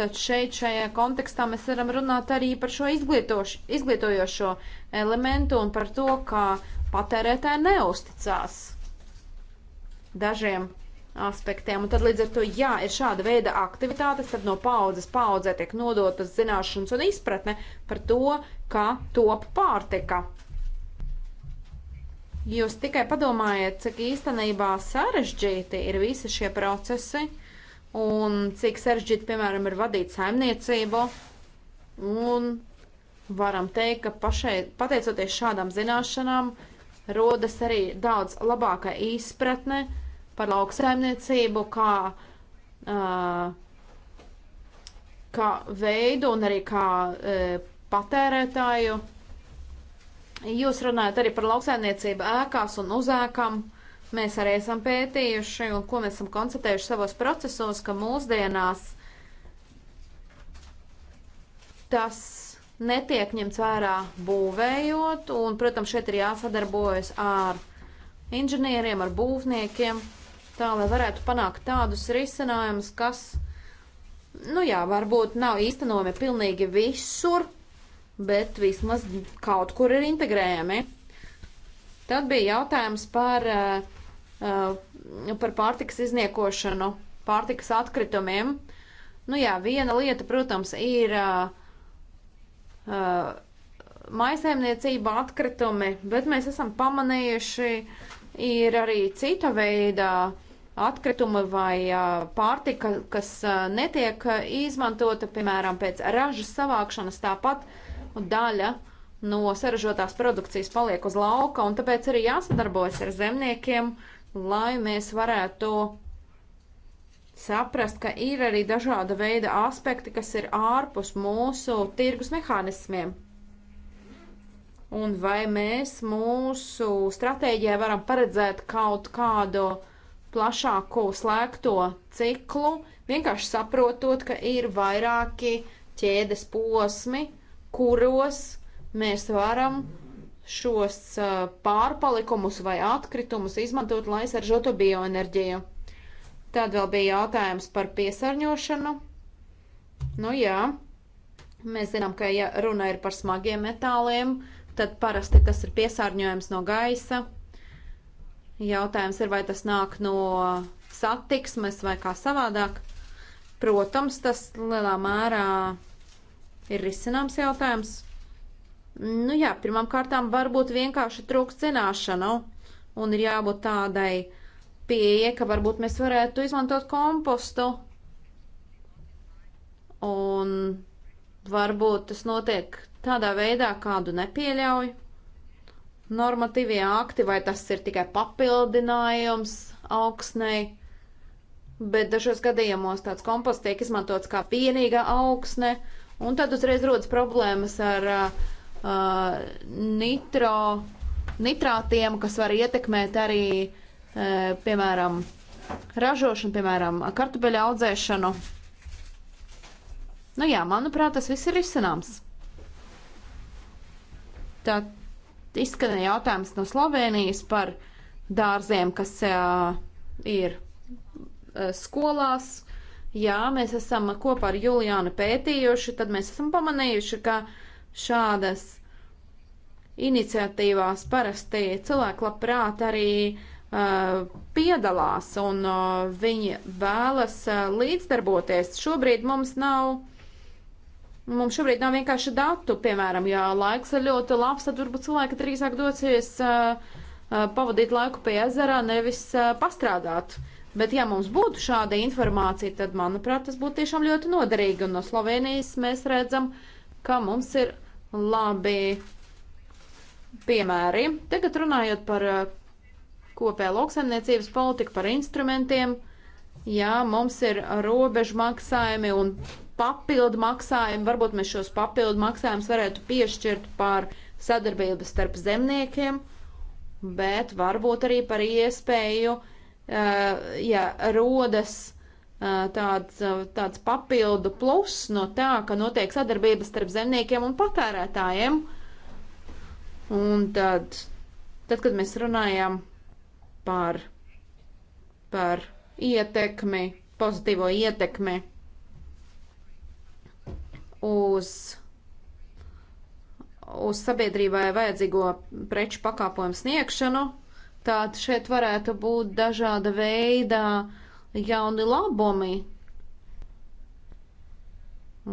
Tad šeit, šajā kontekstā, mēs varam runāt arī par šo izglītojošo elementu un par to, kā uh, patērētāji neusticās dažiem aspektiem. Un tad līdz ar to, ja ir šāda veida aktivitātes, tad no paudzes paudzē tiek nodotas zināšanas un izpratne par to, kā top pārtika. Jūs tikai padomājiet, cik īstenībā sarežģīti ir visi šie procesi un cik sarežģīti, piemēram, ir vadīt saimniecību. Un varam teikt, ka pašai, pateicoties šādām zināšanām, rodas arī daudz labāka izpratne par lauksaimniecību, kā, uh, kā veidu un arī kā uh, patērētāju. Jūs runājat arī par lauksaimniecību ēkās un uz ēkām. Mēs arī esam pētījuši un ko mēs esam konstatējuši savos procesos, ka mūsdienās tas netiek ņemts vērā būvējot, un, protams, šeit ir jāsadarbojas ar inženieriem, ar būvniekiem, tā lai varētu panākt tādus risinājumus, kas, nu jā, varbūt nav īstenojami pilnīgi visur, bet vismaz kaut kur ir integrējami. Tad bija jautājums par, eh, eh, par pārtikas izniekošanu, pārtikas atkritumiem. Nu jā, viena lieta, protams, ir uh, uh, maisaimniecība atkritumi, bet mēs esam pamanījuši, ir arī cita veida atkritumi vai uh, pārtika, kas uh, netiek uh, izmantota, piemēram, pēc ražas savākšanas tāpat daļa no saražotās produkcijas paliek uz lauka, un tāpēc arī jāsadarbojas ar zemniekiem, lai mēs varētu saprast, ka ir arī dažāda veida aspekti, kas ir ārpus mūsu tirgus mehānismiem. Un vai mēs mūsu stratēģijā varam paredzēt kaut kādu plašāku slēgto ciklu, vienkārši saprotot, ka ir vairāki ķēdes posmi, kuros mēs varam šos uh, pārpalikumus vai atkritumus izmantot, lai saržotu bioenerģiju. Tad vēl bija jautājums par piesārņošanu. Nu jā, mēs zinām, ka ja runa ir par smagiem metāliem, tad parasti tas ir piesārņojums no gaisa. Jautājums ir, vai tas nāk no satiksmes vai kā savādāk. Protams, tas lielā mērā ir risināms jautājums. Nu jā, pirmām kārtām varbūt vienkārši trūkst zināšanu un ir jābūt tādai pieeja, ka varbūt mēs varētu izmantot kompostu. Un varbūt tas notiek tādā veidā, kādu nepieļauj. Normatīvie akti, vai tas ir tikai papildinājums augsnei, bet dažos gadījumos tāds komposts tiek izmantots kā vienīgā augsne, un tad uzreiz rodas problēmas ar uh, nitro, nitrātiem, kas var ietekmēt arī uh, Eh, piemēram, ražošanu, piemēram, kartupeļu audzēšanu. Nu jā, manuprāt, tas viss ir izcināms. Tā izskanēja jautājums no Slovenijas par dārziem, kas jā, eh, ir eh, skolās. Jā, mēs esam kopā ar Juliānu pētījuši, tad mēs esam pamanījuši, ka šādas iniciatīvās parasti cilvēki labprāt arī uh, piedalās un viņi vēlas līdzdarboties. Šobrīd mums nav. Mums šobrīd nav vienkārši datu, piemēram, ja laiks ir ļoti labs, tad varbūt cilvēki drīzāk dosies pavadīt laiku pie ezera, nevis pastrādāt. Bet, ja mums būtu šāda informācija, tad, manuprāt, tas būtu tiešām ļoti noderīgi. Un no Slovenijas mēs redzam, ka mums ir labi piemēri. Tagad runājot par kopējā lauksaimniecības politika, par instrumentiem. Jā, mums ir robežu maksājumi un papildu maksājumi. Varbūt mēs šos papildu maksājumus varētu piešķirt par sadarbību starp zemniekiem, bet varbūt arī par iespēju, eh, ja rodas eh, tāds, tāds papildu pluss no tā, ka notiek sadarbības starp zemniekiem un patērētājiem. Un tad, tad kad mēs runājam par, par ietekmi, pozitīvo ietekmi uz, uz sabiedrībai vajadzīgo preču pakāpojumu sniegšanu, tad šeit varētu būt dažāda veida jauni labumi.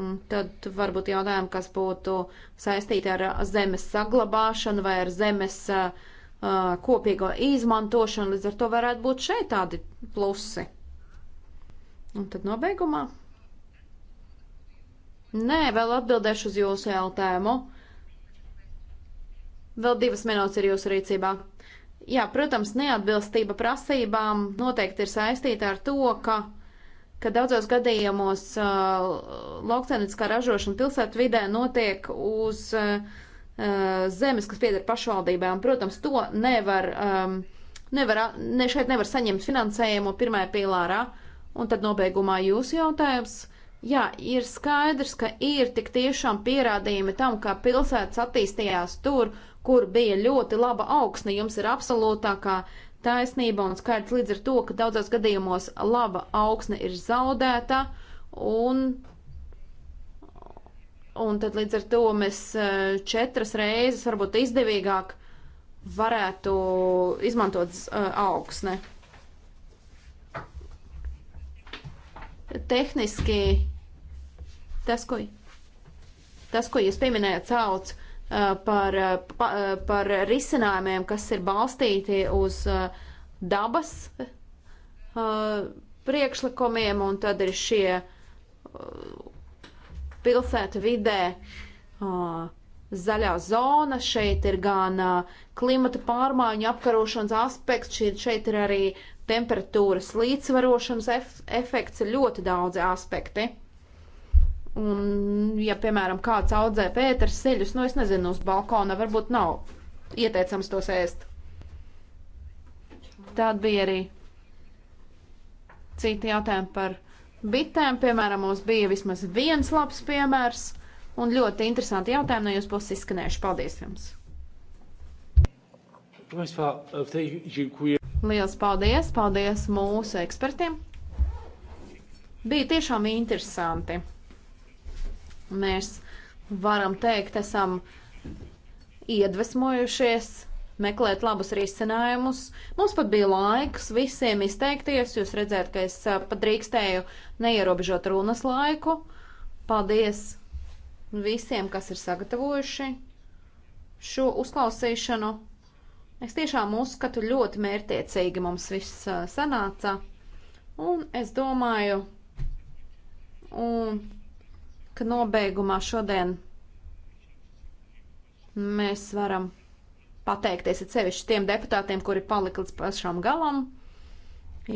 Un tad varbūt jautājumi, kas būtu saistīti ar zemes saglabāšanu vai ar zemes uh, uh, kopīgo izmantošanu, līdz ar to varētu būt šeit tādi plusi. Un tad nobeigumā. Nē, vēl atbildēšu uz jūsu jautājumu. Vēl divas minūtes ir jūsu rīcībā. Jā, protams, neatbilstība prasībām noteikti ir saistīta ar to, ka, ka daudzos gadījumos uh, lauksainiskā ražošana pilsētvidē notiek uz uh, Uh, zemes, kas pieder pašvaldībām. Protams, to nevar, um, nevar ne šeit nevar saņemt finansējumu pirmajā pīlārā. Un tad nobeigumā jūsu jautājums. Jā, ir skaidrs, ka ir tik tiešām pierādījumi tam, ka pilsētas attīstījās tur, kur bija ļoti laba augsne. Jums ir absolūtākā taisnība un skaidrs līdz ar to, ka daudzos gadījumos laba augsne ir zaudēta un Un tad līdz ar to mēs e, četras reizes, varbūt izdevīgāk, varētu izmantot e, augsne. Tehniski tas, ko, tas, ko jūs pieminējāt, cauc e, par, par risinājumiem, kas ir balstīti uz dabas priekšlikumiem, un tad ir šie pilsētu vidē. Uh, zaļā zona, šeit ir gan uh, klimata pārmaiņu apkarošanas aspekts, šeit, šeit ir arī temperatūras līdzsvarošanas ef efekts, ir ļoti daudzi aspekti. Un, ja, piemēram, kāds audzē pēters seļus, nu, es nezinu, uz balkona varbūt nav ieteicams tos ēst. Tad bija arī citi jautājumi par bitēm. Piemēram, mums bija vismaz viens labs piemērs un ļoti interesanti jautājumi no jūs puses izskanējuši. Paldies jums! Lielas paldies! Paldies mūsu ekspertiem! Bija tiešām interesanti. Mēs varam teikt, esam iedvesmojušies meklēt labus risinājumus. Mums pat bija laiks visiem izteikties. Jūs redzējāt, ka es pat drīkstēju neierobežot runas laiku. Paldies visiem, kas ir sagatavojuši šo uzklausīšanu. Es tiešām uzskatu ļoti mērtiecīgi mums viss sanāca. Un es domāju, un, ka nobeigumā šodien mēs varam pateikties atsevišķi tiem deputātiem, kuri palika līdz pašam galam.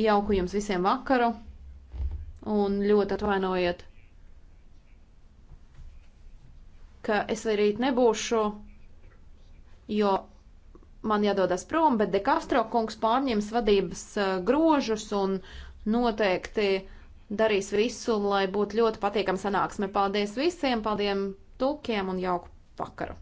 Jauku jums visiem vakaru un ļoti atvainojiet, ka es arī rīt nebūšu, jo man jādodas prom, bet De Castro kungs pārņems vadības eh, grožus un noteikti darīs visu, lai būtu ļoti patīkama sanāksme. Paldies visiem, paldies tulkiem un jauku vakaru!